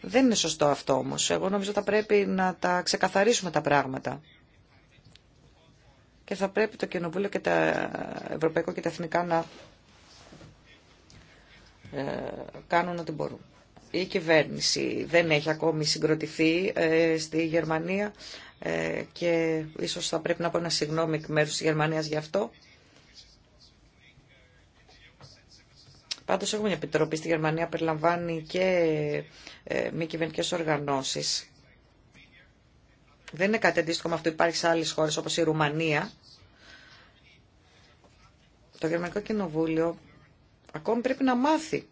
Δεν είναι σωστό αυτό όμω. Εγώ νομίζω ότι θα πρέπει να τα ξεκαθαρίσουμε τα πράγματα. Και θα πρέπει το Κοινοβούλιο και τα Ευρωπαϊκό και τα Εθνικά να ε, κάνουν ό,τι μπορούν η κυβέρνηση δεν έχει ακόμη συγκροτηθεί ε, στη Γερμανία ε, και ίσως θα πρέπει να πω ένα συγγνώμη εκ μέρους της Γερμανίας γι' αυτό. Πάντως έχουμε μια επιτροπή στη Γερμανία, περιλαμβάνει και ε, μη κυβερνικέ οργανώσεις. Δεν είναι κάτι αντίστοιχο με αυτό υπάρχει σε άλλες χώρες όπως η Ρουμανία. Το Γερμανικό Κοινοβούλιο ακόμη πρέπει να μάθει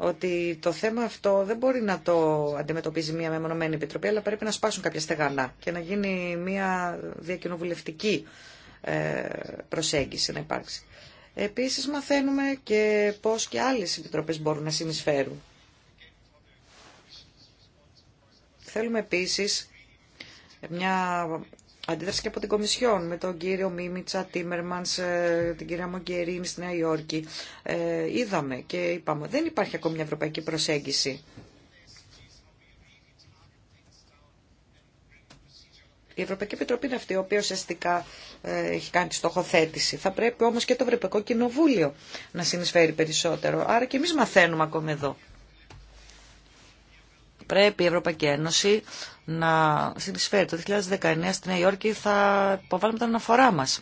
ότι το θέμα αυτό δεν μπορεί να το αντιμετωπίζει μια μεμονωμένη επιτροπή, αλλά πρέπει να σπάσουν κάποια στεγανά και να γίνει μια διακοινοβουλευτική ε, προσέγγιση να υπάρξει. Επίσης μαθαίνουμε και πώς και άλλες επιτροπές μπορούν να συνεισφέρουν. Θέλουμε επίσης μια αντίδραση και από την Κομισιόν με τον κύριο Μίμητσα, Τίμερμανς, ε, την κυρία Μογκερίνη στη Νέα Υόρκη. Ε, είδαμε και είπαμε, δεν υπάρχει ακόμη μια ευρωπαϊκή προσέγγιση. Η Ευρωπαϊκή Επιτροπή είναι αυτή η οποία ουσιαστικά ε, έχει κάνει τη στοχοθέτηση. Θα πρέπει όμως και το Ευρωπαϊκό Κοινοβούλιο να συνεισφέρει περισσότερο. Άρα και εμείς μαθαίνουμε ακόμη εδώ. Πρέπει η Ευρωπαϊκή Ένωση να συνεισφέρει. Το 2019 στη Νέα Υόρκη θα υποβάλουμε την αναφορά μας.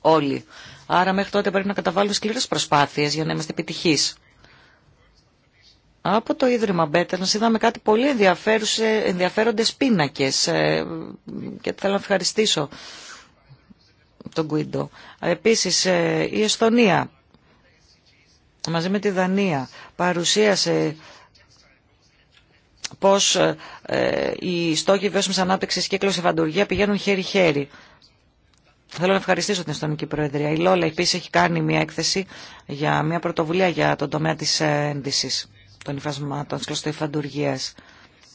Όλοι. Άρα μέχρι τότε πρέπει να καταβάλουμε σκληρές προσπάθειες για να είμαστε επιτυχείς. Από το Ίδρυμα Μπέτερνας είδαμε κάτι πολύ ενδιαφέροντες πίνακες ε, και θέλω να ευχαριστήσω τον Κουίντο. Επίσης ε, η Εστονία μαζί με τη Δανία παρουσίασε Πώ ε, οι στόχοι βιώσιμη ανάπτυξη και κλωση πηγαινουν πηγαίνουν χέρι-χέρι. Θέλω να ευχαριστήσω την Εστονική Προεδρία. Η Λόλα επίση έχει κάνει μια έκθεση για μια πρωτοβουλία για τον τομέα τη ένδυση των υφασμάτων, τη κλωστοϊφαντουργία.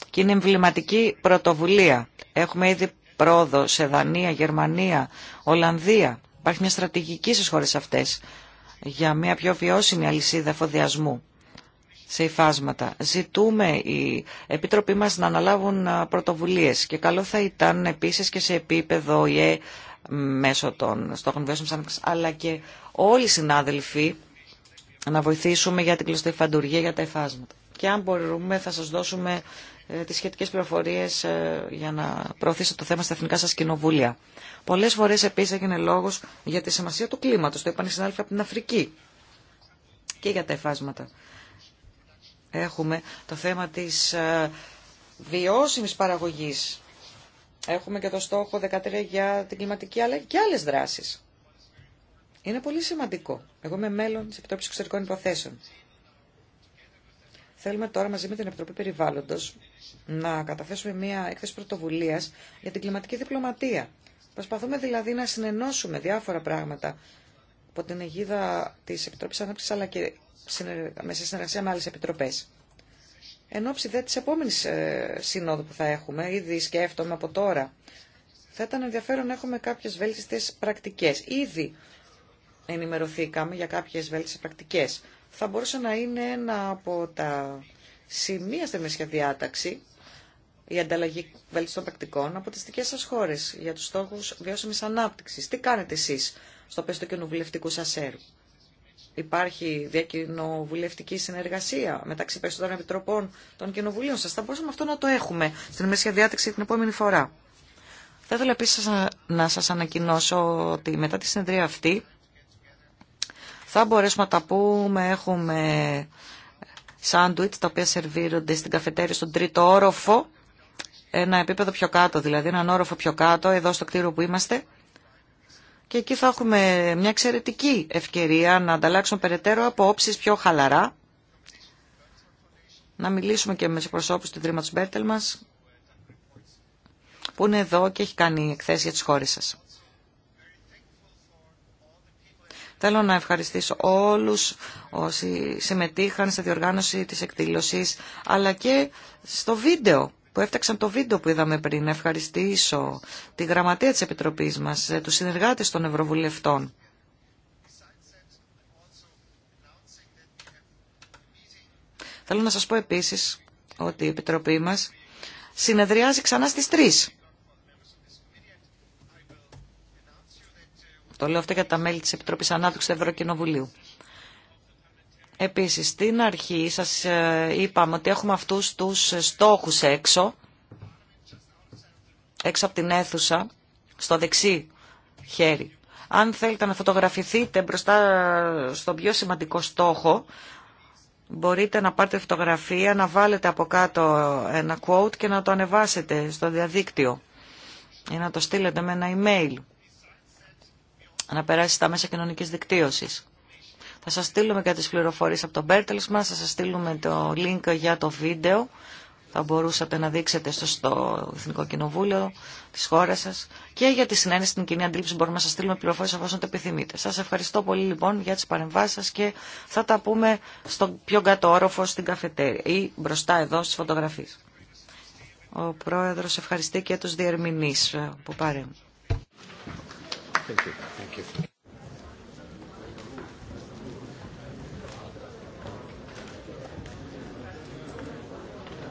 Και είναι εμβληματική πρωτοβουλία. Έχουμε ήδη πρόοδο σε Δανία, Γερμανία, Ολλανδία. Υπάρχει μια στρατηγική στι χώρε αυτέ για μια πιο βιώσιμη αλυσίδα εφοδιασμού σε υφάσματα. Ζητούμε οι Επίτροπή μας να αναλάβουν πρωτοβουλίες και καλό θα ήταν επίσης και σε επίπεδο ΙΕ μέσω των στόχων βιώσιμης αλλά και όλοι οι συνάδελφοι να βοηθήσουμε για την κλωστοϊφαντουργία, φαντουργία για τα υφάσματα. Και αν μπορούμε θα σας δώσουμε ε, τις σχετικές πληροφορίες ε, για να προωθήσετε το θέμα στα εθνικά σας κοινοβούλια. Πολλές φορές επίσης έγινε λόγος για τη σημασία του κλίματος, το είπαν οι συνάδελφοι από την Αφρική και για τα εφάσματα. Έχουμε το θέμα της ε, βιώσιμης παραγωγής. Έχουμε και το στόχο 13 για την κλιματική αλλά και άλλες δράσεις. Είναι πολύ σημαντικό. Εγώ είμαι μέλλον της Επιτροπής Εξωτερικών Υποθέσεων. Θέλουμε τώρα μαζί με την Επιτροπή Περιβάλλοντος να καταθέσουμε μια έκθεση πρωτοβουλίας για την κλιματική διπλωματία. Προσπαθούμε δηλαδή να συνενώσουμε διάφορα πράγματα από την αιγίδα τη Επιτροπή Ανάπτυξης αλλά και με συνεργασία με άλλε επιτροπέ. Εν ώψη δε της επόμενης ε, συνόδου που θα έχουμε, ήδη σκέφτομαι από τώρα, θα ήταν ενδιαφέρον να έχουμε κάποιε βέλτιστες πρακτικέ. Ήδη ενημερωθήκαμε για κάποιε βέλτιστες πρακτικέ. Θα μπορούσε να είναι ένα από τα σημεία στη μεσιά διάταξη η ανταλλαγή βέλτιστων πρακτικών από τι δικές σα χώρε για του στόχου βιώσιμη ανάπτυξη. Τι κάνετε εσεί στο πέστο του κοινοβουλευτικού σα έργου. Υπάρχει διακοινοβουλευτική συνεργασία μεταξύ περισσότερων επιτροπών των κοινοβουλίων σα. Θα μπορούσαμε αυτό να το έχουμε στην ημερήσια διάταξη την επόμενη φορά. Θα ήθελα επίση να σα ανακοινώσω ότι μετά τη συνεδρία αυτή θα μπορέσουμε να τα πούμε. Έχουμε σάντουιτς τα οποία σερβίρονται στην καφετέρια στον τρίτο όροφο, ένα επίπεδο πιο κάτω δηλαδή, έναν όροφο πιο κάτω, εδώ στο κτίριο που είμαστε και εκεί θα έχουμε μια εξαιρετική ευκαιρία να ανταλλάξουμε περαιτέρω απόψεις πιο χαλαρά, να μιλήσουμε και με τους προσώπους του Ιδρύματος Μπέρτελ μας, που είναι εδώ και έχει κάνει εκθέσεις για τις χώρες σας. Θέλω να ευχαριστήσω όλους όσοι συμμετείχαν στη διοργάνωση της εκδήλωσης, αλλά και στο βίντεο που έφταξαν το βίντεο που είδαμε πριν. ευχαριστήσω τη γραμματεία της Επιτροπής μας, ε, τους συνεργάτες των Ευρωβουλευτών. Θέλω να σας πω επίσης ότι η Επιτροπή μας συνεδριάζει ξανά στις 3. Το λέω αυτό για τα μέλη της Επιτροπής Ανάπτυξης του Ευρωκοινοβουλίου. Επίσης, στην αρχή σας ε, είπαμε ότι έχουμε αυτούς τους στόχους έξω, έξω από την αίθουσα, στο δεξί χέρι. Αν θέλετε να φωτογραφηθείτε μπροστά στον πιο σημαντικό στόχο, μπορείτε να πάρετε φωτογραφία, να βάλετε από κάτω ένα quote και να το ανεβάσετε στο διαδίκτυο ή να το στείλετε με ένα email, να περάσει στα μέσα κοινωνικής δικτύωσης. Θα σας στείλουμε και τις πληροφορίες από τον Μπέρτελσμα, θα σας στείλουμε το link για το βίντεο. Θα μπορούσατε να δείξετε στο, Εθνικό Κοινοβούλιο τη χώρα σα και για τη συνένεση στην κοινή αντίληψη μπορούμε να σα στείλουμε πληροφορίε εφόσον το επιθυμείτε. Σα ευχαριστώ πολύ λοιπόν για τι παρεμβάσει σα και θα τα πούμε στον πιο κάτω όροφο στην καφετέρια ή μπροστά εδώ στι φωτογραφίε. Ο πρόεδρο ευχαριστεί και του διερμηνεί που παρέμουν. Thank you. Thank you.